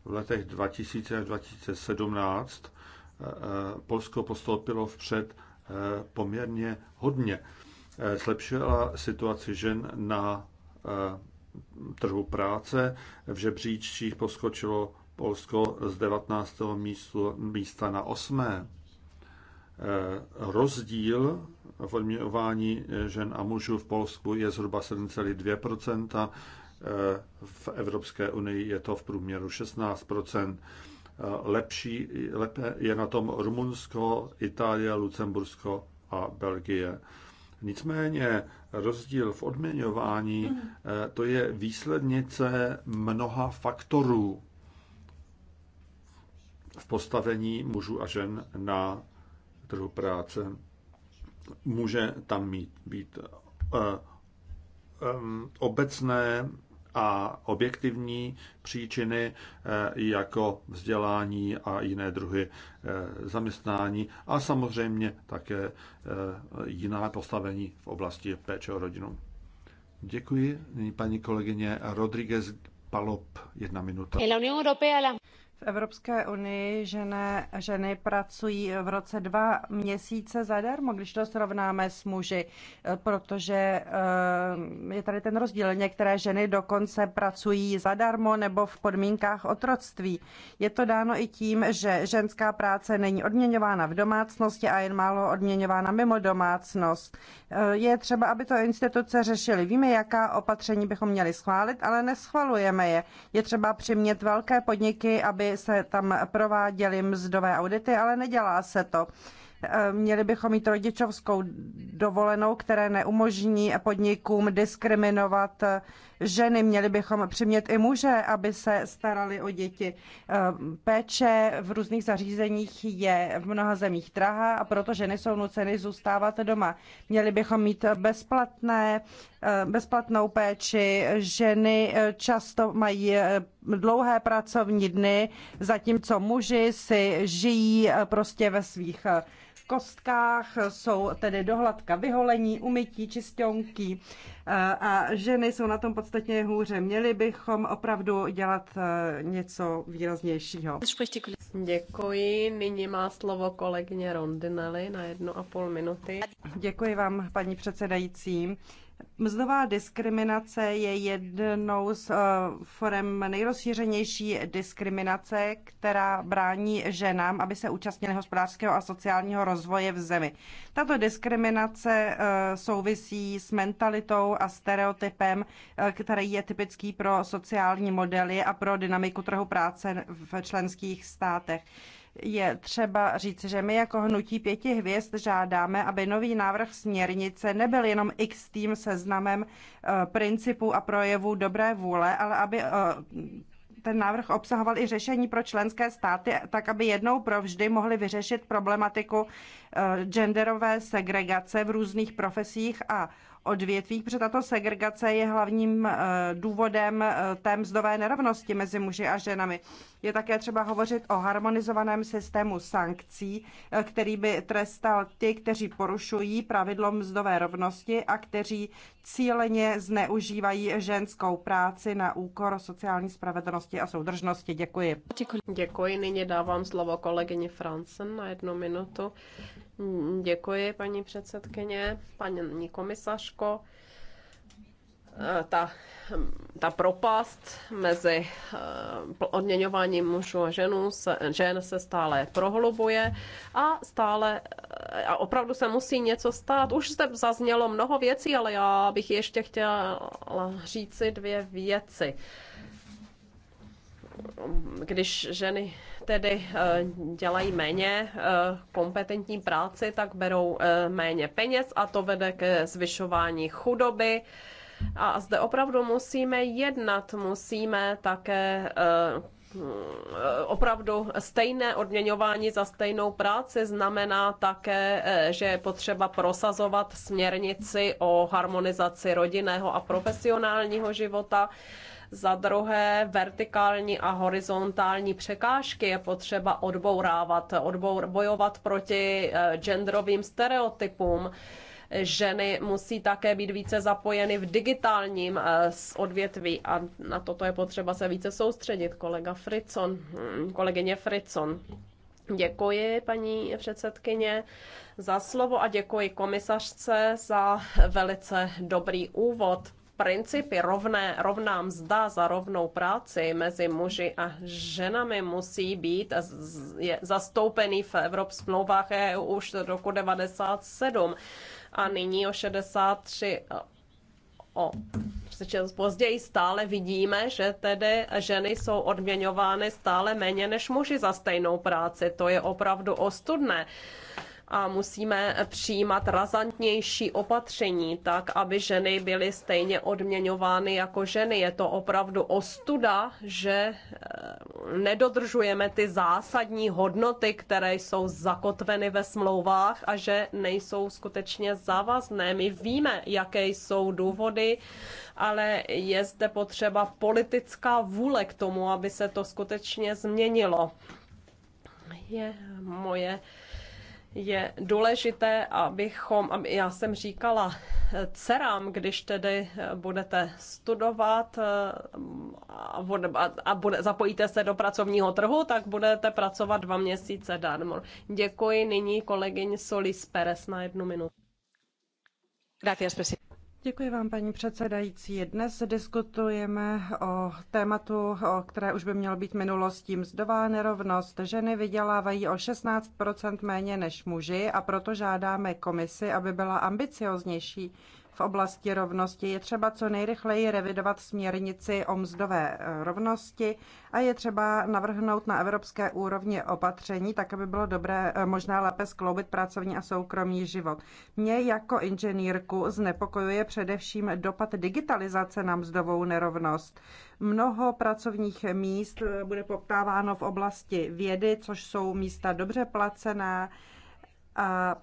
V letech 2000 až 2017 Polsko postoupilo vpřed eh, poměrně hodně. Zlepšila situaci žen na trhu práce. V žebříčcích poskočilo Polsko z 19. Místu, místa na 8. Eh, rozdíl v odměňování eh, žen a mužů v Polsku je zhruba 7,2 eh, v Evropské unii je to v průměru 16 Lepší je na tom Rumunsko, Itálie, Lucembursko a Belgie. Nicméně rozdíl v odměňování hmm. eh, to je výslednice mnoha faktorů v postavení mužů a žen na trhu práce. Může tam mít, být eh, eh, obecné a objektivní příčiny eh, jako vzdělání a jiné druhy eh, zaměstnání a samozřejmě také eh, jiná postavení v oblasti péče o rodinu. Děkuji. Nyní paní kolegyně Rodriguez Palop, jedna minuta. Evropské unii ženy, ženy pracují v roce dva měsíce zadarmo, když to srovnáme s muži, protože eh, je tady ten rozdíl. Některé ženy dokonce pracují zadarmo nebo v podmínkách otroctví. Je to dáno i tím, že ženská práce není odměňována v domácnosti a jen málo odměňována mimo domácnost. Eh, je třeba, aby to instituce řešily. Víme, jaká opatření bychom měli schválit, ale neschvalujeme je. Je třeba přimět velké podniky, aby se tam prováděly mzdové audity, ale nedělá se to. Eh, měli bychom mít rodičovskou dovolenou, které neumožní podnikům diskriminovat eh, ženy. Měli bychom přimět i muže, aby se starali o děti. Eh, péče v různých zařízeních je v mnoha zemích drahá a proto ženy jsou nuceny zůstávat doma. Měli bychom mít bezplatné Eh, bezplatnou péči. Ženy eh, často mají eh, dlouhé pracovní dny, zatímco muži si žijí prostě ve svých kostkách, jsou tedy dohladka vyholení, umytí, čistionky a ženy jsou na tom podstatně hůře. Měli bychom opravdu dělat něco výraznějšího. Děkuji. Nyní má slovo kolegyně Rondinelli na jednu a půl minuty. Děkuji vám, paní předsedající. Mzdová diskriminace je jednou z eh, forem nejrozšířenější diskriminace, která brání ženám, aby se účastnily hospodářského a sociálního rozvoje v zemi. Tato diskriminace eh, souvisí s mentalitou a stereotypem, eh, který je typický pro sociální modely a pro dynamiku trhu práce v členských státech je třeba říct, že my jako hnutí pěti hvězd žádáme, aby nový návrh směrnice nebyl jenom x tým seznamem eh, principů a projevů dobré vůle, ale aby eh, ten návrh obsahoval i řešení pro členské státy, tak aby jednou provždy mohli vyřešit problematiku eh, genderové segregace v různých profesích a odvětvích, protože tato segregace je hlavním eh, důvodem eh, té mzdové nerovnosti mezi muži a ženami. Je také třeba hovořit o harmonizovaném systému sankcí, eh, který by trestal ty, kteří porušují pravidlo mzdové rovnosti a kteří cíleně zneužívají ženskou práci na úkor sociální spravedlnosti a soudržnosti. Děkuji. Děkuji. Nyní dávám slovo kolegyni Francen na jednu minutu. Mm, děkuji, paní předsedkyně, paní komisařko. E, ta, ta propast mezi e, odměňováním mužů a ženů se, žen se stále prohlubuje a stále e, a opravdu se musí něco stát. Už zde zaznělo mnoho věcí, ale já bych ještě chtěla říci dvě věci. Když ženy tedy eh, dělají méně eh, kompetentní práci, tak berou eh, méně peněz a to vede ke zvyšování chudoby. A zde opravdu musíme jednat, musíme také opravdu stejné odměňování za stejnou práci znamená také, že je potřeba prosazovat směrnici o harmonizaci rodinného a profesionálního života za druhé, vertikální a horizontální překážky je potřeba odbourávat, odbour, bojovat proti eh, genderovým stereotypům ženy musí také být více zapojeny v digitálním eh, odvětví a na toto je potřeba se více soustředit, kolega Fritson, hm, kolegyně Fritson. Děkuji, paní předsedkyně, za slovo a děkuji komisařce za velice dobrý úvod principy rovné, rovná mzda za rovnou práci mezi muži a ženami musí být je zastoupený v evropských smlouvách EU už do roku 97 a nyní o 63 o později stále vidíme, že tedy ženy jsou odměňovány stále méně než muži za stejnou práci. To je opravdu ostudné a musíme přijímat razantnější opatření, tak aby ženy byly stejně odměňovány jako ženy. Je to opravdu ostuda, že eh, nedodržujeme ty zásadní hodnoty, které jsou zakotveny ve smlouvách a že nejsou skutečně závazné. My víme, jaké jsou důvody, ale je zde potřeba politická vůle k tomu, aby se to skutečně změnilo. Je moje je důležité, abychom, aby já jsem říkala dcerám, když tedy eh, budete studovat eh, a, bude, a bude, zapojíte se do pracovního trhu, tak budete pracovat dva měsíce darmo. Děkuji nyní kolegyň Solis Peres na jednu minutu. Gracias, presidente. Děkuji vám, paní předsedající. Dnes diskutujeme o tématu, o které už by mělo být minulostí. Mzdová nerovnost. Ženy vydělávají o 16 méně než muži a proto žádáme komisi, aby byla ambicioznější v oblasti rovnosti. Je třeba co nejrychleji revidovat směrnici o mzdové eh, rovnosti a je třeba navrhnout na evropské úrovni opatření, tak aby bylo dobré eh, možná lépe skloubit pracovní a soukromý život. Mě jako inženýrku znepokojuje především dopad digitalizace na mzdovou nerovnost. Mnoho pracovních míst eh, bude poptáváno v oblasti vědy, což jsou místa dobře placená a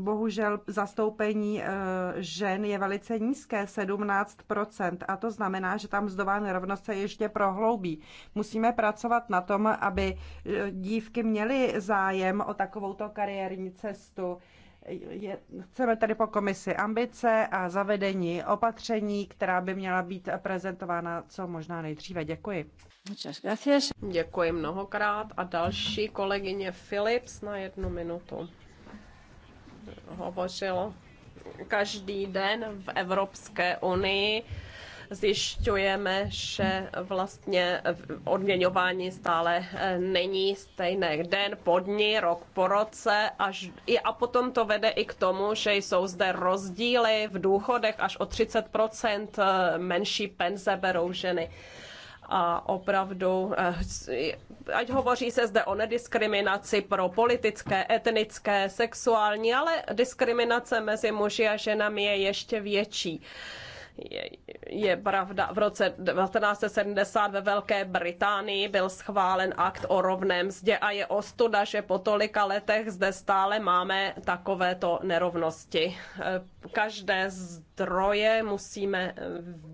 bohužel zastoupení eh, žen je velice nízké, 17%, a to znamená, že tam mzdová nerovnost se ještě prohloubí. Musíme pracovat na tom, aby eh, dívky měly zájem o takovouto kariérní cestu. Je, chceme tady po komisi ambice a zavedení opatření, která by měla být prezentována co možná nejdříve. Děkuji. Děkuji mnohokrát a další kolegyně Philips na jednu minutu hovořilo. Každý den v Evropské unii zjišťujeme, že vlastně odměňování stále eh, není stejné den po dní, rok po roce až a potom to vede i k tomu, že jsou zde rozdíly v důchodech až o 30% eh, menší penze berou ženy a opravdu, eh, ať hovoří se zde o nediskriminaci pro politické, etnické, sexuální, ale diskriminace mezi muži a ženami je ještě větší je, je pravda, v roce 1970 ve Velké Británii byl schválen akt o rovném mzdě a je ostuda, že po tolika letech zde stále máme takovéto nerovnosti. Eh, každé zdroje musíme eh,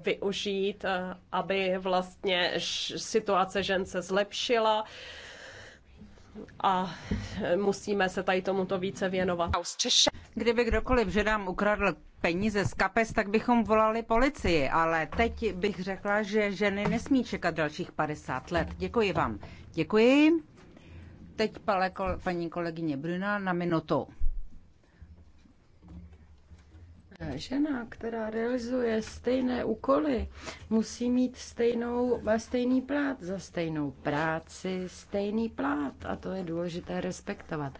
využít, eh, aby vlastně situace žen se zlepšila a e, musíme se tady tomuto více věnovat. Kdyby kdokoliv ženám ukradl peníze z kapes, tak bychom volali policii, ale teď bych řekla, že ženy nesmí čekat dalších 50 let. Děkuji vám. Děkuji. Teď pale, paní kolegyně Bruna na minutu. Žena, která realizuje stejné úkoly, musí mít stejnou, stejný plát za stejnou práci, stejný plát a to je důležité respektovat.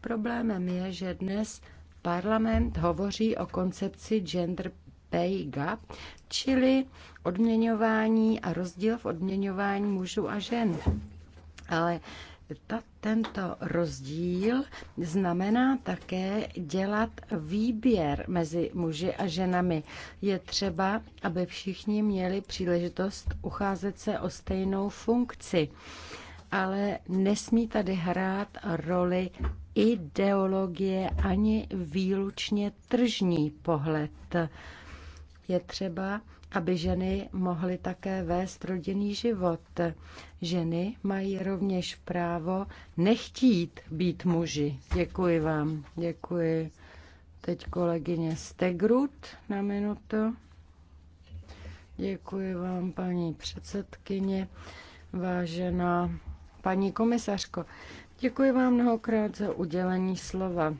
Problémem je, že dnes parlament hovoří o koncepci gender pay gap, čili odměňování a rozdíl v odměňování mužů a žen. Ale tato tento rozdíl znamená také dělat výběr mezi muži a ženami. Je třeba, aby všichni měli příležitost ucházet se o stejnou funkci, ale nesmí tady hrát roli ideologie ani výlučně tržní pohled. Je třeba, aby ženy mohly také vést rodinný život. Ženy mají rovněž právo nechtít být muži. Děkuji vám. Děkuji. Teď kolegyně Stegrut na minutu. Děkuji vám, paní předsedkyně, vážená paní komisařko. Děkuji vám mnohokrát za udělení slova.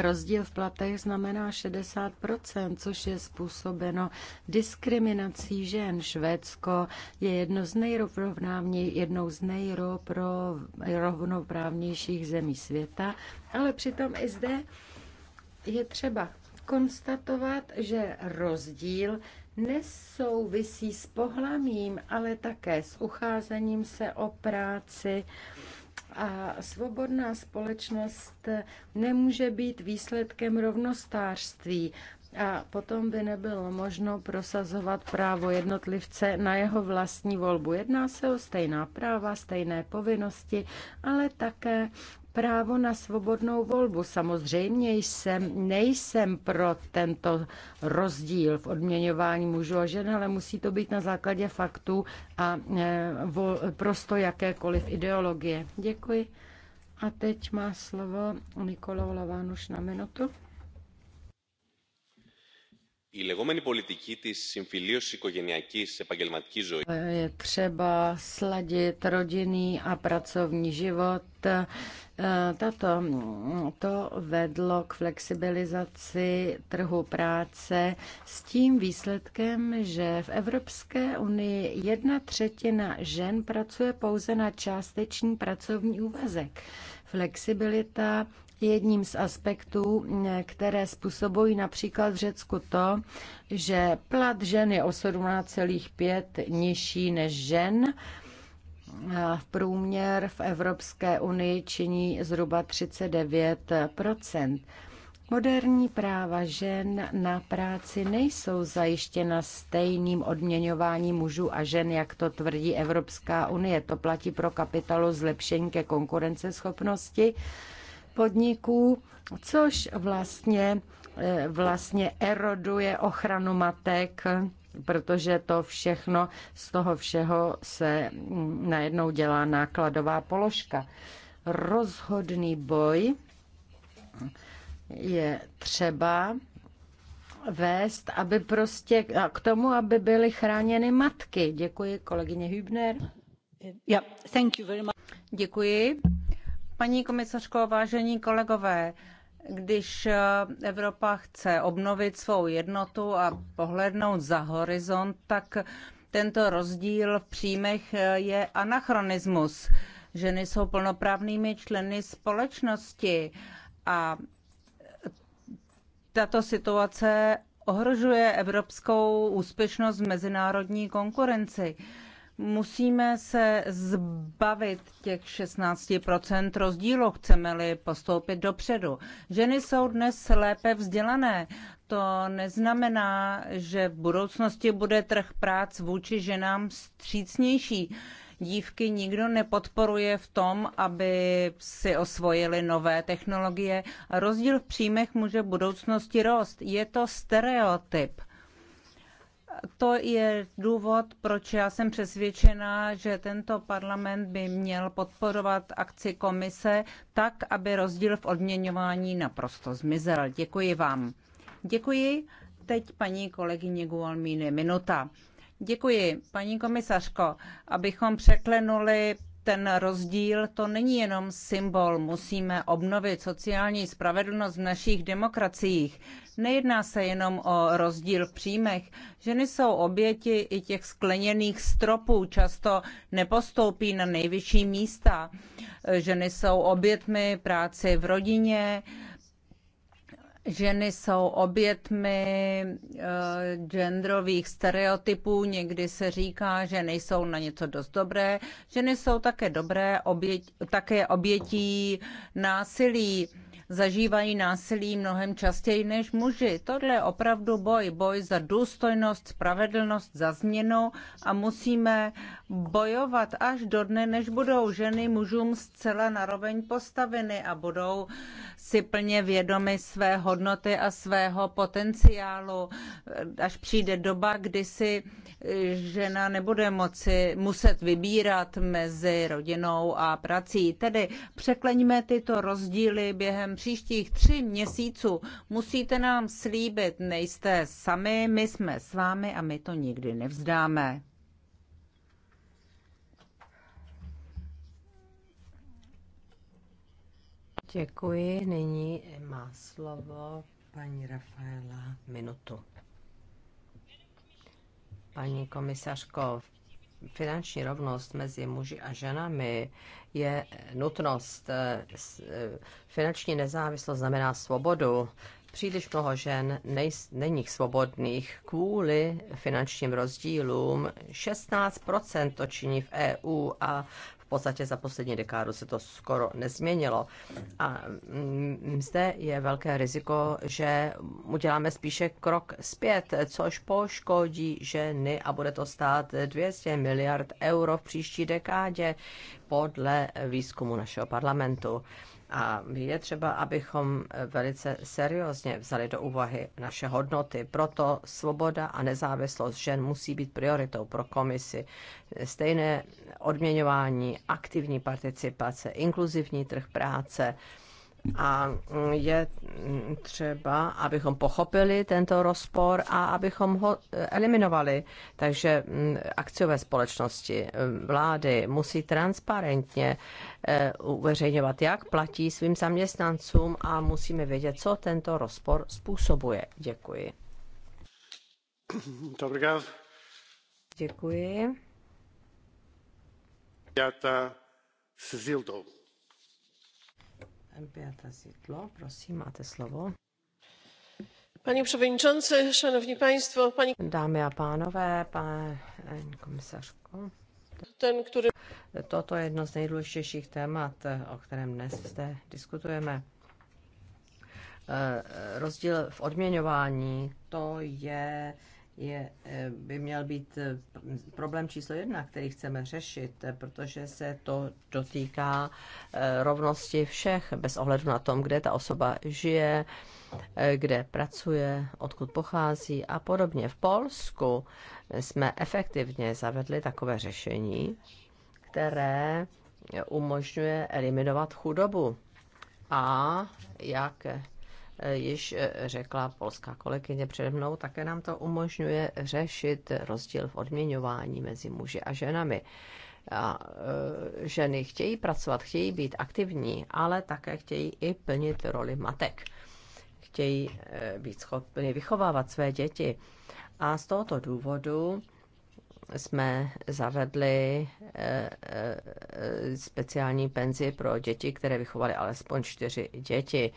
Rozdíl v platech znamená 60%, což je způsobeno diskriminací žen. Švédsko je jedno z jednou z nejrovnoprávnějších zemí světa, ale přitom i zde je třeba konstatovat, že rozdíl nesouvisí s pohlamím, ale také s ucházením se o práci a svobodná společnost nemůže být výsledkem rovnostářství. A potom by nebylo možno prosazovat právo jednotlivce na jeho vlastní volbu. Jedná se o stejná práva, stejné povinnosti, ale také právo na svobodnou volbu. Samozřejmě jsem, nejsem pro tento rozdíl v odměňování mužů a žen, ale musí to být na základě faktů a e, vo, prosto jakékoliv ideologie. Děkuji. A teď má slovo Nikolou Lavánuš na minutu. Je třeba sladit rodinný a pracovní život. Tato to vedlo k flexibilizaci trhu práce s tím výsledkem, že v Evropské unii jedna třetina žen pracuje pouze na částečný pracovní úvazek. Flexibilita jedním z aspektů, eh, které způsobují například v Řecku to, že plat žen je o 17,5 nižší než žen. V průměr v Evropské unii činí zhruba 39 Moderní práva žen na práci nejsou zajištěna stejným odměňováním mužů a žen, jak to tvrdí Evropská unie. To platí pro kapitalu zlepšení ke konkurenceschopnosti podniků, což vlastně, eh, vlastně eroduje ochranu matek, protože to všechno, z toho všeho se mm, najednou dělá nákladová položka. Rozhodný boj je třeba vést, aby prostě k tomu, aby byly chráněny matky. Děkuji kolegyně Hübner. Yeah, thank you very much. Děkuji. Paní komisařko, vážení kolegové, když Evropa chce obnovit svou jednotu a pohlednout za horizont, tak tento rozdíl v příjmech je anachronismus. Ženy jsou plnoprávnými členy společnosti a tato situace ohrožuje evropskou úspěšnost v mezinárodní konkurenci. Musíme se zbavit těch 16% rozdílu, chceme-li postoupit dopředu. Ženy jsou dnes lépe vzdělané. To neznamená, že v budoucnosti bude trh práce vůči ženám střícnější. Dívky nikdo nepodporuje v tom, aby si osvojili nové technologie. Rozdíl v příjmech může v budoucnosti rost. Je to stereotyp to je důvod, proč já jsem přesvědčena, že tento parlament by měl podporovat akci komise tak, aby rozdíl v odměňování naprosto zmizel. Děkuji vám. Děkuji. Teď paní kolegyně Gualmíny minuta. Děkuji, paní komisařko. Abychom překlenuli ten rozdíl to není jenom symbol. Musíme obnovit sociální spravedlnost v našich demokraciích. Nejedná se jenom o rozdíl v příjmech. Ženy jsou oběti i těch skleněných stropů, často nepostoupí na nejvyšší místa. Ženy jsou obětmi práce v rodině, Ženy jsou obětmi eh, genderových stereotypů, někdy se říká, že nejsou na něco dost dobré. Ženy jsou také dobré, oběť, také obětí násilí zažívají násilí mnohem častěji než muži. Tohle je opravdu boj, boj za důstojnost, spravedlnost, za změnu a musíme bojovat až do dne, než budou ženy mužům zcela naroveň postaveny a budou si plně vědomi své hodnoty a svého potenciálu. Až přijde doba, kdy si eh, žena nebude moci muset vybírat mezi rodinou a prací. Tedy překleňme tyto rozdíly během příštích tří měsíců. Musíte nám slíbit, nejste sami, my jsme s vámi a my to nikdy nevzdáme. Děkuji. Nyní má slovo paní Rafaela Minutu. Paní komisařko, finanční rovnost mezi muži a ženami je nutnost. Eh, eh, finanční nezávislost znamená svobodu. Příliš mnoho žen není svobodných kvůli finančním rozdílům. 16% to činí v EU a podstatě za poslední dekádu se to skoro nezměnilo. A mm, zde je velké riziko, že uděláme spíše krok zpět, což poškodí ženy a bude to stát 200 miliard euro v příští dekádě podle výzkumu našeho parlamentu. A je třeba, abychom velice seriózně vzali do úvahy naše hodnoty. Proto svoboda a nezávislost žen musí být prioritou pro komisi. Stejné odměňování, aktivní participace, inkluzivní trh práce, a mm, je mm, třeba, abychom pochopili tento rozpor a abychom ho e, eliminovali. Takže mm, akciové společnosti, e, vlády musí transparentně e, uveřejňovat, jak platí svým zaměstnancům a musíme vědět, co tento rozpor způsobuje. Děkuji. Děkuji. Já ta Zildou. Beata Zidlo, prosím, máte slovo. Panie przewodniczący, szanowni państwo, pani... Dámy a pánové, paní komisařko. Ten, který... Toto je jedno z nejdůležitějších témat, o kterém dnes zde diskutujeme. Eh, eh, rozdíl v odměňování, to je je, eh, by měl být eh, problém číslo jedna, který chceme řešit, eh, protože se to dotýká rovnosti všech, bez ohledu na tom, kde ta osoba žije, kde pracuje, odkud pochází a podobně. V Polsku jsme efektivně zavedli takové řešení, které umožňuje eliminovat chudobu. A jak již eh, řekla polská kolegyně přede mnou, také nám to umožňuje řešit rozdíl v odměňování mezi muži a ženami. A, eh, ženy chtějí pracovat, chtějí být aktivní, ale také chtějí i plnit roli matek. Chtějí eh, být schopni vychovávat své děti. A z tohoto důvodu jsme zavedli speciální penzi pro děti, které vychovaly alespoň čtyři děti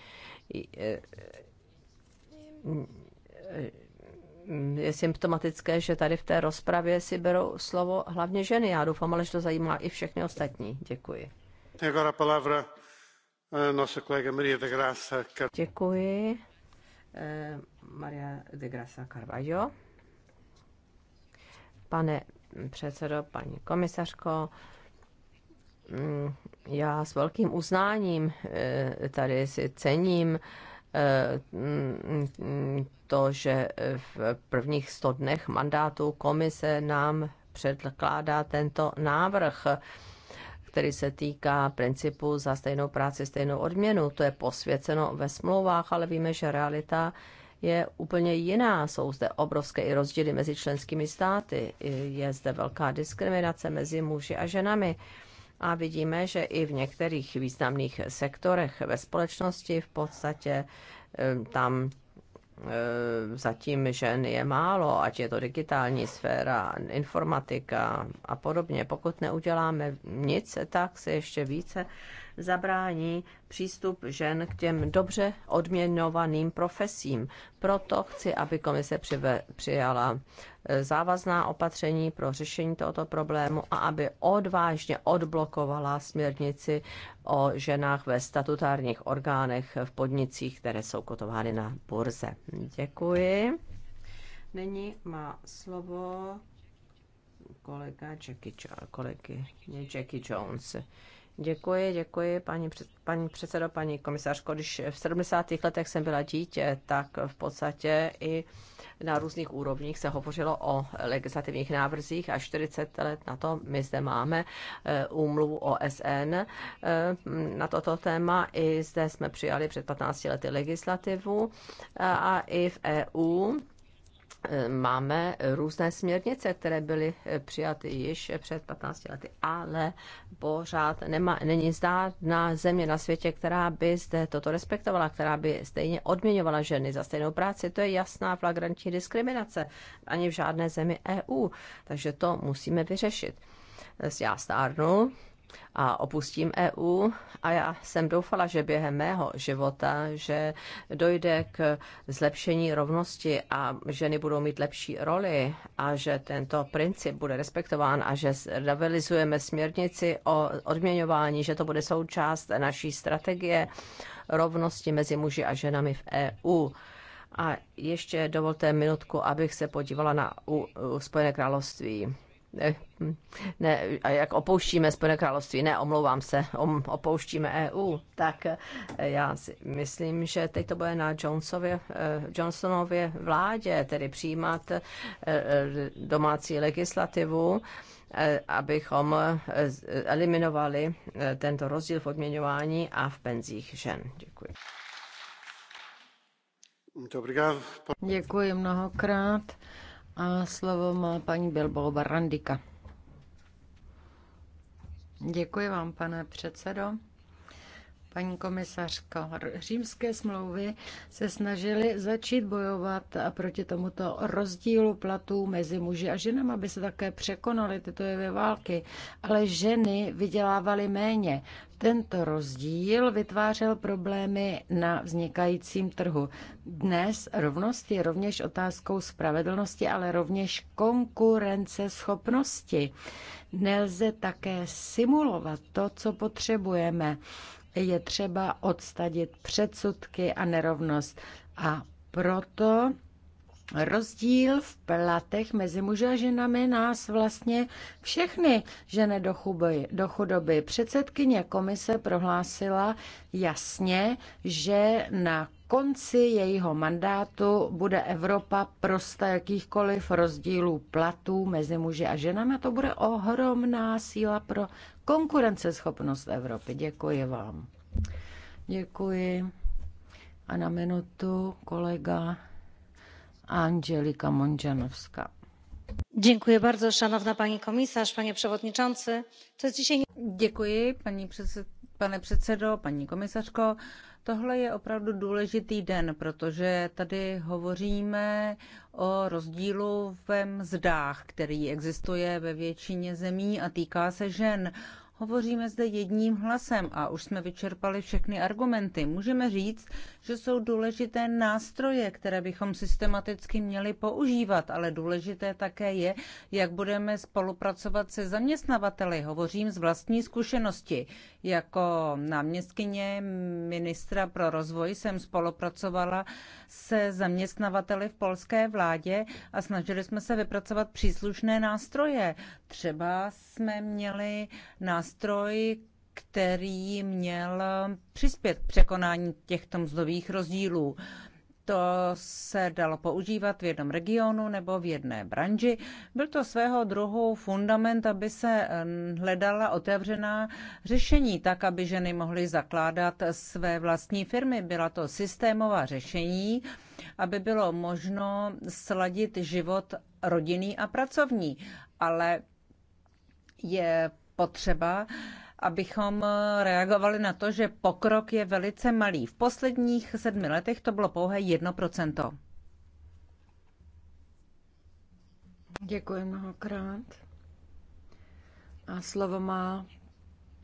je symptomatické, že tady v té rozpravě si berou slovo hlavně ženy. Já doufám, ale že to zajímá i všechny ostatní. Děkuji. Děkuji. Eh, Maria de Grasa eh, Carvalho. Pane předsedo, paní komisařko, Mm, já s velkým uznáním eh, tady si cením eh, mm, to, že v prvních 100 dnech mandátu komise nám předkládá tento návrh, který se týká principu za stejnou práci, stejnou odměnu. To je posvěceno ve smlouvách, ale víme, že realita je úplně jiná. Jsou zde obrovské i rozdíly mezi členskými státy. Je zde velká diskriminace mezi muži a ženami a vidíme, že i v některých významných sektorech ve společnosti v podstatě eh, tam eh, zatím žen je málo, ať je to digitální sféra, informatika a podobně. Pokud neuděláme nic, tak se ještě více zabrání přístup žen k těm dobře odměňovaným profesím. Proto chci, aby komise přijala eh, závazná opatření pro řešení tohoto problému a aby odvážně odblokovala směrnici o ženách ve statutárních orgánech v podnicích, které jsou kotovány na burze. Děkuji. Nyní má slovo kolega Jackie, kolegy Jackie Jones. Děkuji, děkuji, paní, paní předsedo, paní komisařko. Když v 70. letech jsem byla dítě, tak v podstatě i na různých úrovních se hovořilo o legislativních návrzích a 40 let na to my zde máme eh, úmluvu OSN eh, na toto téma. I zde jsme přijali před 15 lety legislativu eh, a i v EU máme různé směrnice, které byly přijaty již před 15 lety, ale pořád nemá, není zdárná země na světě, která by zde toto respektovala, která by stejně odměňovala ženy za stejnou práci. To je jasná flagrantní diskriminace ani v žádné zemi EU, takže to musíme vyřešit. Já stárnu, a opustím EU a já jsem doufala, že během mého života, že dojde k zlepšení rovnosti a ženy budou mít lepší roli a že tento princip bude respektován a že realizujeme směrnici o odměňování, že to bude součást naší strategie rovnosti mezi muži a ženami v EU. A ještě dovolte minutku, abych se podívala na u, u Spojené království ne, eh, ne, a jak opouštíme Spojené království, ne, omlouvám se, om, opouštíme EU, tak eh, já si myslím, že teď to bude na Johnsonově, eh, Johnsonově vládě, tedy přijímat domácí legislativu, abychom eliminovali tento rozdíl v odměňování a v penzích žen. Děkuji. Děkuji mnohokrát. A slovo má paní Bilbao Barandika. Děkuji vám, pane předsedo paní komisařko, římské smlouvy se snažily začít bojovat proti tomuto rozdílu platů mezi muži a ženami, aby se také překonaly tyto jevy války. Ale ženy vydělávaly méně. Tento rozdíl vytvářel problémy na vznikajícím trhu. Dnes rovnost je rovněž otázkou spravedlnosti, ale rovněž konkurence schopnosti. Nelze také simulovat to, co potřebujeme. Je třeba odstadit předsudky a nerovnost. A proto rozdíl v platech mezi muži a ženami nás vlastně všechny ženy do, chuby, do chudoby. Předsedkyně komise prohlásila jasně, že na konci jejího mandátu bude Evropa prosta jakýchkoliv rozdílů platů mezi muži a ženami a to bude ohromná síla pro konkurenceschopnost Evropy. Děkuji vám. Děkuji. A na minutu kolega Angelika Dziękuję bardzo, szanowna pani komisarz, panie przewodniczący. To jest dzisiaj... Děkuji, paní předsed, pane předsedo, paní komisařko. Tohle je opravdu důležitý den, protože tady hovoříme o rozdílu ve mzdách, který existuje ve většině zemí a týká se žen. Hovoříme zde jedním hlasem a už jsme vyčerpali všechny argumenty. Můžeme říct, že jsou důležité nástroje, které bychom systematicky měli používat, ale důležité také je, jak budeme spolupracovat se zaměstnavateli. Hovořím z vlastní zkušenosti. Jako náměstkyně ministra pro rozvoj jsem spolupracovala se zaměstnavateli v polské vládě a snažili jsme se vypracovat příslušné nástroje. Třeba jsme měli nástroj, který měl přispět k překonání těchto mzdových rozdílů to se dalo používat v jednom regionu nebo v jedné branži. Byl to svého druhu fundament, aby se hledala otevřená řešení, tak aby ženy mohly zakládat své vlastní firmy. Byla to systémová řešení, aby bylo možno sladit život rodinný a pracovní. Ale je potřeba, abychom reagovali na to, že pokrok je velice malý. V posledních sedmi letech to bylo pouhé 1%. Děkuji mnohokrát. A slovo má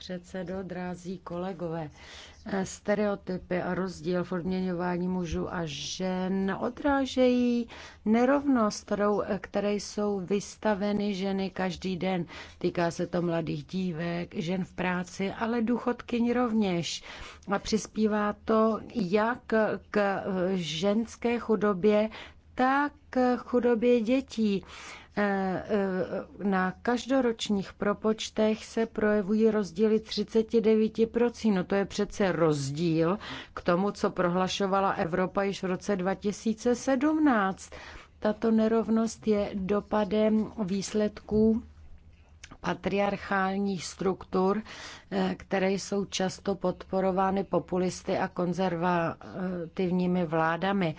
předsedo, drází kolegové. Eh, Stereotypy a rozdíl v odměňování mužů a žen odrážejí nerovnost, kterou, eh, které jsou vystaveny ženy každý den. Týká se to mladých dívek, žen v práci, ale důchodkyň rovněž. A přispívá to jak k eh, ženské chudobě, tak chudobě dětí Eh, eh, na každoročních propočtech se projevují rozdíly 39%. No to je přece rozdíl k tomu, co prohlašovala Evropa již v roce 2017. Tato nerovnost je dopadem výsledků patriarchálních struktur, eh, které jsou často podporovány populisty a konzervativními vládami.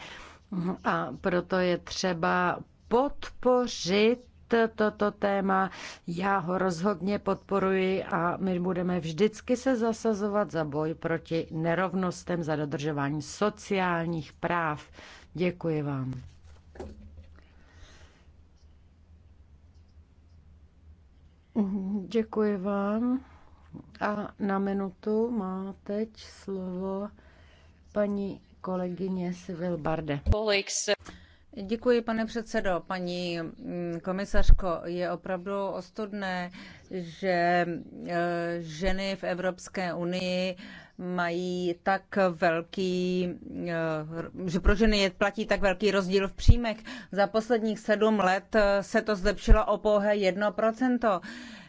A proto je třeba podpořit toto téma. Já ho rozhodně podporuji a my budeme vždycky se zasazovat za boj proti nerovnostem, za dodržování sociálních práv. Děkuji vám. Děkuji vám. A na minutu má teď slovo paní kolegyně Sivil Barde. Kolik se... Děkuji, pane předsedo. Paní mm, komisařko, je opravdu ostudné, že e, ženy v Evropské unii mají tak velký, e, že pro ženy je platí tak velký rozdíl v příjmech. Za posledních sedm let e, se to zlepšilo o pouhé 1%.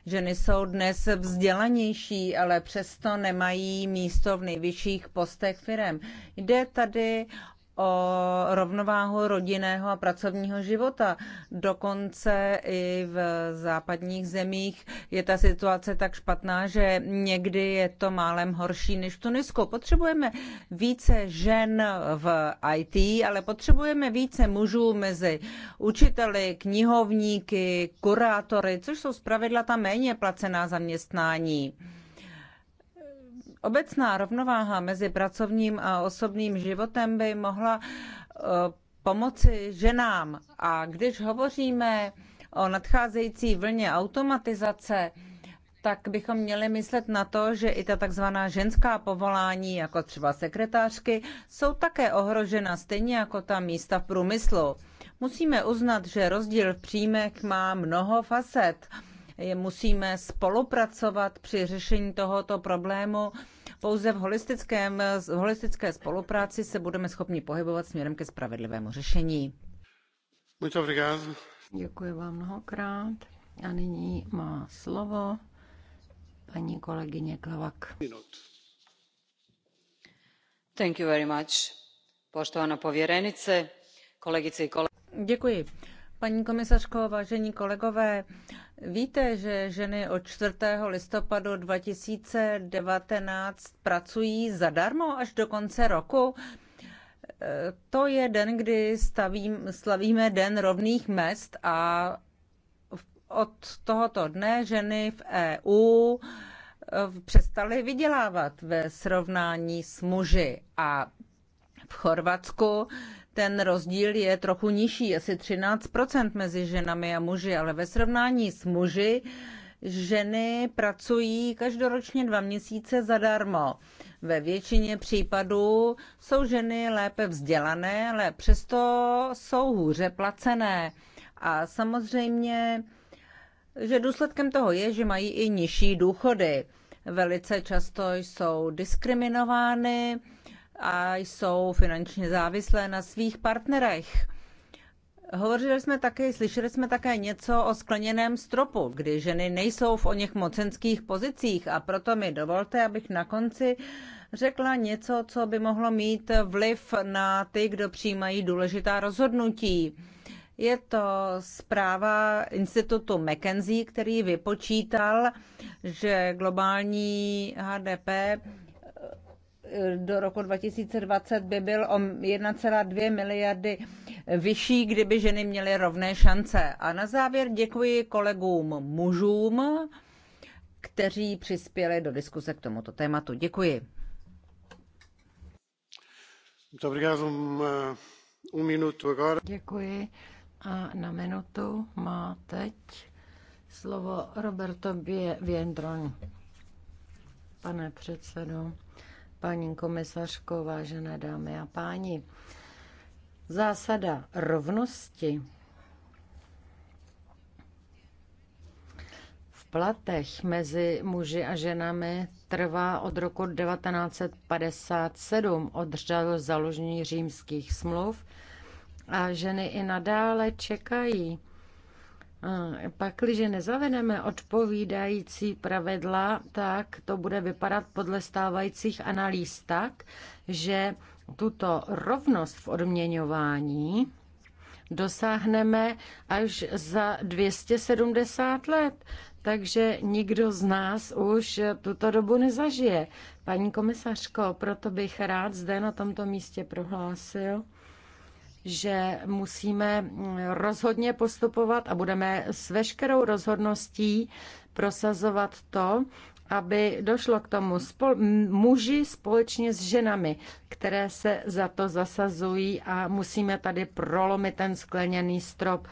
Ženy jsou dnes vzdělanější, ale přesto nemají místo v nejvyšších postech firem. Jde tady o rovnováhu rodinného a pracovního života. Dokonce i v západních zemích je ta situace tak špatná, že někdy je to málem horší než v Tunisku. Potřebujeme více žen v IT, ale potřebujeme více mužů mezi učiteli, knihovníky, kurátory, což jsou zpravidla ta méně placená zaměstnání. Obecná rovnováha mezi pracovním a osobním životem by mohla eh, pomoci ženám. A když hovoříme o nadcházející vlně automatizace, tak bychom měli myslet na to, že i ta takzvaná ženská povolání, jako třeba sekretářky, jsou také ohrožena stejně jako ta místa v průmyslu. Musíme uznat, že rozdíl v příjmech má mnoho facet Musíme spolupracovat při řešení tohoto problému. Pouze v, holistickém, v holistické spolupráci se budeme schopni pohybovat směrem ke spravedlivému řešení. Děkuji vám mnohokrát. A nyní má slovo paní kolegyně Klavak. Thank you very much. Poštovana pověrenice, kolegice i kolegy. Děkuji. Paní komisařko, vážení kolegové, Víte, že ženy od 4. listopadu 2019 pracují zadarmo až do konce roku? To je den, kdy stavím, slavíme Den rovných mest a od tohoto dne ženy v EU eh, přestaly vydělávat ve srovnání s muži. A v Chorvatsku ten rozdíl je trochu nižší, asi 13% mezi ženami a muži, ale ve srovnání s muži ženy pracují každoročně dva měsíce zadarmo. Ve většině případů jsou ženy lépe vzdělané, ale přesto jsou hůře placené. A samozřejmě, že důsledkem toho je, že mají i nižší důchody. Velice často jsou diskriminovány, a jsou finančně závislé na svých partnerech. Hovořili jsme také, slyšeli jsme také něco o skleněném stropu, kdy ženy nejsou v o něch mocenských pozicích a proto mi dovolte, abych na konci řekla něco, co by mohlo mít vliv na ty, kdo přijímají důležitá rozhodnutí. Je to zpráva institutu McKenzie, který vypočítal, že globální HDP do roku 2020 by byl o 1,2 miliardy vyšší, kdyby ženy měly rovné šance. A na závěr děkuji kolegům mužům, kteří přispěli do diskuse k tomuto tématu. Děkuji. Děkuji. A na minutu má teď slovo Roberto Viendron, Pane předsedo, paní komisařko, vážené dámy a páni. Zásada rovnosti v platech mezi muži a ženami trvá od roku 1957 od řadu založení římských smluv a ženy i nadále čekají Pakliže nezavedeme odpovídající pravidla, tak to bude vypadat podle stávajících analýz tak, že tuto rovnost v odměňování dosáhneme až za 270 let. Takže nikdo z nás už tuto dobu nezažije. Paní komisařko, proto bych rád zde na tomto místě prohlásil, že musíme rozhodně postupovat a budeme s veškerou rozhodností prosazovat to, aby došlo k tomu spol- muži společně s ženami, které se za to zasazují a musíme tady prolomit ten skleněný strop,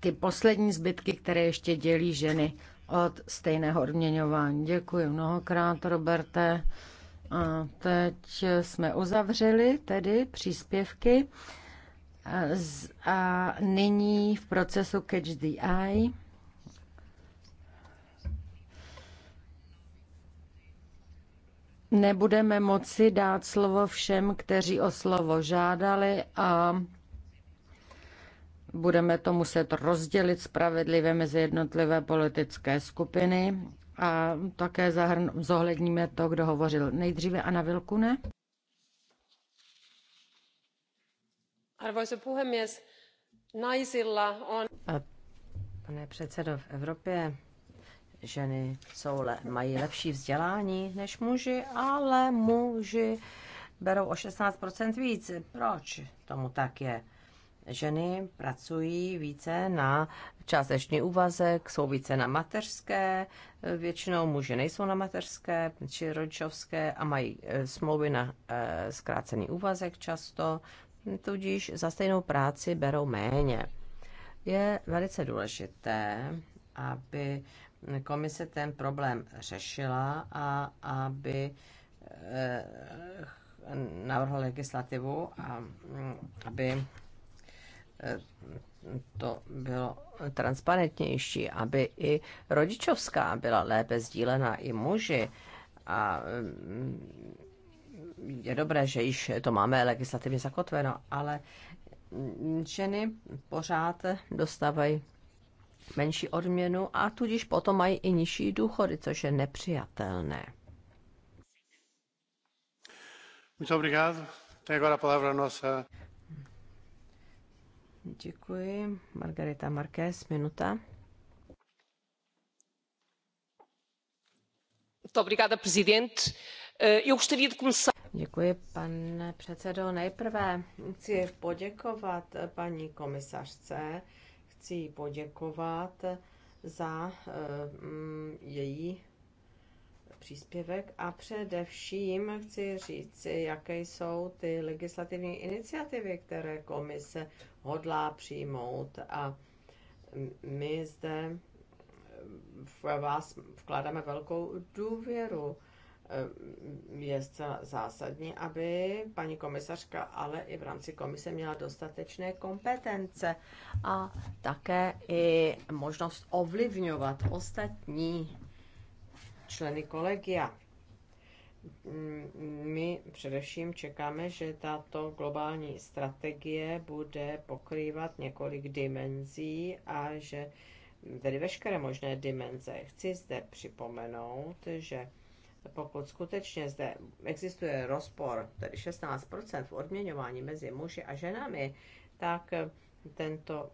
ty poslední zbytky, které ještě dělí ženy od stejného odměňování. Děkuji mnohokrát, Roberte. A teď jsme uzavřeli tedy příspěvky a nyní v procesu Catch the Eye nebudeme moci dát slovo všem, kteří o slovo žádali a budeme to muset rozdělit spravedlivě mezi jednotlivé politické skupiny a také zahrn, zohledníme to, kdo hovořil. Nejdříve Anna Vilkune. Arvoisa puhemies, naisilla on... Pane předsedo, v Evropě ženy jsou le, mají lepší vzdělání než muži, ale muži berou o 16% víc. Proč tomu tak je? ženy pracují více na částečný úvazek, jsou více na mateřské, většinou muži nejsou na mateřské či rodičovské a mají e, smlouvy na e, zkrácený úvazek často, tudíž za stejnou práci berou méně. Je velice důležité, aby komise ten problém řešila a aby e, navrhl legislativu, a aby to bylo transparentnější, aby i rodičovská byla lépe sdílena i muži. A mm, je dobré, že již to máme legislativně zakotveno, ale ženy pořád dostávají menší odměnu a tudíž potom mají i nižší důchody, což je nepřijatelné. Muito obrigado. Tem agora a palavra a nossa Děkuji. Margarita Marquez, minuta. Eh, Děkuji, pane předsedo. Nejprve chci poděkovat paní komisařce, chci poděkovat za eh, její příspěvek a především chci říci, jaké jsou ty legislativní iniciativy, které komise hodlá přijmout a my zde v vás vkládáme velkou důvěru. Je zcela zásadní, aby paní komisařka, ale i v rámci komise měla dostatečné kompetence a také i možnost ovlivňovat ostatní členy kolegia. My především čekáme, že tato globální strategie bude pokrývat několik dimenzí a že tedy veškeré možné dimenze. Chci zde připomenout, že pokud skutečně zde existuje rozpor, tedy 16% v odměňování mezi muži a ženami, tak tento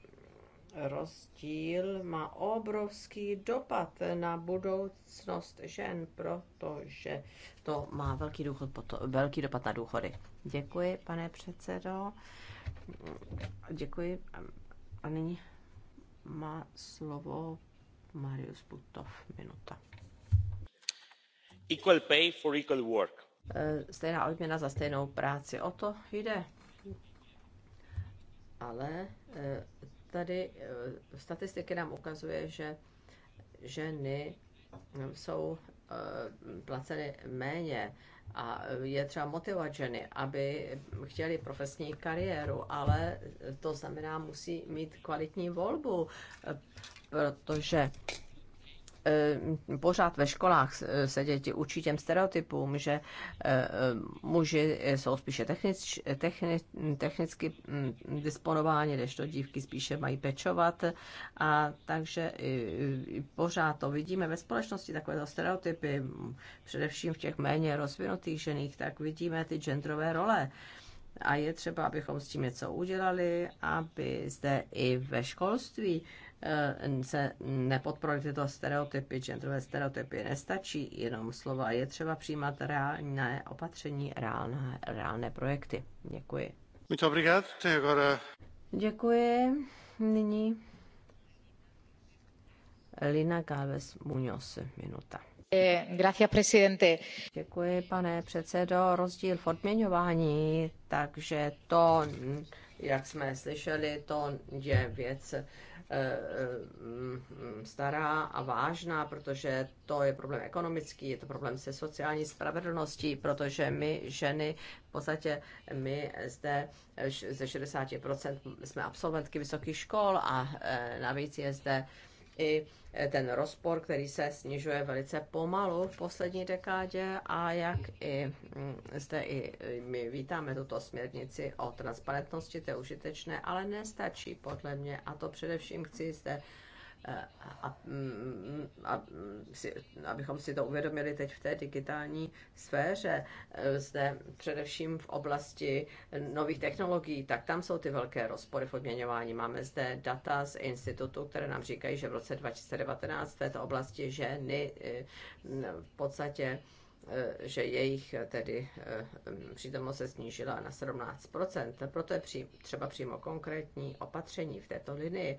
rozdíl má obrovský dopad na budoucnost žen, protože to má velký, důchod, velký dopad na důchody. Děkuji, pane předsedo. Děkuji. A nyní má slovo Marius Butov. Minuta. Equal pay for equal work. Eh, stejná odměna za stejnou práci. O to jde. Ale eh, tady eh, statistiky nám ukazuje, že ženy eh, jsou eh, placeny méně a je třeba motivovat ženy, aby chtěli profesní kariéru, ale to znamená, musí mít kvalitní volbu, protože Eh, pořád ve školách se děti učí těm stereotypům, že eh, eh, muži jsou spíše technic, techni, technicky mm, disponováni, to dívky spíše mají pečovat. A takže pořád to vidíme ve společnosti, takovéto stereotypy, především v těch méně rozvinutých ženích, tak vidíme ty genderové role. A je třeba, abychom s tím něco udělali, aby zde i ve školství Eh, se nepodporují tyto stereotypy, genderové stereotypy. Nestačí jenom slova, je třeba přijímat reálné opatření, reálné, reálné projekty. Děkuji. Muito obrigado. Děkuji. Nyní Lina Gáves Muñoz, minuta. Eh, Děkuji, pane předsedo. Rozdíl v odměňování, takže to, jak jsme slyšeli, to je věc, Eh, eh, mm, stará a vážná, protože to je problém ekonomický, je to problém se sociální spravedlností, protože my ženy v podstatě my zde eh, ze 60% jsme absolventky vysokých škol a navíc je zde i ten rozpor, který se snižuje velice pomalu v poslední dekádě a jak i mm, zde i my vítáme tuto směrnici o transparentnosti, to je užitečné, ale nestačí podle mě a to především chci zde a, a, si, abychom si to uvědomili teď v té digitální sféře, eh, zde především v oblasti nových technologií, tak tam jsou ty velké rozpory v odměňování. Máme zde data z institutu, které nám říkají, že v roce 2019 v této oblasti ženy eh, v podstatě eh, že jejich tedy přítomnost se snížila na 17%. Proto je třeba přímo konkrétní opatření v této linii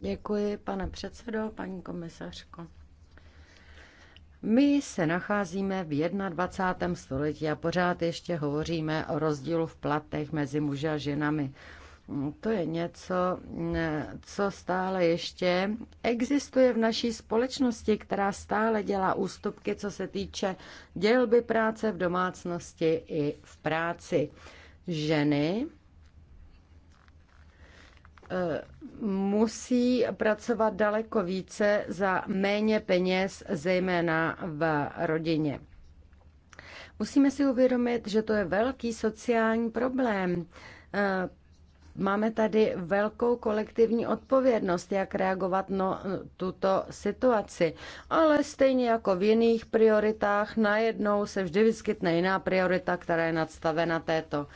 Děkuji, pane předsedo, paní komisařko. My se nacházíme v 21. století a pořád ještě hovoříme o rozdílu v platech mezi muži a ženami. To je něco, co stále ještě existuje v naší společnosti, která stále dělá ústupky, co se týče dělby práce v domácnosti i v práci. Ženy Eh, musí pracovat daleko více za méně peněz, zejména v rodině. Musíme si uvědomit, že to je velký sociální problém. Eh, máme tady velkou kolektivní odpovědnost, jak reagovat na tuto situaci. Ale stejně jako v jiných prioritách, najednou se vždy vyskytne jiná priorita, která je nadstavena této.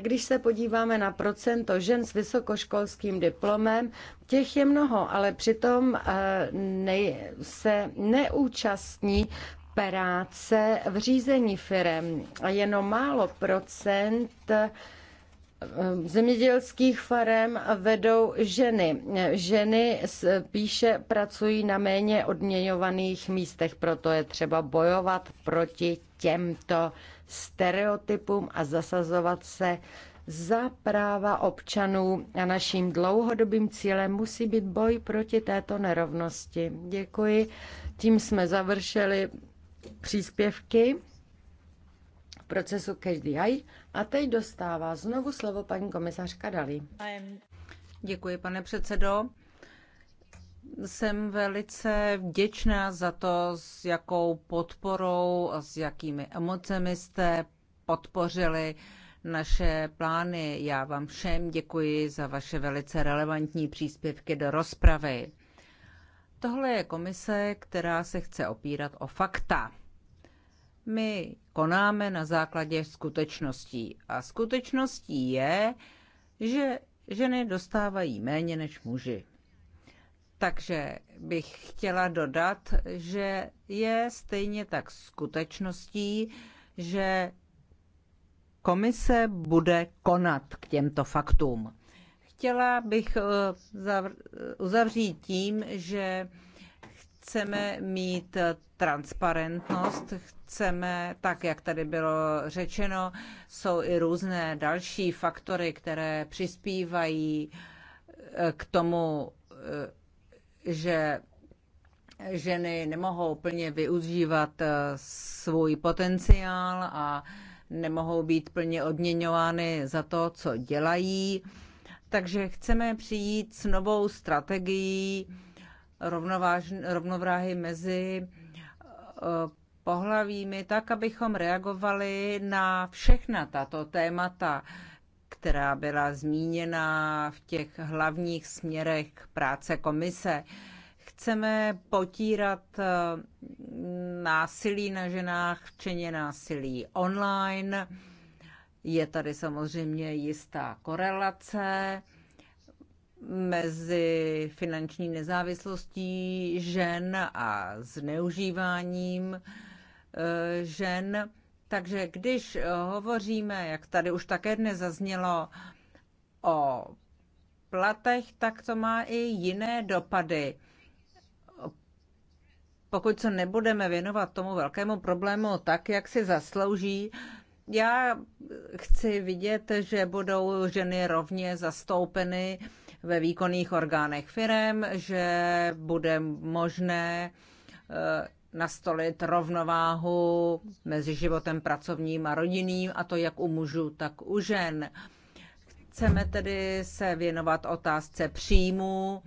Když se podíváme na procento žen s vysokoškolským diplomem, těch je mnoho, ale přitom eh, nej, se neúčastní práce v řízení firem a jenom málo procent eh, zemědělských farem vedou ženy. Ženy spíše pracují na méně odměňovaných místech, proto je třeba bojovat proti těmto stereotypům a zasazovat se za práva občanů a naším dlouhodobým cílem musí být boj proti této nerovnosti. Děkuji. Tím jsme završili příspěvky v procesu Každý Haj. A teď dostává znovu slovo paní komisařka Dalí. Děkuji, pane předsedo jsem velice vděčná za to, s jakou podporou a s jakými emocemi jste podpořili naše plány. Já vám všem děkuji za vaše velice relevantní příspěvky do rozpravy. Tohle je komise, která se chce opírat o fakta. My konáme na základě skutečností. A skutečností je, že ženy dostávají méně než muži. Takže bych chtěla dodat, že je stejně tak skutečností, že komise bude konat k těmto faktům. Chtěla bych eh, uzavřít tím, že chceme mít transparentnost, chceme, tak jak tady bylo řečeno, jsou i různé další faktory, které přispívají eh, k tomu eh, že ženy nemohou plně využívat eh, svůj potenciál a nemohou být plně odměňovány za to, co dělají. Takže chceme přijít s novou strategií rovnováhy mezi eh, pohlavími, tak abychom reagovali na všechna tato témata která byla zmíněna v těch hlavních směrech práce komise. Chceme potírat eh, násilí na ženách, včetně násilí online. Je tady samozřejmě jistá korelace mezi finanční nezávislostí žen a zneužíváním eh, žen. Takže když eh, hovoříme, jak tady už také dnes zaznělo, o platech, tak to má i jiné dopady. Pokud se nebudeme věnovat tomu velkému problému tak, jak si zaslouží, já chci vidět, že budou ženy rovně zastoupeny ve výkonných orgánech firem, že bude možné eh, nastolit rovnováhu mezi životem pracovním a rodinným, a to jak u mužů, tak u žen. Chceme tedy se věnovat otázce příjmu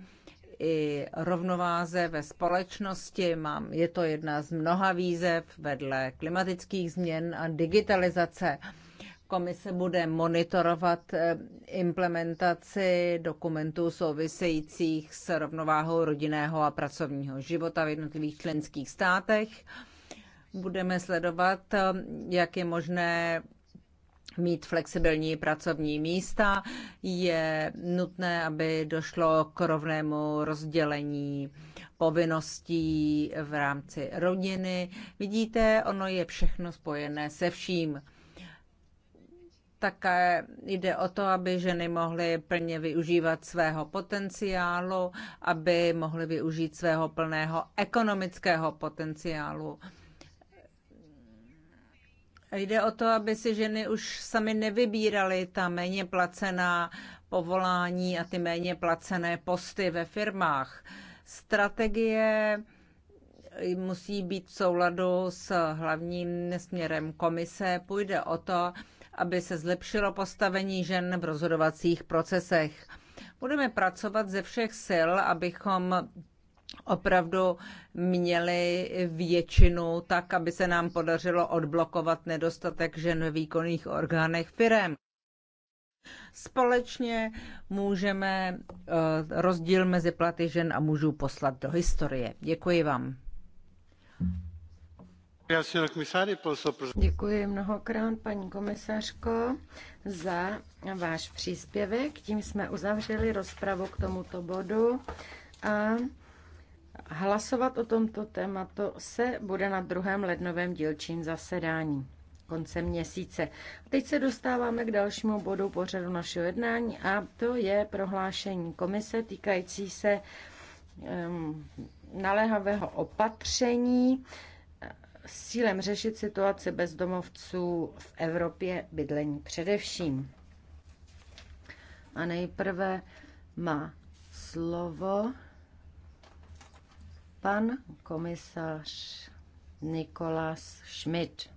i rovnováze ve společnosti. Mám, je to jedna z mnoha výzev vedle klimatických změn a digitalizace. Komise bude monitorovat eh, implementaci dokumentů souvisejících s rovnováhou rodinného a pracovního života v jednotlivých členských státech. Budeme sledovat, eh, jak je možné mít flexibilní pracovní místa. Je nutné, aby došlo k rovnému rozdělení povinností v rámci rodiny. Vidíte, ono je všechno spojené se vším. Také jde o to, aby ženy mohly plně využívat svého potenciálu, aby mohly využít svého plného ekonomického potenciálu. Jde o to, aby si ženy už sami nevybíraly ta méně placená povolání a ty méně placené posty ve firmách. Strategie musí být v souladu s hlavním směrem komise. Půjde o to, aby se zlepšilo postavení žen v rozhodovacích procesech. Budeme pracovat ze všech sil, abychom opravdu měli většinu tak, aby se nám podařilo odblokovat nedostatek žen ve výkonných orgánech firem. Společně můžeme eh, rozdíl mezi platy žen a mužů poslat do historie. Děkuji vám. Děkuji mnohokrát, paní komisařko, za váš příspěvek. Tím jsme uzavřeli rozpravu k tomuto bodu a hlasovat o tomto tématu se bude na druhém lednovém dílčím zasedání koncem měsíce. Teď se dostáváme k dalšímu bodu pořadu našeho jednání a to je prohlášení komise týkající se um, naléhavého opatření s cílem řešit situaci bezdomovců v Evropě bydlení především. A nejprve má slovo pan komisař Nikolas Schmidt.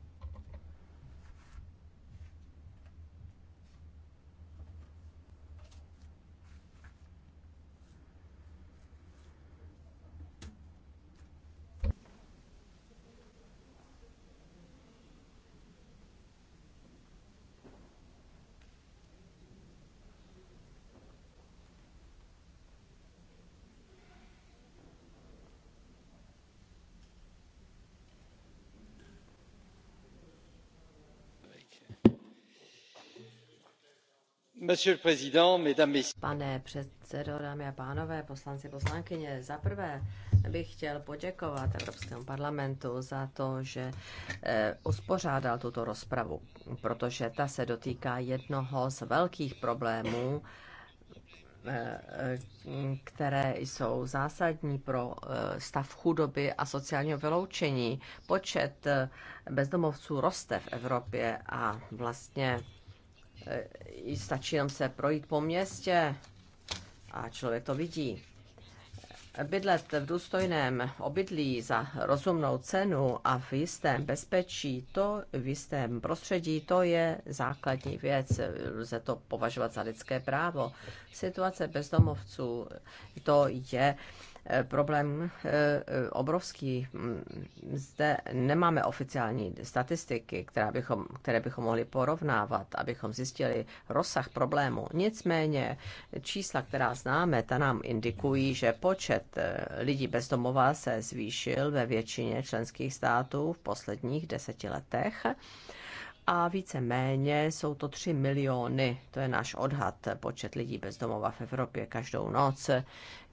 Pane předsedo, dámy a pánové, poslanci, poslankyně, za prvé bych chtěl poděkovat Evropskému parlamentu za to, že eh, uspořádal tuto rozpravu, protože ta se dotýká jednoho z velkých problémů, eh, eh, které jsou zásadní pro stav chudoby a sociálního vyloučení. Počet bezdomovců roste v Evropě a vlastně E, stačí jenom se projít po městě a člověk to vidí. Bydlet v důstojném obydlí za rozumnou cenu a v jistém bezpečí, to v jistém prostředí, to je základní věc. Lze to považovat za lidské právo. Situace bezdomovců, to je problém eh, eh, obrovský. Mm, zde nemáme oficiální statistiky, která bychom, které bychom mohli porovnávat, abychom zjistili rozsah problému. Nicméně čísla, která známe, ta nám indikují, že počet eh, lidí bezdomová se zvýšil ve většině členských států v posledních deseti letech a více-méně jsou to 3 miliony, to je náš odhad, počet lidí bezdomova v Evropě každou noc.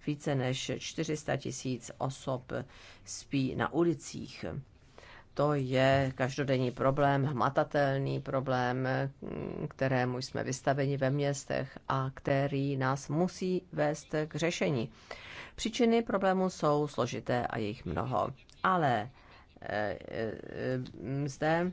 Více než 400 tisíc osob spí na ulicích. To je každodenní problém, hmatatelný problém, kterému jsme vystaveni ve městech a který nás musí vést k řešení. Příčiny problému jsou složité a jejich mnoho, ale eh, eh, zde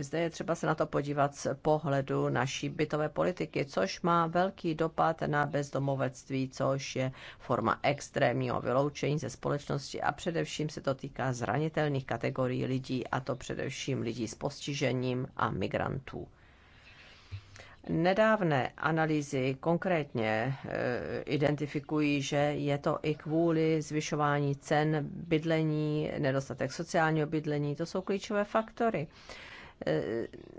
zde je třeba se na to podívat z pohledu naší bytové politiky, což má velký dopad na bezdomovectví, což je forma extrémního vyloučení ze společnosti a především se to týká zranitelných kategorií lidí, a to především lidí s postižením a migrantů. Nedávné analýzy konkrétně eh, identifikují, že je to i kvůli zvyšování cen bydlení, nedostatek sociálního bydlení, to jsou klíčové faktory. Eh,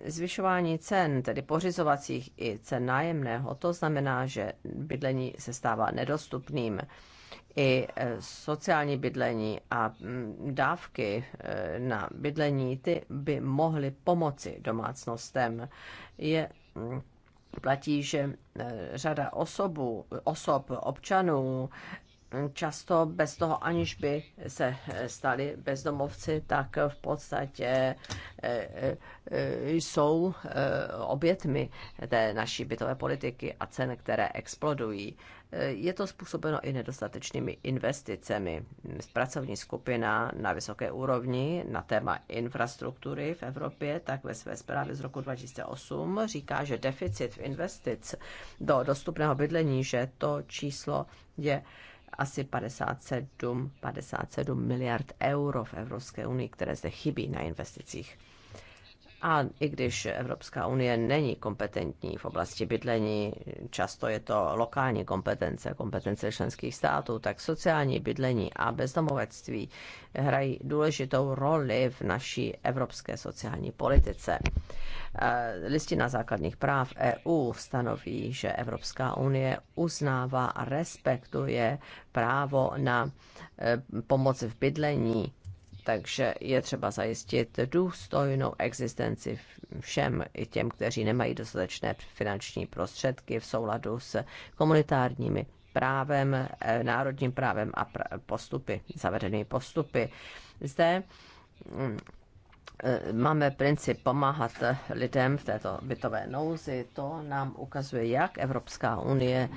zvyšování cen, tedy pořizovacích i cen nájemného, to znamená, že bydlení se stává nedostupným i eh, sociální bydlení a mm, dávky na bydlení, ty by mohly pomoci domácnostem. Je mm, platí, že e, řada osobu, osob, občanů, často bez toho, aniž by se e, stali bezdomovci, tak v podstatě e, jsou obětmi té naší bytové politiky a cen, které explodují. Je to způsobeno i nedostatečnými investicemi. Pracovní skupina na vysoké úrovni na téma infrastruktury v Evropě tak ve své zprávě z roku 2008 říká, že deficit v investic do dostupného bydlení, že to číslo je asi 57, 57 miliard euro v Evropské unii, které zde chybí na investicích. A i když Evropská unie není kompetentní v oblasti bydlení, často je to lokální kompetence, kompetence členských států, tak sociální bydlení a bezdomovectví hrají důležitou roli v naší evropské sociální politice. E, Listina základních práv EU stanoví, že Evropská unie uznává a respektuje právo na e, pomoc v bydlení takže je třeba zajistit důstojnou existenci všem i těm, kteří nemají dostatečné finanční prostředky v souladu s komunitárními právem, eh, národním právem a postupy, zavedenými postupy. Zde mm, Eh, máme princip pomáhat lidem v této bytové nouzi. To nám ukazuje, jak Evropská unie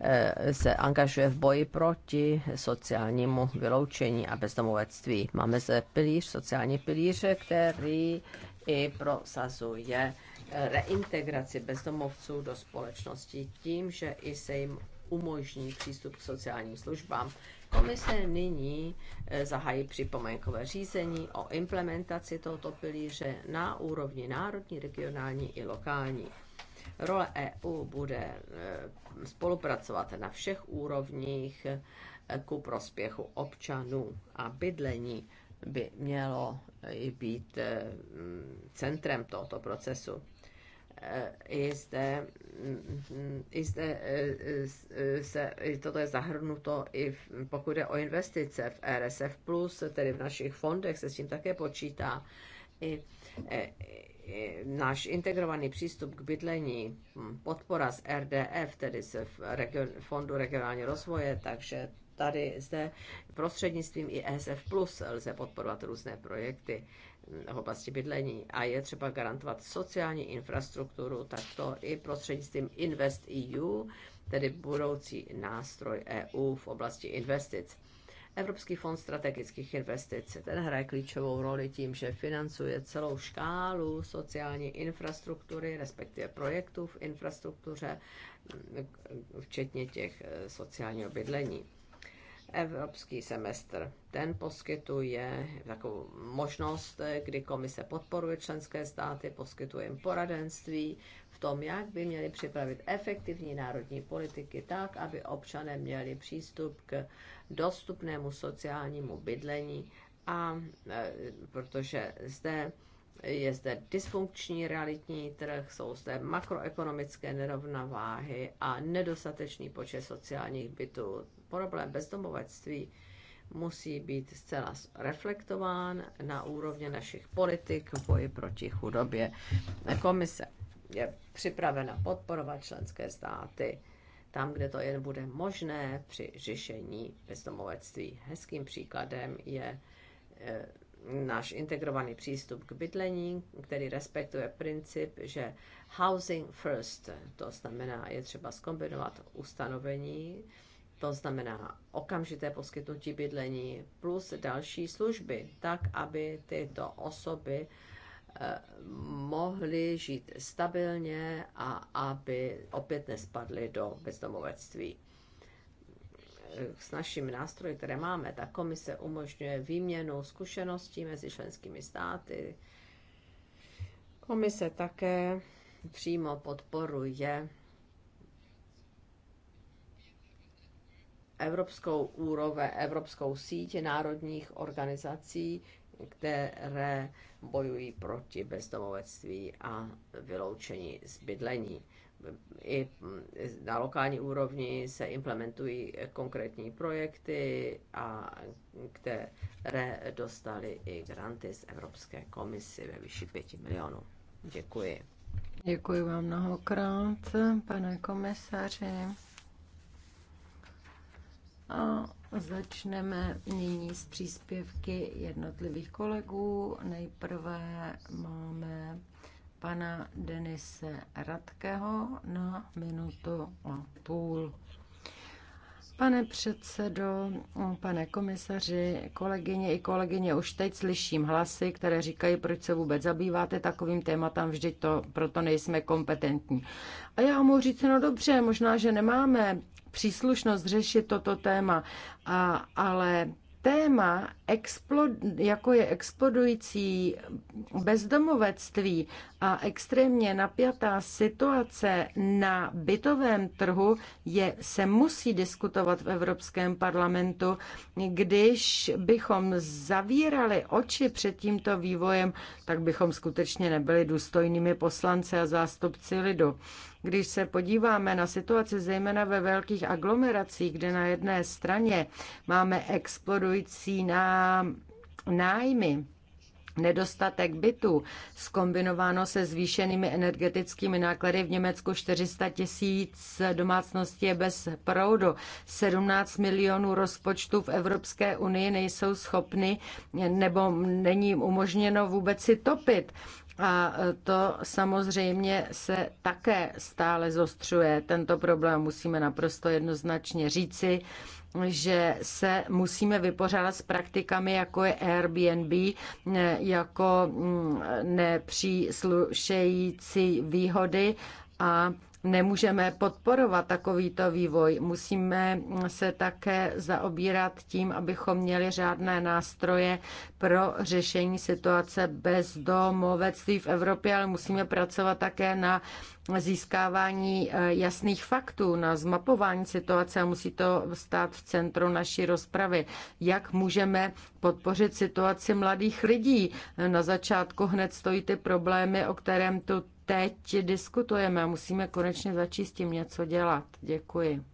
eh, se angažuje v boji proti sociálnímu vyloučení a bezdomovectví. Máme zde pilíř, sociální pilíře, který i prosazuje eh, reintegraci bezdomovců do společnosti tím, že i se jim umožní přístup k sociálním službám. Komise nyní eh, zahájí připomínkové řízení o implementaci tohoto pilíře na úrovni národní, regionální i lokální. Role EU bude eh, spolupracovat na všech úrovních eh, ku prospěchu občanů a bydlení by mělo být centrem tohoto procesu. Eh, i zde, se, mm, eh, eh, toto je zahrnuto i v, pokud je o investice v RSF+, tedy v našich fondech se s tím také počítá. I, i náš integrovaný přístup k bydlení, hm, podpora z RDF, tedy z region, Fondu regionálního rozvoje, takže tady zde prostřednictvím i ESF Plus lze podporovat různé projekty v oblasti bydlení a je třeba garantovat sociální infrastrukturu, tak to i prostřednictvím Invest EU, tedy budoucí nástroj EU v oblasti investic. Evropský fond strategických investic, ten hraje klíčovou roli tím, že financuje celou škálu sociální infrastruktury, respektive projektů v infrastruktuře, včetně těch eh, sociálního bydlení. Evropský semestr. Ten poskytuje takovou možnost, kdy komise podporuje členské státy, poskytuje jim poradenství v tom, jak by měli připravit efektivní národní politiky tak, aby občané měli přístup k dostupnému sociálnímu bydlení a e, protože zde je zde dysfunkční realitní trh, jsou zde makroekonomické nerovnováhy a nedostatečný počet sociálních bytů problém bezdomovectví musí být zcela reflektován na úrovni našich politik v boji proti chudobě. Komise je připravena podporovat členské státy tam, kde to jen bude možné při řešení bezdomovectví. Hezkým příkladem je eh, náš integrovaný přístup k bydlení, který respektuje princip, že housing first, to znamená, je třeba skombinovat ustanovení, to znamená okamžité poskytnutí bydlení plus další služby, tak aby tyto osoby eh, mohly žít stabilně a aby opět nespadly do bezdomovectví. S naším nástroji, které máme, ta komise umožňuje výměnu zkušeností mezi členskými státy. Komise také přímo podporuje evropskou úroveň, evropskou síť národních organizací, které bojují proti bezdomovectví a vyloučení z bydlení. I na lokální úrovni se implementují konkrétní projekty, a které dostaly i granty z Evropské komisy ve výši 5 milionů. Děkuji. Děkuji vám mnohokrát, pane komisaři. A začneme nyní s příspěvky jednotlivých kolegů. Nejprve máme pana Denise Radkeho na minutu a půl. Pane předsedo, pane komisaři, kolegyně i kolegyně, už teď slyším hlasy, které říkají, proč se vůbec zabýváte takovým tématem, vždyť to proto nejsme kompetentní. A já mu říct, no dobře, možná, že nemáme příslušnost řešit toto téma, a, ale téma explod, jako je explodující bezdomovectví a extrémně napjatá situace na bytovém trhu je, se musí diskutovat v Evropském parlamentu. Když bychom zavírali oči před tímto vývojem, tak bychom skutečně nebyli důstojnými poslanci a zástupci lidu. Když se podíváme na situaci zejména ve velkých aglomeracích, kde na jedné straně máme explodující na nájmy, Nedostatek bytu skombinováno se zvýšenými energetickými náklady v Německu 400 tisíc domácností je bez proudu. 17 milionů rozpočtů v Evropské unii nejsou schopny nebo není jim umožněno vůbec si topit. A to samozřejmě se také stále zostřuje. Tento problém musíme naprosto jednoznačně říci že se musíme vypořádat s praktikami, jako je Airbnb, jako mm, nepříslušející výhody a Nemůžeme podporovat takovýto vývoj. Musíme se také zaobírat tím, abychom měli řádné nástroje pro řešení situace bezdomovectví v Evropě, ale musíme pracovat také na získávání eh, jasných faktů, na zmapování situace a musí to stát v centru naší rozpravy. Jak můžeme podpořit situaci mladých lidí? Na začátku hned stojí ty problémy, o kterém tu teď diskutujeme a musíme konečně začít s tím něco dělat. Děkuji.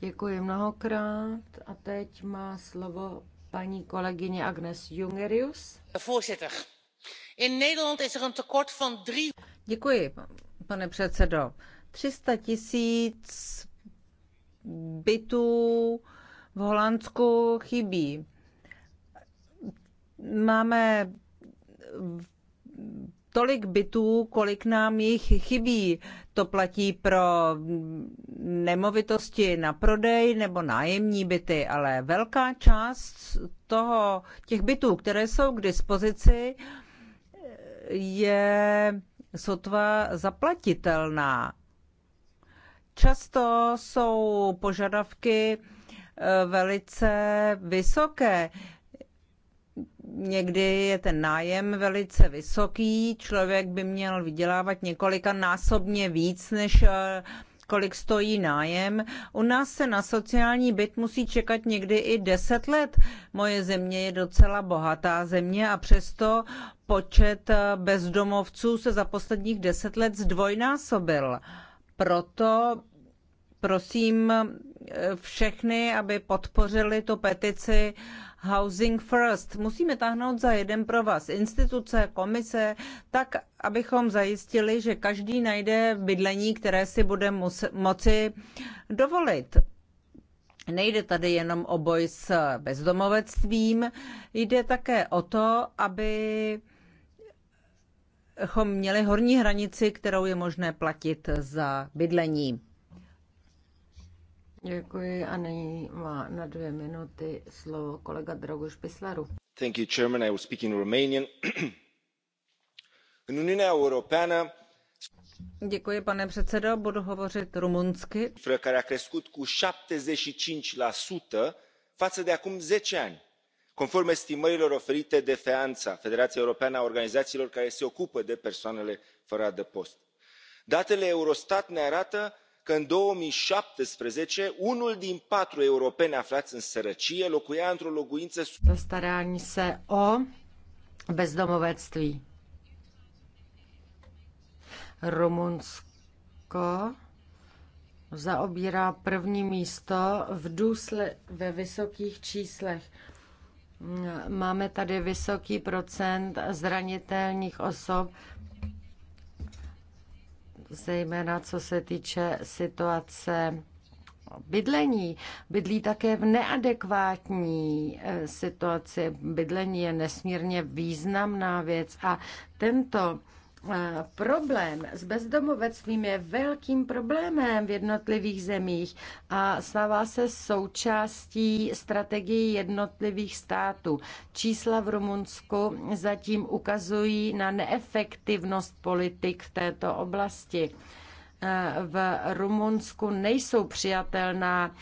Děkuji mnohokrát a teď má slovo paní kolegyně Agnes Jungerius. Voorzitter, in Nederland is er een tekort van drie... Děkuji, pane předsedo. 300 tisíc bytů v Holandsku chybí. Máme tolik bytů, kolik nám jich chybí. To platí pro nemovitosti na prodej nebo nájemní byty, ale velká část toho, těch bytů, které jsou k dispozici, je sotva zaplatitelná. Často jsou požadavky eh, velice vysoké. Někdy je ten nájem velice vysoký, člověk by měl vydělávat několika násobně víc, než eh, kolik stojí nájem. U nás se na sociální byt musí čekat někdy i 10 let. Moje země je docela bohatá země a přesto počet eh, bezdomovců se za posledních 10 let zdvojnásobil. Proto prosím eh, všechny, aby podpořili tu petici Housing First. Musíme táhnout za jeden pro vás instituce, komise, tak, abychom zajistili, že každý najde bydlení, které si bude moci dovolit. Nejde tady jenom o boj s bezdomovectvím, jde také o to, aby měli horní hranici, kterou je možné platit za bydlení. Děkuji a nyní má na dvě minuty slovo kolega Drogoš Pislaru. Thank you, Chairman. I will speak in Romanian. In Uniunea Europeană Děkuji, pane předsedo, budu hovořit rumunsky. care a crescut cu 75% față de acum 10 ani, conform estimărilor oferite de FEANSA, Federația Europeană a Organizațiilor care se ocupă de persoanele fără adăpost. Datele Eurostat ne arată că în două mii șaptesprezece unul din patru europeni aflați în sărăcie locuia într o locuință. to starání se o bezdomovectví. Rumunsko zaobírá první místo v důsle, ve vysokých číslech. Máme tady vysoký procent zranitelných osob, zejména co se týče situace bydlení. Bydlí také v neadekvátní eh, situaci. Bydlení je nesmírně významná věc a tento Problém s bezdomovectvím je velkým problémem v jednotlivých zemích a stává se součástí strategií jednotlivých států. Čísla v Rumunsku zatím ukazují na neefektivnost politik v této oblasti v Rumunsku nejsou přijatelná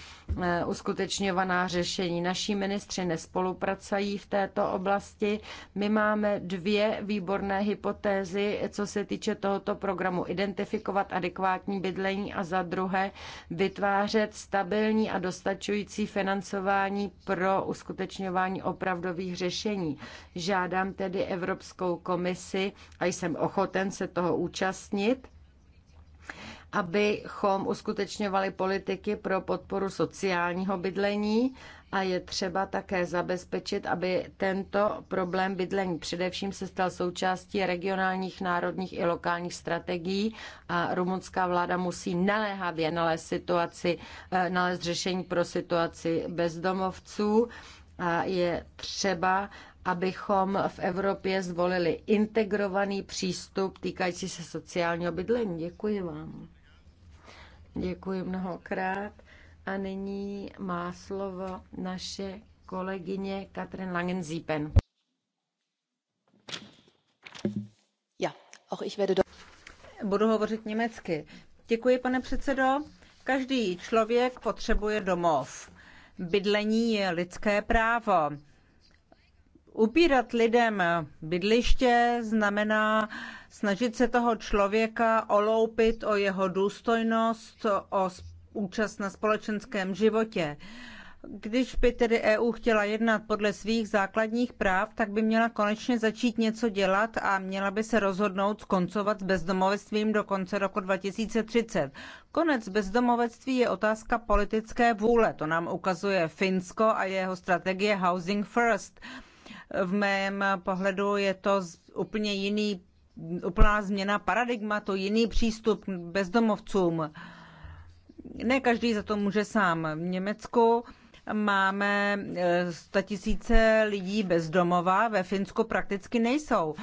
eh, uskutečňovaná řešení. Naši ministři nespolupracují v této oblasti. My máme dvě výborné hypotézy, co se týče tohoto programu. Identifikovat adekvátní bydlení a za druhé vytvářet stabilní a dostačující financování pro uskutečňování opravdových řešení. Žádám tedy Evropskou komisi a jsem ochoten se toho účastnit abychom uskutečňovali politiky pro podporu sociálního bydlení a je třeba také zabezpečit, aby tento problém bydlení především se stal součástí regionálních, národních i lokálních strategií a rumunská vláda musí naléhavě nalézt situaci, eh, nalézt řešení pro situaci bezdomovců a je třeba abychom v Evropě zvolili integrovaný přístup týkající se sociálního bydlení. Děkuji vám. Děkuji mnohokrát. A nyní má slovo naše kolegyně Katrin Langenziepen. Ja, auch ich werde do... Budu hovořit německy. Děkuji, pane předsedo. Každý člověk potřebuje domov. Bydlení je lidské právo Upírat lidem bydliště znamená snažit se toho člověka oloupit o jeho důstojnost, o účast na společenském životě. Když by tedy EU chtěla jednat podle svých základních práv, tak by měla konečně začít něco dělat a měla by se rozhodnout skoncovat s bezdomovectvím do konce roku 2030. Konec bezdomovectví je otázka politické vůle, to nám ukazuje Finsko a jeho strategie Housing First. V mém pohledu je to úplně jiný, úplná změna paradigma, to jiný přístup k bezdomovcům. Ne každý za to může sám. V Německu máme e, tisíce lidí bezdomova, ve Finsku prakticky nejsou.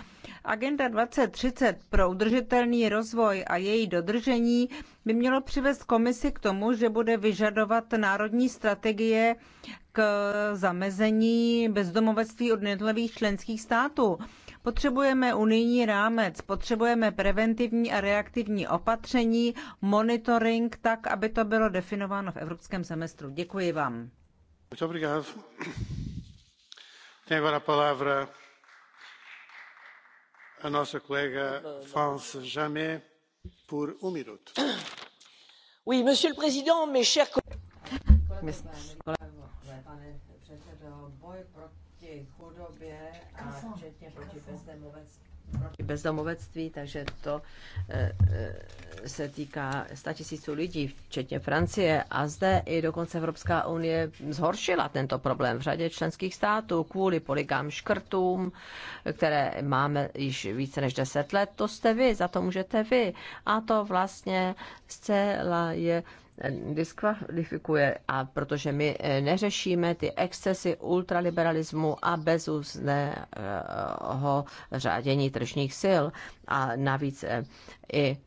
Agenda 2030 pro udržitelný rozvoj a její dodržení by mělo přivést komisi k tomu, že bude vyžadovat národní strategie k eh, zamezení bezdomovectví od jednotlivých členských států. Potřebujeme unijní rámec, potřebujeme preventivní a reaktivní opatření, monitoring tak, aby to bylo definováno v evropském semestru. Děkuji vám. Um oui, monsieur le président mes chers collègues pane předsedo. Boj proti chudobě a včetně proti bezdomovectví proti bezdomovectví, takže to eh, eh, se týká 100 tisíců lidí, včetně Francie. A zde i dokonce Evropská unie zhoršila tento problém v řadě členských států kvůli poligám škrtům, které máme již více než 10 let. To jste vy, za to můžete vy. A to vlastně zcela je Eh, diskvalifikuje, a protože my eh, neřešíme ty excesy ultraliberalismu a bezúzného řádění tržních sil. A navíc eh, i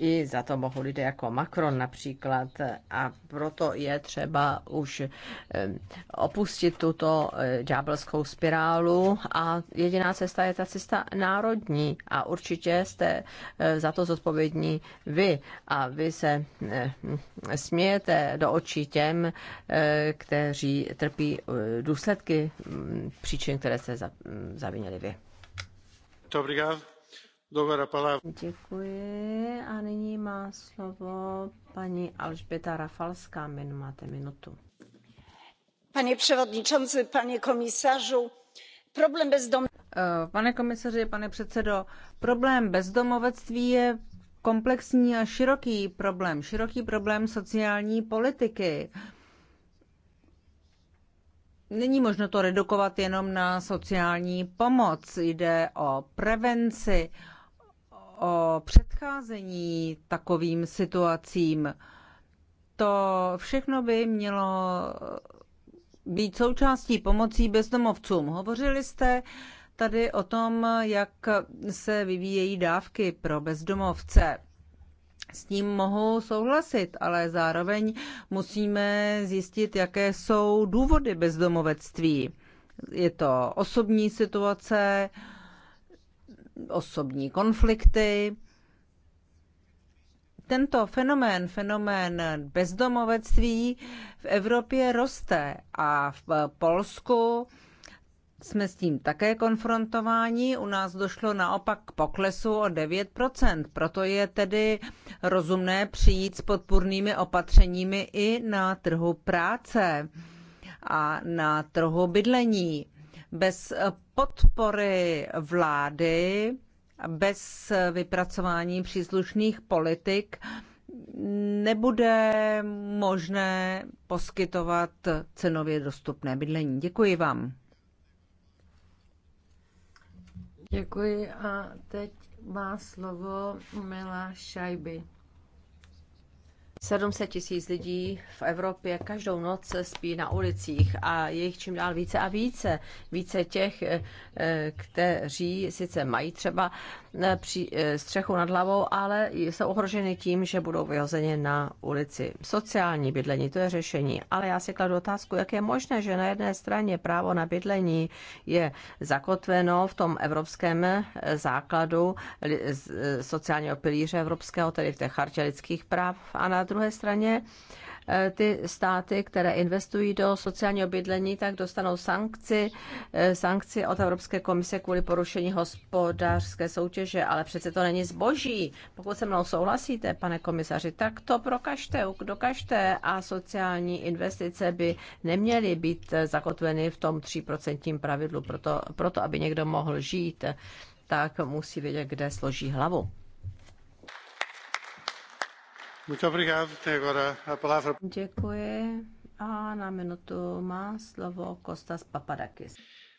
i za to mohou lidé jako Macron například a proto je třeba už eh, opustit tuto eh, ďábelskou spirálu a jediná cesta je ta cesta národní a určitě jste eh, za to zodpovědní vy a vy se smějete do očí těm, kteří trpí důsledky mm, příčin, které jste mm, zavinili vy. Dobrý den. Děkuji a nyní má slovo paní Alžběta Rafalská. Min máte minutu. Pane předsedající, pane komisařu, problém bezdomovectví. Eh, pane komisaři, pane předsedo, problém bezdomovectví je komplexní a široký problém, široký problém sociální politiky. Není možno to redukovat jenom na sociální pomoc. Jde o prevenci, o předcházení takovým situacím. To všechno by mělo být součástí pomocí bezdomovcům. Hovořili jste tady o tom, jak se vyvíjejí dávky pro bezdomovce. S tím mohu souhlasit, ale zároveň musíme zjistit, jaké jsou důvody bezdomovectví. Je to osobní situace, osobní konflikty. Tento fenomén, fenomén bezdomovectví v Evropě roste a v Polsku jsme s tím také konfrontováni. U nás došlo naopak k poklesu o 9%, proto je tedy rozumné přijít s podpůrnými opatřeními i na trhu práce a na trhu bydlení. Bez podpory vlády, bez vypracování příslušných politik nebude možné poskytovat cenově dostupné bydlení. Děkuji vám. Děkuji a teď má slovo Mila Šajby. 700 tisíc lidí v Evropě každou noc spí na ulicích a je jich čím dál více a více. Více těch, eh, kteří sice mají třeba při, eh, střechu nad hlavou, ale jsou ohroženy tím, že budou vyhozeni na ulici. Sociální bydlení, to je řešení. Ale já si kladu otázku, jak je možné, že na jedné straně právo na bydlení je zakotveno v tom evropském eh, základu eh, sociálního pilíře evropského, tedy v té chartě lidských práv, a na druhé straně Eh, ty státy, které investují do sociálního bydlení, tak dostanou sankci, eh, sankci od Evropské komise kvůli porušení hospodářské soutěže, ale přece to není zboží. Pokud se mnou souhlasíte, pane komisaři, tak to prokažte, dokažte a sociální investice by neměly být eh, zakotveny v tom 3% pravidlu, proto, proto aby někdo mohl žít tak musí vědět, kde složí hlavu. Děkuji. A na minutu má slovo Kostas Papadakis.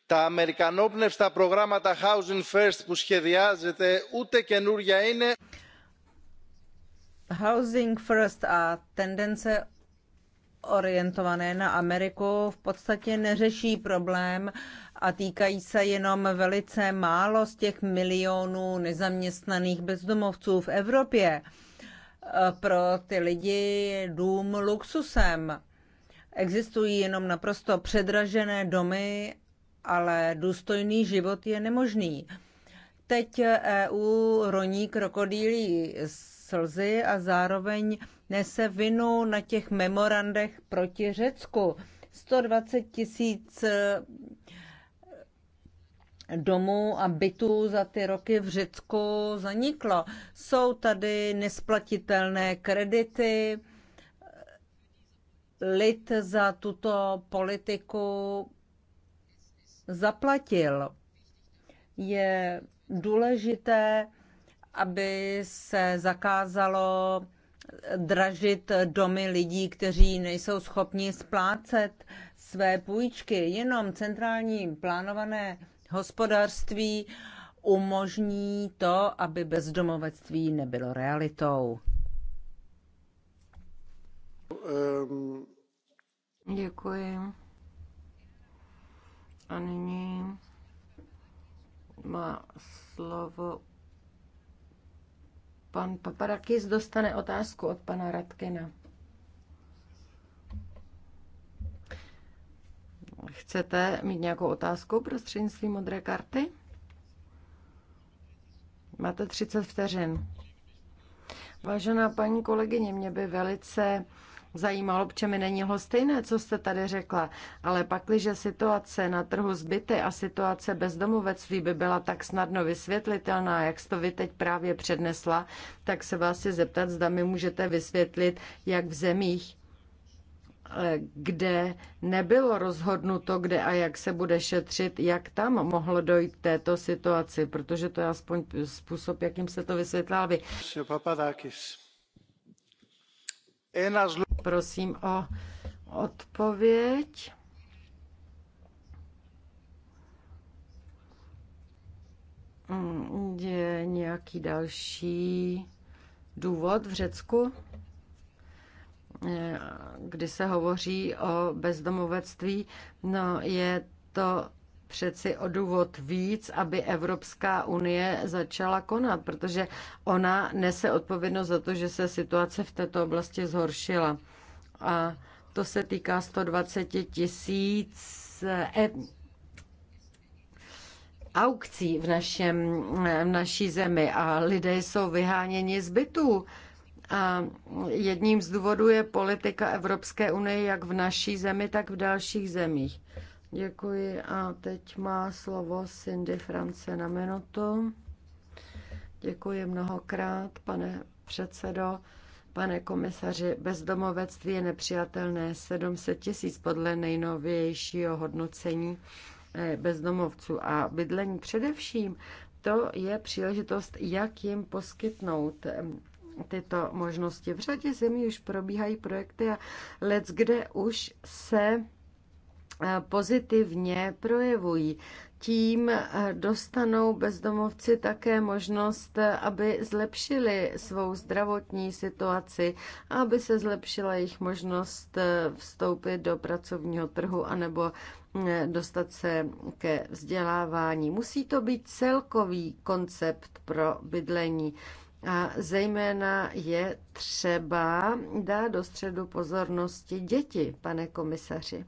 Τα αμερικανόπνευστα προγράμματα Housing First που σχεδιάζεται ούτε καινούρια είναι. Housing First a tendence orientované na Ameriku v podstatě neřeší problém a týkají se jenom velice málo z těch milionů nezaměstnaných bezdomovců v Evropě pro ty lidi dům luxusem. Existují jenom naprosto předražené domy, ale důstojný život je nemožný. Teď EU roní krokodýlí slzy a zároveň nese vinu na těch memorandech proti Řecku. 120 tisíc domů a bytů za ty roky v Řecku zaniklo. Jsou tady nesplatitelné kredity. Lid za tuto politiku zaplatil. Je důležité, aby se zakázalo dražit domy lidí, kteří nejsou schopni splácet své půjčky. Jenom centrální plánované hospodářství umožní to, aby bezdomovectví nebylo realitou. Um. Děkuji. A nyní má slovo pan Paparakis dostane otázku od pana Radkina. Chcete mít nějakou otázku prostřednictvím modré karty? Máte 30 vteřin. Vážená paní kolegyně, mě by velice zajímalo, protože mi není stejné, co jste tady řekla, ale pakliže situace na trhu zbyty a situace bezdomovectví by byla tak snadno vysvětlitelná, jak jste to vy teď právě přednesla, tak se vás si zeptat, zda mi můžete vysvětlit, jak v zemích, Eh, kde nebylo rozhodnuto, kde a jak se bude šetřit, jak tam mohlo dojít k této situaci, protože to je aspoň způsob, jakým se to vysvětlá vy. Prosím o odpověď. Mm, je nějaký další důvod v Řecku? Eh, kdy se hovoří o bezdomovectví, no je to přeci o důvod víc, aby Evropská unie začala konat, protože ona nese odpovědnost za to, že se situace v této oblasti zhoršila. A to se týká 120 tisíc eh, eh, aukcí v, našem, v naší zemi a lidé jsou vyháněni z bytů. A jedním z důvodů je politika Evropské unie jak v naší zemi, tak v dalších zemích. Děkuji a teď má slovo Cindy France na minutu. Děkuji mnohokrát, pane předsedo. Pane komisaři, bezdomovectví je nepřijatelné 700 tisíc podle nejnovějšího hodnocení eh, bezdomovců a bydlení především. To je příležitost, jak jim poskytnout eh, tyto možnosti. V řadě zemí už probíhají projekty a let, kde už se eh, pozitivně projevují. Tím eh, dostanou bezdomovci také možnost, eh, aby zlepšili svou zdravotní situaci, aby se zlepšila jejich možnost vstoupit do pracovního trhu anebo dostat se ke vzdělávání. Musí to být celkový koncept pro bydlení. A zejména je třeba dát do středu pozornosti děti, pane komisaři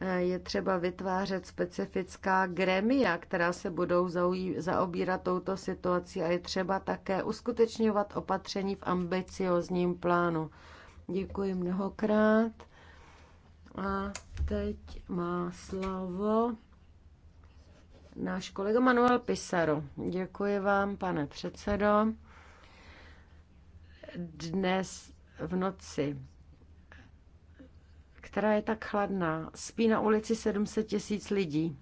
e, je třeba vytvářet specifická gremia, která se budou zaobírat touto situací a je třeba také uskutečňovat opatření v ambiciozním plánu. Děkuji mnohokrát. A teď má slovo náš kolega Manuel Pisaro. Děkuji vám, pane předsedo. Dnes v noci, která je tak chladná, spí na ulici 700 tisíc lidí.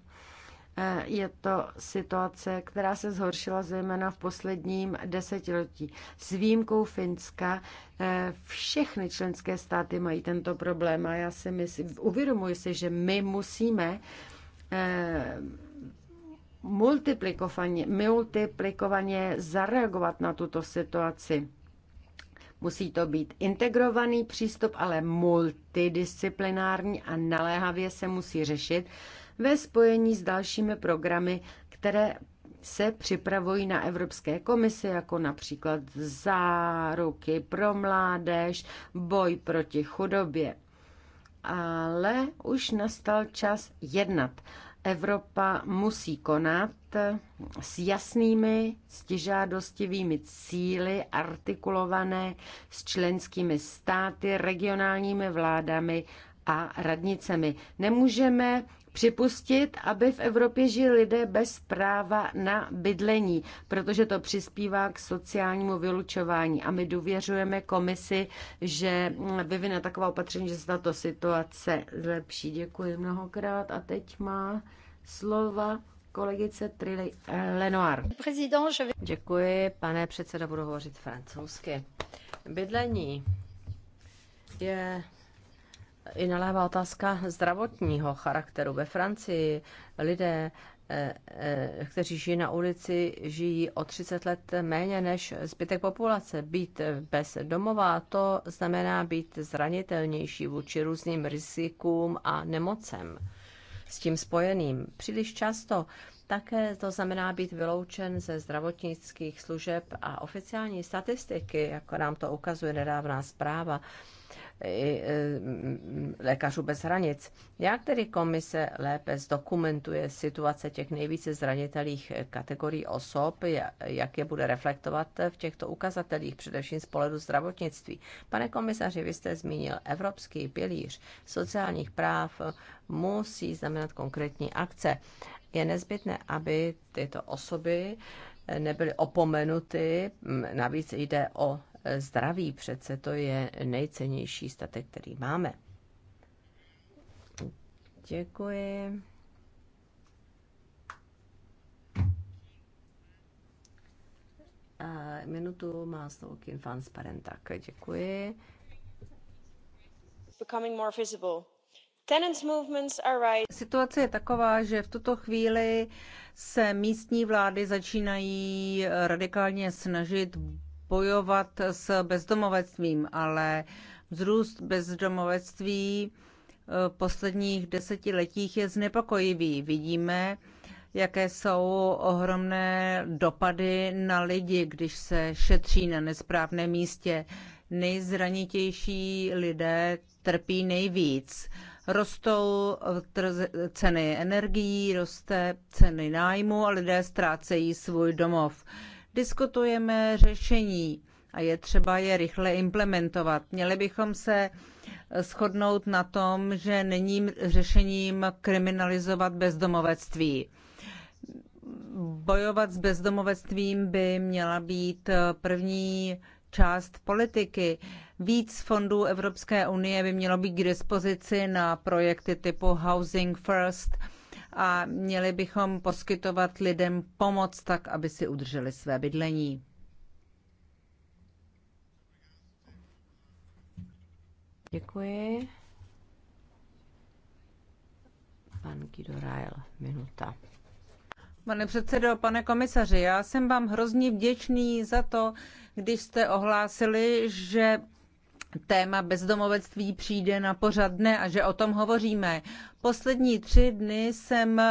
Eh, je to situace, která se zhoršila zejména v posledním desetiletí. S výjimkou Finska eh, všechny členské státy mají tento problém a já si myslím, uvědomuji si, že my musíme eh, multiplikovaně, multiplikovaně zareagovat na tuto situaci. Musí to být integrovaný přístup, ale multidisciplinární a naléhavě se musí řešit ve spojení s dalšími programy, které se připravují na Evropské komisi, jako například záruky pro mládež, boj proti chudobě. Ale už nastal čas jednat Evropa musí konat s jasnými, stižádostivými cíly, artikulované s členskými státy, regionálními vládami a radnicemi. Nemůžeme připustit, aby v Evropě žili lidé bez práva na bydlení, protože to přispívá k sociálnímu vylučování. A my důvěřujeme komisi, že vyvine taková opatření, že se tato situace zlepší. Děkuji mnohokrát a teď má slova kolegice Trilly eh, Lenoir. Děkuji, pane předseda, budu hovořit francouzsky. Bydlení je i nalévá otázka zdravotního charakteru. Ve Francii lidé, eh, eh, kteří žijí na ulici, žijí o 30 let méně než zbytek populace. Být bez domova, to znamená být zranitelnější vůči různým rizikům a nemocem s tím spojeným. Příliš často také to znamená být vyloučen ze zdravotnických služeb a oficiální statistiky, jako nám to ukazuje nedávná zpráva, i e, lékařů bez hranic. Jak tedy komise lépe zdokumentuje situace těch nejvíce zranitelných kategorií osob, jak je bude reflektovat v těchto ukazatelích, především z pohledu zdravotnictví? Pane komisaři, vy jste zmínil Evropský pilíř sociálních práv musí znamenat konkrétní akce. Je nezbytné, aby tyto osoby nebyly opomenuty. Navíc jde o zdraví přece to je nejcennější statek, který máme. Děkuji. A minutu má slovo Kim van tak Děkuji. Becoming more visible. Situace je taková, že v tuto chvíli se místní vlády začínají radikálně snažit bojovat s bezdomovectvím, ale vzrůst bezdomovectví v eh, posledních desetiletích je znepokojivý. Vidíme, jaké jsou ohromné dopady na lidi, když se šetří na nesprávném místě. Nejzranitější lidé trpí nejvíc. Rostou eh, ceny energií, roste ceny nájmu a lidé ztrácejí svůj domov diskutujeme řešení a je třeba je rychle implementovat. Měli bychom se shodnout na tom, že není řešením kriminalizovat bezdomovectví. Bojovat s bezdomovectvím by měla být první část politiky. Víc fondů Evropské unie by mělo být k dispozici na projekty typu Housing First – a měli bychom poskytovat lidem pomoc tak, aby si udrželi své bydlení. Děkuji. Pan Guido Rael, minuta. Pane předsedo, pane komisaři, já jsem vám hrozně vděčný za to, když jste ohlásili, že téma bezdomovectví přijde na pořad dne a že o tom hovoříme. Poslední tři dny jsem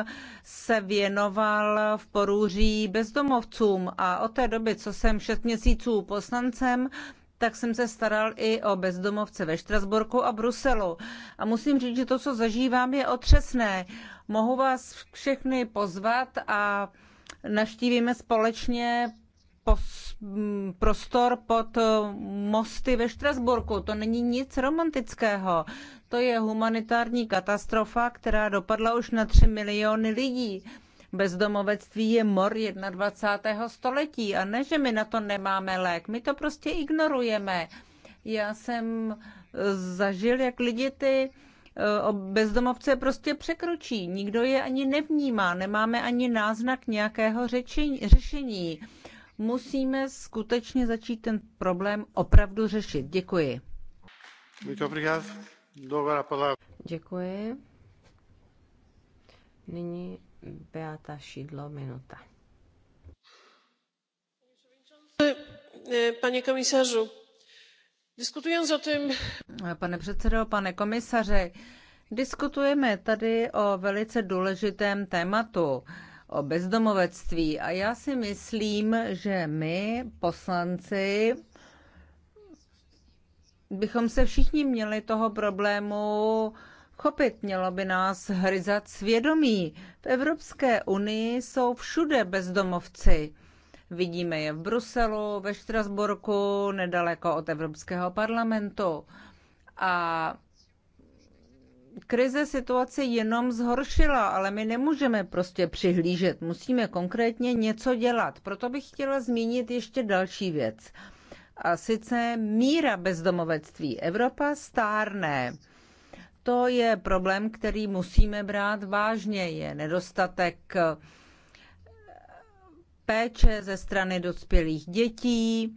se věnoval v Porůří bezdomovcům a od té doby, co jsem šest měsíců poslancem, tak jsem se staral i o bezdomovce ve Štrasburku a Bruselu. A musím říct, že to, co zažívám, je otřesné. Mohu vás všechny pozvat a naštívíme společně Mm, prostor pod eh, mosty ve Štrasburku. To není nic romantického. To je humanitární katastrofa, která dopadla už na 3 miliony lidí. Bezdomovectví je mor 21. století a ne, že my na to nemáme lék. My to prostě ignorujeme. Já jsem eh, zažil, jak lidi ty eh, bezdomovce prostě překročí. Nikdo je ani nevnímá, nemáme ani náznak nějakého řešení musíme skutečně začít ten problém opravdu řešit. Děkuji. Děkuji. Nyní Beata Šidlo, minuta. Pane komisařu, diskutujeme o tym... Pane předsedo, pane komisaře, diskutujeme tady o velice důležitém tématu o bezdomovectví. A já si myslím, že my, poslanci, bychom se všichni měli toho problému chopit. Mělo by nás hryzat svědomí. V Evropské unii jsou všude bezdomovci. Vidíme je v Bruselu, ve Štrasburku, nedaleko od Evropského parlamentu. A krize situace jenom zhoršila, ale my nemůžeme prostě přihlížet, musíme konkrétně něco dělat. Proto bych chtěla zmínit ještě další věc. A sice míra bezdomovectví. Evropa stárne. To je problém, který musíme brát vážně. Je nedostatek eh, péče ze strany dospělých dětí.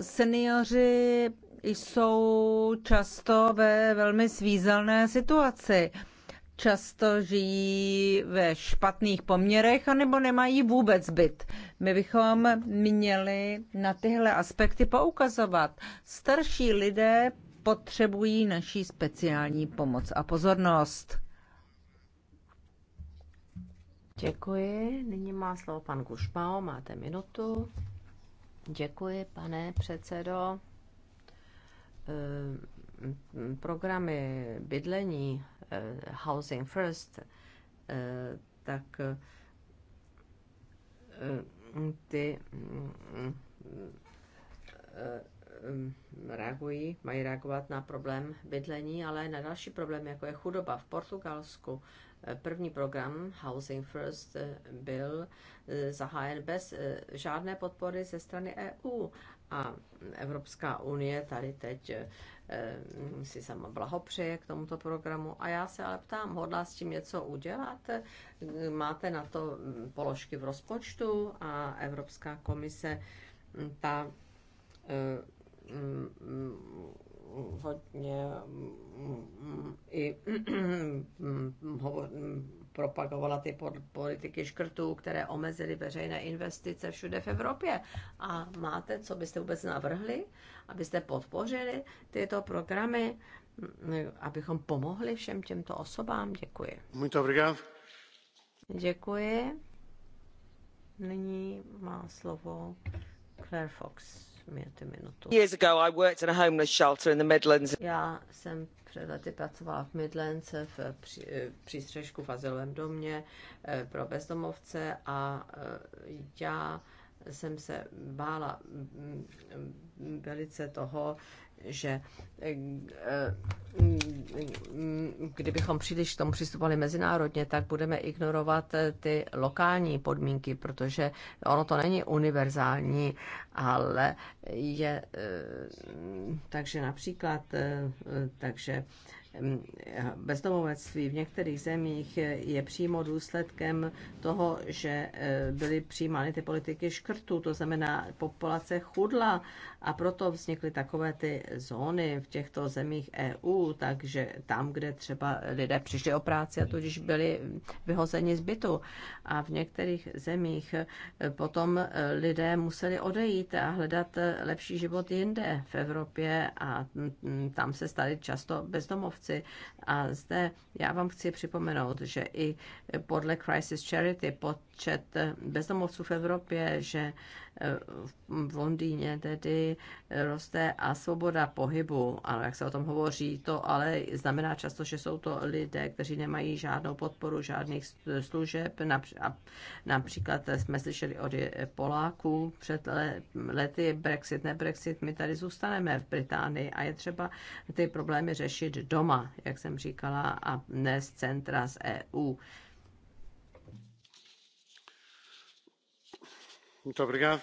Seniori jsou často ve velmi svízelné situaci. Často žijí ve špatných poměrech anebo nemají vůbec byt. My bychom měli na tyhle aspekty poukazovat. Starší lidé potřebují naší speciální pomoc a pozornost. Děkuji. Nyní má slovo pan Gušmao. Máte minutu. Děkuji, pane předsedo. Eh, programy bydlení eh, Housing First, eh, tak ty reagují, mají reagovat na problém bydlení, ale na další problém, jako je chudoba v Portugalsku. První program Housing First byl zahájen bez žádné podpory ze strany EU a Evropská unie tady teď si sama blahopřeje k tomuto programu. A já se ale ptám, hodlá s tím něco udělat? Máte na to položky v rozpočtu a Evropská komise ta hodně i propagovala ty politiky škrtů, které omezily veřejné investice všude v Evropě. A máte, co byste vůbec navrhli, abyste podpořili tyto programy, abychom pomohli všem těmto osobám? Děkuji. Muito obrigado. Děkuji. Nyní má slovo Claire Fox. Years ago I worked in a homeless shelter in the Midlands. Já jsem před lety pracovala v Midlands v eh, při, eh, přístřežku v azylovém domě eh, pro bezdomovce a já jsem se bála mm, mm, velice toho, že eh, eh, kdybychom příliš k tomu přistupovali mezinárodně, tak budeme ignorovat eh, ty lokální podmínky, protože ono to není univerzální, ale je takže například, takže bezdomovectví v některých zemích je přímo důsledkem toho, že eh, byly přijímány ty politiky škrtů, to znamená populace chudla a proto vznikly takové ty zóny v těchto zemích EU, takže tam, kde třeba lidé přišli o práci a tudíž byli vyhozeni z bytu a v některých zemích eh, potom eh, lidé museli odejít a hledat lepší život jinde v Evropě a mm, mm, tam se stali často bezdomovci chci. A zde já vám chci připomenout, že i podle Crisis Charity počet bezdomovců v Evropě, že v Londýně tedy roste a svoboda pohybu, ano, jak se o tom hovoří, to ale znamená často, že jsou to lidé, kteří nemají žádnou podporu žádných služeb. Například jsme slyšeli od Poláků před lety Brexit, ne Brexit, my tady zůstaneme v Británii a je třeba ty problémy řešit doma, jak jsem říkala, a ne z centra z EU. Děkuji.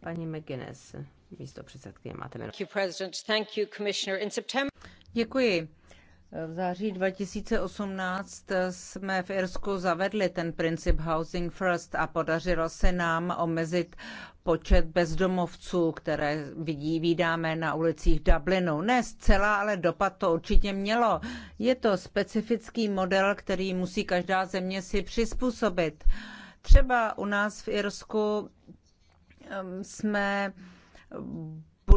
Paní McGuinness, místo předsedkyně, máte Děkuji. V září 2018 jsme v Irsku zavedli ten princip Housing First a podařilo se nám omezit počet bezdomovců, které vidí, vídáme na ulicích Dublinu. Ne zcela, ale dopad to určitě mělo. Je to specifický model, který musí každá země si přizpůsobit. Třeba u nás v Irsku um, jsme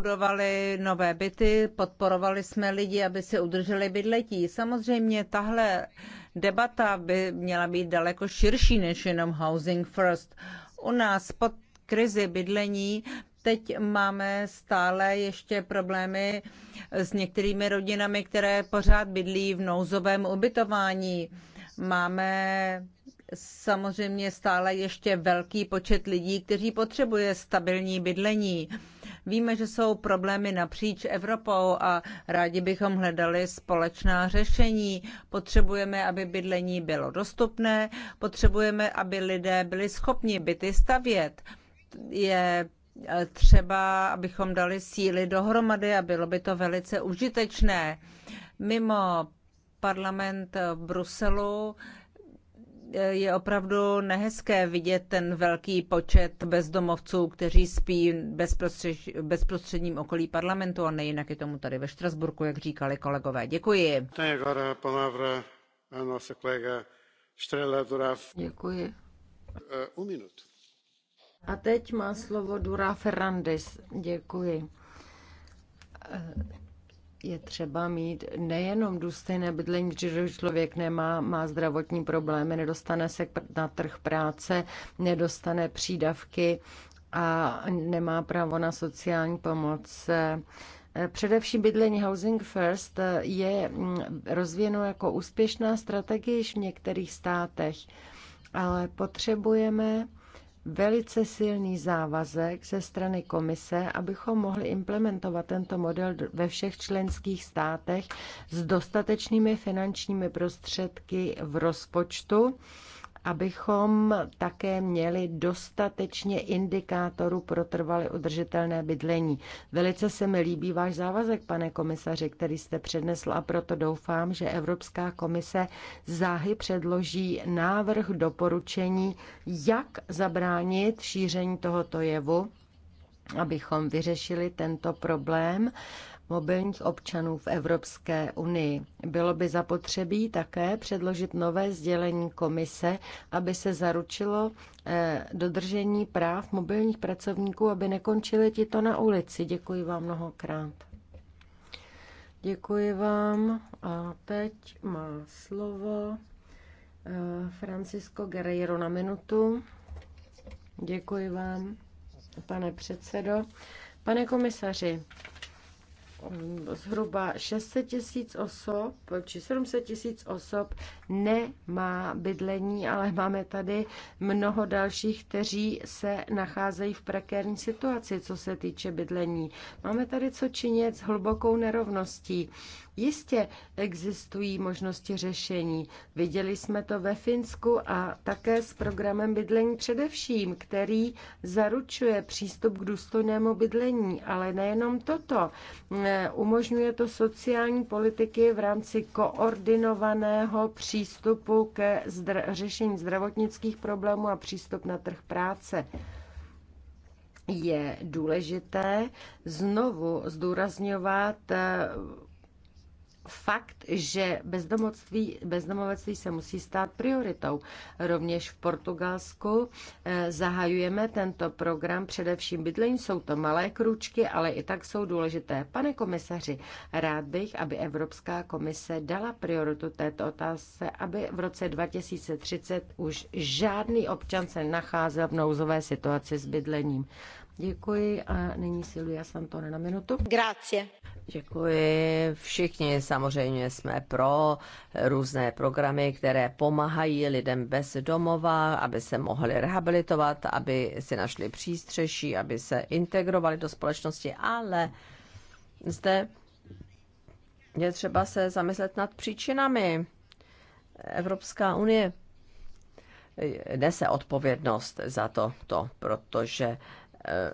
budovali nové byty, podporovali jsme lidi, aby se udrželi bydletí. Samozřejmě tahle debata by měla být daleko širší než jenom Housing First. U nás pod krizi bydlení teď máme stále ještě problémy s některými rodinami, které pořád bydlí v nouzovém ubytování. Máme samozřejmě stále ještě velký počet lidí, kteří potřebuje stabilní bydlení. Víme, že jsou problémy napříč Evropou a rádi bychom hledali společná řešení. Potřebujeme, aby bydlení bylo dostupné, potřebujeme, aby lidé byli schopni byty stavět. Je eh, třeba, abychom dali síly dohromady a bylo by to velice užitečné. Mimo parlament v Bruselu je opravdu nehezké vidět ten velký počet bezdomovců, kteří spí v bezprostředním okolí parlamentu a nejinak je tomu tady ve Štrasburku, jak říkali kolegové. Děkuji. Děkuji. Eh, a teď má slovo Dura Ferrandis. Děkuji. Eh, je třeba mít nejenom důstojné bydlení, když člověk nemá, má zdravotní problémy, nedostane se na trh práce, nedostane přídavky a nemá právo na sociální pomoc. Eh, především bydlení Housing First eh, je mm, rozvíjeno jako úspěšná strategie již v některých státech, ale potřebujeme velice silný závazek ze strany komise, abychom mohli implementovat tento model ve všech členských státech s dostatečnými finančními prostředky v rozpočtu abychom také měli dostatečně indikátorů pro trvalé udržitelné bydlení. Velice se mi líbí váš závazek, pane komisaři, který jste přednesl a proto doufám, že Evropská komise záhy předloží návrh doporučení, jak zabránit šíření tohoto jevu abychom vyřešili tento problém mobilních občanů v Evropské unii. Bylo by zapotřebí také předložit nové sdělení komise, aby se zaručilo eh, dodržení práv mobilních pracovníků, aby nekončili ti to na ulici. Děkuji vám mnohokrát. Děkuji vám a teď má slovo eh, Francisco Guerreiro na minutu. Děkuji vám, pane předsedo. Pane komisaři, zhruba 600 tisíc osob či 700 tisíc osob nemá bydlení, ale máme tady mnoho dalších, kteří se nacházejí v prekérní situaci, co se týče bydlení. Máme tady co činit s hlubokou nerovností. Jistě existují možnosti řešení. Viděli jsme to ve Finsku a také s programem bydlení především, který zaručuje přístup k důstojnému bydlení, ale nejenom toto. E, umožňuje to sociální politiky v rámci koordinovaného přístupu ke zdr- řešení zdravotnických problémů a přístup na trh práce je důležité znovu zdůrazňovat e, fakt, že bezdomovectví, bezdomovectví se musí stát prioritou. Rovněž v Portugalsku eh, zahajujeme tento program především bydlení. Jsou to malé kručky, ale i tak jsou důležité. Pane komisaři, rád bych, aby Evropská komise dala prioritu této otázce, aby v roce 2030 už žádný občan se nacházel v nouzové situaci s bydlením. Děkuji a nyní Silvia Santone na minutu. Grazie. Děkuji. Všichni samozřejmě jsme pro různé programy, které pomáhají lidem bez domova, aby se mohli rehabilitovat, aby si našli přístřeší, aby se integrovali do společnosti, ale zde je třeba se zamyslet nad příčinami. Evropská unie nese odpovědnost za to, to protože Eh,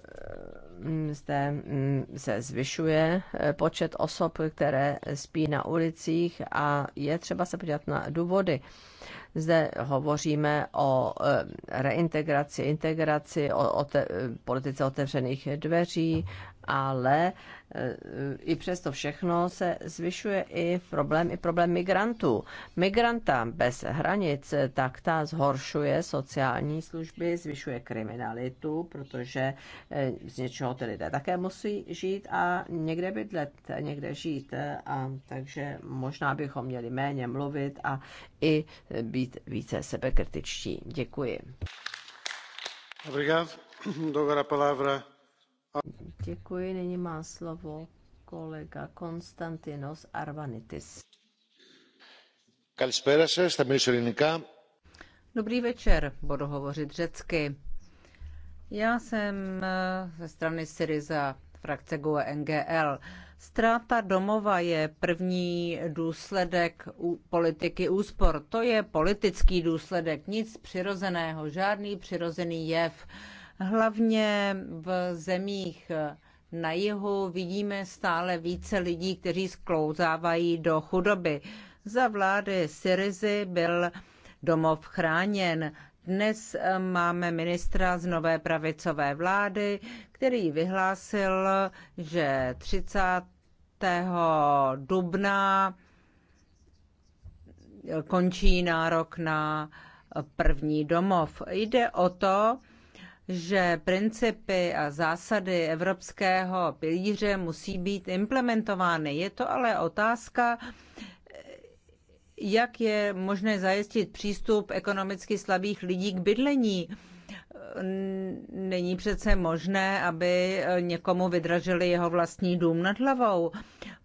zde mm, se zvyšuje eh, počet osob, které spí na ulicích a je třeba se podívat na důvody. Zde hovoříme o eh, reintegraci, integraci, o te, politice otevřených dveří ale eh, i přesto všechno se zvyšuje i problém, i problém migrantů. Migranta bez hranic, tak ta zhoršuje sociální služby, zvyšuje kriminalitu, protože eh, z něčeho ty lidé také musí žít a někde bydlet, někde žít. A takže možná bychom měli méně mluvit a i být více sebekritičtí. Děkuji. Obrigado. Dou palavra Děkuji, nyní má slovo kolega Konstantinos Arvanitis. Καλησπέρα σας, θα μιλήσω Dobrý večer, budu hovořit řecky. Já jsem eh, ze strany Syriza, frakce GUE NGL. Ztráta domova je první důsledek politiky úspor. To je politický důsledek, nic přirozeného, žádný přirozený jev. Hlavně v zemích na jihu vidíme stále více lidí, kteří sklouzávají do chudoby. Za vlády Syrizy byl domov chráněn. Dnes eh, máme ministra z nové pravicové vlády, který vyhlásil, že 30. dubna končí nárok na první domov. Jde o to, že principy a zásady evropského pilíře musí být implementovány. Je to ale otázka, jak je možné zajistit přístup ekonomicky slabých lidí k bydlení. Není přece možné, aby někomu vydražili jeho vlastní dům nad hlavou.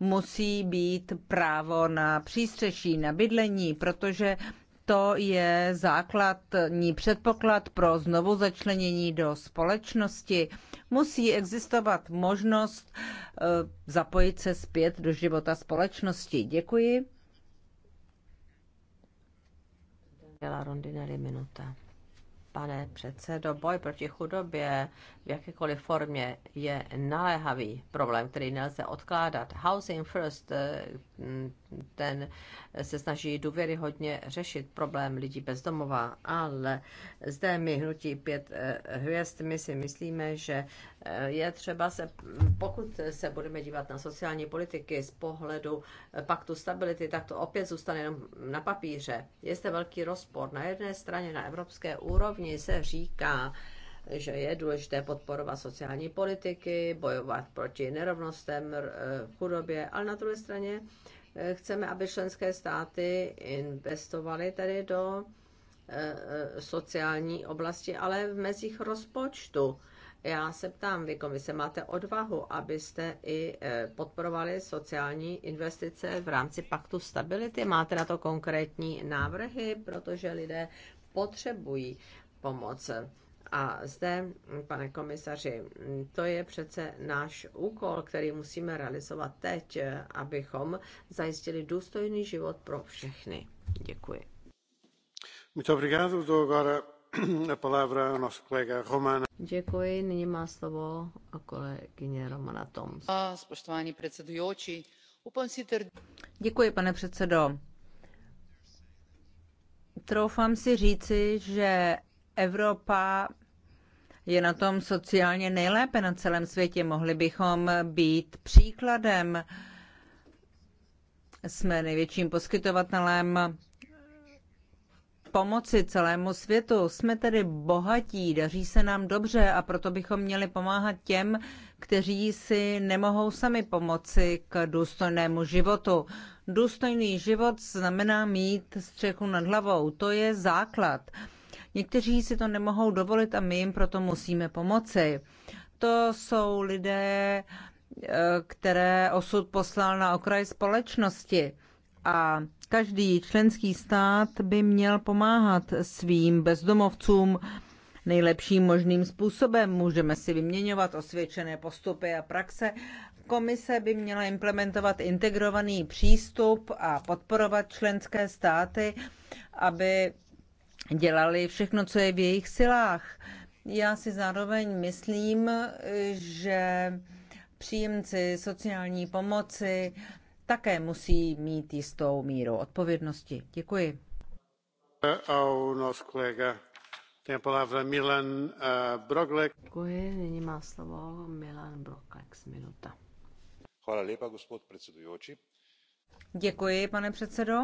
Musí být právo na přístřeší, na bydlení, protože to je základní předpoklad pro znovu začlenění do společnosti. Musí existovat možnost eh, zapojit se zpět do života společnosti. Děkuji. Daniela Rondinelli minuta. Pane předsedo, boj proti chudobě v jakékoliv formě je naléhavý problém, který nelze odkládat. Housing First eh, ten se snaží důvěryhodně řešit problém lidí bezdomova, ale zde my hnutí pět eh, hvězd, my si myslíme, že eh, je třeba se, pokud se budeme dívat na sociální politiky z pohledu eh, paktu stability, tak to opět zůstane jenom na papíře. Je zde velký rozpor. Na jedné straně na evropské úrovni se říká, že je důležité podporovat sociální politiky, bojovat proti nerovnostem, chudobě, ale na druhé straně chceme, aby členské státy investovaly tady do eh, eh, sociální oblasti, ale v mezích rozpočtu. Já se ptám, vy komise máte odvahu, abyste i eh, podporovali sociální investice v rámci paktu stability? Máte na to konkrétní návrhy, protože lidé potřebují pomoc. A zde, pane komisaři, to je přece náš úkol, který musíme realizovat teď, abychom zajistili důstojný život pro všechny. Děkuji. Muito obrigado. Dou agora a palavra ao nosso colega Romana. Děkuji. Nyní má slovo a kolegyně Romana Toms. Děkuji, pane předsedo. Troufám si říci, že Evropa je na tom sociálně nejlépe na celém světě. Mohli bychom být příkladem. Jsme největším poskytovatelem pomoci celému světu. Jsme tedy bohatí, daří se nám dobře a proto bychom měli pomáhat těm, kteří si nemohou sami pomoci k důstojnému životu. Důstojný život znamená mít střechu nad hlavou. To je základ. Někteří si to nemohou dovolit a my jim proto musíme pomoci. To jsou lidé, eh, které osud poslal na okraj společnosti. A každý členský stát by měl pomáhat svým bezdomovcům nejlepším možným způsobem. Můžeme si vyměňovat osvědčené postupy a praxe. Komise by měla implementovat integrovaný přístup a podporovat členské státy, aby dělali všechno, co je v jejich silách. Já si zároveň myslím, že příjemci sociální pomoci také musí mít jistou míru odpovědnosti. Děkuji. Eh, Děkuji, nyní má slovo Milan Broklex, minuta. Děkuji, pane předsedo.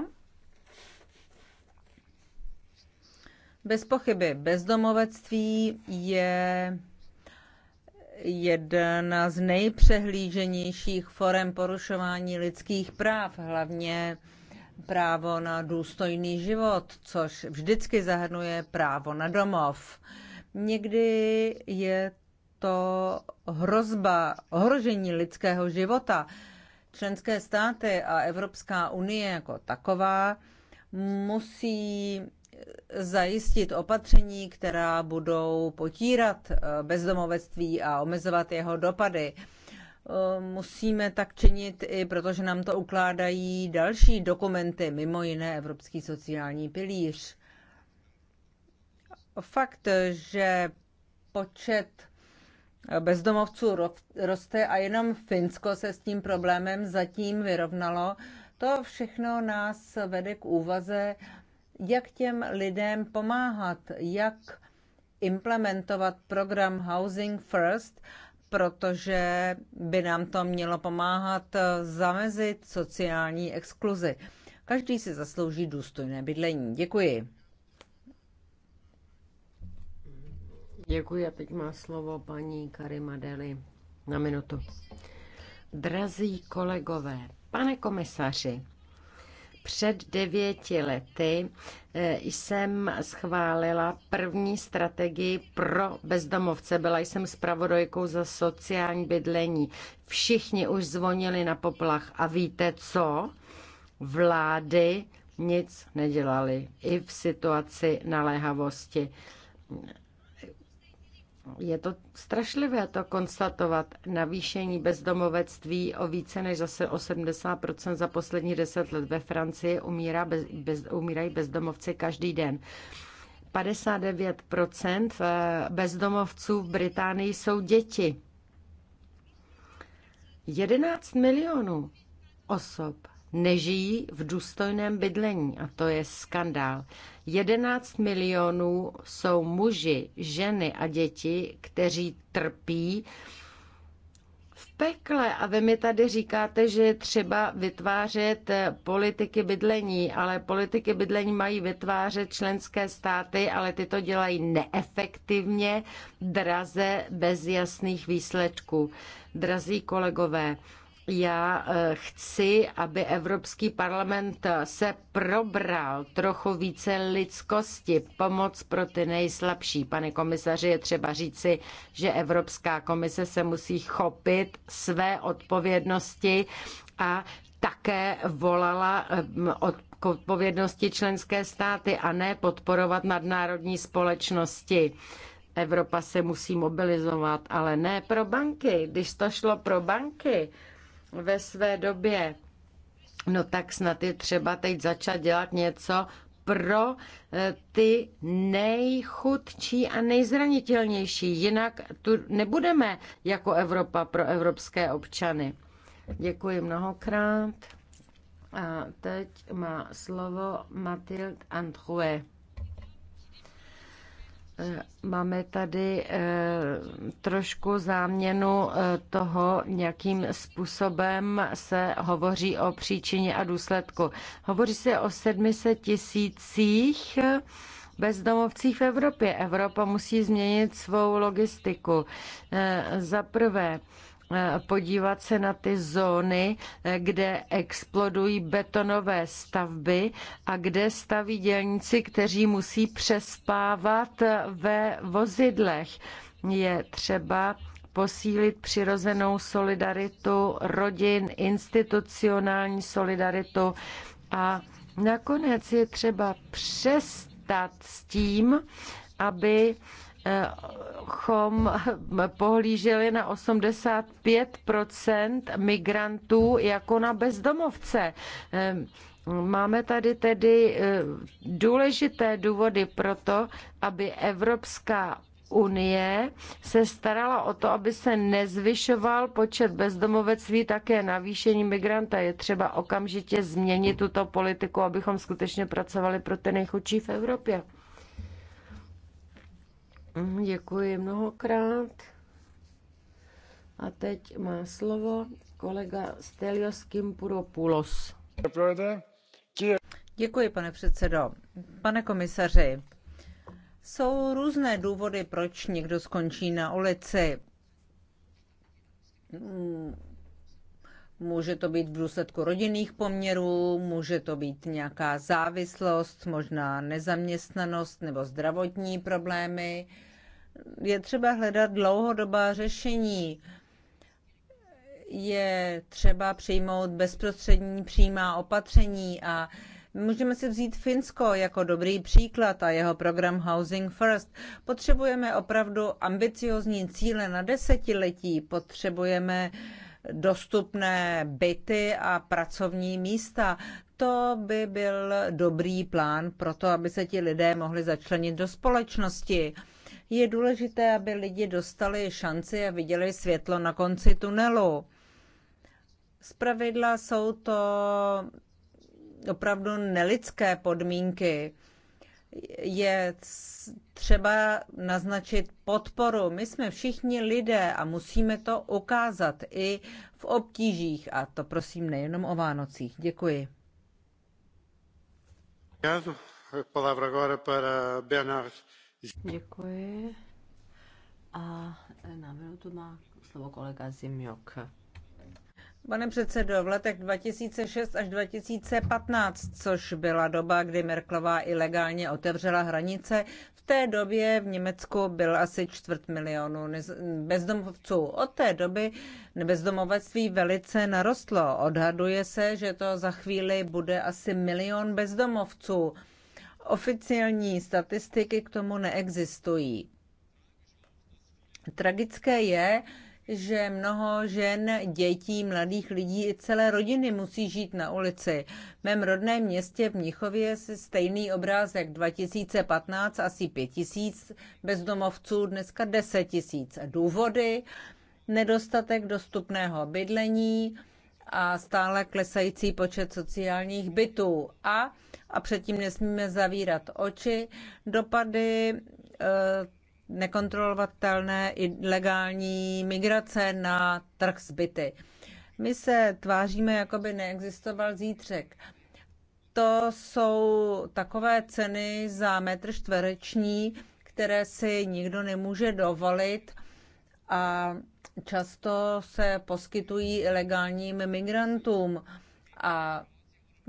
Bez pochyby bezdomovectví je jedna z nejpřehlíženějších forem porušování lidských práv, hlavně právo na důstojný život, což vždycky zahrnuje právo na domov. Někdy je to hrozba ohrožení lidského života. Členské státy a Evropská unie jako taková musí zajistit opatření, která budou potírat eh, bezdomovectví a omezovat jeho dopady. Eh, musíme tak činit i protože nám to ukládají další dokumenty, mimo jiné Evropský sociální pilíř. Fakt, že počet bezdomovců roste a jenom Finsko se s tím problémem zatím vyrovnalo, to všechno nás vede k úvaze, jak těm lidem pomáhat, jak implementovat program Housing First, protože by nám to mělo pomáhat eh, zamezit sociální exkluzi. Každý si zaslouží důstojné bydlení. Děkuji. Děkuji a teď má slovo paní Karima Deli na minutu. Drazí kolegové, pane komisaři, před devěti lety eh, jsem schválila první strategii pro bezdomovce. Byla jsem zpravodajkou za sociální bydlení. Všichni už zvonili na poplach a víte co? Vlády nic nedělali i v situaci naléhavosti je to strašlivé to konstatovat. Navýšení bezdomovectví o více než zase 80% za poslední 10 let ve Francii umírá bez, bez, umírají bezdomovci každý den. 59% eh, bezdomovců v Británii jsou děti. 11 milionů osob nežijí v důstojném bydlení a to je skandál. 11 milionů jsou muži, ženy a děti, kteří trpí v pekle. A vy mi tady říkáte, že je třeba vytvářet politiky bydlení, ale politiky bydlení mají vytvářet členské státy, ale ty to dělají neefektivně, draze, bez jasných výsledků. Drazí kolegové, já eh, chci, aby Evropský parlament eh, se probral trochu více lidskosti, pomoc pro ty nejslabší. Pane komisaři, je třeba říci, že Evropská komise se musí chopit své odpovědnosti a také volala eh, od odpovědnosti členské státy a ne podporovat nadnárodní společnosti. Evropa se musí mobilizovat, ale ne pro banky. Když to šlo pro banky, ve své době. No tak snad je třeba teď začat dělat něco pro eh, ty nejchudší a nejzranitelnější. Jinak tu nebudeme jako Evropa pro evropské občany. Děkuji mnohokrát. A teď má slovo Mathilde Androuet. Eh, máme tady eh, trošku záměnu eh, toho, jakým způsobem se hovoří o příčině a důsledku. Hovoří se o 700 tisících bezdomovcích v Evropě. Evropa musí změnit svou logistiku. Za prvé, Eh, podívat se na ty zóny, eh, kde explodují betonové stavby a kde staví dělníci, kteří musí přespávat eh, ve vozidlech. Je třeba posílit přirozenou solidaritu rodin, institucionální solidaritu a nakonec je třeba přestat s tím, aby chom pohlíželi na 85 migrantů jako na bezdomovce. Máme tady tedy e, důležité důvody pro to, aby Evropská unie se starala o to, aby se nezvyšoval počet bezdomovectví, také navýšení migranta. Je třeba okamžitě změnit tuto politiku, abychom skutečně pracovali pro ty nejchudší v Evropě. Mhm, děkuji mnohokrát. A teď má slovo kolega Stelios Kimpuropoulos. Děkuji, pane předsedo. Pane komisaři, jsou různé důvody, proč někdo skončí na ulici. Může to být v důsledku rodinných poměrů, může to být nějaká závislost, možná nezaměstnanost nebo zdravotní problémy. Je třeba hledat dlouhodobá řešení. Je třeba přijmout bezprostřední přímá opatření a Můžeme si vzít Finsko jako dobrý příklad a jeho program Housing First. Potřebujeme opravdu ambiciozní cíle na desetiletí, potřebujeme uh, dostupné byty a pracovní místa. To by byl dobrý plán pro to, aby se ti lidé mohli začlenit do společnosti. Je důležité, aby lidi dostali šanci a viděli světlo na konci tunelu. Zpravidla jsou to opravdu nelidské podmínky je třeba naznačit podporu. My jsme všichni lidé a musíme to ukázat i v obtížích. A to prosím nejenom o Vánocích. Děkuji. Děkuji. A na minutu má slovo kolega Zimjok. Pane předsedo, v letech 2006 až 2015, což byla doba, kdy Merklová ilegálně otevřela hranice, v té době v Německu byl asi čtvrt milionu bezdomovců. Od té doby bezdomovectví velice narostlo. Odhaduje se, že to za chvíli bude asi milion bezdomovců. Oficiální statistiky k tomu neexistují. Tragické je, že mnoho žen, dětí, mladých lidí i celé rodiny musí žít na ulici. V mém rodném městě v Mnichově se stejný obrázek 2015 asi 5 tisíc bezdomovců, dneska 10 tisíc. Důvody? Nedostatek dostupného bydlení a stále klesající počet sociálních bytů. A, a předtím nesmíme zavírat oči, dopady e, nekontrolovatelné i legální migrace na trh zbyty. My se tváříme, jako by neexistoval zítřek. To jsou takové ceny za metr čtvereční, které si nikdo nemůže dovolit a často se poskytují ilegálním migrantům. A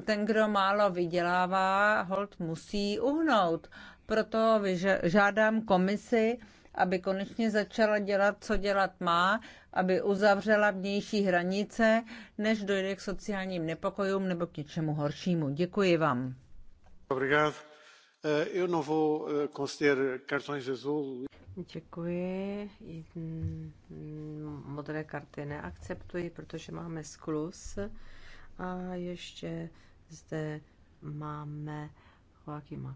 ten, kdo málo vydělává, hold musí uhnout. Proto žádám komisi, aby konečně začala dělat, co dělat má, aby uzavřela vnější hranice, než dojde k sociálním nepokojům nebo k něčemu horšímu. Děkuji vám. Eh, eh, Děkuji. Hm, modré karty neakceptuji, protože máme sklus. A ještě zde máme Joaquima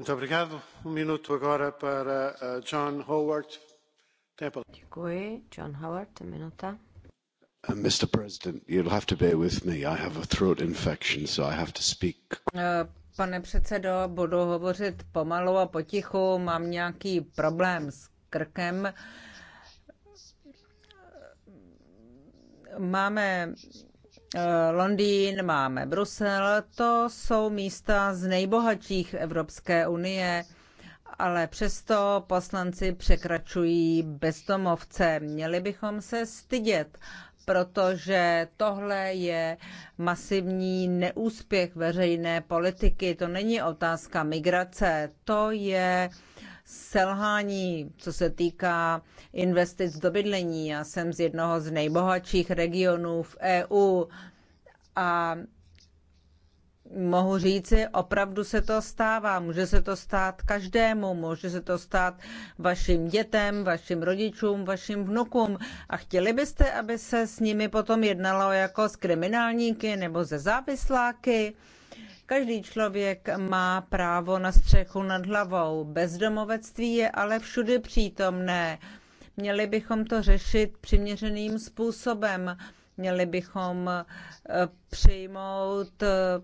Mr. Um eh, uh, President, you'll have to bear with me. I have a throat infection, so I have to speak. Uh, pane předsedo, budu hovořit pomalu a potichu. Mám nějaký problém s krkem. Máme Eh, Londýn, máme Brusel, to jsou místa z nejbohatších Evropské unie, ale přesto poslanci překračují bezdomovce. Měli bychom se stydět, protože tohle je masivní neúspěch veřejné politiky. To není otázka migrace, to je uh, selhání, co se týká investic do bydlení. Já jsem z jednoho z nejbohatších regionů v EU a mohu říci, opravdu se to stává. Může se to stát každému, může se to stát vašim dětem, vašim rodičům, vašim vnukům. A chtěli byste, aby se s nimi potom jednalo jako s kriminálníky nebo ze závisláky? Každý člověk má právo na střechu nad hlavou. Bezdomovectví je ale všude přítomné. Měli bychom to řešit přiměřeným způsobem. Měli bychom eh, přijmout eh,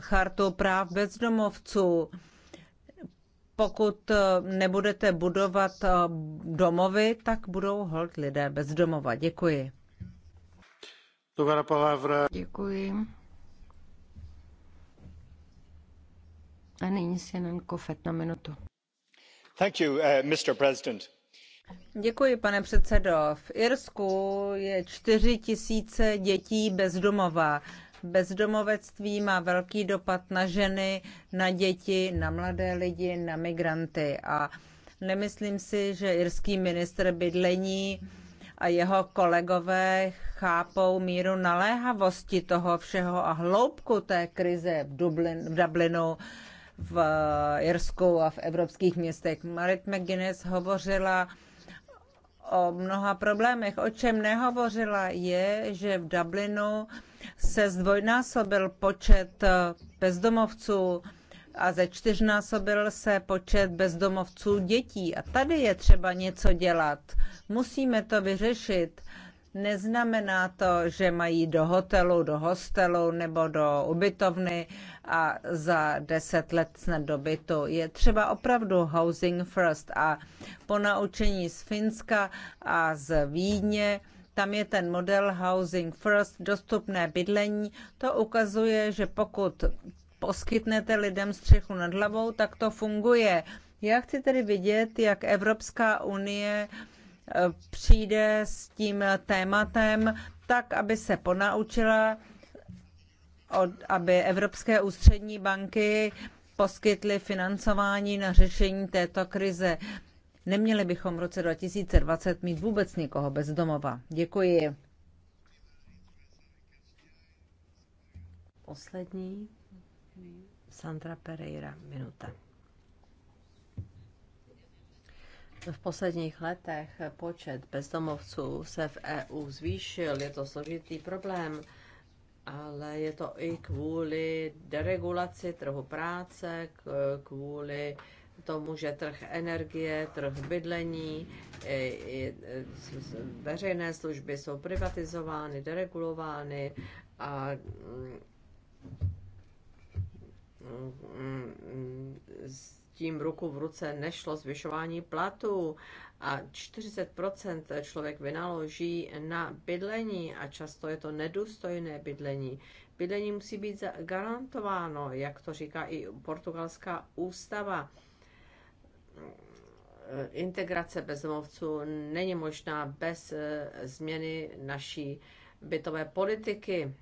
chartu práv bezdomovců. Pokud eh, nebudete budovat domovy, tak budou hold lidé bezdomova. Děkuji. Děkuji. Uh, Děkuji, pane předsedající V Irsku je 4 tisíce dětí bezdomova. Bezdomovectví má velký dopad na ženy, na děti, na mladé lidi, na migranty. A nemyslím si, že irský ministr bydlení a jeho kolegové chápou míru naléhavosti toho všeho a hloubku té krize v, Dublin, v Dublinu v Jirsku a v evropských městech. Marit McGuinness hovořila o mnoha problémech. O čem nehovořila je, že v Dublinu se zdvojnásobil počet bezdomovců a ze čtyřnásobil se počet bezdomovců dětí. A tady je třeba něco dělat. Musíme to vyřešit. Neznamená to, že mají do hotelu, do hostelu nebo do ubytovny a za deset let snad do bytu. Je třeba opravdu housing first a po naučení z Finska a z Vídně tam je ten model Housing First, dostupné bydlení. To ukazuje, že pokud poskytnete lidem střechu nad hlavou, tak to funguje. Já chci tedy vidět, jak Evropská unie přijde s tím tématem, tak aby se ponaučila, aby Evropské ústřední banky poskytly financování na řešení této krize. Neměli bychom v roce 2020 mít vůbec nikoho bez domova. Děkuji. Poslední. Sandra Pereira, minuta. V posledních letech počet bezdomovců se v EU zvýšil, je to složitý problém, ale je to i kvůli deregulaci trhu práce, kvůli tomu, že trh energie, trh bydlení, veřejné služby jsou privatizovány, deregulovány a mm, mm, mm tím ruku v ruce nešlo zvyšování platů a 40% člověk vynaloží na bydlení a často je to nedůstojné bydlení. Bydlení musí být garantováno, jak to říká i portugalská ústava. Integrace bezdomovců není možná bez eh, změny naší bytové politiky.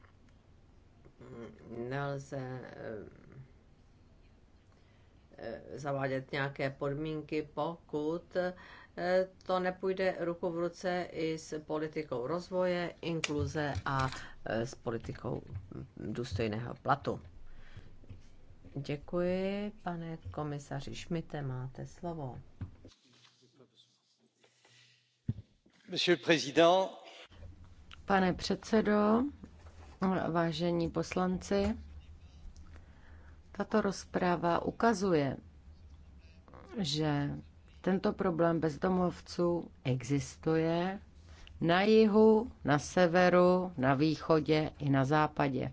Nelze eh, zavádět nějaké podmínky, pokud eh, to nepůjde ruku v ruce i s politikou rozvoje, inkluze a eh, s politikou důstojného platu. Děkuji, pane komisaři Šmite, máte slovo. Pane předsedo, vážení poslanci, tato rozprava ukazuje, že tento problém bezdomovců existuje na jihu, na severu, na východě i na západě.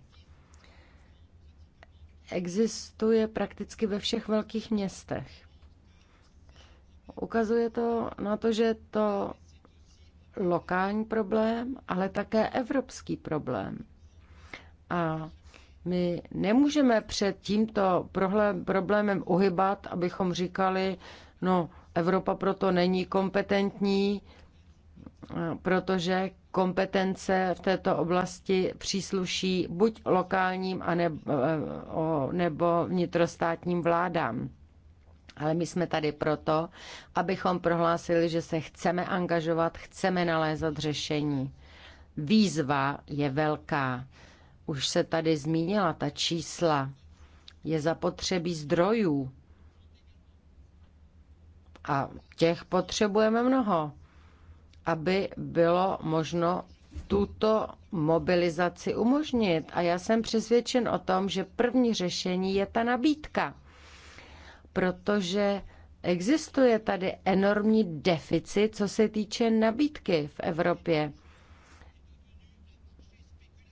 Existuje prakticky ve všech velkých městech. Ukazuje to na to, že je to lokální problém, ale také evropský problém. A my nemůžeme před tímto problémem uhybat, abychom říkali, no Evropa proto není kompetentní, protože kompetence v této oblasti přísluší buď lokálním nebo vnitrostátním vládám. Ale my jsme tady proto, abychom prohlásili, že se chceme angažovat, chceme nalézat řešení. Výzva je velká. Už se tady zmínila ta čísla. Je zapotřebí zdrojů. A těch potřebujeme mnoho, aby bylo možno tuto mobilizaci umožnit. A já jsem přesvědčen o tom, že první řešení je ta nabídka, protože existuje tady enormní deficit, co se týče nabídky v Evropě.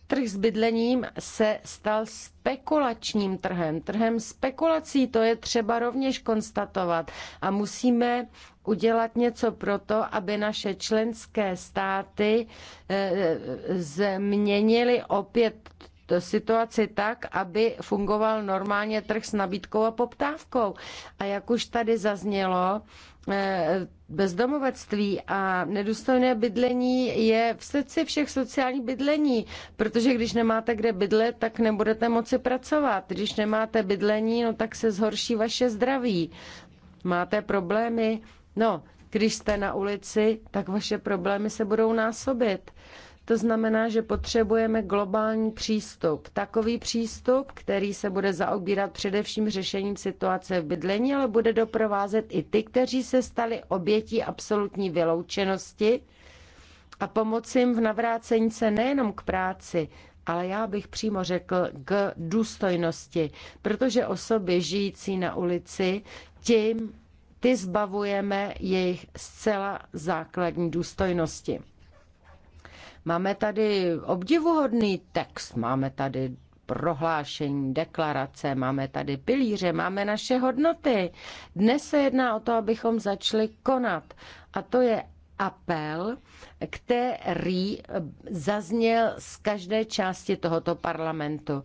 Trh s bydlením se stal spekulačním trhem, trhem spekulací, to je třeba rovněž konstatovat. A musíme udělat něco pro to, aby naše členské státy eh, změnily opět situaci tak, aby fungoval normálně trh s nabídkou a poptávkou. A jak už tady zaznělo, Eh, bezdomovectví a nedůstojné bydlení je v srdci všech sociálních bydlení, protože když nemáte kde bydlet, tak nebudete moci pracovat. Když nemáte bydlení, no tak se zhorší vaše zdraví. Máte problémy? No, když jste na ulici, tak vaše problémy se budou násobit. To znamená, že potřebujeme globální přístup. Takový přístup, který se bude zaobírat především řešením situace v bydlení, ale bude doprovázet i ty, kteří se stali obětí absolutní vyloučenosti a pomoci jim v navrácení se nejenom k práci, ale já bych přímo řekl k důstojnosti, protože osoby žijící na ulici tím ty zbavujeme jejich zcela základní důstojnosti. Máme tady obdivuhodný text, máme tady prohlášení, deklarace, máme tady pilíře, máme naše hodnoty. Dnes se jedná o to, abychom začali konat. A to je apel, který zazněl z každé části tohoto parlamentu.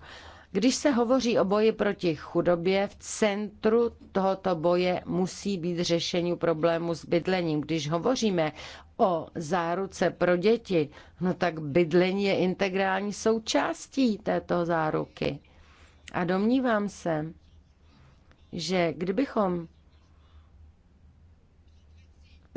Když se hovoří o boji proti chudobě, v centru tohoto boje musí být řešení problému s bydlením. Když hovoříme o záruce pro děti, no tak bydlení je integrální součástí této záruky. A domnívám se, že kdybychom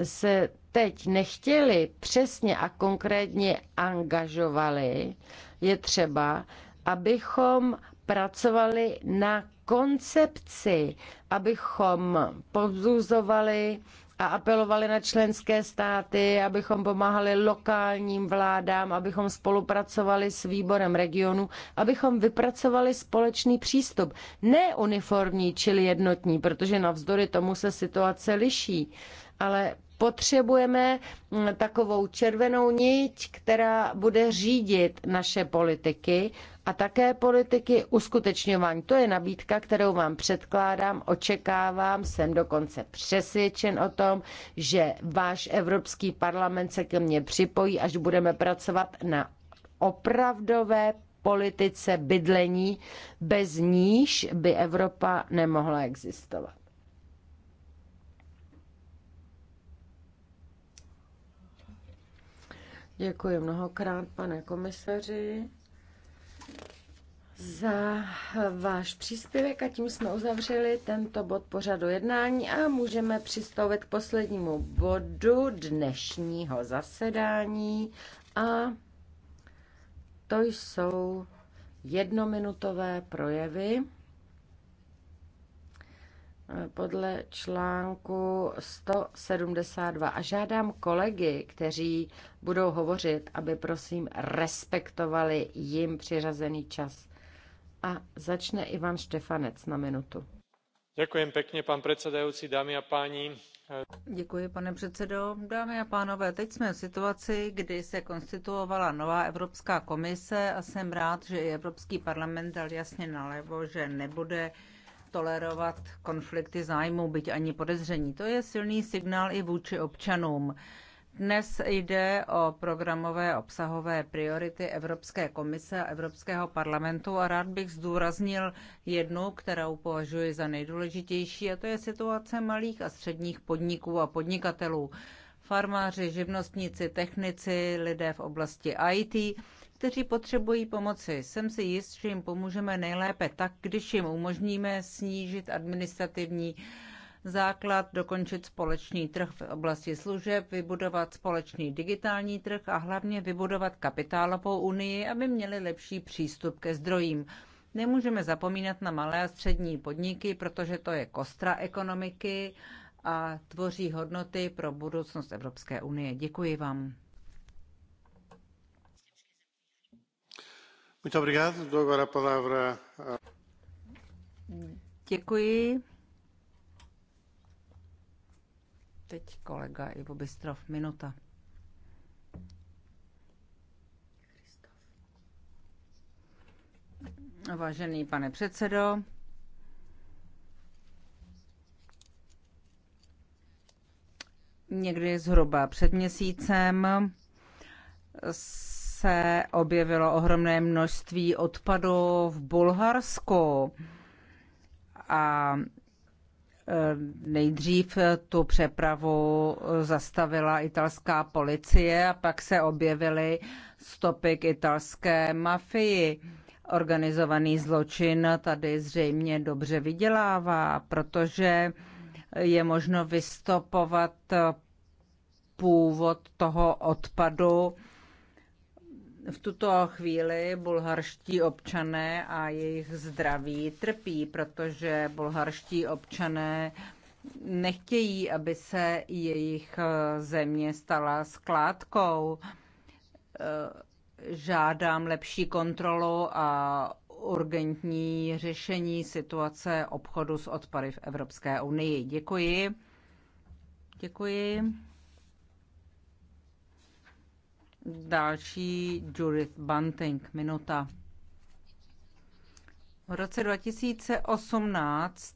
se teď nechtěli přesně a konkrétně angažovali, je třeba, abychom pracovali na koncepci, abychom povzuzovali a apelovali na členské státy, abychom pomáhali lokálním vládám, abychom spolupracovali s výborem regionu, abychom vypracovali společný přístup. Ne uniformní, čili jednotní, protože navzdory tomu se situace liší, ale potřebujeme mm, takovou červenou niť, která bude řídit naše politiky a také politiky uskutečňování. To je nabídka, kterou vám předkládám, očekávám, jsem dokonce přesvědčen o tom, že váš Evropský parlament se ke mně připojí, až budeme pracovat na opravdové politice bydlení, bez níž by Evropa nemohla existovat. Děkuji mnohokrát, pane komisaři za váš příspěvek a tím jsme uzavřeli tento bod pořadu jednání a můžeme přistoupit k poslednímu bodu dnešního zasedání a to jsou jednominutové projevy podle článku 172 a žádám kolegy, kteří budou hovořit, aby prosím respektovali jim přiřazený čas a začne Ivan Štefanec na minutu. Děkuji pěkně, pan předsedající, dámy a páni. Děkuji, pane předsedo. Dámy a pánové, teď jsme v situaci, kdy se konstituovala nová Evropská komise a jsem rád, že i Evropský parlament dal jasně nalevo, že nebude tolerovat konflikty zájmů, byť ani podezření. To je silný signál i vůči občanům. Dnes jde o programové obsahové priority Evropské komise a Evropského parlamentu a rád bych zdůraznil jednu, kterou považuji za nejdůležitější, a to je situace malých a středních podniků a podnikatelů. Farmáři, živnostníci, technici, lidé v oblasti IT, kteří potřebují pomoci. Jsem si jist, že jim pomůžeme nejlépe tak, když jim umožníme snížit administrativní základ, dokončit společný trh v oblasti služeb, vybudovat společný digitální trh a hlavně vybudovat kapitálovou unii, aby měli lepší přístup ke zdrojím. Nemůžeme zapomínat na malé a střední podniky, protože to je kostra ekonomiky a tvoří hodnoty pro budoucnost Evropské unie. Děkuji vám. Děkuji. Teď kolega Ivo Bystrov, minuta. Vážený pane předsedo, někdy zhruba před měsícem se objevilo ohromné množství odpadu v Bulharsku a Eh, nejdřív tu přepravu zastavila italská policie a pak se objevily stopy k italské mafii. Organizovaný zločin tady zřejmě dobře vydělává, protože je možno vystopovat původ toho odpadu v tuto chvíli bulharští občané a jejich zdraví trpí, protože bulharští občané nechtějí, aby se jejich eh, země stala skládkou. Eh, žádám lepší kontrolu a urgentní řešení situace obchodu s odpady v Evropské unii. Děkuji. Děkuji. Další Judith Bunting, minuta. V roce 2018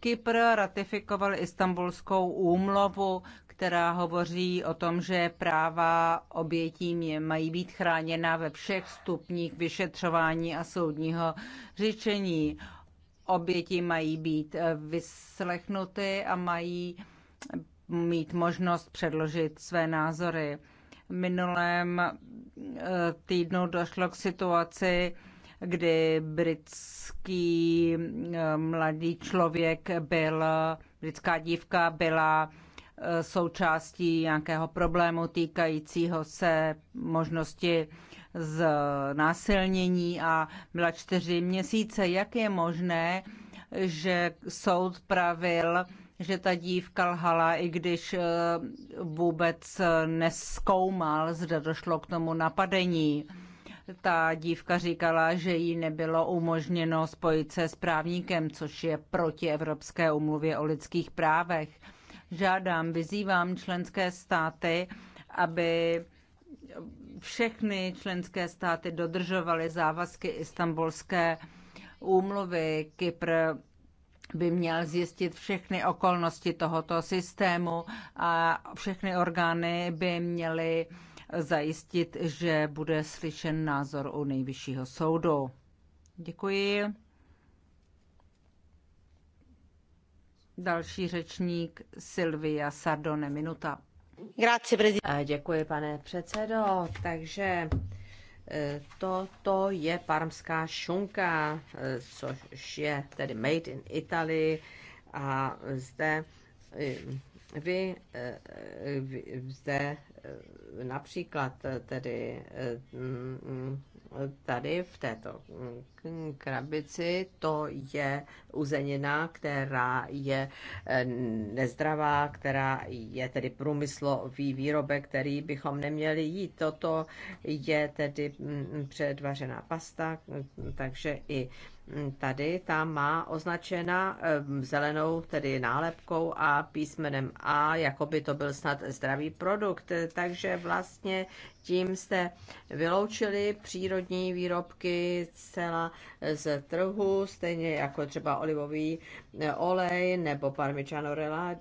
Kypr ratifikoval Istanbulskou úmluvu, která hovoří o tom, že práva obětí mají být chráněna ve všech stupních vyšetřování a soudního řečení. Oběti mají být eh, vyslechnuty a mají mít možnost předložit své názory minulém eh, týdnu došlo k situaci, kdy britský eh, mladý člověk byl, britská dívka byla eh, součástí nějakého problému týkajícího se možnosti z násilnění a byla čtyři měsíce. Jak je možné, že soud pravil že ta dívka lhala, i když eh, vůbec eh, neskoumal, zda došlo k tomu napadení. Ta dívka říkala, že jí nebylo umožněno spojit se s právníkem, což je proti Evropské umluvě o lidských právech. Žádám, vyzývám členské státy, aby všechny členské státy dodržovaly závazky istambulské úmluvy. Kypr by měl zjistit všechny okolnosti tohoto systému a všechny orgány by měly zajistit, že bude slyšen názor u nejvyššího soudu. Děkuji. Další řečník Silvia Sardone, minuta. Děkuji, pane předsedo. Takže E, toto je parmská šunka, e, což je tedy made in Italy a zde e, vy, vy zde například tedy tady v této mm, krabici, to je uzenina, která je eh, nezdravá, která je tedy průmyslový výrobek, který bychom neměli jít. Toto je tedy mm, předvařená pasta, mm, takže i Mm, tady ta má označena zelenou, tedy nálepkou a písmenem A, jako by to byl snad zdravý produkt. Takže vlastně tím jste vyloučili přírodní výrobky zcela z trhu, stejně jako třeba olivový e, olej nebo parmigiano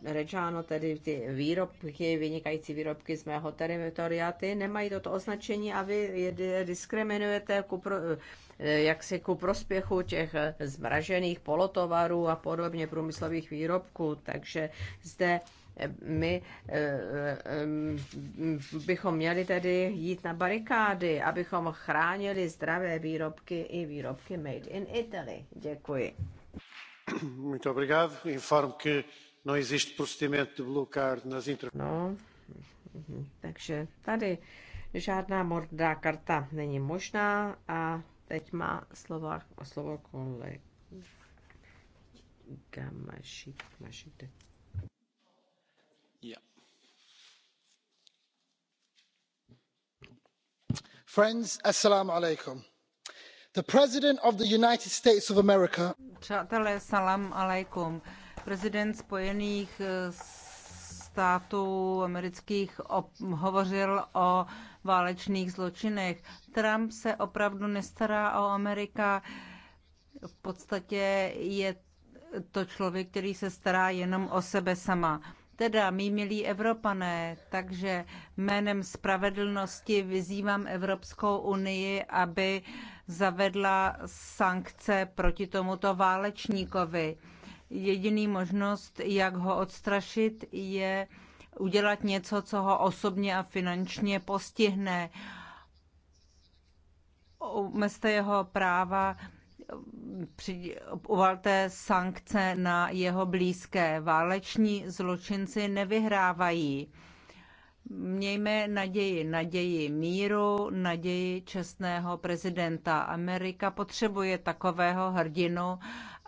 reggiano, tedy ty výrobky, vynikající výrobky z mého teritoria, ty nemají toto označení a vy je diskriminujete ku pro, Eh, jaksi ku prospěchu těch eh, zmražených polotovarů a podobně průmyslových výrobků. Takže zde eh, my bychom měli tedy jít na barikády, abychom chránili zdravé výrobky i výrobky made in Italy. Děkuji. Muito obrigado. Informo que não existe procedimento de bloquear nas inter... No, takže tady žádná mordá karta není možná a Teď má slovo, slovo kolega Mašík. Yeah. Friends, assalamu alaikum. The president of the United States of America. Přátelé, salam alaikum. Prezident Spojených států amerických hovořil o válečných zločinech. Trump se opravdu nestará o Amerika. V podstatě je to člověk, který se stará jenom o sebe sama. Teda, mý milí Evropané, takže jménem spravedlnosti vyzývám Evropskou unii, aby zavedla sankce proti tomuto válečníkovi. Jediný možnost, jak ho odstrašit, je udělat něco, co ho osobně a finančně postihne. Umezte jeho práva, uvalte sankce na jeho blízké. Váleční zločinci nevyhrávají. Mějme naději, naději míru, naději čestného prezidenta. Amerika potřebuje takového hrdinu,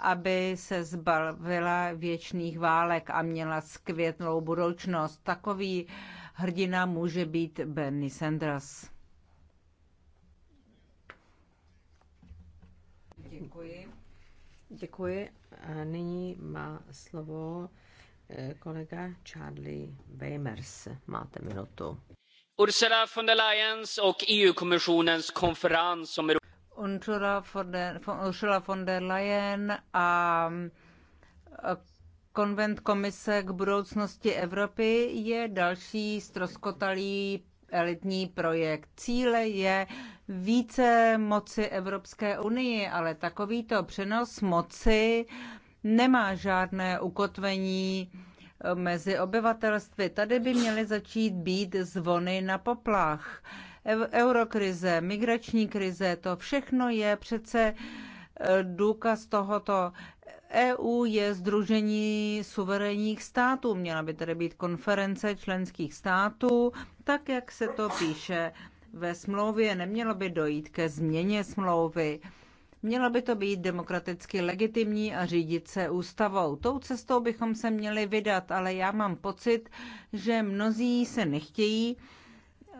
aby se zbavila věčných válek a měla skvětlou budoucnost. Takový hrdina může být Bernie Sanders. Děkuji. Děkuji. A nyní má slovo eh, kolega Charlie Weimers. Máte minutu. Ursula von der Leyens och EU-kommissionens konferens om Ursula von der Leyen a konvent komise k budoucnosti Evropy je další stroskotalý elitní projekt. Cíle je více moci Evropské unii, ale takovýto přenos moci nemá žádné ukotvení e, mezi obyvatelstvy. Tady by měly začít být zvony na poplach eurokrize, migrační krize, to všechno je přece e, důkaz tohoto. EU je združení suverénních států. Měla by tedy být konference členských států, tak jak se to píše ve smlouvě. Nemělo by dojít ke změně smlouvy. Mělo by to být demokraticky legitimní a řídit se ústavou. Tou cestou bychom se měli vydat, ale já mám pocit, že mnozí se nechtějí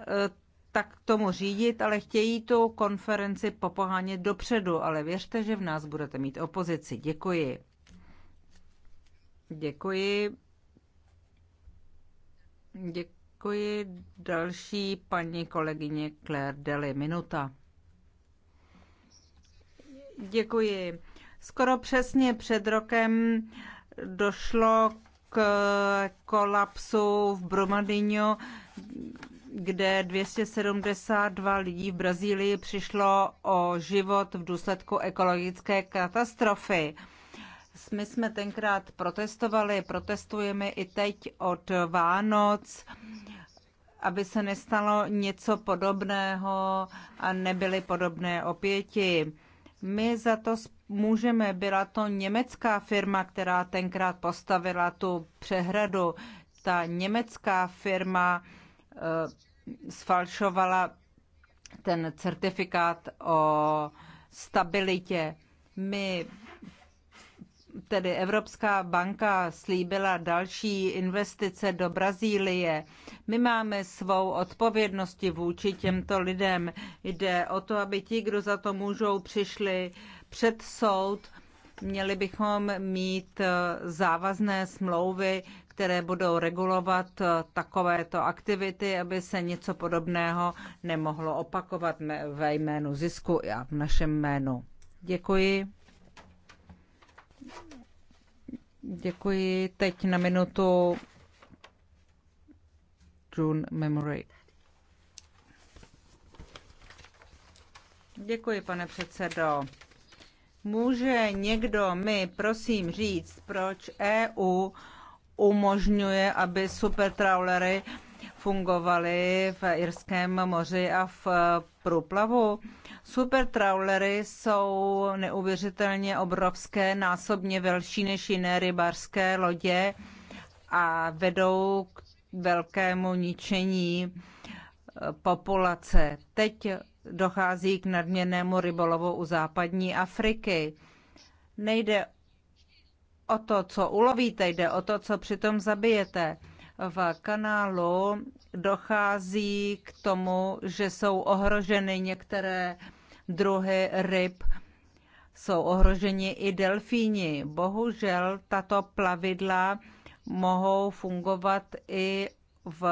e, tak tomu řídit, ale chtějí tu konferenci popohánět dopředu, ale věřte, že v nás budete mít opozici. Děkuji. Děkuji. Děkuji. Další paní kolegyně Claire Deli, minuta. Děkuji. Skoro přesně před rokem došlo k kolapsu v Brumadinho, kde 272 lidí v Brazílii přišlo o život v důsledku ekologické katastrofy. My jsme tenkrát protestovali, protestujeme i teď od Vánoc, aby se nestalo něco podobného a nebyly podobné opěti. My za to můžeme, byla to německá firma, která tenkrát postavila tu přehradu. Ta německá firma Eh, sfalšovala ten certifikát o stabilitě. My, tedy Evropská banka, slíbila další investice do Brazílie. My máme svou odpovědnosti vůči těmto lidem. Jde o to, aby ti, kdo za to můžou, přišli před soud. Měli bychom mít eh, závazné smlouvy které budou regulovat eh, takovéto aktivity, aby se něco podobného nemohlo opakovat ve jménu zisku a v našem jménu. Děkuji. Děkuji. Teď na minutu June Memory. Děkuji, pane předsedo. Může někdo mi prosím říct, proč EU umožňuje, aby supertrawlery fungovaly v Irském moři a v eh, průplavu. Supertrawlery jsou neuvěřitelně obrovské, násobně velší než jiné rybářské lodě a vedou k velkému ničení eh, populace. Teď dochází k nadměrnému rybolovu u západní Afriky. Nejde o to, co ulovíte, jde o to, co přitom zabijete. V kanálu dochází k tomu, že jsou ohroženy některé druhy ryb, jsou ohroženi i delfíni. Bohužel tato plavidla mohou fungovat i v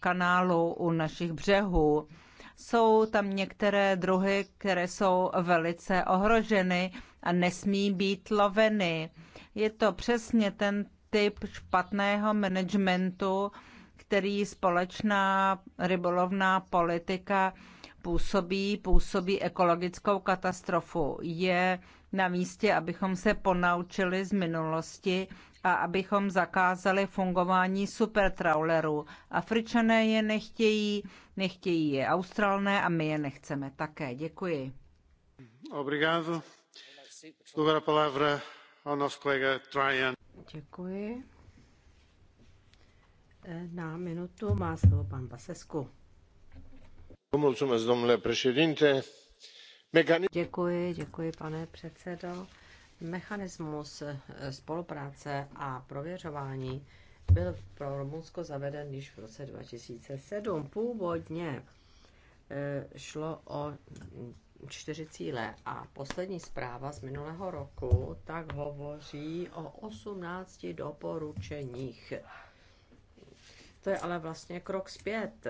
kanálu u našich břehů. Jsou tam některé druhy, které jsou velice ohroženy a nesmí být loveny. Je to přesně ten typ špatného managementu, který společná rybolovná politika působí, působí ekologickou katastrofu. Je na místě, abychom se ponaučili z minulosti a abychom zakázali fungování supertraulerů. Afričané je nechtějí, nechtějí je Australné a my je nechceme také. Děkuji. Obrigado. palavra Děkuji. E, na minutu má slovo pan Basescu. Děkuji, děkuji, pane předsedo. Mechanismus e, spolupráce a prověřování byl pro Rumunsko zaveden již v roce 2007. Původně e, šlo o čtyři cíle. A poslední zpráva z minulého roku tak hovoří o 18 doporučeních. To je ale vlastně krok zpět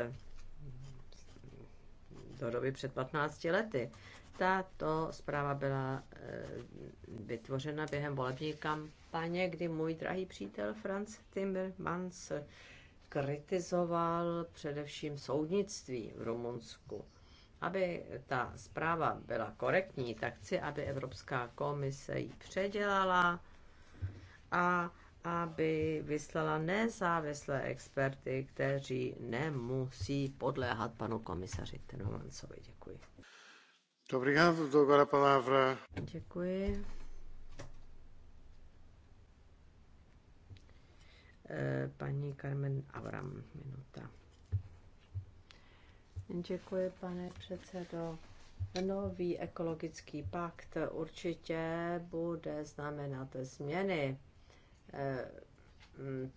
do doby před 15 lety. Tato zpráva byla eh, vytvořena během volební kampaně, kdy můj drahý přítel Franz Timmermans kritizoval především soudnictví v Rumunsku aby ta zpráva byla korektní, tak chci, aby Evropská komise ji předělala a aby vyslala nezávislé experty, kteří nemusí podléhat panu komisaři Trnovancovi. Děkuji. Dobrý dobrá palavra. Děkuji. Eh, paní Carmen Avram, minuta. Děkuji, pane předsedo. Nový ekologický pakt určitě bude znamenat změny, eh, mm,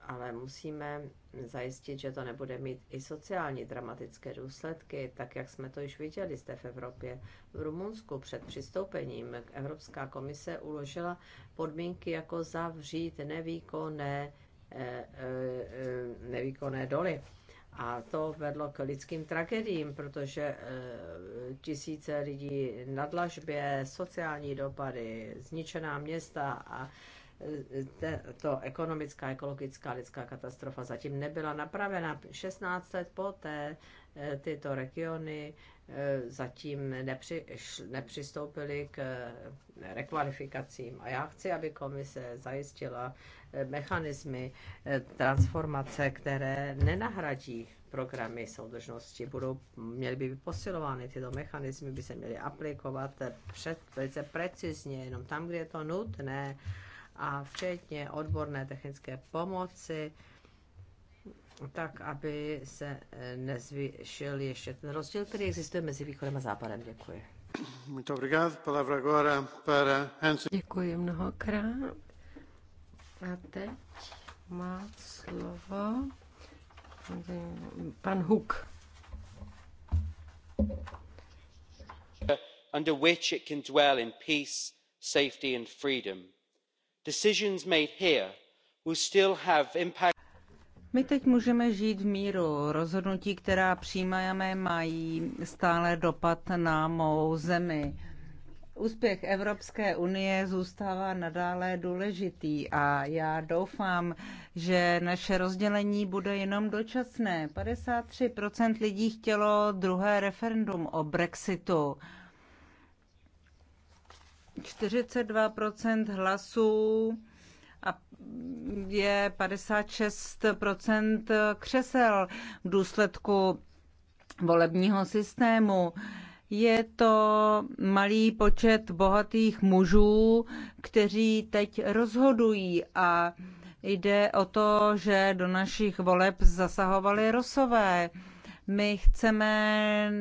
ale musíme zajistit, že to nebude mít i sociální dramatické důsledky, tak jak jsme to již viděli zde v Evropě. V Rumunsku před přistoupením Evropská komise uložila podmínky jako zavřít nevýkonné, eh, eh, nevýkonné doly a to vedlo k lidským tragédiím, protože eh, tisíce lidí na dlažbě, sociální dopady, zničená města a eh, to ekonomická, ekologická, lidská katastrofa zatím nebyla napravena. 16 let poté eh, tyto regiony zatím nepři, nepřistoupili k eh, rekvalifikacím. A já chci, aby komise zajistila eh, mechanismy eh, transformace, které nenahradí programy soudržnosti. Budou, měly by být posilovány, tyto mechanismy by se měly aplikovat před, velice precizně, jenom tam, kde je to nutné, a včetně odborné technické pomoci, tak aby se eh, nezvyšil ještě ten rozdíl, který existuje mezi východem a západem. Děkuji. Děkuji mnohokrát. A teď má slovo pan Huk. Under which it can dwell in peace, safety and freedom. Decisions made here will still have impact my teď můžeme žít v míru. Rozhodnutí, která přijímáme, mají stále dopad na mou zemi. Úspěch Evropské unie zůstává nadále důležitý a já doufám, že naše rozdělení bude jenom dočasné. 53% lidí chtělo druhé referendum o Brexitu. 42% hlasů a je 56 křesel v důsledku volebního systému. Je to malý počet bohatých mužů, kteří teď rozhodují a jde o to, že do našich voleb zasahovali Rosové. My chceme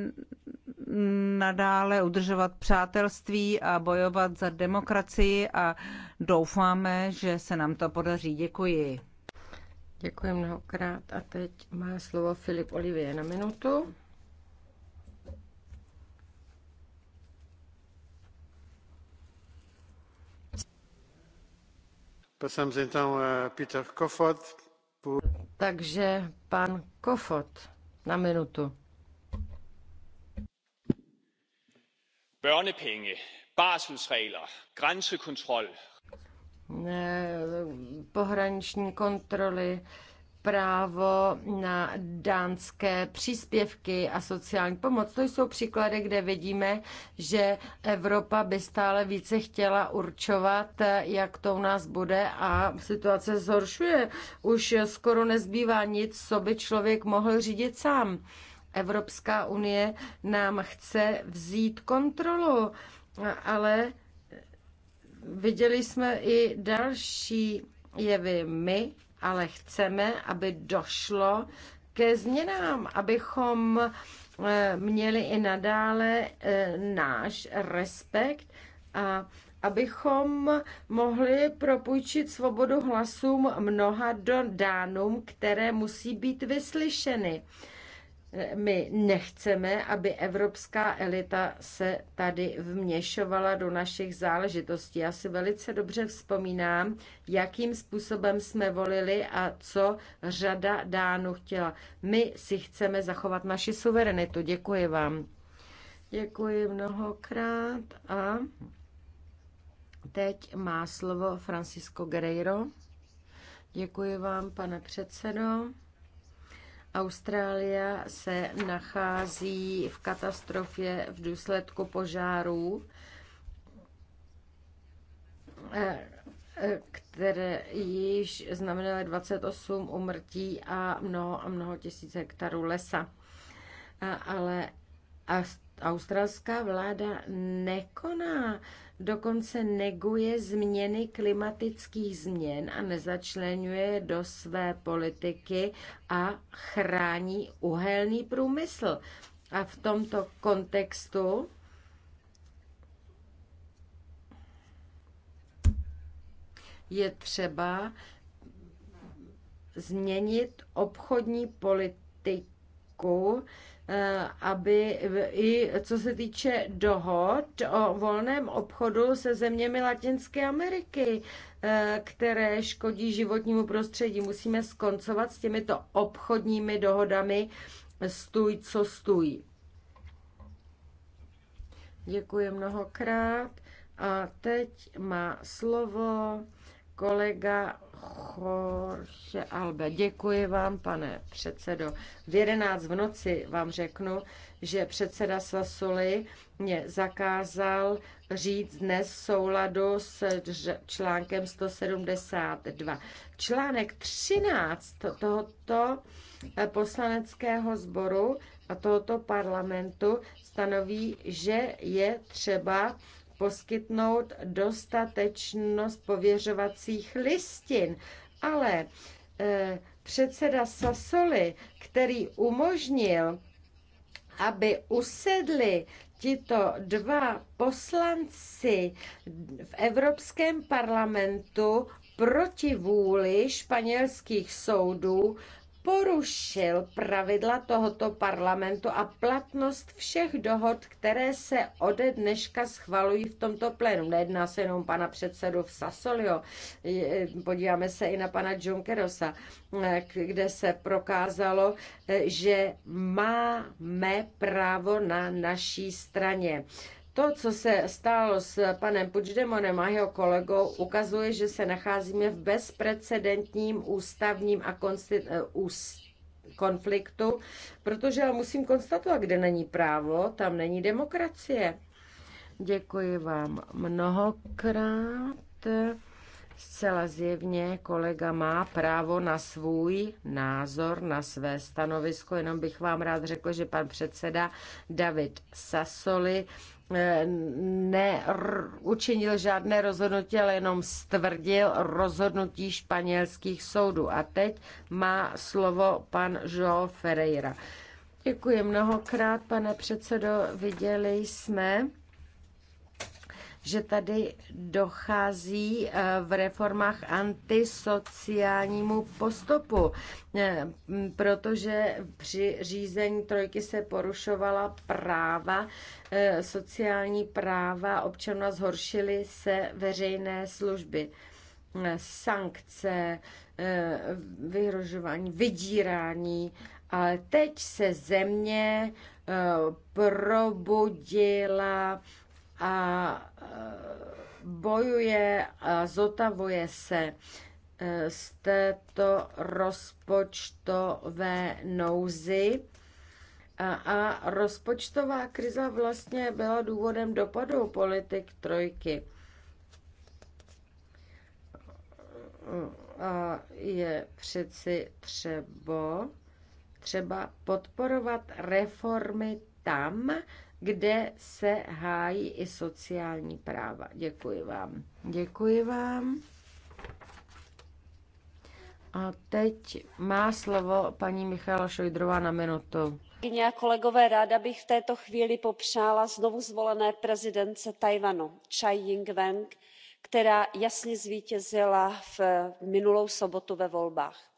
nadále udržovat přátelství a bojovat za demokracii a doufáme, že se nám to podaří. Děkuji. Děkuji mnohokrát a teď má slovo Filip Olivie na minutu. Takže pan Kofot na minutu. børnepenge barselsregler grænsekontrol pohraniční kontroly, právo na dánské příspěvky a sociální pomoc. To jsou příklady, kde vidíme, že Evropa by stále více chtěla určovat, jak to u nás bude a situace zhoršuje. Už skoro nezbývá nic, co by člověk mohl řídit sám. Evropská unie nám chce vzít kontrolu, ale viděli jsme i další jevy my, ale chceme, aby došlo ke změnám, abychom eh, měli i nadále eh, náš respekt a abychom mohli propůjčit svobodu hlasům mnoha Dánům, které musí být vyslyšeny. My nechceme, aby evropská elita se tady vměšovala do našich záležitostí. Já si velice dobře vzpomínám, jakým způsobem jsme volili a co řada Dánů chtěla. My si chceme zachovat naši suverenitu. Děkuji vám. Děkuji mnohokrát a teď má slovo Francisco Guerreiro. Děkuji vám, pane předsedo. Austrálie se nachází v katastrofě v důsledku požárů, eh, eh, které již znamenaly 28 umrtí a mnoho a mnoho tisíc hektarů lesa. Eh, ale australská vláda nekoná dokonce neguje změny klimatických změn a nezačlenuje do své politiky a chrání uhelný průmysl. A v tomto kontextu je třeba změnit obchodní politiku, Eh, aby i co se týče dohod o volném obchodu se zeměmi Latinské Ameriky, eh, které škodí životnímu prostředí. Musíme skoncovat s těmito obchodními dohodami stůj, co stůj. Děkuji mnohokrát. A teď má slovo Kolega Jorge Albe, děkuji vám, pane předsedo. V 11 v noci vám řeknu, že předseda Sasoli mě zakázal říct dnes souladu s článkem 172. Článek 13 tohoto eh, poslaneckého sboru a tohoto parlamentu stanoví, že je třeba poskytnout dostatečnost pověřovacích listin. Ale eh, předseda Sasoli, který umožnil, aby usedli tito dva poslanci v Evropském parlamentu proti vůli španělských soudů porušil pravidla tohoto parlamentu a platnost všech dohod, které se ode dneška schvalují v tomto plénu. Nejedná se jenom pana předsedu v Sasolio, podíváme se i na pana Junkerosa, kde se prokázalo, že máme právo na naší straně. To, co se stalo s panem Puigdemonem a jeho kolegou, ukazuje, že se nacházíme v bezprecedentním ústavním a eh, konfliktu, protože já musím konstatovat, kde není právo, tam není demokracie. Děkuji vám mnohokrát. Zcela zjevně kolega má právo na svůj názor, na své stanovisko. Jenom bych vám rád řekl, že pan předseda David Sasoli neučinil žádné rozhodnutí, ale jenom stvrdil rozhodnutí španělských soudů. A teď má slovo pan João Ferreira. Děkuji mnohokrát, pane předsedo. Viděli jsme, že tady dochází eh, v reformách antisociálnímu postupu, eh, protože při řízení trojky se porušovala práva, eh, sociální práva občana, zhoršily se veřejné služby sankce, vyhrožování, vydírání, ale teď se země probudila a bojuje a zotavuje se e, z této rozpočtové nouzy. A, a rozpočtová kriza vlastně byla důvodem dopadu politik trojky. A je přeci třeba, třeba podporovat reformy tam, kde se hájí i sociální práva. Děkuji vám. Děkuji vám. A teď má slovo paní Michála Šojdrová na minutu. Kyně a kolegové, ráda bych v této chvíli popřála znovu zvolené prezidence Tajvanu Chai ying wen která jasně zvítězila v minulou sobotu ve volbách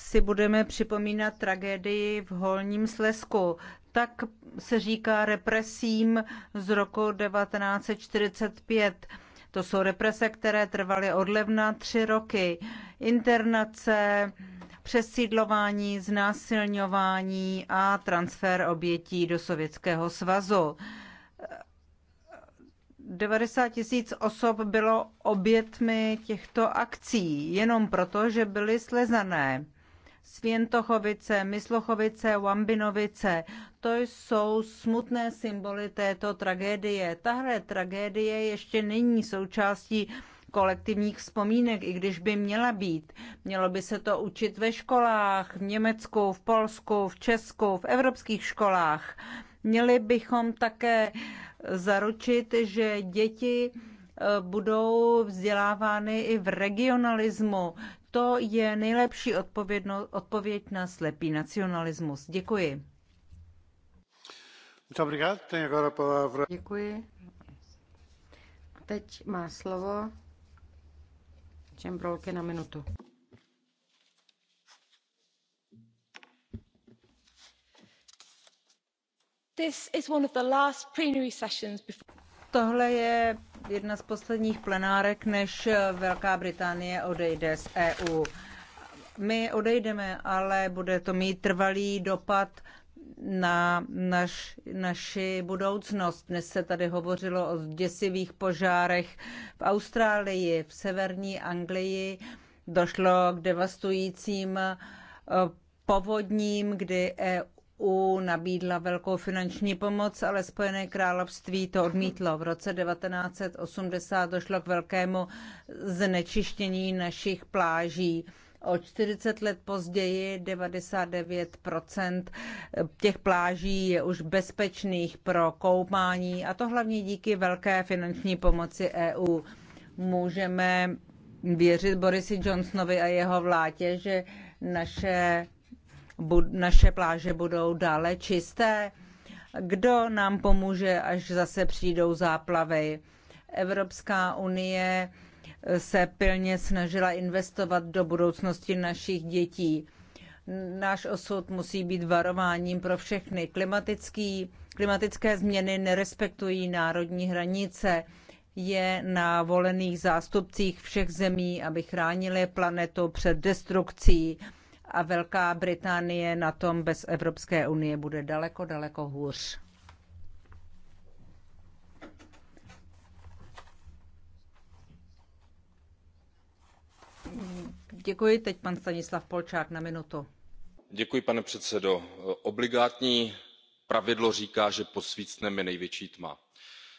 si budeme připomínat tragédii v Holním Slesku. Tak se říká represím z roku 1945. To jsou represe, které trvaly od levna tři roky. Internace, přesídlování, znásilňování a transfer obětí do Sovětského svazu. 90 tisíc osob bylo obětmi těchto akcí, jenom proto, že byly slezané. Svěntochovice, Myslochovice, Wambinovice. To jsou smutné symboly této tragédie. Tahle tragédie ještě není součástí kolektivních vzpomínek, i když by měla být. Mělo by se to učit ve školách, v Německu, v Polsku, v Česku, v evropských školách. Měli bychom také zaručit, že děti budou vzdělávány i v regionalismu. To je nejlepší odpovědno, odpověď na slepý nacionalismus. Děkuji. Děkuji. Teď má slovo Čembrolky na minutu. This is one of the last plenary sessions before... Tohle je jedna z posledních plenárek, než Velká Británie odejde z EU. My odejdeme, ale bude to mít trvalý dopad na naš, naši budoucnost. Dnes se tady hovořilo o děsivých požárech v Austrálii, v severní Anglii. Došlo k devastujícím eh, povodním, kdy EU EU nabídla velkou finanční pomoc, ale Spojené království to odmítlo. V roce 1980 došlo k velkému znečištění našich pláží. O 40 let později 99 těch pláží je už bezpečných pro koupání a to hlavně díky velké finanční pomoci EU. Můžeme věřit Borisi Johnsonovi a jeho vládě, že naše naše pláže budou dále čisté? Kdo nám pomůže, až zase přijdou záplavy? Evropská unie se pilně snažila investovat do budoucnosti našich dětí. Náš osud musí být varováním pro všechny. Klimatický, klimatické změny nerespektují národní hranice. Je na volených zástupcích všech zemí, aby chránili planetu před destrukcí a Velká Británie na tom bez Evropské unie bude daleko, daleko hůř. Děkuji. Teď pan Stanislav Polčák na minutu. Děkuji, pane předsedo. Obligátní pravidlo říká, že pod svícnem je největší tma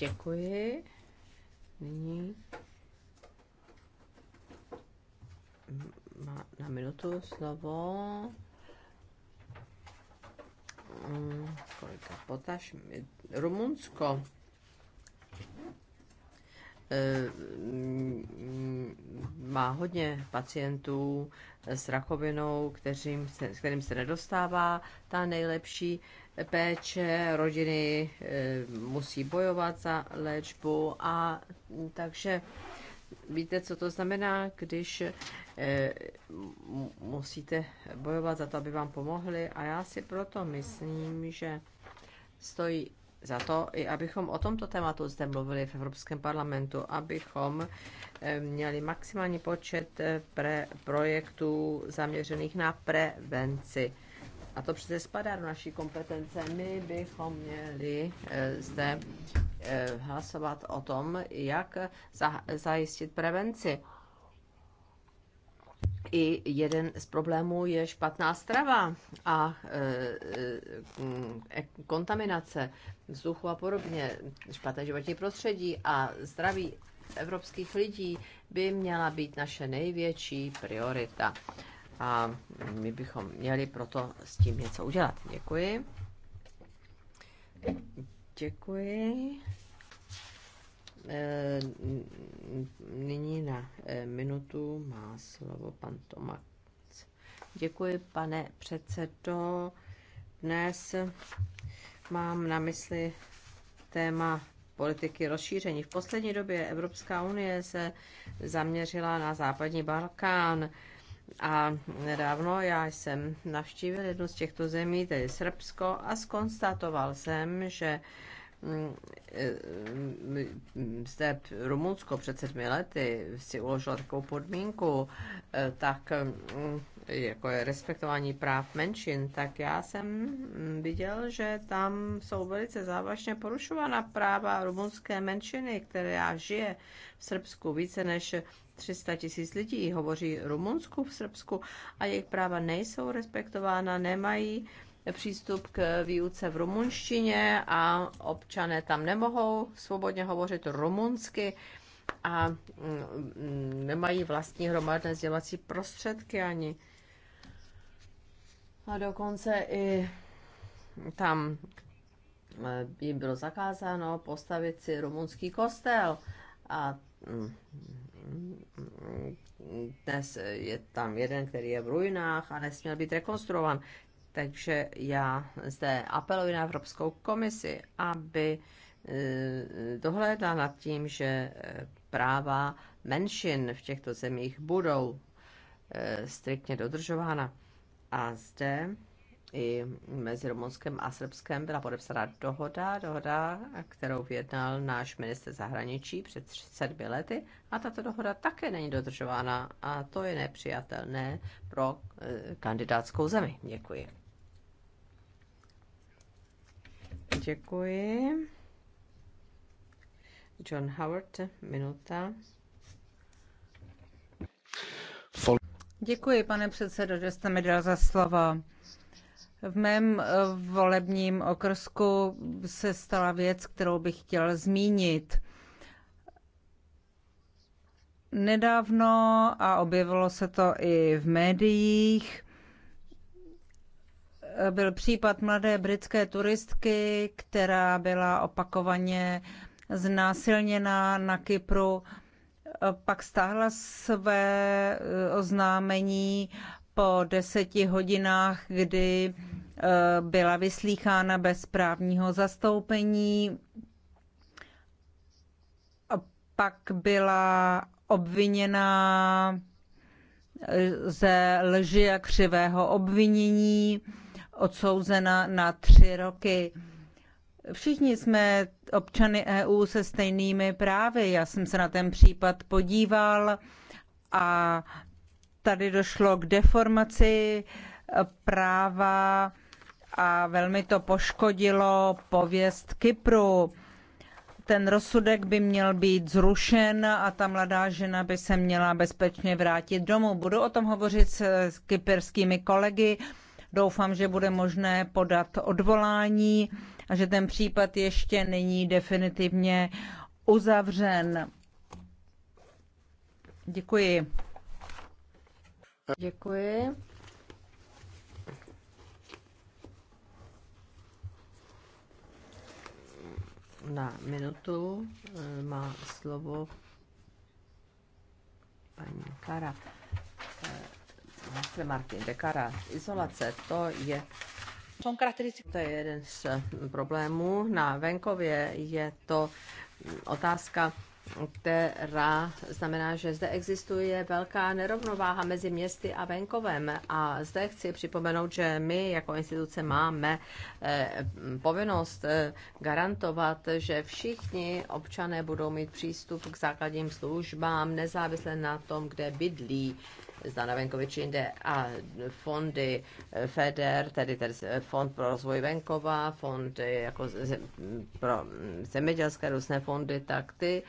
Děkuji. Nyní má na minutu slovo mm, kolega Potaš, Rumunsko. E, mm, má hodně pacientů s rakovinou, se, kterým se nedostává ta nejlepší péče, rodiny eh, musí bojovat za léčbu a takže víte, co to znamená, když eh, musíte bojovat za to, aby vám pomohli a já si proto myslím, že stojí za to, i abychom o tomto tématu zde mluvili v Evropském parlamentu, abychom eh, měli maximální počet pre projektů zaměřených na prevenci a to přece spadá do naší kompetence, my bychom měli eh, zde eh, hlasovat o tom, jak zajistit prevenci. I jeden z problémů je špatná strava a eh, kontaminace vzduchu a podobně, špatné životní prostředí a zdraví evropských lidí by měla být naše největší priorita a my bychom měli proto s tím něco udělat. Děkuji. Děkuji. E, nyní na e, minutu má slovo pan Tomac. Děkuji, pane předsedo. Dnes mám na mysli téma politiky rozšíření. V poslední době Evropská unie se zaměřila na západní Balkán a nedávno já jsem navštívil jednu z těchto zemí, tedy Srbsko, a skonstatoval jsem, že zde Rumunsko před sedmi lety si uložila takovou podmínku, eh, tak mm, jako je respektování práv menšin, tak já jsem viděl, že tam jsou velice závažně porušována práva rumunské menšiny, která žije v Srbsku více než 300 tisíc lidí hovoří rumunsku v Srbsku a jejich práva nejsou respektována, nemají uh, přístup k výuce v rumunštině a občané tam nemohou svobodně hovořit rumunsky a mm, nemají vlastní hromadné sdělovací prostředky ani. A dokonce i tam eh, jim bylo zakázáno postavit si rumunský kostel. A mm, dnes je tam jeden, který je v ruinách a nesměl být rekonstruovan. Takže já zde apeluji na Evropskou komisi, aby eh, dohlédla nad tím, že eh, práva menšin v těchto zemích budou eh, striktně dodržována. A zde i mezi Rumunskem a Srbskem byla podepsána dohoda, dohoda, kterou vyjednal náš minister zahraničí před sedmi lety a tato dohoda také není dodržována a to je nepřijatelné pro kandidátskou zemi. Děkuji. Děkuji. John Howard, minuta. Děkuji, pane předsedo, že jste mi dal za slovo. V mém eh, volebním okrsku se stala věc, kterou bych chtěl zmínit. Nedávno, a objevilo se to i v médiích, byl případ mladé britské turistky, která byla opakovaně znásilněna na Kypru. Pak stáhla své eh, oznámení po deseti hodinách, kdy eh, byla vyslýchána bez právního zastoupení. Pak byla obviněna eh, ze lži a křivého obvinění odsouzena na tři roky. Všichni jsme občany EU se stejnými právy. Já jsem se na ten případ podíval a tady došlo k deformaci práva a velmi to poškodilo pověst Kypru. Ten rozsudek by měl být zrušen a ta mladá žena by se měla bezpečně vrátit domů. Budu o tom hovořit s kyperskými kolegy Doufám, že bude možné podat odvolání a že ten případ ještě není definitivně uzavřen. Děkuji. Děkuji. Na minutu eh, má slovo paní Kara. Eh, Martin Dekara izolace, to je to je jeden z eh, problémů na venkově. Je to hm, otázka, která znamená, že zde existuje velká nerovnováha mezi městy a venkovem. A zde chci připomenout, že my jako instituce máme eh, hm, povinnost eh, garantovat, že všichni občané budou mít přístup k základním službám, nezávisle na tom, kde bydlí zda na venkově či jinde. A fondy FEDER, tedy tedy Fond pro rozvoj venkova, fond eh, jako pro zemědělské různé fondy, tak ty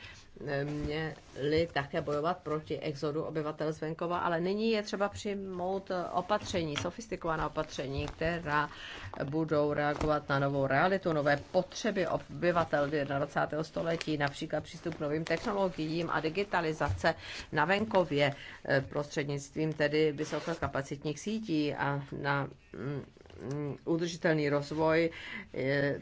měli také bojovat proti exodu obyvatel z venkova, ale nyní je třeba přijmout opatření, sofistikovaná opatření, která budou reagovat na novou realitu, nové potřeby obyvatel 21. století, například přístup k novým technologiím a digitalizace na venkově eh, prostřednictvím tedy vysokokapacitních sítí a na mm, Mm, udržitelný rozvoj,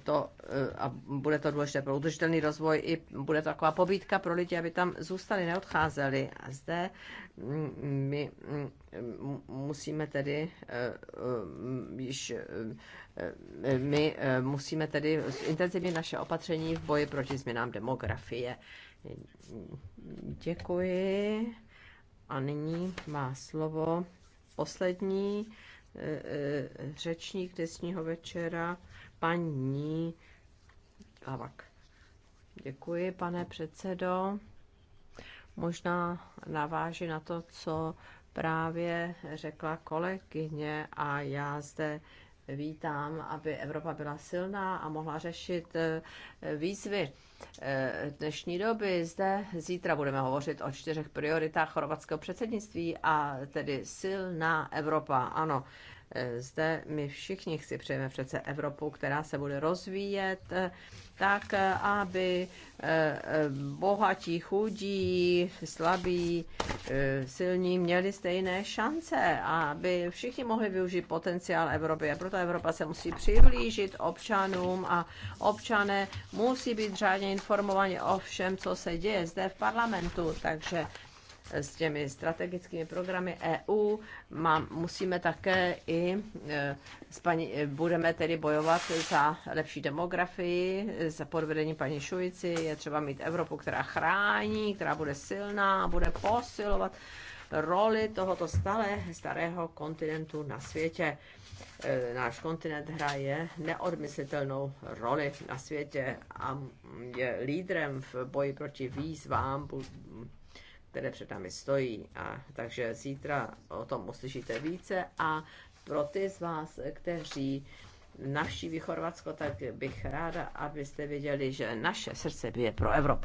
to, eh, a bude to důležité pro udržitelný rozvoj, i bude to taková pobídka pro lidi, aby tam zůstali, neodcházeli. A zde mm, my mm, musíme tedy eh, eh, již my musíme tedy intenzivně naše opatření v boji proti změnám demografie. Děkuji. A nyní má slovo poslední E, e, řečník dnesního večera, paní Lavak. Děkuji, pane předsedo. Možná naváži na to, co právě řekla kolegyně a já zde vítám, aby Evropa byla silná a mohla řešit e, výzvy Eh, dnešní doby. Zde zítra budeme hovořit o čtyřech prioritách chorvatského předsednictví a tedy silná Evropa. Ano, zde my všichni si přejeme přece Evropu, která se bude rozvíjet eh, tak, eh, aby eh, bohatí, chudí, slabí, silní měli stejné šance a aby všichni mohli využít potenciál Evropy. A proto Evropa se musí přiblížit občanům a občané musí být řádně informovaní o všem, co se děje zde v parlamentu. Takže s těmi strategickými programy EU. má musíme také i, e, s paní, e, budeme tedy bojovat za lepší demografii, za podvedení paní Šujici, je třeba mít Evropu, která chrání, která bude silná, bude posilovat roli tohoto stále starého kontinentu na světě. E, náš kontinent hraje neodmyslitelnou roli na světě a je lídrem v boji proti výzvám, které před námi stojí. A, takže zítra o tom uslyšíte více a pro ty z vás, kteří navštíví Chorvatsko, tak bych ráda, abyste věděli, že naše srdce bije pro Evropu.